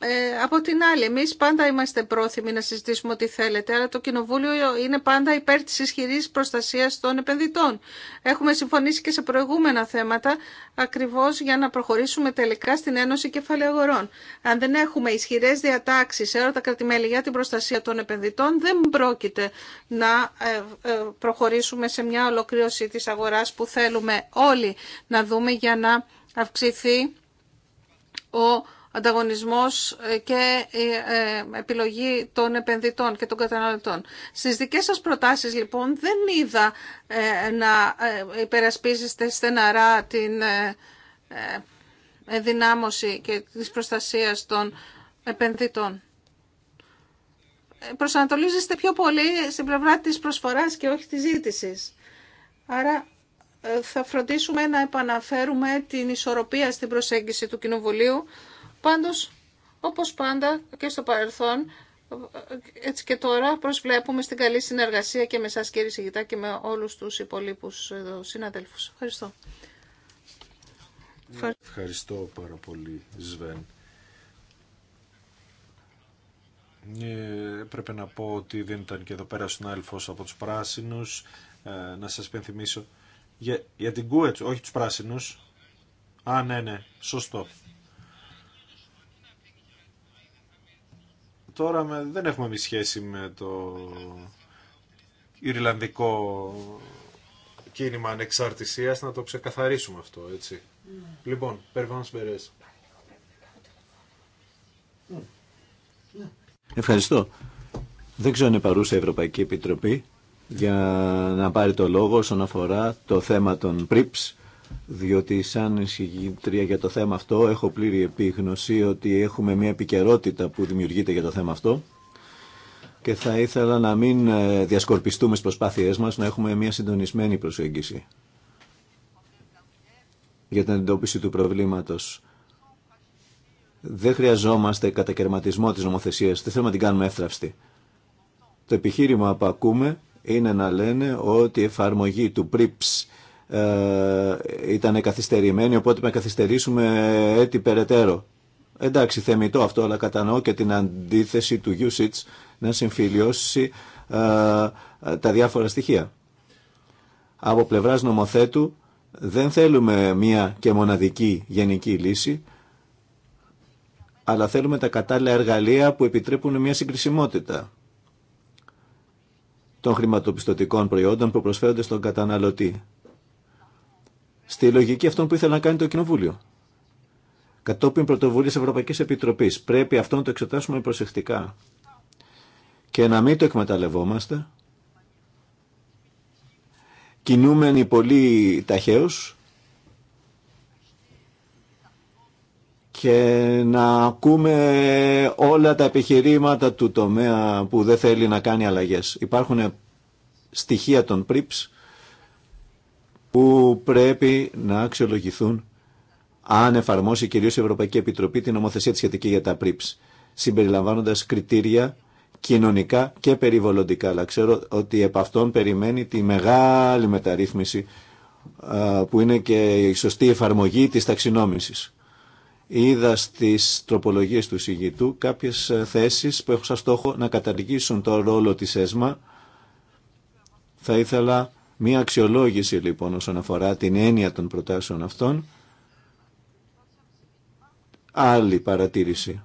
ε, από την άλλη, εμεί πάντα είμαστε πρόθυμοι να συζητήσουμε ό,τι θέλετε, αλλά το Κοινοβούλιο είναι πάντα υπέρ τη ισχυρή προστασία των επενδυτών. Έχουμε συμφωνήσει και σε προηγούμενα θέματα, ακριβώ για να προχωρήσουμε τελικά στην Ένωση Κεφαλαίου Αγορών. Αν δεν έχουμε ισχυρέ διατάξει σε όλα τα κρατημέλη για την προστασία των επενδυτών, δεν πρόκειται να ε, ε, προχωρήσουμε σε μια ολοκλήρωση τη αγορά που θέλουμε όλοι να δούμε για να αυξηθεί ο ανταγωνισμός ε, και ε, ε, επιλογή των επενδυτών και των καταναλωτών. Στις δικές σας προτάσεις λοιπόν δεν είδα να υπερασπίζεστε στεναρά την ενδυνάμωση και της προστασίας των επενδυτών. Προσανατολίζεστε πιο πολύ στην πλευρά της προσφοράς και όχι της ζήτησης. Άρα θα φροντίσουμε να επαναφέρουμε την ισορροπία στην προσέγγιση του Κοινοβουλίου Πάντως, όπως πάντα και στο παρελθόν, έτσι και τώρα προσβλέπουμε στην καλή συνεργασία και με εσάς κύριε Σιγητά και με όλους τους υπολείπους εδώ, συναδέλφους. Ευχαριστώ. Ευχαριστώ πάρα πολύ Σβέν. Ε, πρέπει να πω ότι δεν ήταν και εδώ πέρα ο άλφος από τους πράσινους. Ε, να σας πενθυμίσω. Για, για την Κούετς, όχι τους πράσινους. Α, ναι, ναι, σωστό. Τώρα δεν έχουμε εμεί σχέση με το Ιρλανδικό κίνημα ανεξαρτησίας, να το ξεκαθαρίσουμε αυτό, έτσι. Ναι. Λοιπόν, Περβάνς Μπερές. Ναι. Ευχαριστώ. Δεν ξέρω αν είναι παρούσα η Ευρωπαϊκή Επιτροπή για να πάρει το λόγο όσον αφορά το θέμα των PRIPS διότι σαν εισηγήτρια για το θέμα αυτό έχω πλήρη επίγνωση ότι έχουμε μια επικαιρότητα που δημιουργείται για το θέμα αυτό και θα ήθελα να μην ε, διασκορπιστούμε στις προσπάθειές μας να έχουμε μια συντονισμένη προσέγγιση για την εντόπιση του προβλήματος. Δεν χρειαζόμαστε κατακαιρματισμό της νομοθεσίας, δεν θέλουμε να την κάνουμε εύθραυστη. Το επιχείρημα που ακούμε είναι να λένε ότι η εφαρμογή του PRIPS ε, ήταν καθυστερημένοι, οπότε με καθυστερήσουμε έτσι περαιτέρω. Εντάξει, θεμητό αυτό, αλλά κατανοώ και την αντίθεση του usage να συμφιλιώσει ε, τα διάφορα στοιχεία. Από πλευράς νομοθέτου δεν θέλουμε μία και μοναδική γενική λύση, αλλά θέλουμε τα κατάλληλα εργαλεία που επιτρέπουν μια συγκρισιμότητα των χρηματοπιστωτικών προϊόντων που προσφέρονται στον καταναλωτή στη λογική αυτών που ήθελε να κάνει το Κοινοβούλιο. Κατόπιν πρωτοβουλία Ευρωπαϊκή Επιτροπή. Πρέπει αυτό να το εξετάσουμε προσεκτικά και να μην το εκμεταλλευόμαστε. Κινούμενοι πολύ ταχαίως και να ακούμε όλα τα επιχειρήματα του τομέα που δεν θέλει να κάνει αλλαγές. Υπάρχουν στοιχεία των ΠΡΙΠΣ που πρέπει να αξιολογηθούν αν εφαρμόσει κυρίως η Ευρωπαϊκή Επιτροπή την νομοθεσία τη σχετική για τα PRIPS, συμπεριλαμβάνοντας κριτήρια κοινωνικά και περιβαλλοντικά. Αλλά ξέρω ότι επ' αυτών περιμένει τη μεγάλη μεταρρύθμιση που είναι και η σωστή εφαρμογή της ταξινόμησης. Είδα στις τροπολογίες του συγγητού κάποιες ε, θέσεις που έχουν σαν στόχο να καταργήσουν το ρόλο της ΕΣΜΑ. Θα ήθελα Μία αξιολόγηση λοιπόν όσον αφορά την έννοια των προτάσεων αυτών. Άλλη παρατήρηση.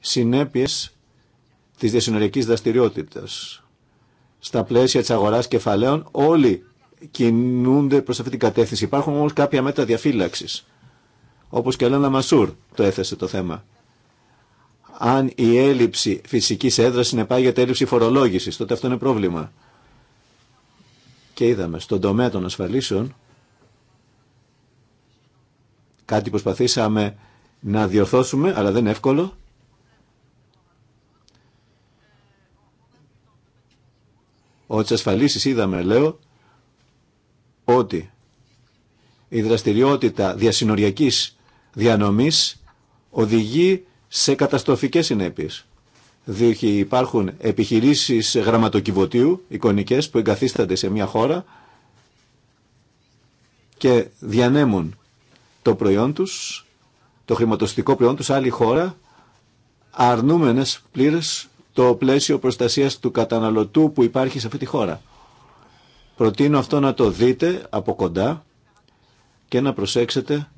Συνέπειες της διασυνοριακής δραστηριότητας. Στα πλαίσια της αγοράς κεφαλαίων όλοι κινούνται προς αυτή την κατεύθυνση. Υπάρχουν όμως κάποια μέτρα διαφύλαξης. Όπως και ο Λένα Μασούρ το έθεσε το θέμα. Αν η έλλειψη φυσικής έδρας συνεπάγεται έλλειψη φορολόγησης, τότε αυτό είναι πρόβλημα και είδαμε στον τομέα των ασφαλίσεων κάτι προσπαθήσαμε να διορθώσουμε, αλλά δεν είναι εύκολο. Ότι ασφαλίσεις είδαμε, λέω, ότι η δραστηριότητα διασυνοριακής διανομής οδηγεί σε καταστροφικές συνέπειες διότι υπάρχουν επιχειρήσεις γραμματοκιβωτίου, εικονικές, που εγκαθίστανται σε μια χώρα και διανέμουν το προϊόν τους, το χρηματοστικό προϊόν τους, άλλη χώρα, αρνούμενες πλήρες το πλαίσιο προστασίας του καταναλωτού που υπάρχει σε αυτή τη χώρα. Προτείνω αυτό να το δείτε από κοντά και να προσέξετε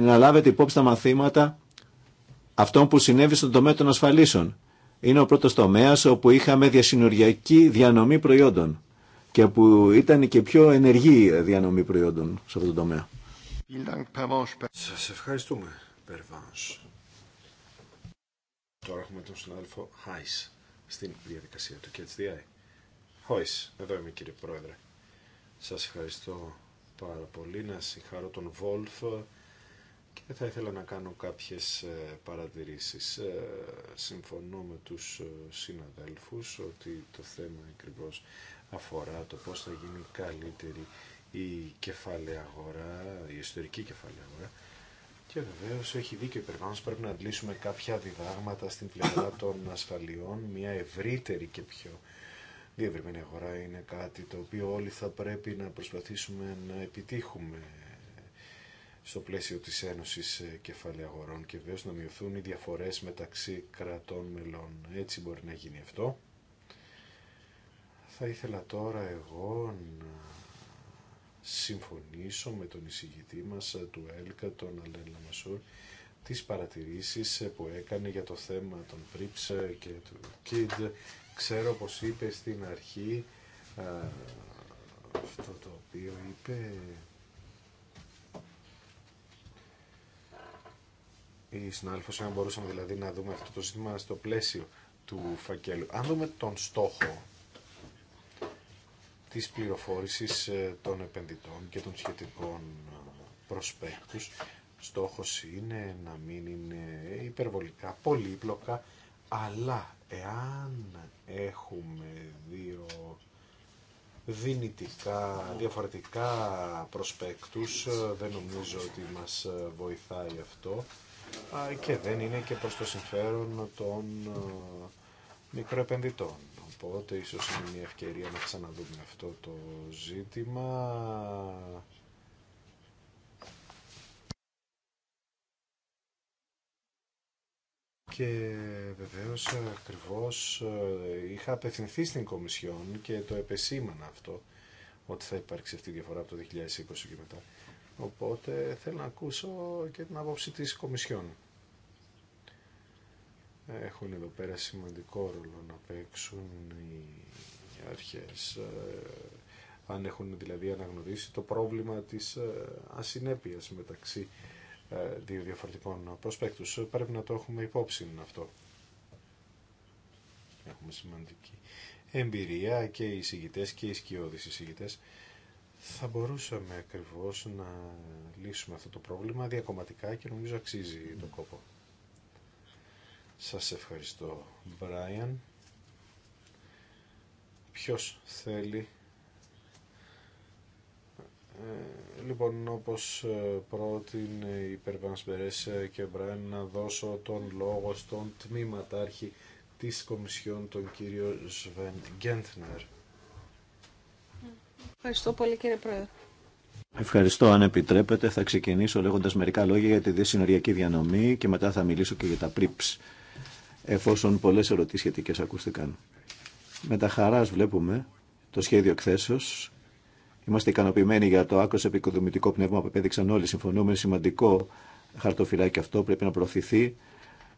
να λάβετε υπόψη τα μαθήματα αυτό που συνέβη στον τομέα των ασφαλίσεων. Είναι ο πρώτος τομέας όπου είχαμε διασυνοριακή διανομή προϊόντων και που ήταν και πιο ενεργή διανομή προϊόντων σε αυτό το τομέα. Σας ευχαριστούμε, Περβάνς. Τώρα έχουμε τον συνάδελφο Χάις στην διαδικασία του KHDI. Χάις, εδώ είμαι κύριε Πρόεδρε. Σας ευχαριστώ πάρα πολύ. Να συγχαρώ τον Βόλφ και θα ήθελα να κάνω κάποιες ε, παρατηρήσεις. Ε, συμφωνώ με τους ε, συναδέλφους ότι το θέμα ακριβώ αφορά το πώς θα γίνει καλύτερη η κεφάλαια αγορά, η ιστορική κεφάλαια αγορά. Και βεβαίω έχει δίκιο υπερβάνω, πρέπει να αντλήσουμε κάποια διδάγματα στην πλευρά των ασφαλιών, μια ευρύτερη και πιο διευρυμένη αγορά είναι κάτι το οποίο όλοι θα πρέπει να προσπαθήσουμε να επιτύχουμε στο πλαίσιο της Ένωσης ε, Κεφαλαίου Αγορών και βέβαια να μειωθούν οι διαφορές μεταξύ κρατών μελών. Έτσι μπορεί να γίνει αυτό. Θα ήθελα τώρα εγώ να συμφωνήσω με τον εισηγητή μας ε, του ΕΛΚΑ, τον Αλέν Λαμασούρ, τις παρατηρήσεις ε, που έκανε για το θέμα των Πρίψ και του ΚΙΔ. Ξέρω πως είπε στην αρχή αυτό το οποίο είπε η συνάδελφος, αν μπορούσαμε δηλαδή να δούμε αυτό το ζήτημα στο πλαίσιο του φακέλου. Αν δούμε τον στόχο της πληροφόρησης ε, των επενδυτών και των σχετικών ε, προσπέκτους, στόχος είναι να μην είναι υπερβολικά πολύπλοκα, αλλά εάν έχουμε δύο δυνητικά, διαφορετικά προσπέκτους, ε, δεν νομίζω ότι μας βοηθάει αυτό και δεν είναι και προς το συμφέρον των ε, μικροεπενδυτών. Οπότε ίσως είναι μια ευκαιρία να ξαναδούμε αυτό το ζήτημα. και βεβαίως ακριβώς ε, είχα απευθυνθεί στην Κομισιόν και το επεσήμανα αυτό ότι θα υπάρξει αυτή η διαφορά από το 2020 και μετά. Οπότε θέλω να ακούσω και την άποψη της Κομισιόν. Έχουν εδώ πέρα σημαντικό ρόλο να παίξουν οι αρχές, ε, αν έχουν δηλαδή αναγνωρίσει το πρόβλημα της ε, ασυνέπειας μεταξύ ε, δύο διαφορετικών προσπέκτους. Πρέπει να το έχουμε υπόψη αυτό. Έχουμε σημαντική εμπειρία και οι συγητές και οι σκιώδεις συγητές θα μπορούσαμε ακριβώς να λύσουμε αυτό το πρόβλημα διακομματικά και νομίζω αξίζει τον κόπο. Σας ευχαριστώ, Μπράιαν. Ποιος θέλει... Ε, λοιπόν, όπως ε, πρότεινε η Περβάνς ε, και Μπράιαν, να δώσω τον λόγο στον τμήματάρχη της Κομισιόν, τον κύριο Σβεν Γκέντνερ. Ευχαριστώ πολύ κύριε Πρόεδρε. Ευχαριστώ. Αν επιτρέπετε, θα ξεκινήσω λέγοντα μερικά λόγια για τη δυσυνοριακή διανομή και μετά θα μιλήσω και για τα PRIPS, εφόσον πολλέ ερωτήσει σχετικέ ακούστηκαν. Με τα χαρά βλέπουμε το σχέδιο εκθέσεω. Είμαστε ικανοποιημένοι για το άκρο επικοδομητικό πνεύμα που επέδειξαν όλοι. Συμφωνούμε, είναι σημαντικό χαρτοφυλάκι αυτό, πρέπει να προωθηθεί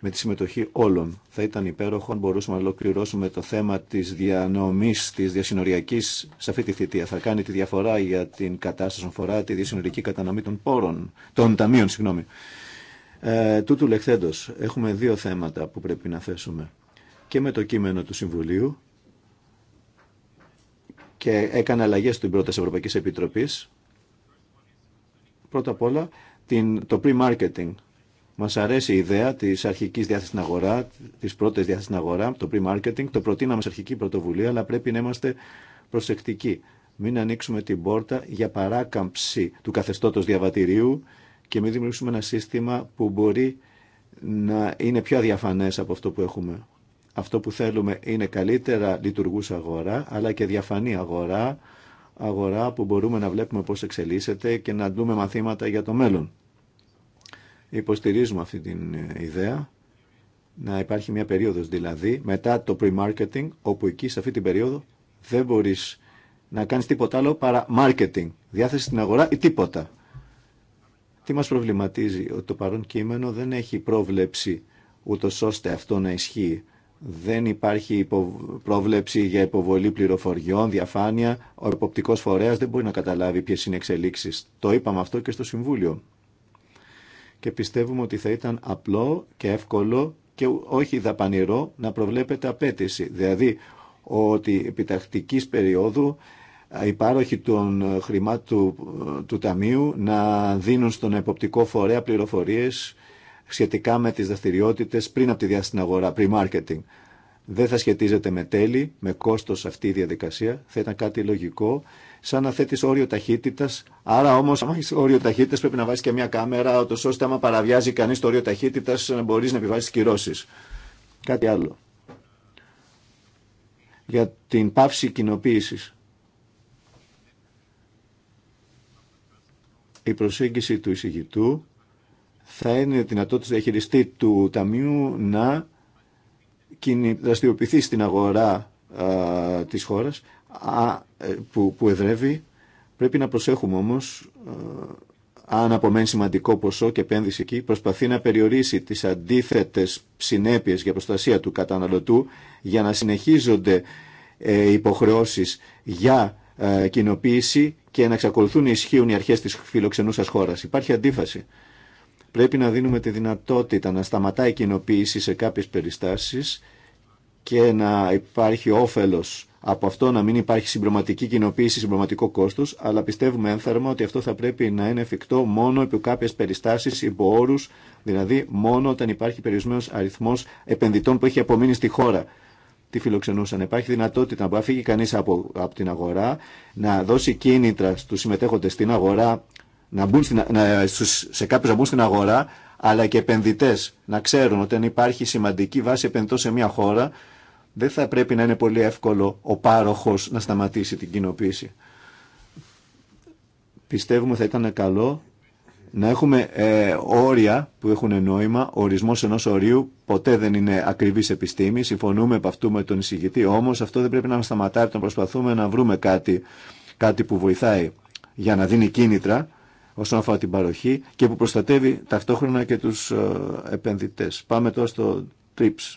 με τη συμμετοχή όλων. Θα ήταν υπέροχο αν μπορούσαμε να ολοκληρώσουμε το θέμα της διανομής της διασυνοριακή σε αυτή τη θητεία. Θα κάνει τη διαφορά για την κατάσταση όσον αφορά τη διασυνοριακή κατανομή των πόρων, των ταμείων, συγγνώμη. Ε, τούτου λεχθέντος, έχουμε δύο θέματα που πρέπει να θέσουμε. Και με το κείμενο του Συμβουλίου και έκανε αλλαγέ στην πρόταση Ευρωπαϊκή Επιτροπή. Πρώτα απ' όλα, την, το pre-marketing, μας αρέσει η ιδέα της αρχικής διάθεσης στην αγορά, της πρώτης διάθεσης στην αγορά, το pre-marketing. Το προτείναμε σε αρχική πρωτοβουλία, αλλά πρέπει να είμαστε προσεκτικοί. Μην ανοίξουμε την πόρτα για παράκαμψη του καθεστώτος διαβατηρίου και μην δημιουργήσουμε ένα σύστημα που μπορεί να είναι πιο αδιαφανές από αυτό που έχουμε. Αυτό που θέλουμε είναι καλύτερα λειτουργούσα αγορά, αλλά και διαφανή αγορά, αγορά που μπορούμε να βλέπουμε πώς εξελίσσεται και να δούμε μαθήματα για το μέλλον. Υποστηρίζουμε αυτή την ε, ιδέα να υπάρχει μια περίοδος δηλαδή μετά το pre-marketing όπου εκεί σε αυτή την περίοδο δεν μπορείς να κάνεις τίποτα άλλο παρά marketing, διάθεση στην αγορά ή τίποτα. Τι μας προβληματίζει, ότι το παρόν κείμενο δεν έχει πρόβλεψη ούτω ώστε αυτό να ισχύει. Δεν υπάρχει υπο... πρόβλεψη για υποβολή πληροφοριών, διαφάνεια. Ο εποπτικός φορέας δεν μπορεί να καταλάβει ποιες είναι εξελίξεις. Το είπαμε αυτό και στο Συμβούλιο και πιστεύουμε ότι θα ήταν απλό και εύκολο και όχι δαπανηρό να προβλέπεται απέτηση. Δηλαδή ότι επιτακτικής περίοδου οι πάροχοι των ε, χρημάτων του, ε, του Ταμείου να δίνουν στον εποπτικό φορέα πληροφορίες σχετικά με τις δραστηριότητε πριν από τη διάστηση στην αγορά, pre-marketing. Δεν θα σχετίζεται με τέλη, με κόστος αυτή η διαδικασία. Θα ήταν κάτι λογικό σαν να θέτει όριο ταχύτητα. Άρα όμω, αν έχει όριο ταχύτητα, πρέπει να βάζει και μια κάμερα, ώστε άμα παραβιάζει κανεί το όριο ταχύτητα, να μπορεί να επιβάσει κυρώσει. Κάτι άλλο. Για την πάυση κοινοποίηση. Η προσέγγιση του εισηγητού θα είναι δυνατότητα διαχειριστή του ταμείου να δραστηριοποιηθεί στην αγορά της χώρας ε, που, που εδρεύει. Πρέπει να προσέχουμε όμως ε, αν απομένει σημαντικό ποσό και επένδυση εκεί, προσπαθεί να περιορίσει τις αντίθετες συνέπειες για προστασία του καταναλωτού για να συνεχίζονται ε, υποχρεώσεις για ε, κοινοποίηση και να εξακολουθούν ισχύουν οι αρχές της φιλοξενούσας χώρας. Υπάρχει αντίφαση. Πρέπει να δίνουμε τη δυνατότητα να σταματάει η κοινοποίηση σε κάποιες περιστάσεις και να υπάρχει όφελο από αυτό να μην υπάρχει συμπροματική κοινοποίηση, συμπροματικό κόστο, αλλά πιστεύουμε ένθερμα ότι αυτό θα πρέπει να είναι εφικτό μόνο υπό κάποιε περιστάσει, υπό όρου, δηλαδή μόνο όταν υπάρχει περιορισμένο αριθμό επενδυτών που έχει απομείνει στη χώρα. Τι φιλοξενούσαν. Υπάρχει δυνατότητα να φύγει κανεί από, από την αγορά, να δώσει κίνητρα στου συμμετέχοντε στην αγορά, να μπουν στην, να, στους, σε κάποιου να μπουν στην αγορά, αλλά και επενδυτέ να ξέρουν ότι αν υπάρχει σημαντική βάση επενδυτών σε μια χώρα, δεν θα πρέπει να είναι πολύ εύκολο ο πάροχος να σταματήσει την κοινοποίηση. Πιστεύουμε θα ήταν καλό να έχουμε ε, όρια που έχουν νόημα. Ο ορισμός ενός ορίου ποτέ δεν είναι ακριβής επιστήμη. Συμφωνούμε από αυτού με τον εισηγητή. Όμως αυτό δεν πρέπει να μας σταματάει να προσπαθούμε να βρούμε κάτι, κάτι που βοηθάει για να δίνει κίνητρα όσον αφορά την παροχή και που προστατεύει ταυτόχρονα και τους ε, επενδυτές. Πάμε τώρα στο TRIPS.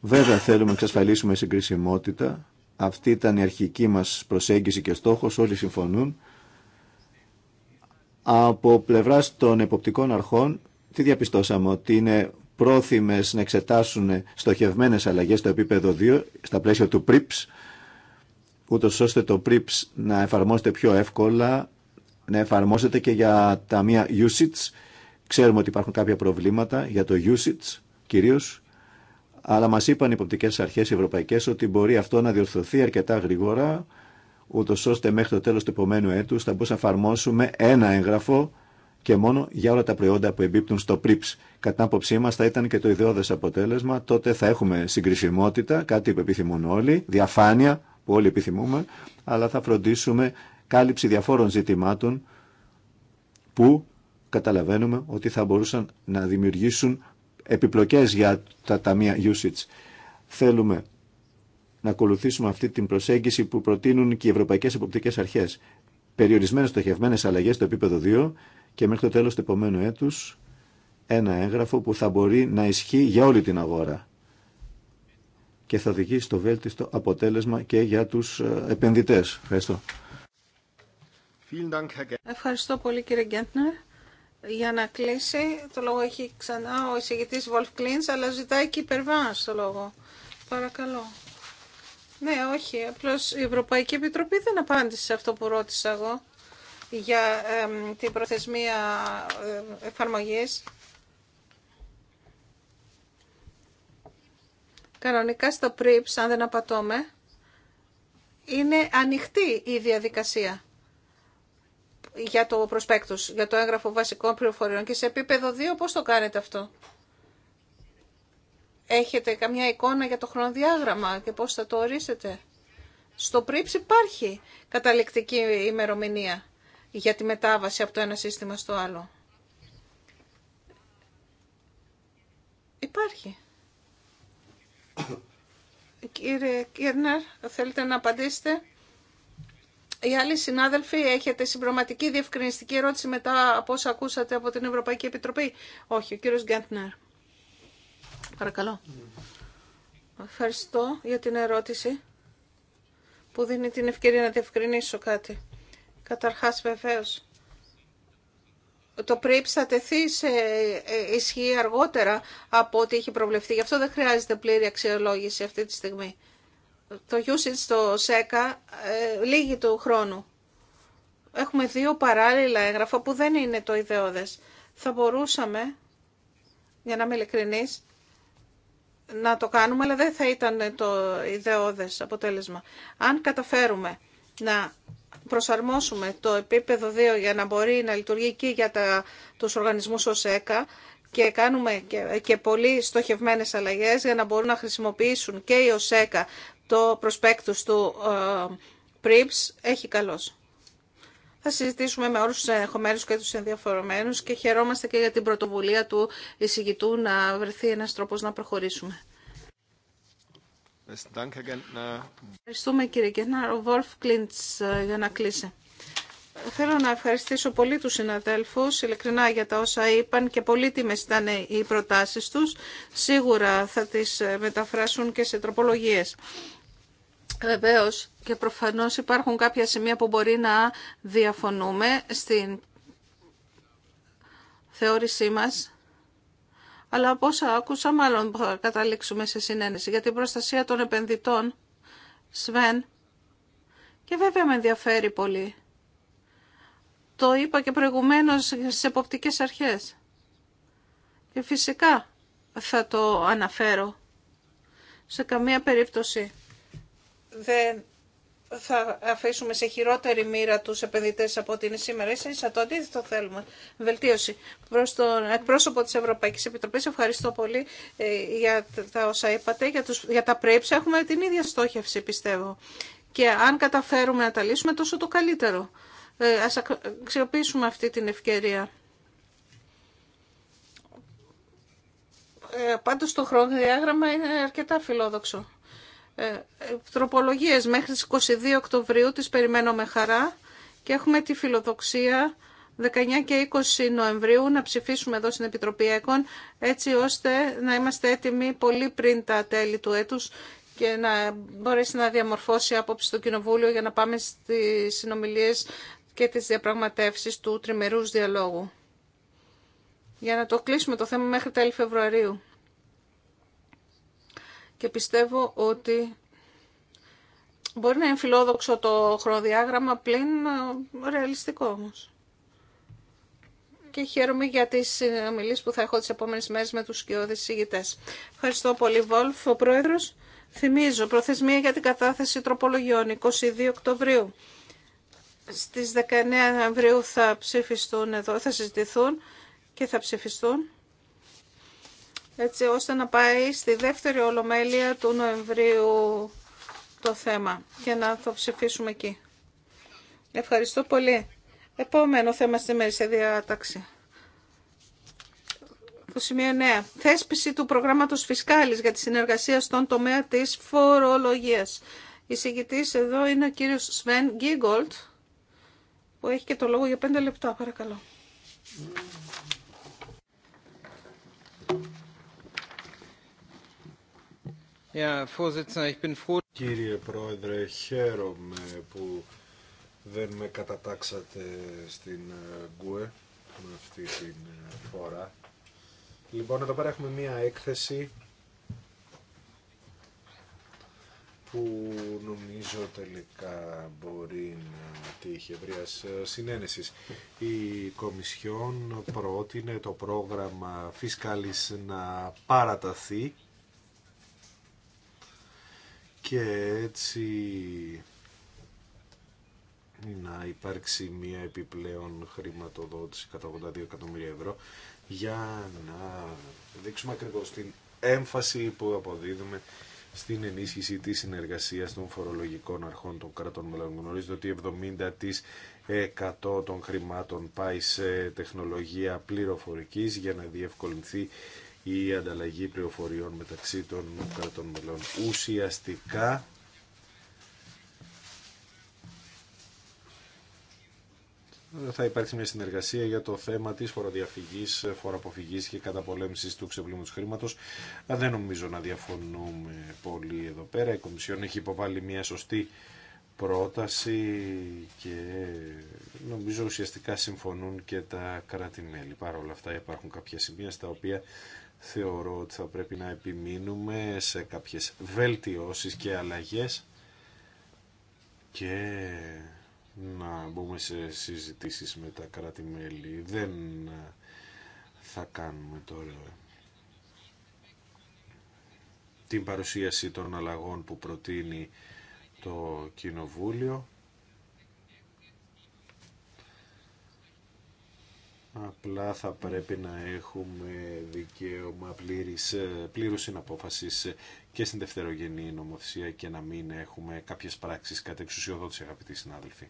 Βέβαια θέλουμε να εξασφαλίσουμε συγκρισιμότητα. Αυτή ήταν η αρχική μας προσέγγιση και στόχος, όλοι συμφωνούν. Από πλευράς των εποπτικών αρχών, τι διαπιστώσαμε, ότι είναι πρόθυμες να εξετάσουν στοχευμένες αλλαγές στο επίπεδο 2, στα πλαίσια του PRIPS, ούτως ώστε το PRIPS να εφαρμόσετε πιο εύκολα, να εφαρμόσετε και για τα μία usage. Ξέρουμε ότι υπάρχουν κάποια προβλήματα για το usage κυρίως αλλά μας είπαν οι υποπτικές αρχές ευρωπαϊκές ότι μπορεί αυτό να διορθωθεί αρκετά γρήγορα, ούτω ώστε μέχρι το τέλος του επόμενου έτους θα μπορούσαμε να εφαρμόσουμε ένα έγγραφο και μόνο για όλα τα προϊόντα που εμπίπτουν στο PRIPS. Κατά την άποψή μα θα ήταν και το ιδεώδες αποτέλεσμα, τότε θα έχουμε συγκρισιμότητα, κάτι που επιθυμούν όλοι, διαφάνεια που όλοι επιθυμούμε, αλλά θα φροντίσουμε κάλυψη διαφόρων ζητημάτων που καταλαβαίνουμε ότι θα μπορούσαν να δημιουργήσουν επιπλοκές για τα ταμεία usage. Θέλουμε να ακολουθήσουμε αυτή την προσέγγιση που προτείνουν και οι ευρωπαϊκές εποπτικές αρχές. Περιορισμένες στοχευμένες αλλαγές στο επίπεδο 2 και μέχρι το τέλος του επόμενου έτους ένα έγγραφο που θα μπορεί να ισχύει για όλη την αγορά και θα οδηγεί στο βέλτιστο αποτέλεσμα και για τους ε, επενδυτές. Ευχαριστώ. Ευχαριστώ πολύ κύριε Γκέντνερ για να κλείσει. Το λόγο έχει ξανά ο εισηγητής Βολφ Κλίνς, αλλά ζητάει και υπερβάς το λόγο. Παρακαλώ. Ναι, όχι. Απλώς η Ευρωπαϊκή Επιτροπή δεν απάντησε σε αυτό που ρώτησα εγώ για την προθεσμία ε, εφαρμογής. Κανονικά στο PRIPS, αν δεν απατώμε, είναι ανοιχτή η διαδικασία για το προσπέκτους, για το έγγραφο βασικών πληροφοριών και σε επίπεδο 2 πώς το κάνετε αυτό. Έχετε καμιά εικόνα για το χρονοδιάγραμμα και πώς θα το ορίσετε. Στο πρίψ υπάρχει καταληκτική ημερομηνία για τη μετάβαση από το ένα σύστημα στο άλλο. Υπάρχει. Κύριε Κίρνερ, θέλετε να απαντήσετε. Οι άλλοι συνάδελφοι, έχετε συμπροματική διευκρινιστική ερώτηση μετά από όσα ακούσατε από την Ευρωπαϊκή Επιτροπή. Όχι, ο κύριος Γκέντνερ. Παρακαλώ. Ευχαριστώ για την ερώτηση που δίνει την ευκαιρία να διευκρινίσω κάτι. Καταρχάς, βεβαίως, το πρέπει θα τεθεί σε ε, ισχύ αργότερα από ό,τι έχει προβλεφθεί. Γι' αυτό δεν χρειάζεται πλήρη αξιολόγηση αυτή τη στιγμή το usage στο ΣΕΚΑ ε, λίγη του χρόνου. Έχουμε δύο παράλληλα έγγραφα που δεν είναι το ιδεώδες. Θα μπορούσαμε, για να είμαι ειλικρινής, να το κάνουμε, αλλά δεν θα ήταν το ιδεώδες αποτέλεσμα. Αν καταφέρουμε να προσαρμόσουμε το επίπεδο 2 για να μπορεί να λειτουργεί και για τα, τους οργανισμούς ως ΕΚΑ και κάνουμε και, και πολύ στοχευμένες αλλαγές για να μπορούν να χρησιμοποιήσουν και οι ΟΣΕΚΑ το προσπέκτους του Πρίπς ε, έχει καλός. Θα συζητήσουμε με όλους τους ενεχομένους και τους ενδιαφορομένους και χαιρόμαστε και για την πρωτοβουλία του εισηγητού να βρεθεί ένας τρόπος να προχωρήσουμε. Ευχαριστούμε κύριε κύριε Ο Βόλφ Κλίντς ε, για να κλείσει. Θέλω να ευχαριστήσω πολύ τους συναδέλφους, ειλικρινά για τα όσα είπαν και πολύτιμες ήταν οι προτάσεις τους. Σίγουρα θα τις ε, μεταφράσουν και σε τροπολογίες. Βεβαίω, και προφανώς υπάρχουν κάποια σημεία που μπορεί να διαφωνούμε στην θεώρησή μας. Αλλά από όσα άκουσα μάλλον θα καταλήξουμε σε συνένεση για την προστασία των επενδυτών. Σβέν. Και βέβαια με ενδιαφέρει πολύ. Το είπα και προηγουμένως στις εποπτικές αρχές. Και φυσικά θα το αναφέρω. Σε καμία περίπτωση δεν θα αφήσουμε σε χειρότερη μοίρα τους επενδυτέ από ό,τι είναι σήμερα. Ίσα το αντίθετο θέλουμε. Βελτίωση. Προς τον εκπρόσωπο της Ευρωπαϊκής Επιτροπής ευχαριστώ πολύ ε, για τα όσα είπατε. Για, τους, για τα πρέψη έχουμε την ίδια στόχευση πιστεύω. Και αν καταφέρουμε να τα λύσουμε τόσο το καλύτερο. Ε, ας αξιοποιήσουμε αυτή την ευκαιρία. Ε, πάντως το χρονοδιάγραμμα είναι αρκετά φιλόδοξο. Ε, τροπολογίες μέχρι τις 22 Οκτωβρίου, τις περιμένω με χαρά και έχουμε τη φιλοδοξία 19 και 20 Νοεμβρίου να ψηφίσουμε εδώ στην Επιτροπή ΕΚΟΝ έτσι ώστε να είμαστε έτοιμοι πολύ πριν τα τέλη του έτους και να μπορέσει να διαμορφώσει άποψη στο Κοινοβούλιο για να πάμε στις συνομιλίες και τις διαπραγματεύσεις του τριμερούς διαλόγου. Για να το κλείσουμε το θέμα μέχρι τέλη Φεβρουαρίου και πιστεύω ότι μπορεί να είναι φιλόδοξο το χρονοδιάγραμμα πλην ε, ρεαλιστικό όμως. Και χαίρομαι για τις συνομιλίες που θα έχω τι επόμενες μέρες με τους σκιώδει συγητές. Ευχαριστώ πολύ Βόλφ, ο Πρόεδρος. Θυμίζω, προθεσμία για την κατάθεση τροπολογιών 22 Οκτωβρίου. Στι 19 Νοεμβρίου θα ψηφιστούν εδώ, θα συζητηθούν και θα ψηφιστούν έτσι ώστε να πάει στη δεύτερη ολομέλεια του Νοεμβρίου το θέμα και να το ψηφίσουμε εκεί. Ευχαριστώ πολύ. Επόμενο θέμα στη μέρη σε διάταξη. Το σημείο 9. Θέσπιση του προγράμματος φυσκάλης για τη συνεργασία στον τομέα της φορολογίας. Η συγκητής εδώ είναι ο κύριος Σβέν Γκίγκολτ, που έχει και το λόγο για 5 λεπτά, παρακαλώ. Κύριε Πρόεδρε, χαίρομαι που δεν με κατατάξατε στην ε, Γκουε με αυτή την ε, φορά. Λοιπόν, εδώ πέρα έχουμε μία έκθεση που νομίζω τελικά μπορεί να τύχει ευρεία ε, συνένεση. Η Κομισιόν πρότεινε το πρόγραμμα Φίσκαλης να παραταθεί και έτσι να υπάρξει μια επιπλέον χρηματοδότηση κατά 82 εκατομμύρια ευρώ για να δείξουμε ακριβώς την έμφαση που αποδίδουμε στην ενίσχυση της συνεργασίας των φορολογικών αρχών των κρατών μελών. Γνωρίζετε ότι 70% των χρημάτων πάει σε τεχνολογία πληροφορικής για να διευκολυνθεί η ανταλλαγή πληροφοριών μεταξύ των κρατών μελών. Ουσιαστικά θα υπάρξει μια συνεργασία για το θέμα της φοροδιαφυγής, φοροαποφυγής και καταπολέμησης του του χρήματος. Δεν νομίζω να διαφωνούμε πολύ εδώ πέρα. Η Κομισιόν έχει υποβάλει μια σωστή πρόταση και νομίζω ουσιαστικά συμφωνούν και τα κράτη-μέλη. Παρ' όλα αυτά υπάρχουν κάποια σημεία στα οποία θεωρώ ότι θα πρέπει να επιμείνουμε σε κάποιες βελτιώσεις και αλλαγές και να μπούμε σε συζητήσεις με τα κράτη-μέλη. Δεν θα κάνουμε τώρα την παρουσίαση των αλλαγών που προτείνει το Κοινοβούλιο Απλά θα πρέπει να έχουμε δικαίωμα πλήρης, ε, πλήρους συναπόφασης και στην δευτερογενή νομοθεσία και να μην έχουμε κάποιες πράξεις κατά εξουσιοδότηση αγαπητοί συνάδελφοι.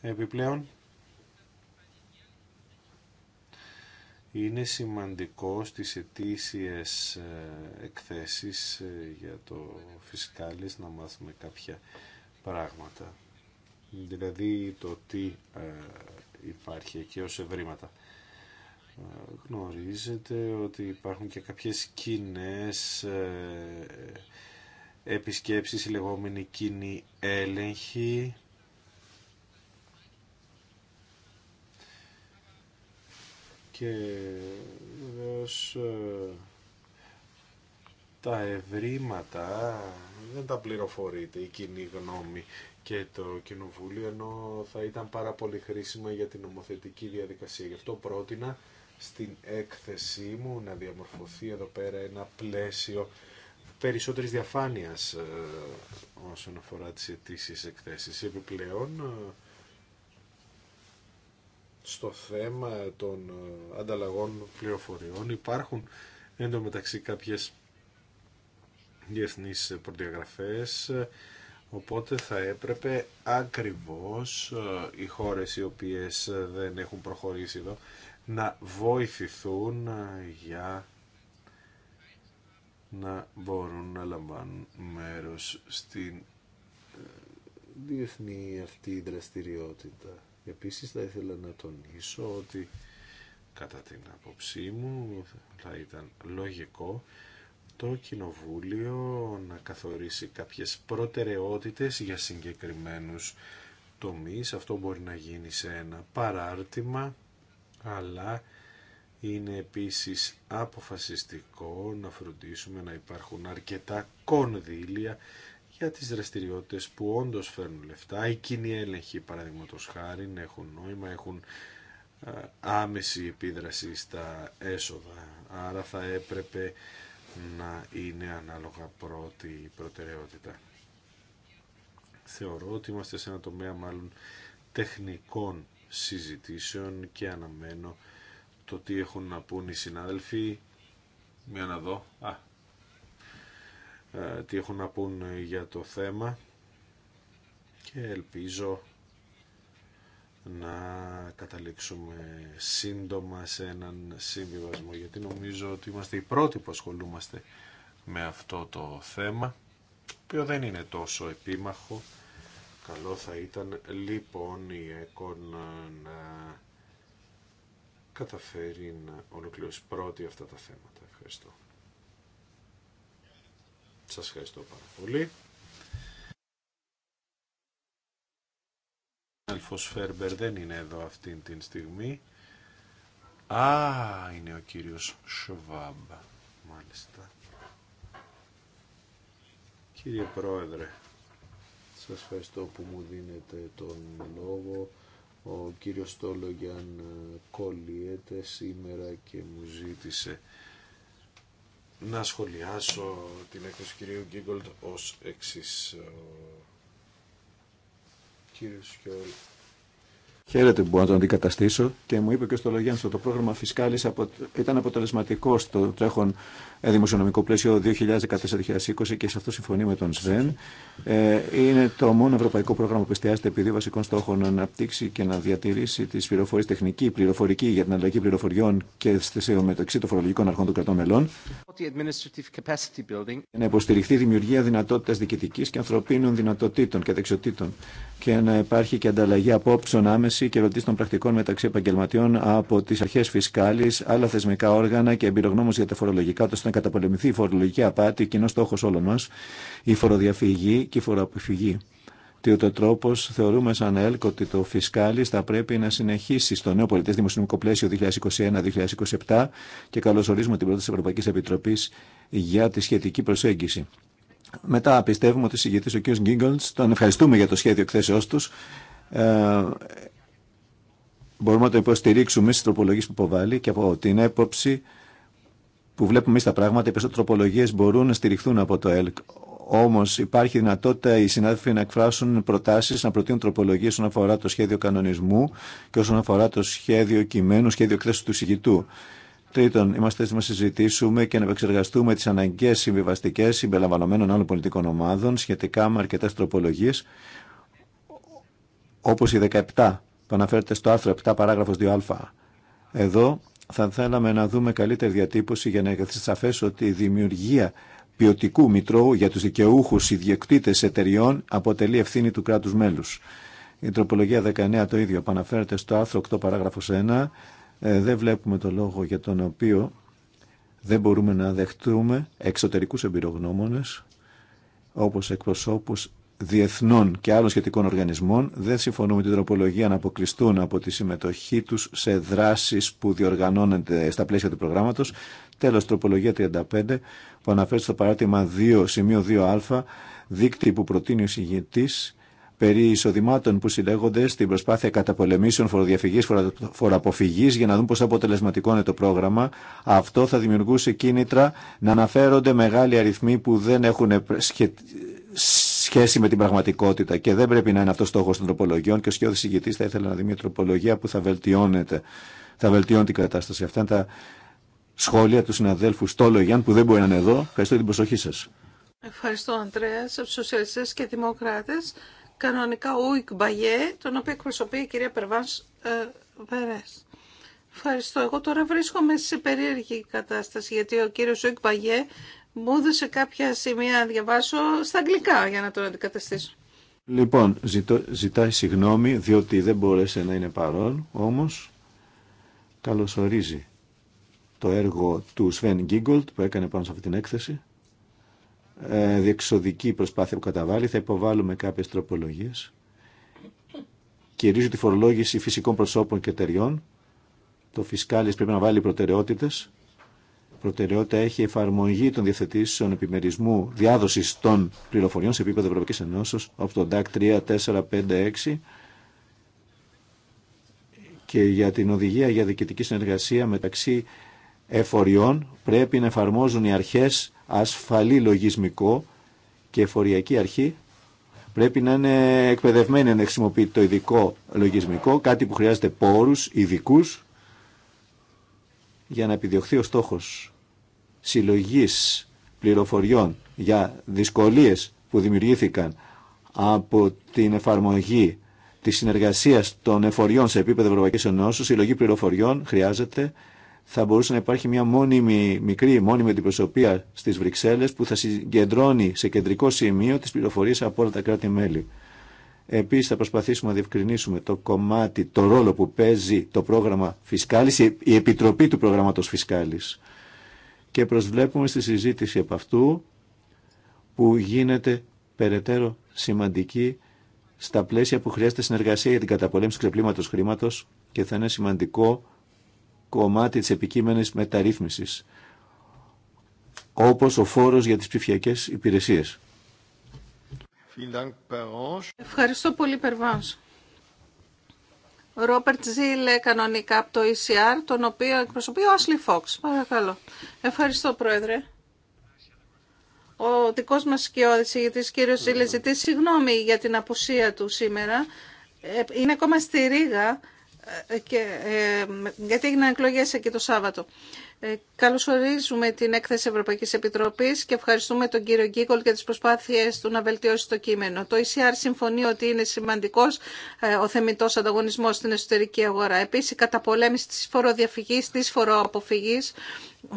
Επιπλέον, είναι σημαντικό στις ετήσιες ε, εκθέσεις ε, για το φυσκάλις να μάθουμε κάποια πράγματα. Δηλαδή το τι υπάρχει εκεί ως ευρήματα. Ε, γνωρίζετε ότι υπάρχουν και κάποιες κοινέ ε, επισκέψεις, η λεγόμενη κοινή έλεγχη. Και βεβαίως ε, τα ευρήματα δεν τα πληροφορείται η κοινή γνώμη και το Κοινοβούλιο, ενώ θα ήταν πάρα πολύ χρήσιμο για την νομοθετική διαδικασία. Γι' αυτό πρότεινα στην έκθεσή μου να διαμορφωθεί εδώ πέρα ένα πλαίσιο περισσότερης διαφάνειας ε, όσον αφορά τις αιτήσεις εκθέσεις. Επιπλέον, ε, στο θέμα των ε, ανταλλαγών πληροφοριών υπάρχουν εντωμεταξύ κάποιες διεθνείς προδιαγραφές Οπότε θα έπρεπε ακριβώς ε, οι χώρες οι οποίες ε, δεν έχουν προχωρήσει εδώ να βοηθηθούν ε, για να μπορούν να λαμβάνουν μέρος στην διεθνή αυτή δραστηριότητα. Επίσης θα ήθελα να τονίσω ότι κατά την άποψή μου θα ήταν λογικό το Κοινοβούλιο να καθορίσει κάποιες προτεραιότητες για συγκεκριμένους τομείς. Αυτό μπορεί να γίνει σε ένα παράρτημα, αλλά είναι επίσης αποφασιστικό να φροντίσουμε να υπάρχουν αρκετά κονδύλια για τις δραστηριότητες που όντως φέρνουν λεφτά. Οι κοινοί έλεγχοι, παραδείγματος χάρη, έχουν νόημα, έχουν ε, άμεση επίδραση στα έσοδα. Άρα θα έπρεπε να είναι ανάλογα πρώτη προτεραιότητα. Θεωρώ ότι είμαστε σε ένα τομέα μάλλον τεχνικών συζητήσεων και αναμένω το τι έχουν να πούν οι συνάδελφοι. Μια να δω. Α, ε, τι έχουν να πούν για το θέμα και ελπίζω να καταλήξουμε σύντομα σε έναν συμβιβασμό γιατί νομίζω ότι είμαστε οι πρώτοι που ασχολούμαστε με αυτό το θέμα το δεν είναι τόσο επίμαχο καλό θα ήταν λοιπόν η ΕΚΟΝ να καταφέρει να ολοκληρώσει πρώτη αυτά τα θέματα ευχαριστώ σας ευχαριστώ πάρα πολύ συνάδελφος Φέρμπερ δεν είναι εδώ αυτήν την στιγμή. Α, είναι ο κύριος Σοβάμπ, μάλιστα. Κύριε Πρόεδρε, σας ευχαριστώ που μου δίνετε τον λόγο. Ο κύριος Στόλογιαν ε, κολλιέται σήμερα και μου ζήτησε να σχολιάσω την έκθεση του κυρίου Γκίγκολτ ως εξής κύριος Χαίρετε που μπορώ να τον αντικαταστήσω και μου είπε και στο Λογιάννη το πρόγραμμα Φισκάλη απο... ήταν αποτελεσματικό στο τρέχον ε, δημοσιονομικό πλαίσιο 2014-2020 και σε αυτό συμφωνεί με τον ΣΒΕΝ. Ε, είναι το μόνο ευρωπαϊκό πρόγραμμα που εστιάζεται επειδή βασικών στόχων να αναπτύξει και να διατηρήσει τι πληροφορίε τεχνική, πληροφορική για την αλλαγή πληροφοριών και στη μεταξύ των φορολογικών αρχών των κρατών μελών. Να υποστηριχθεί η δημιουργία δυνατότητα διοικητική και ανθρωπίνων δυνατοτήτων και δεξιοτήτων και να υπάρχει και ανταλλαγή απόψεων άμεση και ερωτήσει των πρακτικών μεταξύ επαγγελματιών από τι αρχέ φυσκάλη, άλλα θεσμικά όργανα και εμπειρογνώμου για τα φορολογικά, ώστε να καταπολεμηθεί η φορολογική απάτη, κοινό στόχο όλων μα, η φοροδιαφυγή και η φοροαποφυγή. Τι ο τρόπο θεωρούμε σαν ΕΛΚ ότι το φυσκάλη θα πρέπει να συνεχίσει στο νέο πολιτέ δημοσιονομικό πλαίσιο 2021-2027 και καλωσορίζουμε την πρόταση τη Ευρωπαϊκή Επιτροπή για τη σχετική προσέγγιση. Μετά πιστεύουμε ότι ο ο κ. τον ευχαριστούμε για το σχέδιο εκθέσεώς τους, ε, μπορούμε να το υποστηρίξουμε στι τροπολογίε που υποβάλλει και από την έποψη που βλέπουμε εμεί τα πράγματα, οι περισσότερε τροπολογίε μπορούν να στηριχθούν από το ΕΛΚ. Όμω υπάρχει δυνατότητα οι συνάδελφοι να εκφράσουν προτάσει, να προτείνουν τροπολογίε όσον αφορά το σχέδιο κανονισμού και όσον αφορά το σχέδιο κειμένου, σχέδιο εκθέσεω του συγκητού. Τρίτον, είμαστε έτοιμοι να συζητήσουμε και να επεξεργαστούμε τι αναγκαίε συμβιβαστικέ συμπεριλαμβανομένων άλλων πολιτικών ομάδων σχετικά με αρκετέ τροπολογίε, όπω 17 που αναφέρεται στο άρθρο 7 παραγραφο 2 2α. Εδώ θα θέλαμε να δούμε καλύτερη διατύπωση για να εγκαθίσει σαφέ ότι η δημιουργία ποιοτικού μητρώου για τους δικαιούχου ιδιοκτήτες εταιριών αποτελεί ευθύνη του κράτου μέλους. Η τροπολογία 19 το ίδιο που αναφέρεται στο άρθρο 8 παράγραφος 1 ε, δεν βλέπουμε το λόγο για τον οποίο δεν μπορούμε να δεχτούμε εξωτερικούς εμπειρογνώμονες όπως εκπροσώπους διεθνών και άλλων σχετικών οργανισμών δεν συμφωνούν με την τροπολογία να αποκλειστούν από τη συμμετοχή τους σε δράσεις που διοργανώνονται στα πλαίσια του προγράμματος. Τέλος, τροπολογία 35 που αναφέρει στο παραδειγμα 2, σημείο 2α, δίκτυοι που προτείνει ο συγγετής περί εισοδημάτων που συλλέγονται στην προσπάθεια καταπολεμήσεων φοροδιαφυγής, φοροαποφυγής για να δουν πόσο αποτελεσματικό είναι το πρόγραμμα. Αυτό θα δημιουργούσε κίνητρα να αναφέρονται μεγάλοι αριθμοί που δεν έχουν ε, σχέση με την πραγματικότητα και δεν πρέπει να είναι αυτό το στόχο των τροπολογιών και ο σκιώδη ηγητή θα ήθελε να δει μια τροπολογία που θα βελτιώνεται, θα βελτιώνει την κατάσταση. Αυτά είναι τα σχόλια του συναδέλφου Στόλο που δεν μπορεί να είναι εδώ. Ευχαριστώ την προσοχή σα. Ευχαριστώ, Αντρέα, από του Σοσιαλιστέ και Δημοκράτε. Κανονικά, ο Ουικ Μπαγιέ, τον οποίο εκπροσωπεί η κυρία Περβάν Βερέ. Βερές. Ευχαριστώ. Εγώ τώρα βρίσκομαι σε περίεργη κατάσταση, γιατί ο κύριος Ζουικ Μπαγιέ μου έδωσε κάποια σημεία να διαβάσω στα αγγλικά για να το αντικαταστήσω. Λοιπόν, ζητάει συγγνώμη διότι δεν μπόρεσε να είναι παρόν, όμως καλωσορίζει το έργο του Σβέν Γκίγκολτ που έκανε πάνω σε αυτή την έκθεση. Ε, διεξοδική προσπάθεια που καταβάλει, θα υποβάλουμε κάποιες τροπολογίες. Κυρίζει τη φορολόγηση φυσικών προσώπων και εταιριών. Το φυσκάλις πρέπει να βάλει προτεραιότητες προτεραιότητα έχει η εφαρμογή των διαθετήσεων επιμερισμού διάδοση των πληροφοριών σε επίπεδο Ευρωπαϊκή Ενώσεω από τον DAC 3, 4, 5, 6 και για την οδηγία για διοικητική συνεργασία μεταξύ εφοριών πρέπει να εφαρμόζουν οι αρχές ασφαλή λογισμικό και εφοριακή αρχή πρέπει να είναι εκπαιδευμένοι να χρησιμοποιεί το ειδικό λογισμικό, κάτι που χρειάζεται πόρους ειδικού για να επιδιωχθεί ο στόχος συλλογής πληροφοριών για δυσκολίες που δημιουργήθηκαν από την εφαρμογή της συνεργασίας των εφοριών σε επίπεδο Ευρωπαϊκής Ενώσης, συλλογή πληροφοριών χρειάζεται θα μπορούσε να υπάρχει μια μόνιμη, μικρή μόνιμη αντιπροσωπεία στις Βρυξέλλες που θα συγκεντρώνει σε κεντρικό σημείο τις πληροφορίες από όλα τα κράτη-μέλη. Επίσης, θα προσπαθήσουμε να διευκρινίσουμε το κομμάτι, το ρόλο που παίζει το πρόγραμμα Φισκάλης, η επιτροπή του προγράμματο Φισκάλης και προσβλέπουμε στη συζήτηση από αυτού που γίνεται περαιτέρω σημαντική στα πλαίσια που χρειάζεται συνεργασία για την καταπολέμηση ξεπλήματο χρήματος και θα είναι σημαντικό κομμάτι της επικείμενης μεταρρύθμισης όπως ο φόρος για τις ψηφιακές υπηρεσίες. Ευχαριστώ πολύ Περβάς. Ρόπερτ Ζήλε κανονικά από το ECR, τον οποίο εκπροσωπεί ο Άσλι Φόξ. Παρακαλώ. Ευχαριστώ, Πρόεδρε. Ο δικός μας σκιώδης ηγητής, κύριος Ζήλε, ζητεί συγγνώμη για την απουσία του σήμερα. Ε, είναι ακόμα στη Ρήγα, ε, και, ε, γιατί έγιναν εκλογές εκεί το Σάββατο. Ε, καλωσορίζουμε την έκθεση Ευρωπαϊκής Επιτροπής και ευχαριστούμε τον κύριο Γκίγκολ για τις προσπάθειες του να βελτιώσει το κείμενο. Το ECR συμφωνεί ότι είναι σημαντικός ε, ο θεμητός ανταγωνισμός στην εσωτερική αγορά. Επίσης, η καταπολέμηση της φοροδιαφυγής, της φοροαποφυγής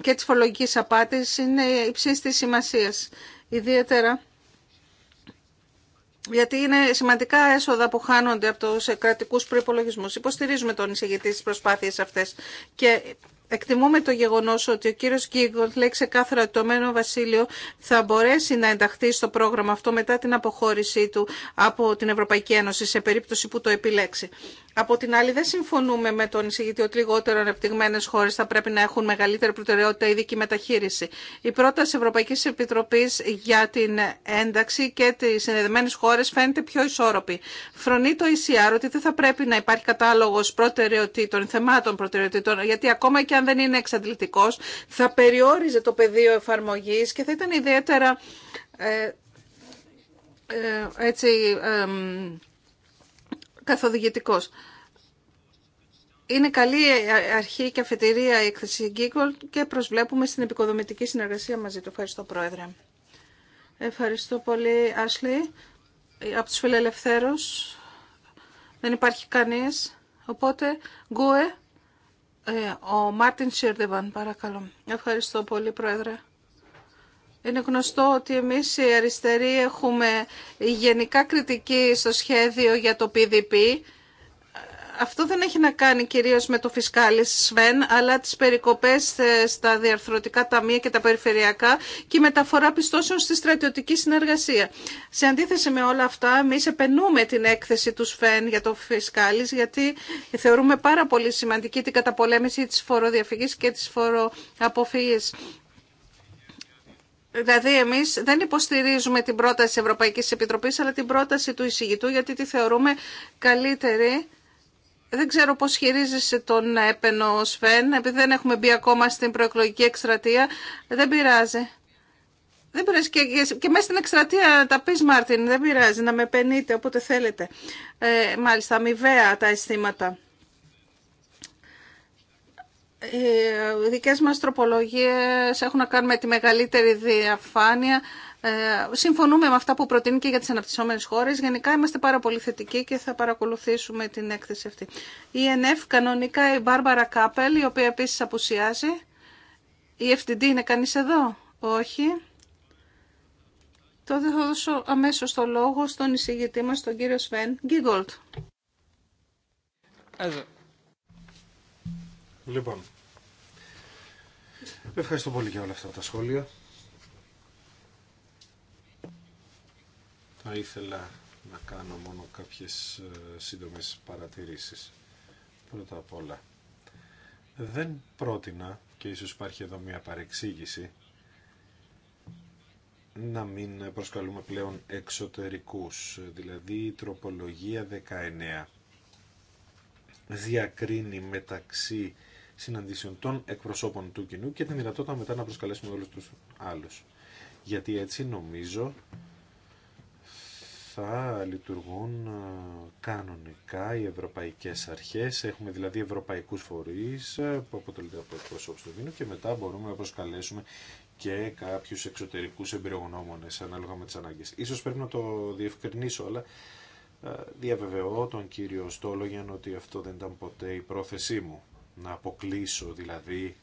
και της φορολογικής απάτης είναι υψίστης σημασίας. Ιδιαίτερα γιατί είναι σημαντικά έσοδα που χάνονται από τους κρατικούς προπολογισμού. Υποστηρίζουμε τον εισηγητή στι προσπάθειες αυτές και Εκτιμούμε το γεγονό ότι ο κύριο Γκίγκολτ λέει ξεκάθαρα ότι το Μένο Βασίλειο θα μπορέσει να ενταχθεί στο πρόγραμμα αυτό μετά την αποχώρησή του από την Ευρωπαϊκή Ένωση σε περίπτωση που το επιλέξει. Από την άλλη δεν συμφωνούμε με τον εισηγητή ότι λιγότερο ανεπτυγμένε χώρε θα πρέπει να έχουν μεγαλύτερη προτεραιότητα ειδική μεταχείριση. Η πρόταση Ευρωπαϊκή Επιτροπή για την ένταξη και τι συνδεδεμένε χώρε φαίνεται πιο ισόρροπη. Φρονεί το ECR ότι δεν θα πρέπει να υπάρχει κατάλογο προτεραιοτήτων, θεμάτων προτεραιοτήτων, γιατί ακόμα και αν δεν είναι εξαντλητικό. θα περιόριζε το πεδίο εφαρμογής και θα ήταν ιδιαίτερα ε, ε, έτσι, καθοδηγητικός. Είναι καλή αρχή και αφετηρία η έκθεση Γκίγκολ και προσβλέπουμε στην επικοδομητική συνεργασία μαζί του. Ευχαριστώ, Πρόεδρε. Ευχαριστώ πολύ, Άσλι. Από τους φιλελευθέρους δεν υπάρχει κανείς. Οπότε, Γκουε, ε, ο Μάρτιν Σίρδεβαν, παρακαλώ. Ευχαριστώ πολύ, Πρόεδρε. Είναι γνωστό ότι εμείς οι αριστεροί έχουμε γενικά κριτική στο σχέδιο για το PDP αυτό δεν έχει να κάνει κυρίως με το φυσκάλι Σβέν, αλλά τις περικοπές ε, στα διαρθρωτικά ταμεία και τα περιφερειακά και η μεταφορά πιστώσεων στη στρατιωτική συνεργασία. Σε αντίθεση με όλα αυτά, εμεί επενούμε την έκθεση του Σφεν για το φυσκάλι, γιατί θεωρούμε πάρα πολύ σημαντική την καταπολέμηση της φοροδιαφυγής και της φοροαποφυγής. Δηλαδή, εμεί δεν υποστηρίζουμε την πρόταση Ευρωπαϊκή Επιτροπή, αλλά την πρόταση του εισηγητού, γιατί τη θεωρούμε καλύτερη δεν ξέρω πώς χειρίζεσαι τον έπαινο Σφεν, επειδή δεν έχουμε μπει ακόμα στην προεκλογική εκστρατεία. Δεν πειράζει. Δεν πειράζει και, μέσα στην εκστρατεία τα πει Μάρτιν, δεν πειράζει να με πενείτε όποτε θέλετε. Ε, μάλιστα, αμοιβαία τα αισθήματα. Οι ε, δικές μας τροπολογίες έχουν να κάνουν με τη μεγαλύτερη διαφάνεια ε, συμφωνούμε με αυτά που προτείνει και για τις αναπτυσσόμενες χώρες. Γενικά είμαστε πάρα πολύ θετικοί και θα παρακολουθήσουμε την έκθεση αυτή. Η ΕΝΕΦ κανονικά η Μπάρμπαρα Κάπελ, η οποία επίσης απουσιάζει. Η FTD είναι κανείς εδώ. Όχι. Τότε θα δώσω αμέσως το λόγο στον εισηγητή μας, τον κύριο Σβέν Γκίγκολτ. Λοιπόν, ευχαριστώ πολύ για όλα αυτά τα σχόλια. Θα ήθελα να κάνω μόνο κάποιες ε, σύντομες παρατηρήσεις. Πρώτα απ' όλα, δεν πρότεινα, και ίσως υπάρχει εδώ μια παρεξήγηση, να μην προσκαλούμε πλέον εξωτερικούς, δηλαδή η τροπολογία 19 διακρίνει μεταξύ συναντήσεων των εκπροσώπων του κοινού και τη δυνατότητα μετά να προσκαλέσουμε όλους τους άλλους. Γιατί έτσι νομίζω θα λειτουργούν ε, κανονικά οι ευρωπαϊκές αρχές. Έχουμε δηλαδή ευρωπαϊκούς φορείς ε, που αποτελούνται από εκπροσώπους του Δήμου και μετά μπορούμε να προσκαλέσουμε και κάποιους εξωτερικούς εμπειρογνώμονες ανάλογα με τις ανάγκες. Ίσως πρέπει να το διευκρινίσω, αλλά ε, διαβεβαιώ τον κύριο Στόλογιαν ότι αυτό δεν ήταν ποτέ η πρόθεσή μου. Να αποκλείσω δηλαδή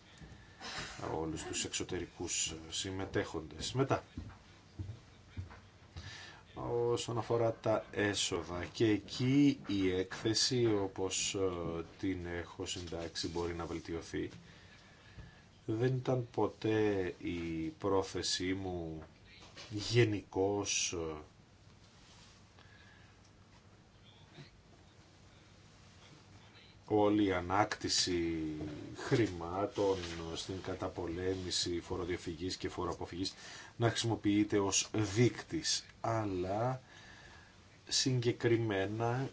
όλους τους εξωτερικούς συμμετέχοντες. Μετά, όσον αφορά τα έσοδα και εκεί η έκθεση όπως ε, την έχω συντάξει μπορεί να βελτιωθεί. Δεν ήταν ποτέ η πρόθεσή μου γενικός ε, όλη η ανάκτηση χρημάτων στην καταπολέμηση φοροδιαφυγής και φοροαποφυγής να χρησιμοποιείται ως δίκτυς, αλλά συγκεκριμένα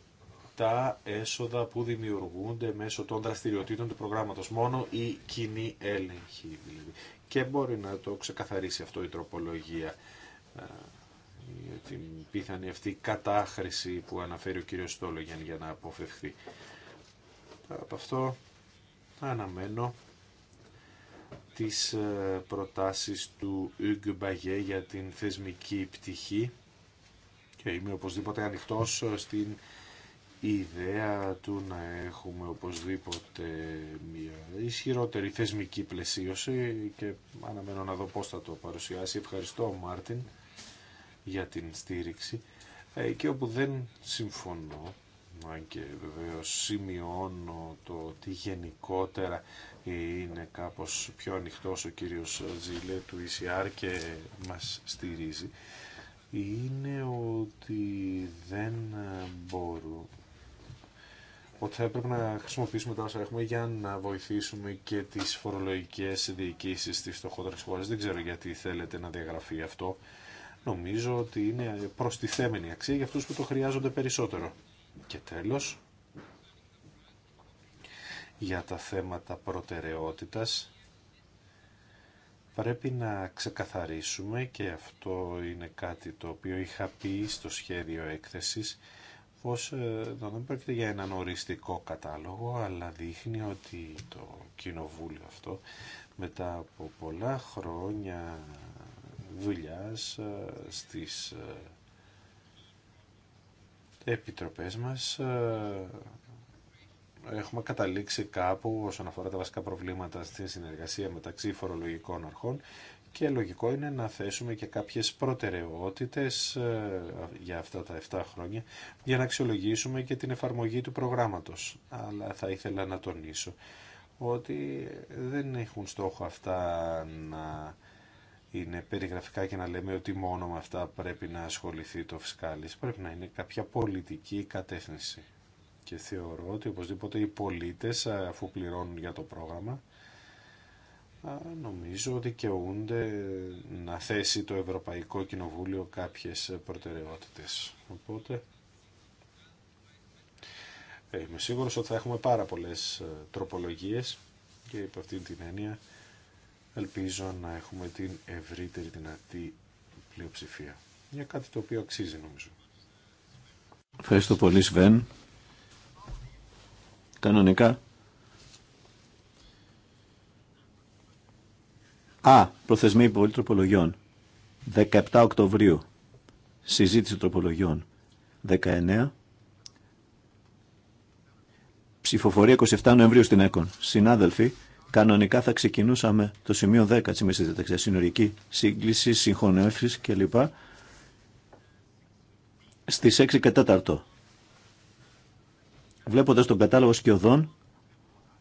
τα έσοδα που δημιουργούνται μέσω των δραστηριοτήτων του προγράμματος. Μόνο η κοινή έλεγχη δηλαδή. Και μπορεί να το ξεκαθαρίσει αυτό η τροπολογία ε, για την πιθανή αυτή κατάχρηση που αναφέρει ο κύριος Στόλογιαν για να αποφευχθεί. Από αυτό αναμένω τις ε, προτάσεις του Ουγγ για την θεσμική πτυχή και είμαι οπωσδήποτε ανοιχτός ε, στην ιδέα του να έχουμε οπωσδήποτε μια ισχυρότερη θεσμική πλαισίωση και αναμένω να δω πώς θα το παρουσιάσει. Ευχαριστώ Μάρτιν για την στήριξη ε, και όπου δεν συμφωνώ αν και βεβαίως σημειώνω το ότι γενικότερα είναι κάπως πιο ανοιχτός ο κύριος Ζήλε του ECR και μας στηρίζει είναι ότι δεν μπορούμε ότι θα έπρεπε να χρησιμοποιήσουμε τα όσα έχουμε για να βοηθήσουμε και τις φορολογικές διοικήσεις στις φτωχότερες χώρες. Δεν ξέρω γιατί θέλετε να διαγραφεί αυτό. Νομίζω ότι είναι προστιθέμενη αξία για αυτούς που το χρειάζονται περισσότερο. Και τέλος, για τα θέματα προτεραιότητας. Πρέπει να ξεκαθαρίσουμε και αυτό είναι κάτι το οποίο είχα πει στο σχέδιο έκθεσης πως ε, δεν πρέπει για έναν οριστικό κατάλογο αλλά δείχνει ότι το κοινοβούλιο αυτό μετά από πολλά χρόνια δουλειάς ε, στις ε, επιτροπές μας έχουμε καταλήξει κάπου όσον αφορά τα βασικά προβλήματα στη συνεργασία μεταξύ φορολογικών αρχών και λογικό είναι να θέσουμε και κάποιες προτεραιότητες ε, για αυτά τα 7 χρόνια για να αξιολογήσουμε και την εφαρμογή του προγράμματος. Αλλά θα ήθελα να τονίσω ότι δεν έχουν στόχο αυτά να είναι περιγραφικά και να λέμε ότι μόνο με αυτά πρέπει να ασχοληθεί το φυσκάλις. Πρέπει να είναι κάποια πολιτική κατεύθυνση και θεωρώ ότι οπωσδήποτε οι πολίτες αφού πληρώνουν για το πρόγραμμα νομίζω ότι δικαιούνται να θέσει το Ευρωπαϊκό Κοινοβούλιο κάποιες προτεραιότητες. Οπότε ε, είμαι σίγουρος ότι θα έχουμε πάρα πολλές ε, τροπολογίες και υπό αυτή την έννοια ελπίζω να έχουμε την ευρύτερη δυνατή πλειοψηφία. Για κάτι το οποίο αξίζει νομίζω. Ευχαριστώ πολύ Σβέν κανονικά. Α, προθεσμή υποβολή τροπολογιών. 17 Οκτωβρίου. Συζήτηση τροπολογιών. 19. Ψηφοφορία 27 Νοεμβρίου στην ΕΚΟΝ. Συνάδελφοι, κανονικά θα ξεκινούσαμε το σημείο 10 της μέσης διαταξίας. Συνορική σύγκληση, συγχωνεύσεις κλπ. Στις 6 και 4. Βλέποντας τον κατάλογο σκιωδών,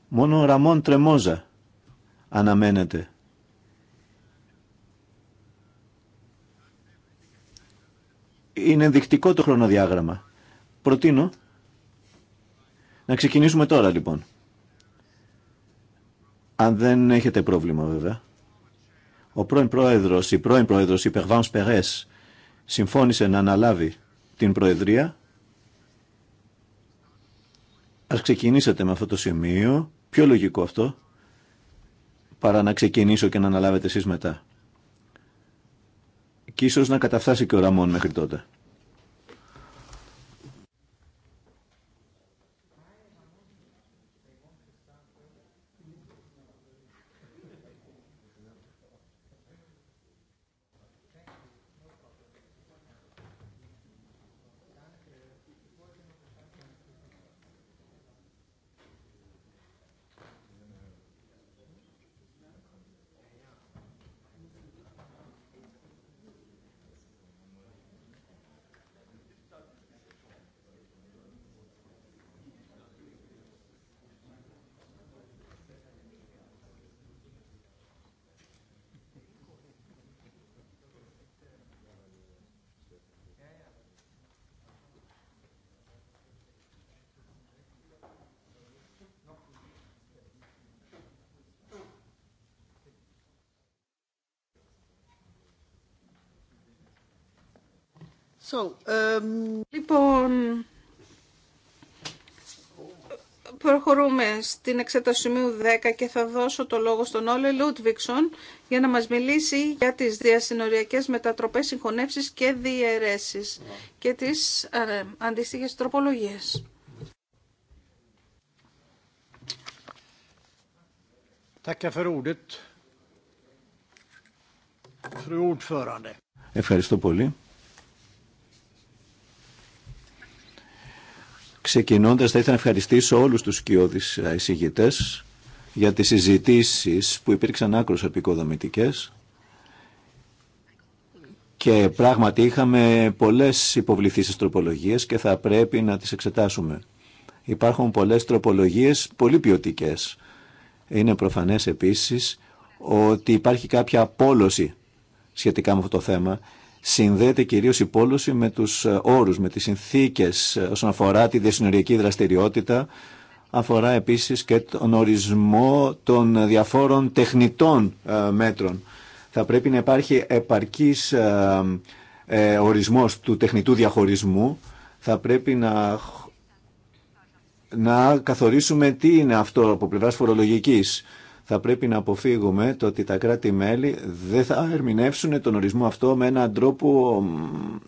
μόνο ο Ραμόν Τρεμόζα αναμένεται. Είναι ενδεικτικό το χρονοδιάγραμμα. Προτείνω να ξεκινήσουμε τώρα λοιπόν. Αν δεν έχετε πρόβλημα βέβαια. Ο πρώην πρόεδρος, η πρώην πρόεδρος, η Περβάνς Περές, συμφώνησε να αναλάβει την προεδρία Ας ξεκινήσετε με αυτό το σημείο. Πιο λογικό αυτό, παρά να ξεκινήσω και να αναλάβετε εσείς μετά. Και ίσως να καταφτάσει και ο Ραμόν μέχρι τότε. Um, λοιπόν, προχωρούμε στην εξέταση 10 και θα δώσω το λόγο στον Όλε Λούτβικσον για να μας μιλήσει για τις διασυνοριακές μετατροπές συγχωνεύσεις και διαιρέσεις και τις ναι, αντίστοιχες τροπολογίες. Ευχαριστώ πολύ. Ξεκινώντας θα ήθελα να ευχαριστήσω όλους τους σκιώδεις ε, εισηγητές για τις συζητήσεις που υπήρξαν άκρως επικοδομητικές και πράγματι είχαμε πολλές υποβληθήσεις τροπολογίες και θα πρέπει να τις εξετάσουμε. Υπάρχουν πολλές τροπολογίες πολύ ποιοτικέ. Είναι προφανές επίσης ότι υπάρχει κάποια απόλωση σχετικά με αυτό το θέμα συνδέεται κυρίως η πόλωση με τους ε, όρους, με τις συνθήκες ε, όσον αφορά τη διασυνοριακή δραστηριότητα, αφορά επίσης και τον ορισμό των διαφόρων τεχνητών ε, μέτρων. Θα πρέπει να υπάρχει επαρκής ορισμός του τεχνητού διαχωρισμού, θα πρέπει να, να καθορίσουμε τι είναι αυτό από πλευράς φορολογικής θα πρέπει να αποφύγουμε το ότι τα κράτη-μέλη δεν θα ερμηνεύσουν τον ορισμό αυτό με έναν τρόπο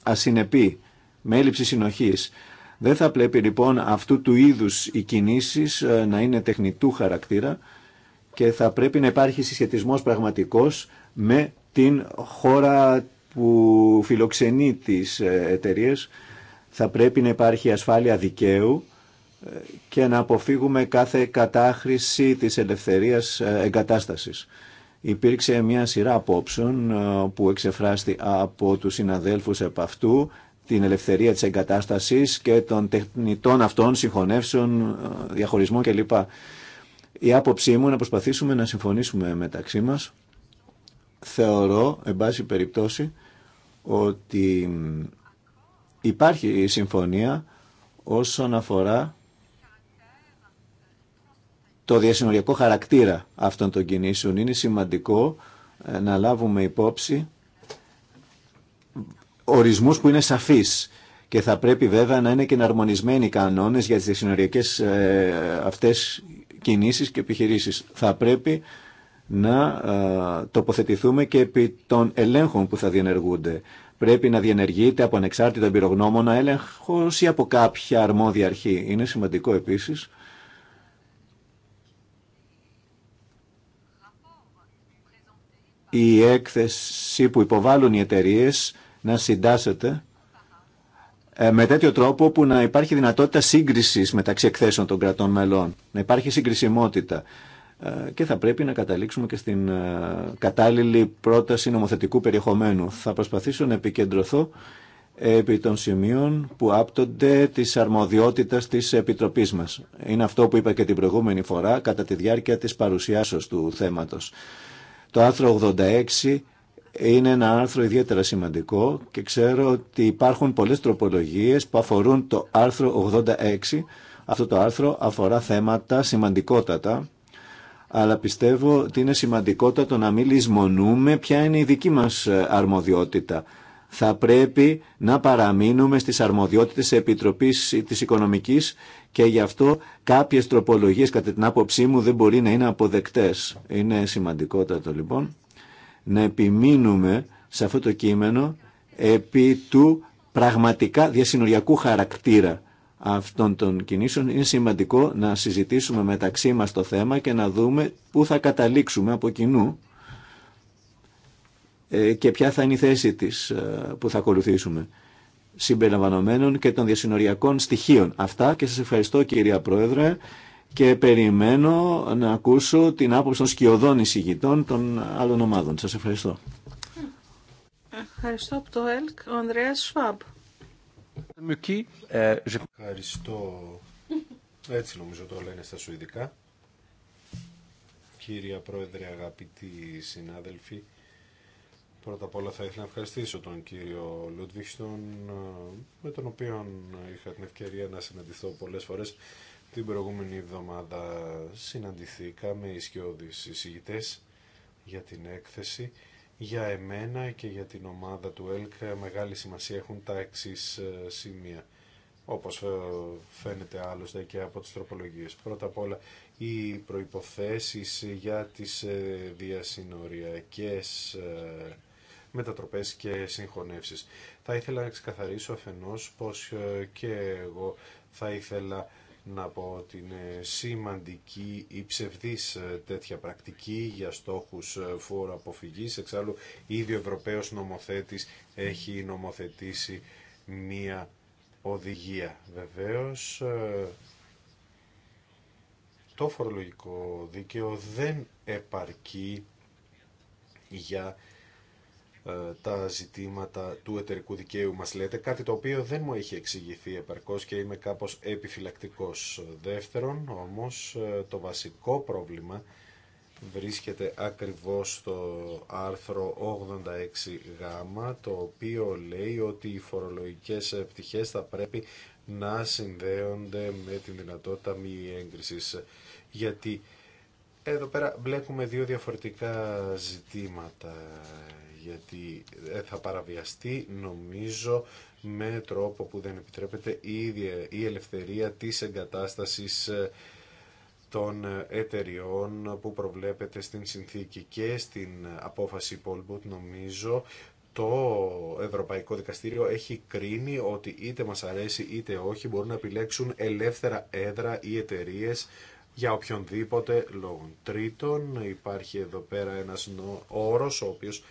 ασυνεπή, με έλλειψη συνοχής. Δεν θα πρέπει λοιπόν αυτού του είδους οι κινήσεις ε, να είναι τεχνητού χαρακτήρα και θα πρέπει να υπάρχει συσχετισμός πραγματικός με την χώρα που φιλοξενεί τις ε, εταιρείε. Θα πρέπει να υπάρχει ασφάλεια δικαίου και να αποφύγουμε κάθε κατάχρηση της ελευθερίας ε, εγκατάστασης. Υπήρξε μια σειρά απόψεων ε, που εξεφράστη από τους συναδέλφους επ' αυτού την ελευθερία της εγκατάστασης και των τεχνητών αυτών συγχωνεύσεων, ε, διαχωρισμών κλπ. Η άποψή μου να προσπαθήσουμε να συμφωνήσουμε μεταξύ μας. Θεωρώ, εν πάση περιπτώσει, ότι υπάρχει συμφωνία όσον αφορά το διασυνοριακό χαρακτήρα αυτών των κινήσεων. Είναι σημαντικό ε, να λάβουμε υπόψη ορισμούς που είναι σαφείς και θα πρέπει βέβαια να είναι και εναρμονισμένοι οι κανόνες για τις διασυνοριακές ε, αυτές κινήσεις και επιχειρήσεις. Θα πρέπει να ε, τοποθετηθούμε και επί των ελέγχων που θα διενεργούνται. Πρέπει να διενεργείται από ανεξάρτητο εμπειρογνώμονα έλεγχος ή από κάποια αρμόδια αρχή. Είναι σημαντικό επίσης η έκθεση που υποβάλλουν οι εταιρείε να συντάσσεται ε, με τέτοιο τρόπο που να υπάρχει δυνατότητα σύγκρισης μεταξύ εκθέσεων των κρατών μελών, να υπάρχει συγκρισιμότητα ε, και θα πρέπει να καταλήξουμε και στην ε, κατάλληλη πρόταση νομοθετικού περιεχομένου. Θα προσπαθήσω να επικεντρωθώ επί των σημείων που άπτονται της αρμοδιότητας της Επιτροπής μας. Είναι αυτό που είπα και την προηγούμενη φορά κατά τη διάρκεια της παρουσιάσεως του θέματο. Το άρθρο 86 είναι ένα άρθρο ιδιαίτερα σημαντικό και ξέρω ότι υπάρχουν πολλές τροπολογίες που αφορούν το άρθρο 86. Αυτό το άρθρο αφορά θέματα σημαντικότατα, αλλά πιστεύω ότι είναι σημαντικότατο να μην λησμονούμε ποια είναι η δική μας αρμοδιότητα θα πρέπει να παραμείνουμε στις αρμοδιότητες της Επιτροπής της Οικονομικής και γι' αυτό κάποιες τροπολογίες κατά την άποψή μου δεν μπορεί να είναι αποδεκτές. Είναι σημαντικότατο λοιπόν να επιμείνουμε σε αυτό το κείμενο επί του πραγματικά διασυνοριακού χαρακτήρα αυτών των κινήσεων. Είναι σημαντικό να συζητήσουμε μεταξύ μας το θέμα και να δούμε πού θα καταλήξουμε από κοινού ε, και ποια θα είναι η θέση της ε, που θα ακολουθήσουμε συμπεριλαμβανομένων και των διασυνοριακών στοιχείων. Αυτά και σας ευχαριστώ κυρία Πρόεδρε και περιμένω να ακούσω την άποψη των σκιωδών εισηγητών των άλλων ομάδων. Σας ευχαριστώ. Ευχαριστώ από το ΕΛΚ. Ο Ανδρέας Σφάμπ. Ευχαριστώ. Έτσι νομίζω το λένε στα Σουηδικά. Κύρια Πρόεδρε, αγαπητοί συνάδελφοι, Πρώτα απ' όλα θα ήθελα να ευχαριστήσω τον κύριο Λούτβιχστον, ε, με τον οποίο είχα την ευκαιρία να συναντηθώ πολλές φορές. Την προηγούμενη εβδομάδα συναντηθήκαμε οι σκιώδεις συζητές για την έκθεση. Για εμένα και για την ομάδα του ΕΛΚ ε, μεγάλη σημασία έχουν τα εξή ε, σημεία όπως φαίνεται άλλωστε και από τις τροπολογίες. Πρώτα απ' όλα οι προϋποθέσεις για τις διασυνοριακές μετατροπές και συγχωνεύσεις. Θα ήθελα να ξεκαθαρίσω αφενός πως ε, και εγώ θα ήθελα να πω ότι είναι σημαντική η ψευδής ε, τέτοια πρακτική για στόχους ε, φόρου αποφυγής. Εξάλλου, ήδη ο Ευρωπαίος νομοθέτης έχει νομοθετήσει μία οδηγία. Βεβαίως, το φορολογικό δίκαιο δεν επαρκεί για ε, τα ζητήματα του εταιρικού δικαίου μας λέτε, κάτι το οποίο δεν μου έχει εξηγηθεί επαρκώς και είμαι κάπως επιφυλακτικός. Δεύτερον, όμως, ε, το βασικό πρόβλημα βρίσκεται ακριβώς στο άρθρο 86 γάμα το οποίο λέει ότι οι φορολογικές πτυχές θα πρέπει να συνδέονται με την δυνατότητα μη έγκρισης. Γιατί εδώ πέρα βλέπουμε δύο διαφορετικά ζητήματα γιατί ε, θα παραβιαστεί νομίζω με τρόπο που δεν επιτρέπεται η, η ελευθερία της εγκατάστασης ε, των εταιριών που προβλέπεται στην συνθήκη και στην απόφαση Πολμπούτ νομίζω το Ευρωπαϊκό Δικαστήριο έχει κρίνει ότι είτε μας αρέσει είτε όχι μπορούν να επιλέξουν ελεύθερα έδρα ή εταιρείε για οποιονδήποτε λόγο. Τρίτον, υπάρχει εδώ πέρα ένας όρος ο οποίος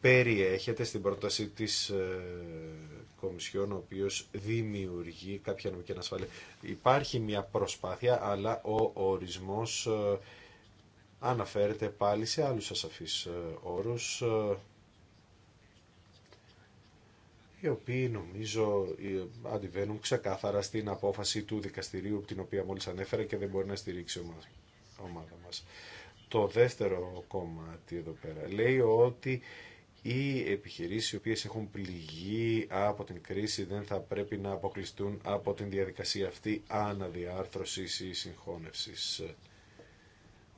περιέχεται στην πρόταση της ε, Κομισιόν, ο οποίο δημιουργεί κάποια νομική ανασφάλεια. Υπάρχει μια προσπάθεια, αλλά ο ορισμός ε, αναφέρεται πάλι σε άλλους ασαφείς ε, όρους, οι οποίοι νομίζω αντιβαίνουν ξεκάθαρα στην απόφαση του δικαστηρίου την οποία μόλις ανέφερα και δεν μπορεί να στηρίξει ομάδα μας. Το δεύτερο κομμάτι εδώ πέρα λέει ότι οι επιχειρήσεις οι οποίες έχουν πληγεί από την κρίση δεν θα πρέπει να αποκλειστούν από την διαδικασία αυτή αναδιάρθρωσης ή συγχώνευσης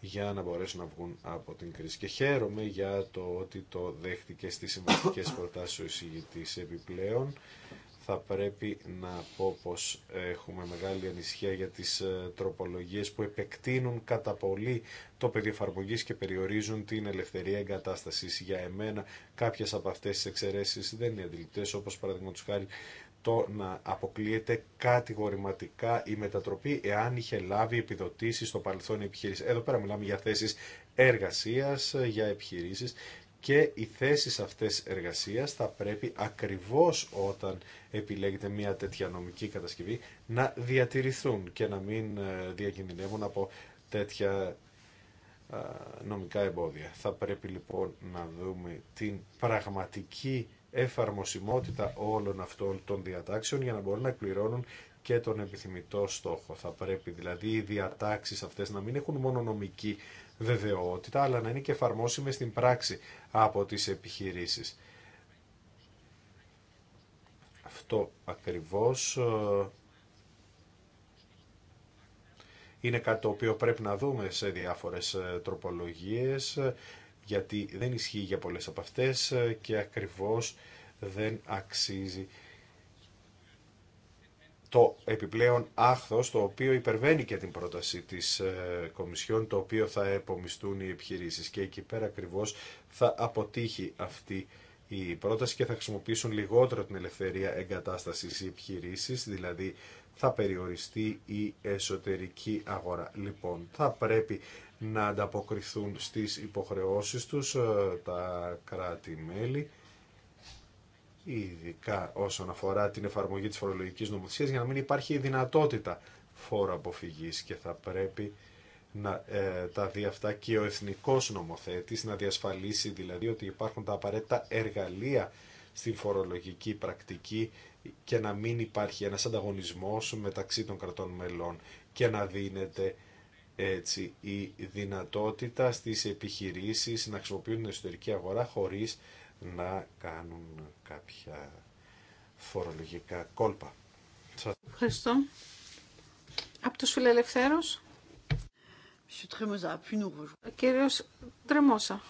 για να μπορέσουν να βγουν από την κρίση. Και χαίρομαι για το ότι το δέχτηκε στις συμβατικές προτάσεις ο εισηγητής επιπλέον θα πρέπει να πω πως έχουμε μεγάλη ανησυχία για τις ε, τροπολογίες που επεκτείνουν κατά πολύ το πεδίο εφαρμογή και περιορίζουν την ελευθερία εγκατάστασης. Για εμένα κάποιες από αυτές τις εξαιρέσεις δεν είναι αντιληπτές, όπως του χάρη το να αποκλείεται κατηγορηματικά η μετατροπή εάν είχε λάβει επιδοτήσει στο παρελθόν η επιχείρηση. Εδώ πέρα μιλάμε για θέσεις εργασίας, για επιχειρήσεις και οι θέσεις αυτές εργασίας θα πρέπει ακριβώς όταν επιλέγεται μια τέτοια νομική κατασκευή να διατηρηθούν και να μην ε, διακινδυνεύουν από τέτοια νομικά εμπόδια. Θα πρέπει λοιπόν να δούμε την πραγματική εφαρμοσιμότητα όλων αυτών των διατάξεων για να μπορούν να εκπληρώνουν και τον επιθυμητό στόχο. Θα πρέπει δηλαδή οι διατάξεις αυτές να μην έχουν μόνο νομική βεβαιότητα, αλλά να είναι και εφαρμόσιμες στην πράξη από τις επιχειρήσεις. Αυτό ακριβώς ε, είναι κάτι το οποίο πρέπει να δούμε σε διάφορες ε, τροπολογίες, ε, γιατί δεν ισχύει για πολλές από αυτές και ακριβώς δεν αξίζει το επιπλέον άχθος το οποίο υπερβαίνει και την πρόταση της ε, Κομισιόν το οποίο θα επομιστούν οι επιχειρήσεις και εκεί πέρα ακριβώς θα αποτύχει αυτή η πρόταση και θα χρησιμοποιήσουν λιγότερο την ελευθερία εγκατάστασης οι επιχειρήσεις δηλαδή θα περιοριστεί η εσωτερική αγορά. Λοιπόν, θα πρέπει να ανταποκριθούν στις υποχρεώσεις τους ε, τα κράτη-μέλη ειδικά όσον αφορά την εφαρμογή της φορολογικής νομοθεσίας για να μην υπάρχει δυνατότητα φόρο αποφυγής και θα πρέπει να ε, τα δει αυτά και ο εθνικός νομοθέτης να διασφαλίσει δηλαδή ότι υπάρχουν τα απαραίτητα εργαλεία στην φορολογική πρακτική και να μην υπάρχει ένας ανταγωνισμός μεταξύ των κρατών μελών και να δίνεται έτσι η δυνατότητα στις επιχειρήσεις να χρησιμοποιούν την εσωτερική αγορά χωρίς να κάνουν κάποια φορολογικά κόλπα. Ευχαριστώ. Από τους φιλελευθέρους. Ο κύριος Τρεμόσα.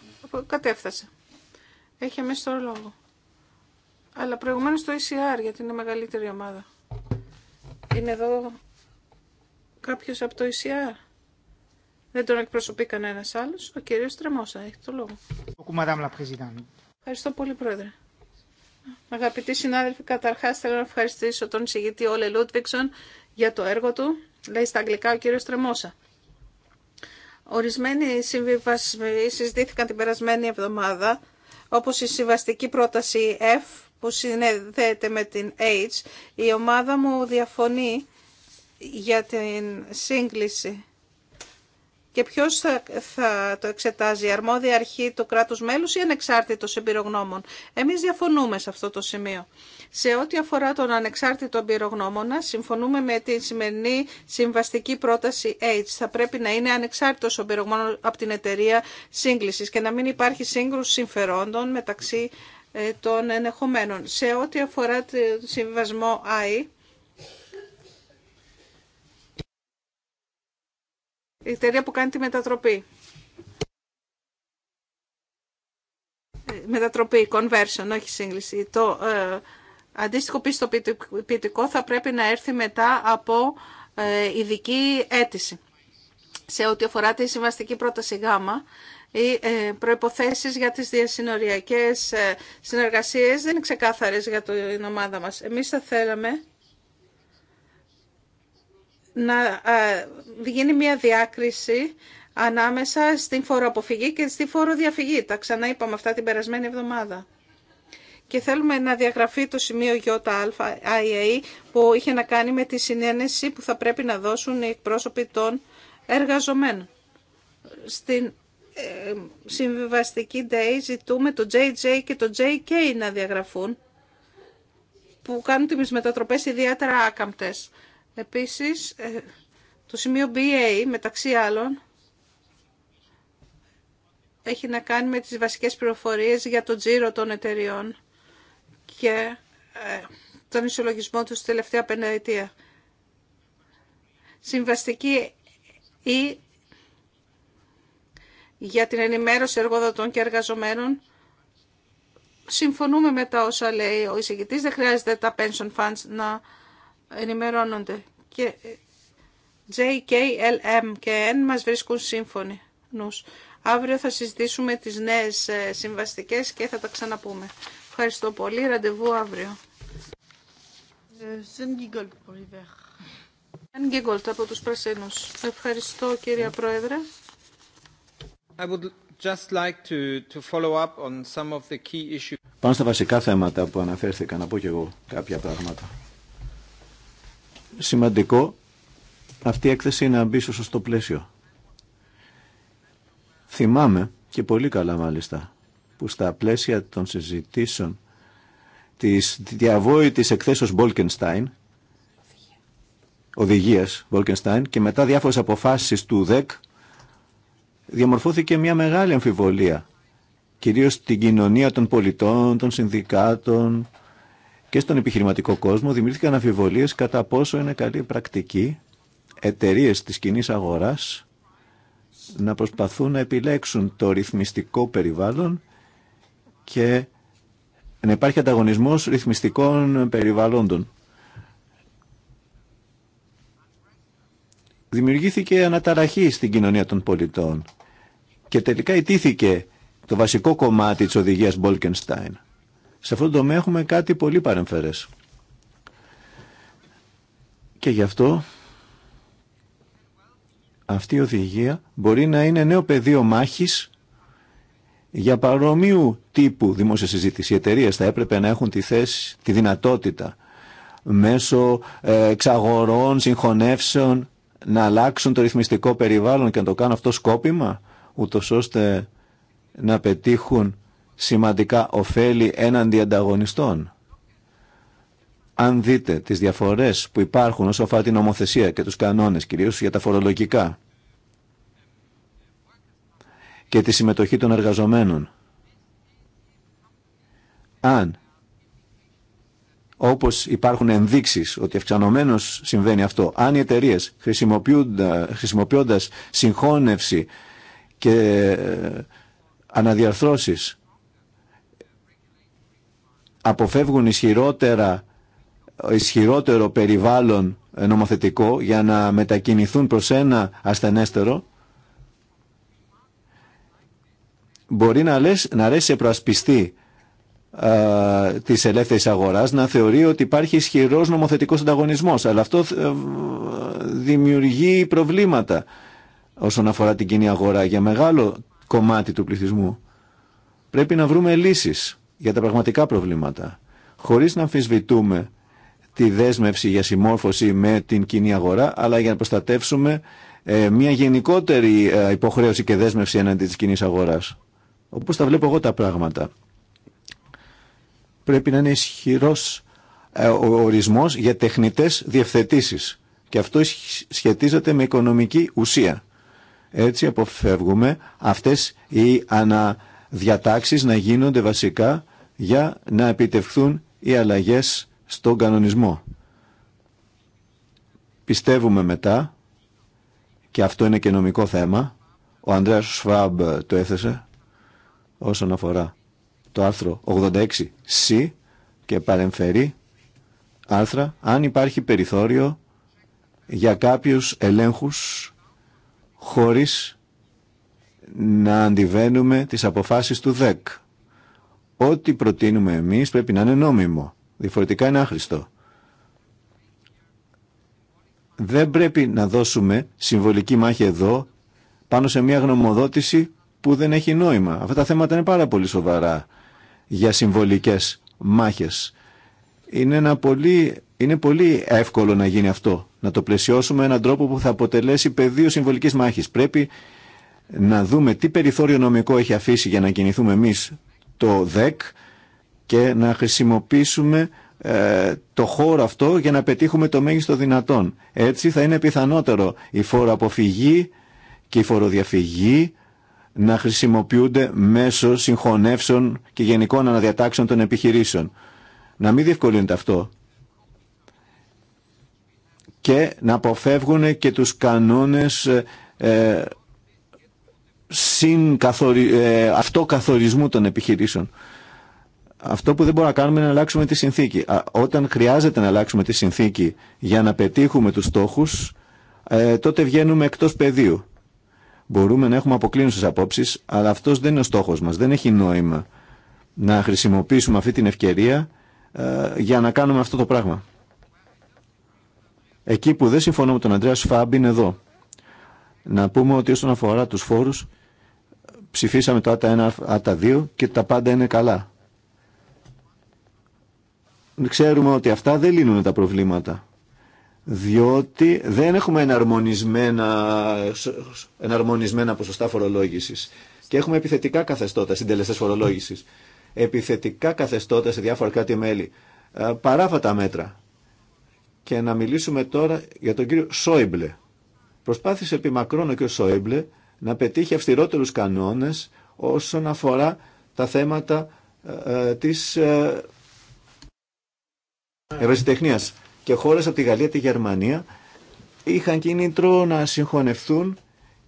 Κατέφτασε. Έχει αμέσως το λόγο. Αλλά προηγουμένως το ECR γιατί είναι μεγαλύτερη ομάδα. Είναι εδώ κάποιος από το ECR. Δεν τον εκπροσωπεί κανένας άλλος. Ο κύριος Τρεμόσα έχει το λόγο. Ευχαριστώ πολύ, Πρόεδρε. Αγαπητοί συνάδελφοι, καταρχάς θέλω να ευχαριστήσω τον συγγητή Όλε Λούτβιξον για το έργο του. Λέει στα αγγλικά ο κύριος Τρεμόσα. Ορισμένοι συμβιβασμοί συζητήθηκαν την περασμένη εβδομάδα, όπως η συμβαστική πρόταση F που συνδέεται με την H. Η ομάδα μου διαφωνεί για την σύγκληση και ποιος θα, το εξετάζει, η αρμόδια αρχή του κράτους μέλους ή ανεξάρτητος εμπειρογνώμων. Εμείς διαφωνούμε σε αυτό το σημείο. Σε ό,τι αφορά τον ανεξάρτητο εμπειρογνώμονα, συμφωνούμε με τη σημερινή συμβαστική πρόταση H. Θα πρέπει να είναι ανεξάρτητος ο εμπειρογνώμονα από την εταιρεία σύγκλησης και να μην υπάρχει σύγκρουση συμφερόντων μεταξύ ε, των ενεχομένων. Σε ό,τι αφορά τον συμβασμό I, η εταιρεία που κάνει τη μετατροπή. Ε, μετατροπή, conversion, όχι σύγκληση. Το ε, αντίστοιχο πιστοποιητικό θα πρέπει να έρθει μετά από ε, ειδική αίτηση. Σε ό,τι αφορά τη συμβαστική πρόταση γάμα, οι προϋποθέσεις για τις διασυνοριακές συνεργασίες δεν είναι ξεκάθαρες για την ομάδα μας. Εμείς θα θέλαμε να ε, γίνει μια διάκριση ανάμεσα στην φοροαποφυγή και στη φοροδιαφυγή. Τα ξανά είπαμε αυτά την περασμένη εβδομάδα. Και θέλουμε να διαγραφεί το σημείο ΙΑΙΑ που είχε να κάνει με τη συνένεση που θα πρέπει να δώσουν οι εκπρόσωποι των εργαζομένων. Στην ε, συμβιβαστική day ζητούμε το JJ και το JK να διαγραφούν που κάνουν τις μετατροπές ιδιαίτερα άκαμπτες Επίσης, ε, το σημείο BA, μεταξύ άλλων, έχει να κάνει με τις βασικές πληροφορίες για το τζίρο των εταιριών και ε, τον ισολογισμό τους τελευταία πενταετία. Συμβαστική ή e για την ενημέρωση εργοδοτών και εργαζομένων. Συμφωνούμε με τα όσα λέει ο εισηγητής. Δεν χρειάζεται τα pension funds να ενημερώνονται. Και ε, J, K, L, M και N μας βρίσκουν σύμφωνοι. Αύριο θα συζητήσουμε τις νέες ε, συμβαστικές και θα τα ξαναπούμε. Ευχαριστώ πολύ. Ραντεβού αύριο. Δεν Γκίγκολτ από τους Πρασίνους. Ευχαριστώ κύριε Πρόεδρε. I just like to, follow Πάνω στα βασικά θέματα που αναφέρθηκαν να πω και εγώ κάποια πράγματα σημαντικό αυτή η έκθεση να μπει στο σωστό πλαίσιο. Θυμάμαι και πολύ καλά μάλιστα που στα πλαίσια των συζητήσεων της διαβόητης εκθέσεως Μπόλκενστάιν οδηγίας Βολκενστάιν και μετά διάφορες αποφάσεις του ΔΕΚ διαμορφώθηκε μια μεγάλη αμφιβολία κυρίως στην κοινωνία των πολιτών, των συνδικάτων, και στον επιχειρηματικό κόσμο δημιουργήθηκαν αμφιβολίε κατά πόσο είναι καλή πρακτική εταιρείε της κοινή αγοράς να προσπαθούν να επιλέξουν το ρυθμιστικό περιβάλλον και να υπάρχει ανταγωνισμός ρυθμιστικών περιβαλλόντων. Δημιουργήθηκε αναταραχή στην κοινωνία των πολιτών και τελικά ιτήθηκε το βασικό κομμάτι της οδηγίας Μπολκενστάιν σε αυτό το τομέα έχουμε κάτι πολύ παρεμφερές. Και γι' αυτό αυτή η οδηγία μπορεί να είναι νέο πεδίο μάχης για παρομοίου τύπου δημόσια συζήτηση. Οι εταιρείε θα έπρεπε να έχουν τη θέση, τη δυνατότητα μέσω ε, εξαγορών, συγχωνεύσεων να αλλάξουν το ρυθμιστικό περιβάλλον και να το κάνουν αυτό σκόπιμα ούτως ώστε να πετύχουν σημαντικά ωφέλη έναντι ανταγωνιστών. Αν δείτε τις διαφορές που υπάρχουν όσο αφορά την νομοθεσία και τους κανόνες, κυρίως για τα φορολογικά και τη συμμετοχή των εργαζομένων, αν όπως υπάρχουν ενδείξεις ότι αυξανωμένως συμβαίνει αυτό, αν οι εταιρείε χρησιμοποιώντας συγχώνευση και ε, αναδιαρθρώσεις αποφεύγουν ισχυρότερα, ισχυρότερο περιβάλλον ε, νομοθετικό για να μετακινηθούν προς ένα ασθενέστερο, μπορεί να, λες, να αρέσει σε προασπιστή ε, της ελεύθερης αγοράς να θεωρεί ότι υπάρχει ισχυρός νομοθετικός ανταγωνισμός. Αλλά αυτό ε, δημιουργεί προβλήματα όσον αφορά την κοινή αγορά για μεγάλο κομμάτι του πληθυσμού. Πρέπει να βρούμε λύσεις για τα πραγματικά προβλήματα, χωρίς να αμφισβητούμε τη δέσμευση για συμμόρφωση με την κοινή αγορά, αλλά για να προστατεύσουμε ε, μια γενικότερη ε, υποχρέωση και δέσμευση έναντι της κοινή αγοράς. Όπως τα βλέπω εγώ τα πράγματα. Πρέπει να είναι ισχυρός ε, ο ορισμός για τεχνητές διευθετήσεις. Και αυτό σχετίζεται με οικονομική ουσία. Έτσι αποφεύγουμε αυτές οι αναδιατάξεις να γίνονται βασικά για να επιτευχθούν οι αλλαγές στον κανονισμό. Πιστεύουμε μετά, και αυτό είναι και νομικό θέμα, ο Ανδρέας Σφάμπ το έθεσε όσον αφορά το άρθρο 86C και παρεμφερεί άρθρα αν υπάρχει περιθώριο για κάποιους ελέγχους χωρίς να αντιβαίνουμε τις αποφάσεις του ΔΕΚ ό,τι προτείνουμε εμείς πρέπει να είναι νόμιμο. Διαφορετικά είναι άχρηστο. Δεν πρέπει να δώσουμε συμβολική μάχη εδώ πάνω σε μια γνωμοδότηση που δεν έχει νόημα. Αυτά τα θέματα είναι πάρα πολύ σοβαρά για συμβολικές μάχες. Είναι, πολύ, είναι πολύ εύκολο να γίνει αυτό. Να το πλαισιώσουμε έναν τρόπο που θα αποτελέσει πεδίο συμβολικής μάχης. Πρέπει να δούμε τι περιθώριο νομικό έχει αφήσει για να κινηθούμε εμείς το ΔΕΚ και να χρησιμοποιήσουμε ε, το χώρο αυτό για να πετύχουμε το μέγιστο δυνατόν. Έτσι θα είναι πιθανότερο η φοροαποφυγή και η φοροδιαφυγή να χρησιμοποιούνται μέσω συγχωνεύσεων και γενικών αναδιατάξεων των επιχειρήσεων. Να μην διευκολύνεται αυτό. Και να αποφεύγουν και τους κανόνες ε, ε, καθορι... ε, αυτοκαθορισμού των επιχειρήσεων. Αυτό που δεν μπορούμε να κάνουμε είναι να αλλάξουμε τη συνθήκη. Όταν χρειάζεται να αλλάξουμε τη συνθήκη για να πετύχουμε τους στόχους, ε, τότε βγαίνουμε εκτός πεδίου. Μπορούμε να έχουμε αποκλίνουσες απόψεις, αλλά αυτός δεν είναι ο στόχος μας. Δεν έχει νόημα να χρησιμοποιήσουμε αυτή την ευκαιρία ε, για να κάνουμε αυτό το πράγμα. Εκεί που δεν συμφωνώ με τον Αντρέα Σφάμπ είναι εδώ. Να πούμε ότι όσον αφορά τους φόρους, ψηφίσαμε το ΑΤΑ 1, ΑΤΑ 2 και τα πάντα είναι καλά. Ξέρουμε ότι αυτά δεν λύνουν τα προβλήματα. Διότι δεν έχουμε εναρμονισμένα, εναρμονισμένα ποσοστά φορολόγηση. και έχουμε επιθετικά καθεστώτα, συντελεστές φορολόγηση. επιθετικά καθεστώτα σε διάφορα κράτη-μέλη, ε, τα μέτρα. Και να μιλήσουμε τώρα για τον κύριο Σόιμπλε. Προσπάθησε επί μακρόν ο κύριο Σόιμπλε να πετύχει αυστηρότερους κανόνες όσον αφορά τα θέματα ε, ε της ε, Και χώρες από τη Γαλλία, τη Γερμανία είχαν κίνητρο να συγχωνευτούν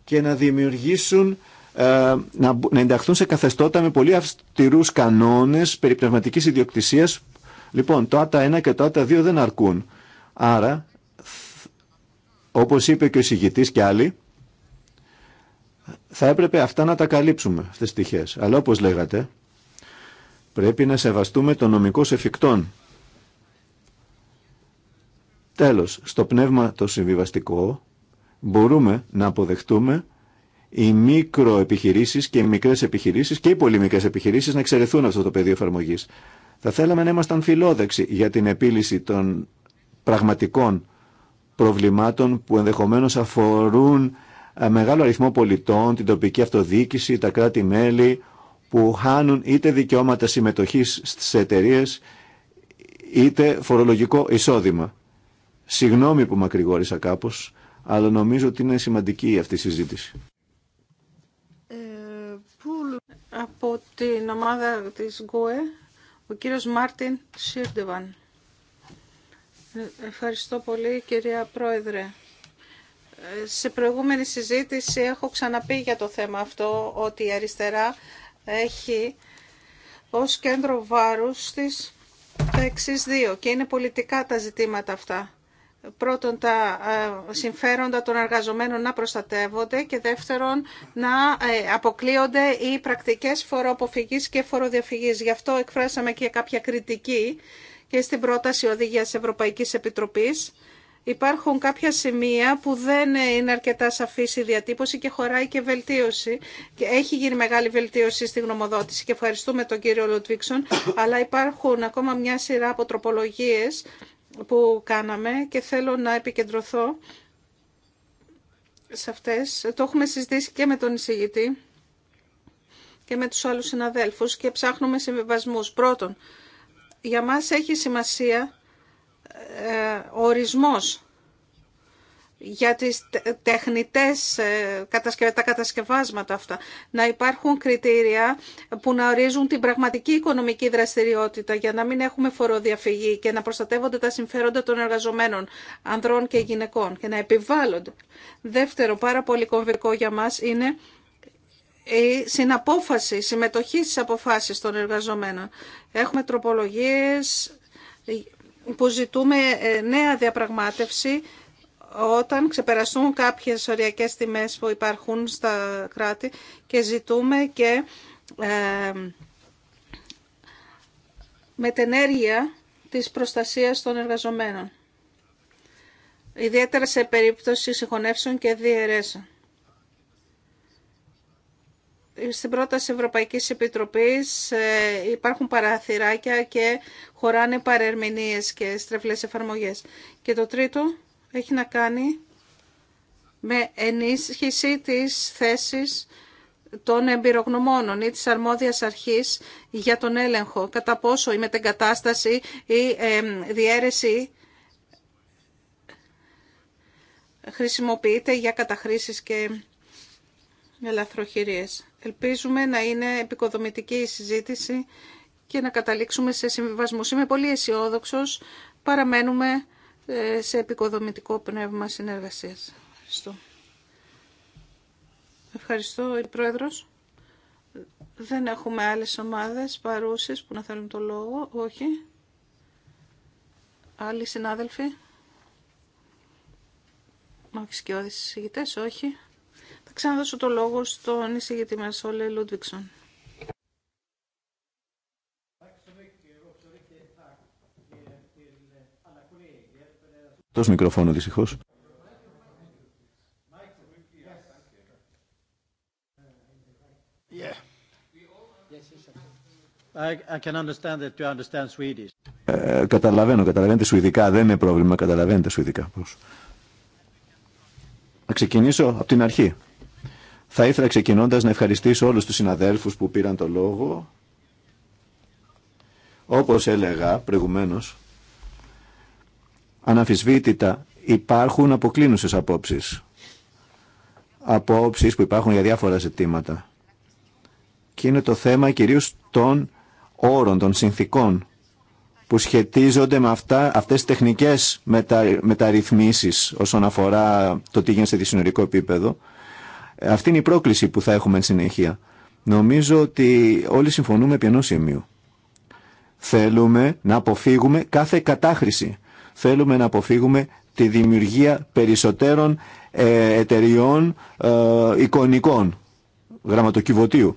και να δημιουργήσουν ε, να, να ενταχθούν σε καθεστώτα με πολύ αυστηρούς κανόνες περί πνευματικής ιδιοκτησίας. Λοιπόν, το άτα 1 και το άτα 2 δεν αρκούν. Άρα, όπως είπε και ο συγητής και άλλοι, θα έπρεπε αυτά να τα καλύψουμε, αυτές τις τυχές. Αλλά όπως λέγατε, πρέπει να σεβαστούμε το νομικό σεφικτόν. Τέλος, στο πνεύμα το συμβιβαστικό μπορούμε να αποδεχτούμε οι μικροεπιχειρήσεις και οι μικρές επιχειρήσεις και οι πολύ μικρές επιχειρήσεις να εξαιρεθούν αυτό το πεδίο εφαρμογή. Θα θέλαμε να ήμασταν φιλόδεξοι για την επίλυση των πραγματικών προβλημάτων που ενδεχομένως αφορούν ε, μεγάλο αριθμό πολιτών, την τοπική αυτοδιοίκηση, τα κράτη-μέλη που χάνουν είτε δικαιώματα συμμετοχής στις εταιρείε είτε φορολογικό εισόδημα. Συγγνώμη που μακρηγόρησα κάπως, αλλά νομίζω ότι είναι σημαντική αυτή η συζήτηση. Ε, που, από την ομάδα της Γοέ ο κύριος Μάρτιν Σίρντεβαν. Ε, ευχαριστώ πολύ κυρία Πρόεδρε. Σε προηγούμενη συζήτηση έχω ξαναπεί για το θέμα αυτό ότι η αριστερά έχει ως κέντρο βάρους της τα εξή δύο και είναι πολιτικά τα ζητήματα αυτά. Πρώτον, τα ε, συμφέροντα των εργαζομένων να προστατεύονται και δεύτερον, να ε, αποκλείονται οι πρακτικές φοροαποφυγής και φοροδιαφυγής. Γι' αυτό εκφράσαμε και κάποια κριτική και στην πρόταση οδηγίας Ευρωπαϊκής Επιτροπής υπάρχουν κάποια σημεία που δεν είναι αρκετά σαφή η διατύπωση και χωράει και βελτίωση. Και έχει γίνει μεγάλη βελτίωση στη γνωμοδότηση και ευχαριστούμε τον κύριο Λουτβίξον, αλλά υπάρχουν ακόμα μια σειρά από τροπολογίες που κάναμε και θέλω να επικεντρωθώ σε αυτές. Το έχουμε συζητήσει και με τον εισηγητή και με τους άλλους συναδέλφους και ψάχνουμε συμβιβασμούς. Πρώτον, για μας έχει σημασία ε, ορισμός για τις τεχνητές, ε, τα κατασκευάσματα αυτά. Να υπάρχουν κριτήρια που να ορίζουν την πραγματική οικονομική δραστηριότητα για να μην έχουμε φοροδιαφυγή και να προστατεύονται τα συμφέροντα των εργαζομένων, ανδρών και γυναικών και να επιβάλλονται. Δεύτερο, πάρα πολύ κομβικό για μας είναι η συναπόφαση, η συμμετοχή στις αποφάσεις των εργαζομένων. Έχουμε τροπολογίες που ζητούμε ε, νέα διαπραγμάτευση όταν ξεπεραστούν κάποιες οριακές τιμές που υπάρχουν στα κράτη και ζητούμε και ε, με μετενέργεια της προστασίας των εργαζομένων. Ιδιαίτερα σε περίπτωση συγχωνεύσεων και διαιρέσεων στην πρόταση Ευρωπαϊκής Επιτροπής ε, υπάρχουν παραθυράκια και χωράνε παρερμηνίες και στρεφλές εφαρμογές. Και το τρίτο έχει να κάνει με ενίσχυση της θέσης των εμπειρογνωμόνων ή της αρμόδιας αρχής για τον έλεγχο, κατά πόσο η μετεγκατάσταση ή διαίρεση χρησιμοποιείται για καταχρήσεις και ελαφροχειρίες. Ελπίζουμε να είναι επικοδομητική η συζήτηση και να καταλήξουμε σε συμβιβασμούς. Είμαι πολύ αισιόδοξο. Παραμένουμε ε, σε επικοδομητικό πνεύμα συνεργασίας. Ευχαριστώ. Ευχαριστώ, η Πρόεδρος. Δεν έχουμε άλλες ομάδες παρούσες που να θέλουν το λόγο. Όχι. Άλλοι συνάδελφοι. Μα σκιώδεις όχι. Θα ξαναδώσω το λόγο στον εισηγητή μας, Όλε Λούντβικσον. Τόσο μικροφόνο δυστυχώς. I can understand that you understand Swedish. Ε, καταλαβαίνω, καταλαβαίνετε σουηδικά, δεν είναι πρόβλημα, καταλαβαίνετε σουηδικά. Να ξεκινήσω από την αρχή. Θα ήθελα ξεκινώντα να ευχαριστήσω όλου του συναδέλφου που πήραν το λόγο. όπω έλεγα προηγουμένω, αναμφισβήτητα υπάρχουν αποκλίνουσες απόψει, απόψει που υπάρχουν για διάφορα ζητήματα. Και είναι το θέμα κυρίω των όρων, των συνθήκων που σχετίζονται με αυτά, αυτές τις τεχνικές μεταρρυθμίσεις όσον αφορά το τι γίνεται σε δυσυνορικό επίπεδο αυτή είναι η πρόκληση που θα έχουμε εν συνεχεία. Νομίζω ότι όλοι συμφωνούμε επί ενός σημείου. Θέλουμε να αποφύγουμε κάθε κατάχρηση. Θέλουμε να αποφύγουμε τη δημιουργία περισσότερων ε, εταιριών ε, εικονικών γραμματοκιβωτίου.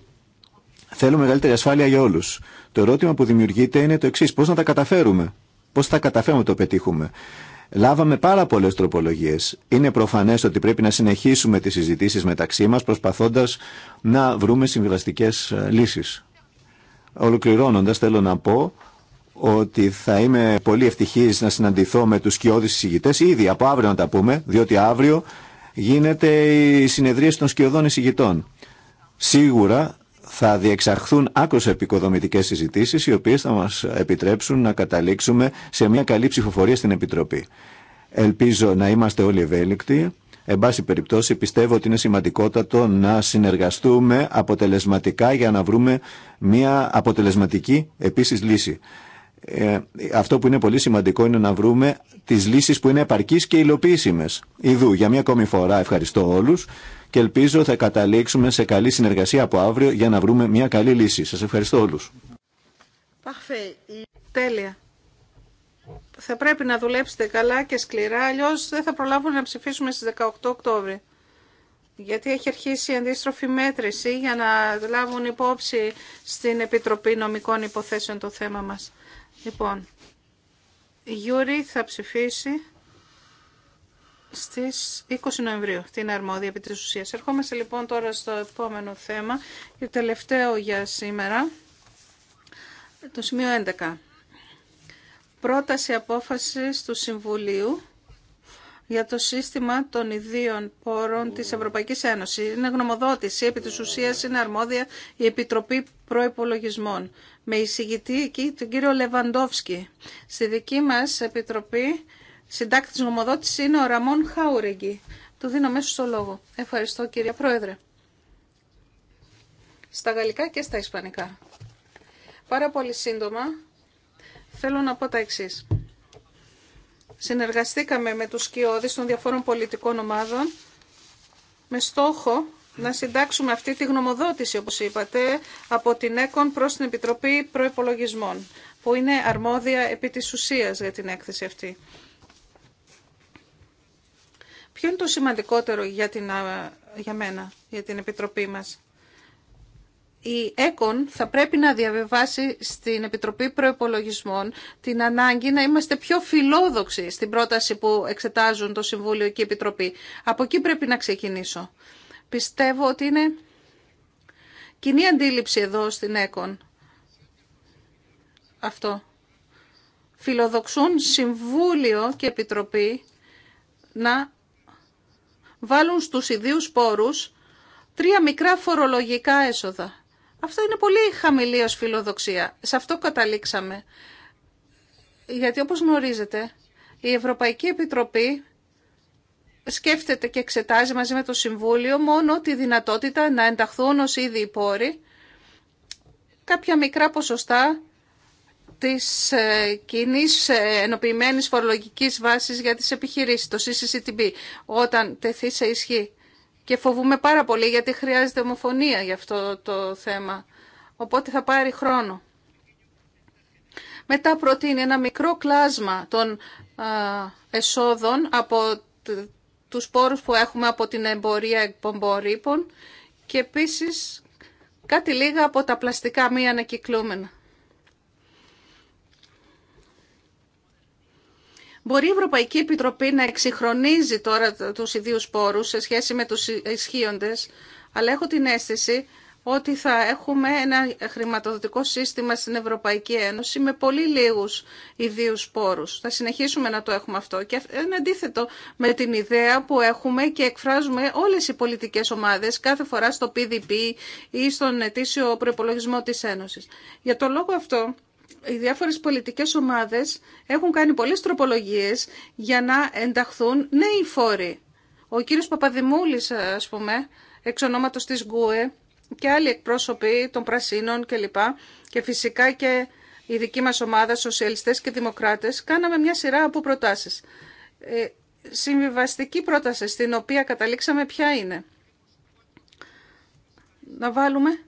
Θέλουμε μεγαλύτερη ασφάλεια για όλους. Το ερώτημα που δημιουργείται είναι το εξής. Πώς να τα καταφέρουμε. Πώς θα καταφέρουμε να το πετύχουμε. Λάβαμε πάρα πολλέ τροπολογίε. Είναι προφανέ ότι πρέπει να συνεχίσουμε τι συζητήσει μεταξύ μα προσπαθώντα να βρούμε συμβιβαστικέ ε, λύσει. Ολοκληρώνοντα, θέλω να πω ότι θα είμαι πολύ ευτυχή να συναντηθώ με του σκιώδει εισηγητέ ήδη από αύριο να τα πούμε, διότι αύριο γίνεται η συνεδρίαση των σκιωδών εισηγητών. Σίγουρα θα διεξαχθούν άκρως επικοδομητικές συζητήσεις οι οποίες θα μας επιτρέψουν να καταλήξουμε σε μια καλή ψηφοφορία στην Επιτροπή. Ελπίζω να είμαστε όλοι ευέλικτοι. Εν πάση περιπτώσει πιστεύω ότι είναι σημαντικότατο να συνεργαστούμε αποτελεσματικά για να βρούμε μια αποτελεσματική επίσης λύση. Ε, αυτό που είναι πολύ σημαντικό είναι να βρούμε τι λύσει που είναι επαρκεί και υλοποιήσιμε. Ιδού, για μια ακόμη φορά ευχαριστώ όλου και ελπίζω θα καταλήξουμε σε καλή συνεργασία από αύριο για να βρούμε μια καλή λύση. Σα ευχαριστώ όλους. Τέλεια. Θα πρέπει να δουλέψετε καλά και σκληρά, αλλιώ δεν θα προλάβουμε να ψηφίσουμε στι 18 Οκτώβρη. Γιατί έχει αρχίσει η αντίστροφη μέτρηση για να λάβουν υπόψη στην Επιτροπή Νομικών Υποθέσεων το θέμα μας. Λοιπόν, η Γιούρη θα ψηφίσει στις 20 Νοεμβρίου, την αρμόδια επί της ουσίας. Ερχόμαστε λοιπόν τώρα στο επόμενο θέμα, το τελευταίο για σήμερα, το σημείο 11. Πρόταση απόφασης του Συμβουλίου για το σύστημα των ιδίων πόρων της Ευρωπαϊκής Ένωσης. Είναι γνωμοδότηση, επί της ουσίας είναι αρμόδια η Επιτροπή Προϋπολογισμών. Με εισηγητή εκεί τον κύριο Λεβαντόφσκι. Στη δική μας Επιτροπή συντάκτης γνωμοδότηση είναι ο Ραμόν Χάουρεγγι. Του δίνω μέσω στο λόγο. Ευχαριστώ κύριε Πρόεδρε. Στα γαλλικά και στα ισπανικά. Πάρα πολύ σύντομα θέλω να πω τα συνεργαστήκαμε με τους σκιώδεις των διαφόρων πολιτικών ομάδων με στόχο να συντάξουμε αυτή τη γνωμοδότηση, όπως είπατε, από την ΕΚΟΝ προς την Επιτροπή Προεπολογισμών, που είναι αρμόδια επί της ουσίας για την έκθεση αυτή. Ποιο είναι το σημαντικότερο για, την, για μένα, για την Επιτροπή μας η ΕΚΟΝ θα πρέπει να διαβεβάσει στην Επιτροπή Προεπολογισμών την ανάγκη να είμαστε πιο φιλόδοξοι στην πρόταση που εξετάζουν το Συμβούλιο και η Επιτροπή. Από εκεί πρέπει να ξεκινήσω. Πιστεύω ότι είναι κοινή αντίληψη εδώ στην ΕΚΟΝ. Αυτό. Φιλοδοξούν Συμβούλιο και Επιτροπή να βάλουν στους ιδίους πόρους τρία μικρά φορολογικά έσοδα αυτό είναι πολύ χαμηλή ως φιλοδοξία. Σε αυτό καταλήξαμε. Γιατί όπως γνωρίζετε, η Ευρωπαϊκή Επιτροπή σκέφτεται και εξετάζει μαζί με το Συμβούλιο μόνο τη δυνατότητα να ενταχθούν ως ήδη οι κάποια μικρά ποσοστά της ε, κοινή ε, ενοποιημένης φορολογικής βάσης για τις επιχειρήσεις, το CCCTB, όταν τεθεί σε ισχύ και φοβούμε πάρα πολύ γιατί χρειάζεται ομοφωνία για αυτό το θέμα. Οπότε θα πάρει χρόνο. Μετά προτείνει ένα μικρό κλάσμα των εσόδων από τους σπόρους που έχουμε από την εμπορία εκπομπορήπων και επίσης κάτι λίγα από τα πλαστικά μη ανακυκλούμενα. Μπορεί η Ευρωπαϊκή Επιτροπή να εξυγχρονίζει τώρα τους ιδίους πόρους σε σχέση με τους ισχύοντες, αλλά έχω την αίσθηση ότι θα έχουμε ένα χρηματοδοτικό σύστημα στην Ευρωπαϊκή Ένωση με πολύ λίγους ιδίους πόρους. Θα συνεχίσουμε να το έχουμε αυτό και είναι αντίθετο με την ιδέα που έχουμε και εκφράζουμε όλες οι πολιτικές ομάδες κάθε φορά στο PDP ή στον ετήσιο προπολογισμό της Ένωσης. Για τον λόγο αυτό οι διάφορες πολιτικές ομάδες έχουν κάνει πολλές τροπολογίες για να ενταχθούν νέοι φόροι. Ο κύριος Παπαδημούλης, ας πούμε, εξ ονόματος της ΓΚΟΕ και άλλοι εκπρόσωποι των Πρασίνων κλπ. Και φυσικά και η δική μας ομάδα, σοσιαλιστές και δημοκράτες, κάναμε μια σειρά από προτάσεις. Ε, συμβιβαστική πρόταση στην οποία καταλήξαμε ποια είναι. Να βάλουμε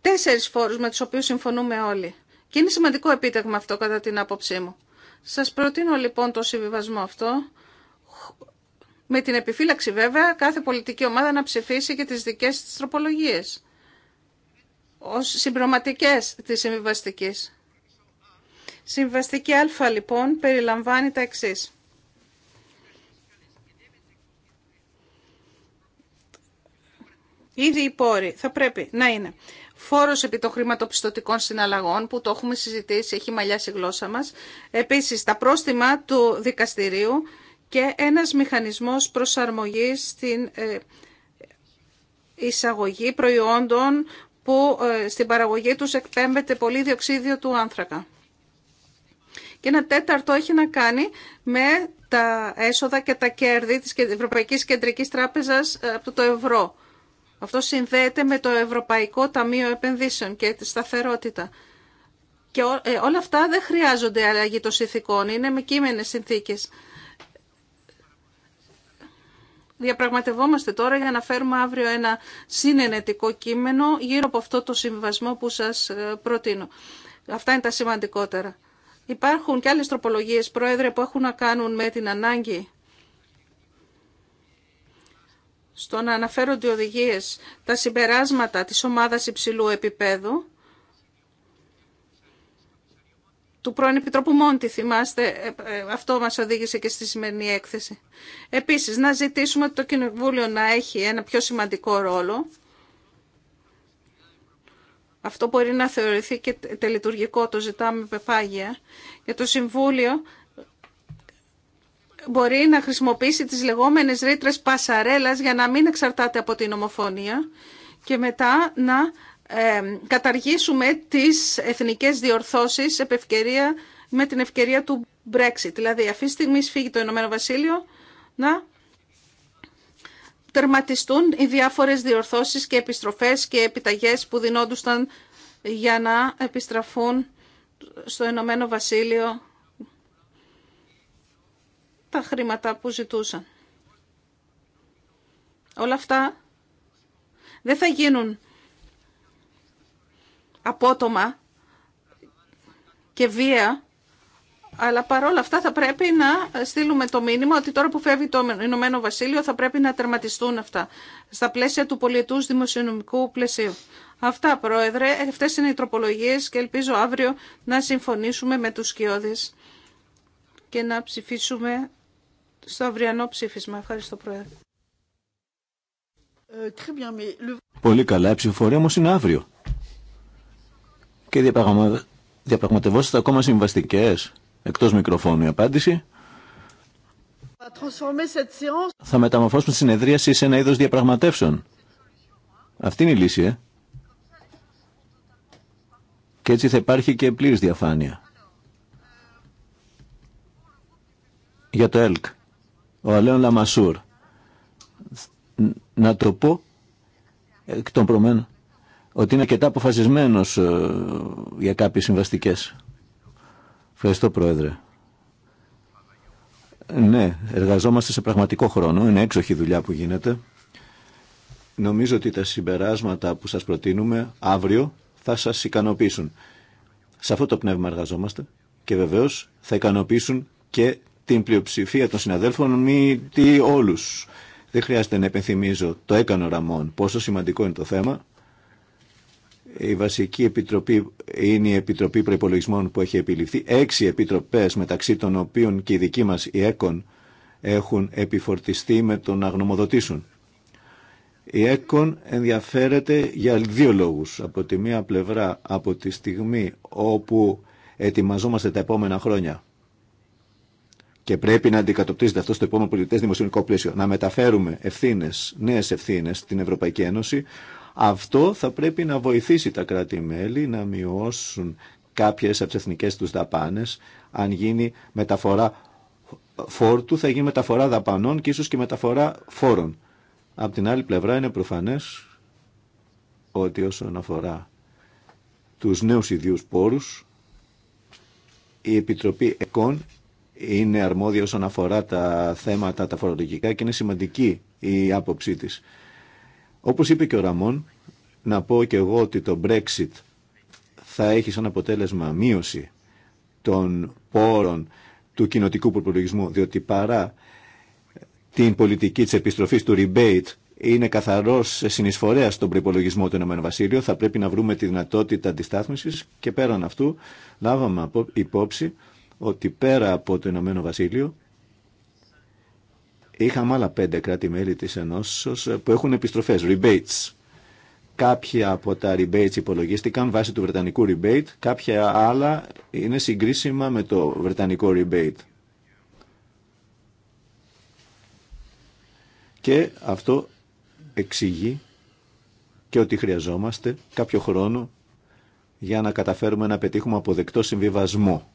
τέσσερις φόρους με τους οποίους συμφωνούμε όλοι. Και είναι σημαντικό επίτευγμα αυτό κατά την άποψή μου. Σας προτείνω λοιπόν το συμβιβασμό αυτό, με την επιφύλαξη βέβαια κάθε πολιτική ομάδα να ψηφίσει και τις δικές της τροπολογίες ως συμπροματικές της συμβιβαστική. Συμβαστική α λοιπόν περιλαμβάνει τα εξής. Ήδη οι πόροι θα πρέπει να είναι φόρος επί των χρηματοπιστωτικών συναλλαγών που το έχουμε συζητήσει, έχει μαλλιάσει η γλώσσα μας, επίσης τα πρόστιμα του δικαστηρίου και ένας μηχανισμός προσαρμογής στην ε, εισαγωγή προϊόντων που ε, στην παραγωγή τους εκπέμπεται πολύ διοξίδιο του άνθρακα. Και ένα τέταρτο έχει να κάνει με τα έσοδα και τα κέρδη της Ευρωπαϊκής Κεντρικής Τράπεζας ε, από το ευρώ. Αυτό συνδέεται με το Ευρωπαϊκό Ταμείο Επενδύσεων και τη σταθερότητα. Και ε, όλα αυτά δεν χρειάζονται αλλαγή των συνθήκων, είναι με κείμενες συνθήκες. Διαπραγματευόμαστε τώρα για να φέρουμε αύριο ένα συνενετικό κείμενο γύρω από αυτό το συμβασμό που σας ε, προτείνω. Αυτά είναι τα σημαντικότερα. Υπάρχουν και άλλες τροπολογίες, Πρόεδρε, που έχουν να κάνουν με την ανάγκη στο να αναφέρονται οι οδηγίες, τα συμπεράσματα της ομάδας υψηλού επίπεδου, του πρώην Επιτρόπου Μόντι, θυμάστε, ε, ε, αυτό μας οδήγησε και στη σημερινή έκθεση. Επίσης, να ζητήσουμε το Κοινοβούλιο να έχει ένα πιο σημαντικό ρόλο. Αυτό μπορεί να θεωρηθεί και τελειτουργικό, το ζητάμε πεφάγια, Για το Συμβούλιο μπορεί να χρησιμοποιήσει τις λεγόμενες ρήτρες πασαρέλας για να μην εξαρτάται από την ομοφωνία και μετά να καταργήσουμε τις εθνικές διορθώσεις με την ευκαιρία του Brexit. Δηλαδή αυτή τη στιγμή το Ηνωμένο Βασίλειο να τερματιστούν οι διάφορες διορθώσεις και επιστροφές και επιταγές που δινόντουσαν για να επιστραφούν στο Ηνωμένο Βασίλειο τα χρήματα που ζητούσαν. Όλα αυτά δεν θα γίνουν απότομα και βία, αλλά παρόλα αυτά θα πρέπει να στείλουμε το μήνυμα ότι τώρα που φεύγει το Ηνωμένο Βασίλειο θα πρέπει να τερματιστούν αυτά στα πλαίσια του πολιετούς δημοσιονομικού πλαισίου. Αυτά, Πρόεδρε, αυτές είναι οι τροπολογίες και ελπίζω αύριο να συμφωνήσουμε με τους σκιώδες και να ψηφίσουμε στο αυριανό ψήφισμα. Ευχαριστώ, Πρόεδρε. Ε, Πολύ καλά. Η ψηφοφορία όμω είναι αύριο. Και διαπραγμα... ακόμα συμβαστικέ. Εκτό μικροφώνου η απάντηση. Θα μεταμορφώσουμε τη συνεδρίαση σε ένα είδο διαπραγματεύσεων. Αυτή είναι η λύση, ε. Και έτσι θα υπάρχει και πλήρης διαφάνεια. Για το ΕΛΚ ο Αλέων Λαμασούρ. Να το πω εκ των προμένων ότι είναι αρκετά αποφασισμένο ε, για κάποιες συμβαστικές. Ευχαριστώ Πρόεδρε. Ναι, εργαζόμαστε σε πραγματικό χρόνο. Είναι έξοχη δουλειά που γίνεται. Νομίζω ότι τα συμπεράσματα που σας προτείνουμε αύριο θα σας ικανοποιήσουν. Σε αυτό το πνεύμα εργαζόμαστε και βεβαίως θα ικανοποιήσουν και την πλειοψηφία των συναδέλφων, μη τι όλους. Δεν χρειάζεται να επενθυμίζω, το έκανε ο Ραμόν, πόσο σημαντικό είναι το θέμα. Η βασική επιτροπή είναι η Επιτροπή Προπολογισμών που έχει επιληφθεί. Έξι επιτροπές μεταξύ των οποίων και η δική μας η ΕΚΟΝ έχουν επιφορτιστεί με το να γνωμοδοτήσουν. Η ΕΚΟΝ ενδιαφέρεται για δύο λόγους. Από τη μία πλευρά, από τη στιγμή όπου ετοιμαζόμαστε τα επόμενα χρόνια και πρέπει να αντικατοπτρίζεται αυτό στο επόμενο πολιτέ δημοσιονομικό πλαίσιο. Να μεταφέρουμε ευθύνε, νέε ευθύνε στην Ευρωπαϊκή Ένωση. Αυτό θα πρέπει να βοηθήσει τα κράτη-μέλη να μειώσουν κάποιε από τι εθνικέ του δαπάνε. Αν γίνει μεταφορά φόρτου, θα γίνει μεταφορά δαπανών και ίσω και μεταφορά φόρων. Από την άλλη πλευρά είναι προφανέ ότι όσον αφορά τους νέους ιδίους πόρους, η Επιτροπή ΕΚΟΝ είναι αρμόδια όσον αφορά τα θέματα τα φορολογικά και είναι σημαντική η άποψή της. Όπως είπε και ο Ραμόν, να πω και εγώ ότι το Brexit θα έχει σαν αποτέλεσμα μείωση των πόρων του κοινοτικού προπολογισμού, διότι παρά την πολιτική της επιστροφής του rebate είναι καθαρός συνεισφορέας στον προπολογισμό του ΕΒ. θα πρέπει να βρούμε τη δυνατότητα αντιστάθμισης και πέραν αυτού λάβαμε υπόψη ότι πέρα από το Ηνωμένο Βασίλειο είχαμε άλλα πέντε κράτη-μέλη της Ενώσεως που έχουν επιστροφές, rebates. Κάποια από τα rebates υπολογίστηκαν βάσει του βρετανικού rebate, κάποια άλλα είναι συγκρίσιμα με το βρετανικό rebate. Και αυτό εξηγεί και ότι χρειαζόμαστε κάποιο χρόνο για να καταφέρουμε να πετύχουμε αποδεκτό συμβιβασμό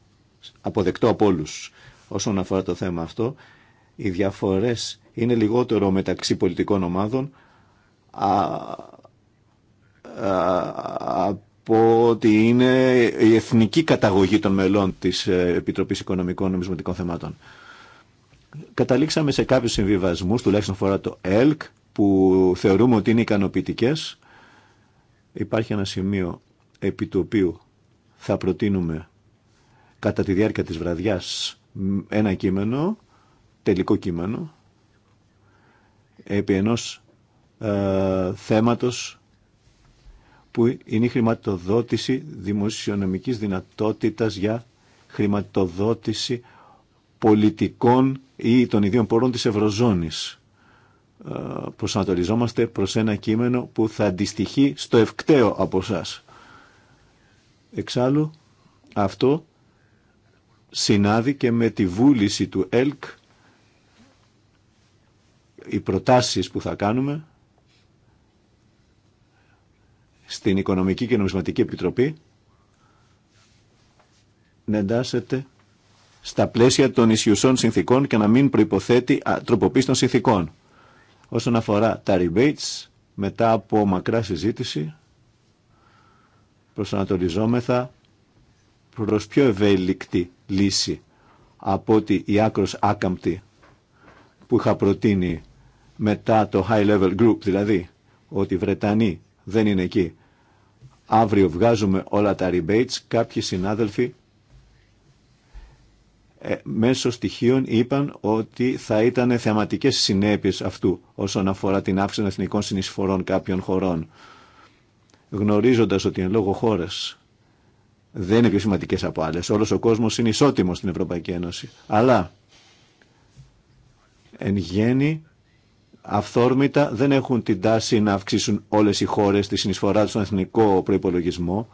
αποδεκτό από όλους όσον αφορά το θέμα αυτό. Οι διαφορές είναι λιγότερο μεταξύ πολιτικών ομάδων από ότι είναι η εθνική καταγωγή των μελών της ε, Επιτροπής Οικονομικών Νομισματικών Θεμάτων. Καταλήξαμε σε κάποιους συμβιβασμούς, τουλάχιστον φορά το ΕΛΚ, που θεωρούμε ότι είναι ικανοποιητικέ. Υπάρχει ένα σημείο επί του οποίου θα προτείνουμε κατά τη διάρκεια της βραδιάς ένα κείμενο, τελικό κείμενο, επί ενός ε, θέματος που είναι η χρηματοδότηση δημοσιονομικής δυνατότητας για χρηματοδότηση πολιτικών ή των ιδίων πόρων της Ευρωζώνης. Ε, προσανατολιζόμαστε προς ένα κείμενο που θα αντιστοιχεί στο ευκταίο από εσά. Εξάλλου, αυτό συνάδει και με τη βούληση του ΕΛΚ οι προτάσεις που θα κάνουμε στην Οικονομική και Νομισματική Επιτροπή να εντάσσεται στα πλαίσια των ισιουσών συνθήκων και να μην προϋποθέτει τροποποίηση των συνθήκων. Όσον αφορά τα rebates, μετά από μακρά συζήτηση, προσανατολιζόμεθα προς πιο ευέλικτη λύση από ότι η άκρος άκαμπτη που είχα προτείνει μετά το high level group, δηλαδή ότι οι Βρετανοί δεν είναι εκεί. Αύριο βγάζουμε όλα τα rebates, κάποιοι συνάδελφοι ε, μέσω στοιχείων είπαν ότι θα ήταν θεματικές συνέπειες αυτού όσον αφορά την αύξηση των εθνικών συνεισφορών κάποιων χωρών. Γνωρίζοντας ότι εν λόγω χώρες δεν είναι πιο σημαντικές από άλλες. Όλος ο κόσμος είναι ισότιμος στην Ευρωπαϊκή Ένωση. Αλλά εν γέννη αυθόρμητα δεν έχουν την τάση να αυξήσουν όλες οι χώρες τη συνεισφορά στον εθνικό προϋπολογισμό.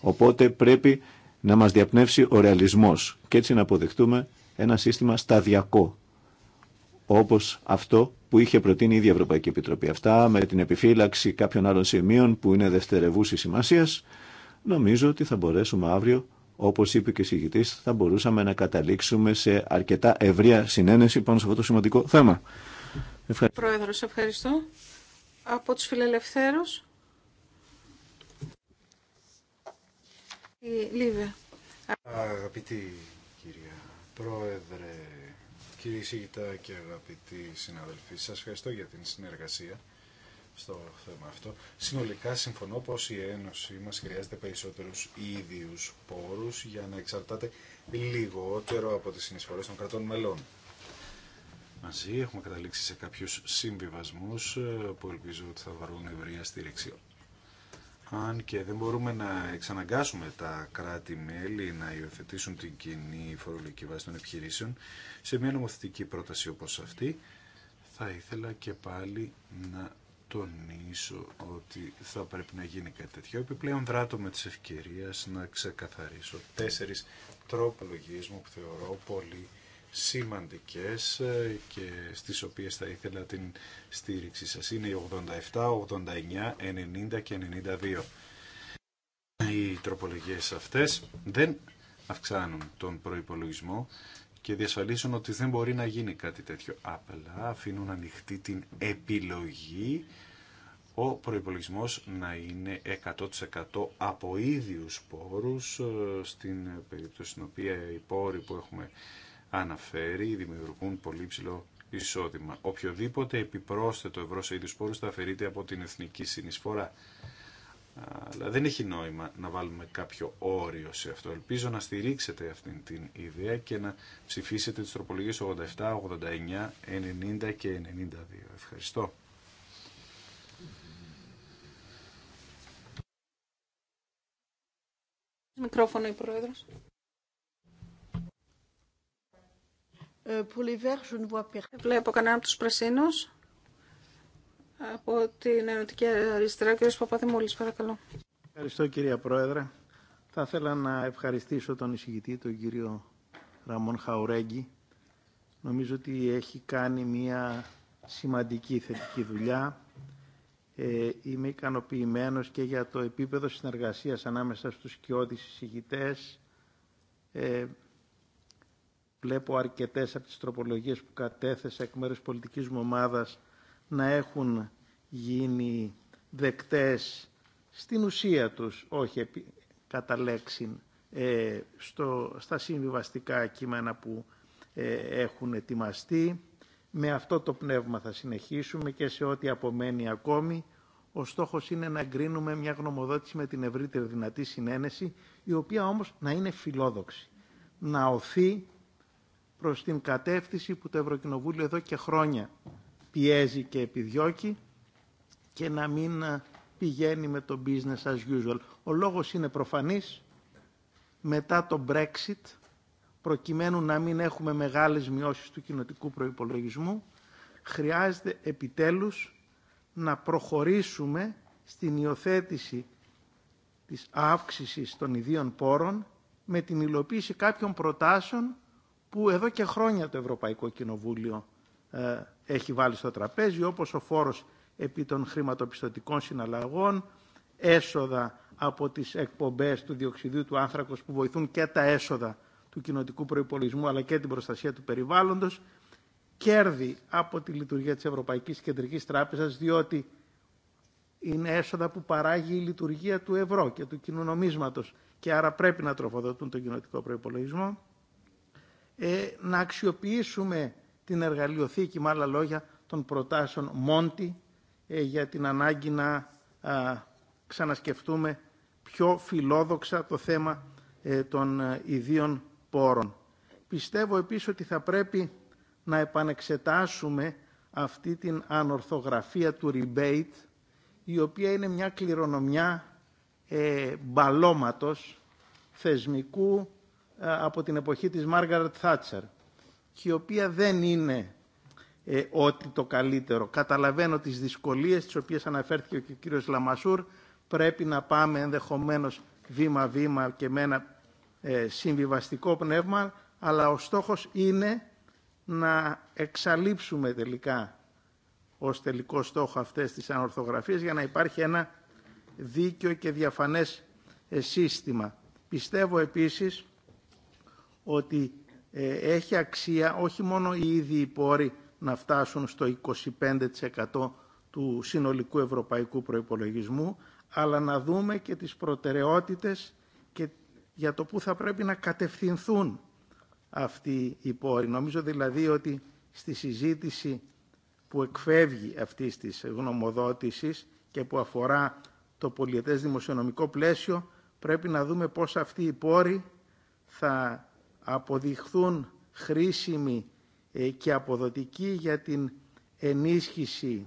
Οπότε πρέπει να μας διαπνεύσει ο ρεαλισμός και έτσι να αποδεχτούμε ένα σύστημα σταδιακό όπως αυτό που είχε προτείνει η ίδια Ευρωπαϊκή Επιτροπή. Αυτά με την επιφύλαξη κάποιων άλλων σημείων που είναι δευτερευούση σημασίας νομίζω ότι θα μπορέσουμε αύριο, όπως είπε και η θα μπορούσαμε να καταλήξουμε σε αρκετά ευρεία συνένεση πάνω σε αυτό το σημαντικό θέμα. Ευχαριστώ. Πρόεδρος, ευχαριστώ. Από τους φιλελευθέρους. Λίβε. Αγαπητή κυρία Πρόεδρε, κύριε Σίγητα και αγαπητοί συναδελφοί, σας ευχαριστώ για την συνεργασία στο θέμα αυτό. Συνολικά συμφωνώ πως η Ένωση μας χρειάζεται περισσότερους ίδιους πόρους για να εξαρτάται λιγότερο από τις συνεισφορές των κρατών μελών. Μαζί έχουμε καταλήξει σε κάποιους συμβιβασμούς ε, που ελπίζω ότι θα βαρούν ευρεία στήριξη. Αν και δεν μπορούμε να εξαναγκάσουμε τα κράτη-μέλη να υιοθετήσουν την κοινή φορολογική βάση των επιχειρήσεων, σε μια νομοθετική πρόταση όπως αυτή θα ήθελα και πάλι να τονίσω ότι θα πρέπει να γίνει κάτι τέτοιο. Επιπλέον δράτω με τις ευκαιρίες να ξεκαθαρίσω τέσσερις τροπολογίες μου που θεωρώ πολύ σημαντικές ε, και στις οποίες θα ήθελα την στήριξη σας. Είναι οι 87, 89, 90 και 92. Οι τροπολογίες αυτές δεν αυξάνουν τον προϋπολογισμό και διασφαλίσουν ότι δεν μπορεί να γίνει κάτι τέτοιο. Απλά αφήνουν ανοιχτή την επιλογή ο προϋπολογισμός να είναι 100% από ίδιους πόρους ε, στην περίπτωση στην οποία οι πόροι που έχουμε αναφέρει δημιουργούν πολύ ψηλό εισόδημα. Οποιοδήποτε επιπρόσθετο ευρώ σε ίδιους πόρους θα αφαιρείται από την εθνική συνεισφορά. Αλλά δεν έχει νόημα να βάλουμε κάποιο όριο σε αυτό. Ελπίζω να στηρίξετε αυτή την ιδέα και να ψηφίσετε τις τροπολογίες 87, 89, 90 και 92. Ευχαριστώ. Μικρόφωνο η Πρόεδρος. Ε, βλέπω κανένα από τους πρασίνους. Από την Ενωτική Αριστερά, κ. Παπαδημούλης, παρακαλώ. Ευχαριστώ κυρία Πρόεδρε. Θα ήθελα να ευχαριστήσω τον εισηγητή, τον κύριο Ραμόν Χαουρέγγι. Νομίζω ότι έχει κάνει μια σημαντική θετική δουλειά. Ε, είμαι ικανοποιημένο και για το επίπεδο συνεργασίας ανάμεσα στους κοιόδης εισηγητές. Ε, βλέπω αρκετές από τις τροπολογίες που κατέθεσα εκ μέρους πολιτικής μου ομάδας να έχουν γίνει δεκτές στην ουσία τους, όχι κατά λέξη, ε, στο, στα συμβιβαστικά κείμενα που ε, έχουν ετοιμαστεί. Με αυτό το πνεύμα θα συνεχίσουμε και σε ό,τι απομένει ακόμη. Ο στόχος είναι να εγκρίνουμε μια γνωμοδότηση με την ευρύτερη δυνατή συνένεση, η οποία όμως να είναι φιλόδοξη, να οθεί προς την κατεύθυνση που το Ευρωκοινοβούλιο εδώ και χρόνια πιέζει και επιδιώκει και να μην ε, πηγαίνει με το business as usual. Ο λόγος είναι προφανής. Μετά το Brexit, προκειμένου να μην έχουμε μεγάλες μειώσεις του κοινοτικού προϋπολογισμού, χρειάζεται επιτέλους να προχωρήσουμε στην υιοθέτηση της αύξησης των ιδίων πόρων με την υλοποίηση κάποιων προτάσεων που εδώ και χρόνια το Ευρωπαϊκό Κοινοβούλιο ε, έχει βάλει στο τραπέζι, όπως ο φόρος επί των χρηματοπιστωτικών συναλλαγών, έσοδα από τις εκπομπές του διοξιδίου του άνθρακος που βοηθούν και τα έσοδα του κοινοτικού προϋπολογισμού αλλά και την προστασία του περιβάλλοντος, κέρδη από τη λειτουργία της Ευρωπαϊκής Κεντρικής Τράπεζας διότι είναι έσοδα που παράγει η λειτουργία του ευρώ και του κοινού και άρα πρέπει να τροφοδοτούν τον κοινοτικό προϋπολογισμό. Ε, να αξιοποιήσουμε την εργαλειοθήκη με άλλα λόγια των προτάσεων Μόντι ε, για την ανάγκη να ξανασκεφτούμε πιο φιλόδοξα το θέμα ε, των ε, ιδίων πόρων. Πιστεύω επίσης ότι θα πρέπει να επανεξετάσουμε αυτή την ανορθογραφία του rebate η οποία είναι μια κληρονομιά ε, μπαλώματος θεσμικού από την εποχή της Μάργαρετ Thatcher και η οποία δεν είναι ε, ότι το καλύτερο. Καταλαβαίνω τις δυσκολίες τις οποίες αναφέρθηκε και ο κύριος Λαμασούρ. Πρέπει να πάμε ενδεχομένως βήμα-βήμα και με ένα ε, συμβιβαστικό πνεύμα, αλλά ο στόχος είναι να εξαλείψουμε τελικά ως τελικό στόχο αυτές τις ανορθογραφίες για να υπάρχει ένα δίκαιο και διαφανές ε, σύστημα. Πιστεύω επίσης ότι ε, έχει αξία όχι μόνο οι ίδιοι οι πόροι να φτάσουν στο 25% του συνολικού ευρωπαϊκού προϋπολογισμού, αλλά να δούμε και τις προτεραιότητες και για το πού θα πρέπει να κατευθυνθούν αυτοί οι πόροι. Νομίζω δηλαδή ότι στη συζήτηση που εκφεύγει δηλαδη οτι στη συζητηση που εκφευγει αυτή της γνωμοδότησης και που αφορά το πολιετές δημοσιονομικό πλαίσιο, πρέπει να δούμε πώς αυτοί οι πόροι θα αποδειχθούν χρήσιμοι ε, και αποδοτικοί για την ενίσχυση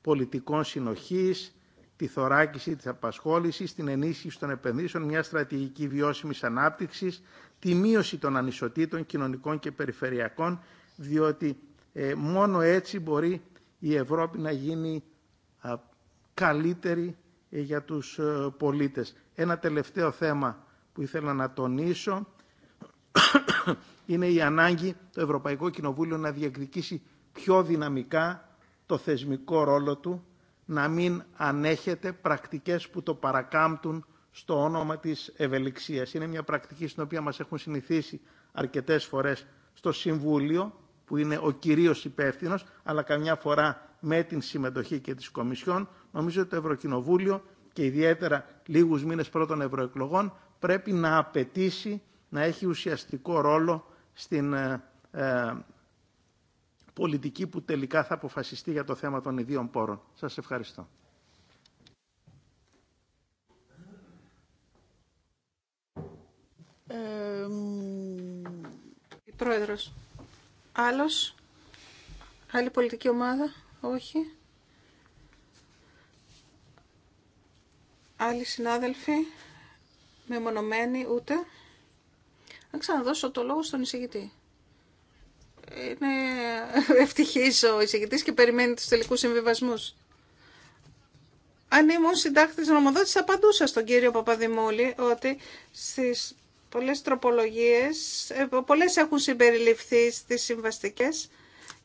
πολιτικών συνοχής, τη θωράκιση της απασχόλησης, την ενίσχυση των επενδύσεων, μια στρατηγική βιώσιμης ανάπτυξης, τη μείωση των ανισοτήτων κοινωνικών και περιφερειακών, διότι ε, μόνο έτσι μπορεί η Ευρώπη να γίνει καλύτερη ε, για τους ε, πολίτες. Ένα τελευταίο θέμα που ήθελα να τονίσω είναι η ανάγκη το Ευρωπαϊκό Κοινοβούλιο να διεκδικήσει πιο δυναμικά το θεσμικό ρόλο του, να μην ανέχεται πρακτικές που το παρακάμπτουν στο όνομα της ευελιξίας. Είναι μια πρακτική στην οποία μας έχουν συνηθίσει αρκετές φορές στο Συμβούλιο, που είναι ο κυρίως υπεύθυνο, αλλά καμιά φορά με την συμμετοχή και της Κομισιόν. Νομίζω ότι το Ευρωκοινοβούλιο και ιδιαίτερα λίγους μήνες πρώτων ευρωεκλογών πρέπει να απαιτήσει να έχει ουσιαστικό ρόλο στην ε, ε, πολιτική που τελικά θα αποφασιστεί για το θέμα των ιδίων πόρων. Σας ευχαριστώ. Ε, η πρόεδρος. Άλλος. Άλλη πολιτική ομάδα. Όχι. Άλλοι συνάδελφοι. Μεμονωμένοι ούτε να ξαναδώσω το λόγο στον εισηγητή. Είναι ευτυχής ο εισηγητή και περιμένει τους τελικούς συμβιβασμού. Αν ήμουν συντάκτη νομοδότη, απαντούσα στον κύριο Παπαδημούλη ότι στι πολλέ τροπολογίε, ε, πολλέ έχουν συμπεριληφθεί στι συμβαστικέ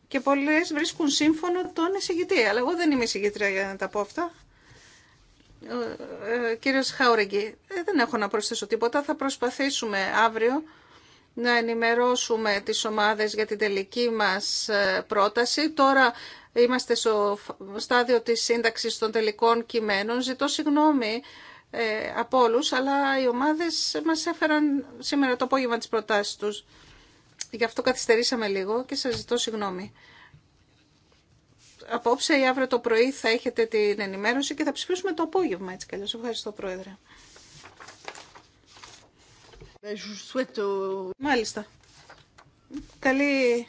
και πολλέ βρίσκουν σύμφωνο τον εισηγητή. Αλλά εγώ δεν είμαι εισηγητρία για να τα πω αυτά. Ε, ε, κύριος Χάουρεγγι, ε, δεν έχω να προσθέσω τίποτα. Θα προσπαθήσουμε αύριο να ενημερώσουμε τις ομάδες για την τελική μας πρόταση. Τώρα είμαστε στο στάδιο της σύνταξης των τελικών κειμένων. Ζητώ συγγνώμη από όλους, αλλά οι ομάδες μας έφεραν σήμερα το απόγευμα τις προτάσεις τους. Γι' αυτό καθυστερήσαμε λίγο και σας ζητώ συγγνώμη απόψε ή αύριο το πρωί θα έχετε την ενημέρωση και θα ψηφίσουμε το απόγευμα έτσι καλώς. Ευχαριστώ Πρόεδρε. Μάλιστα. Καλή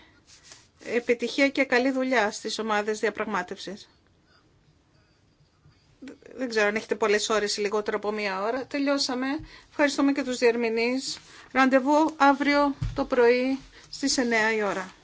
επιτυχία και καλή δουλειά στις ομάδες διαπραγμάτευσης. Δεν ξέρω αν έχετε πολλές ώρες ή λιγότερο από μία ώρα. Τελειώσαμε. Ευχαριστούμε και τους διερμηνείς. Ραντεβού αύριο το πρωί στις 9 η ώρα.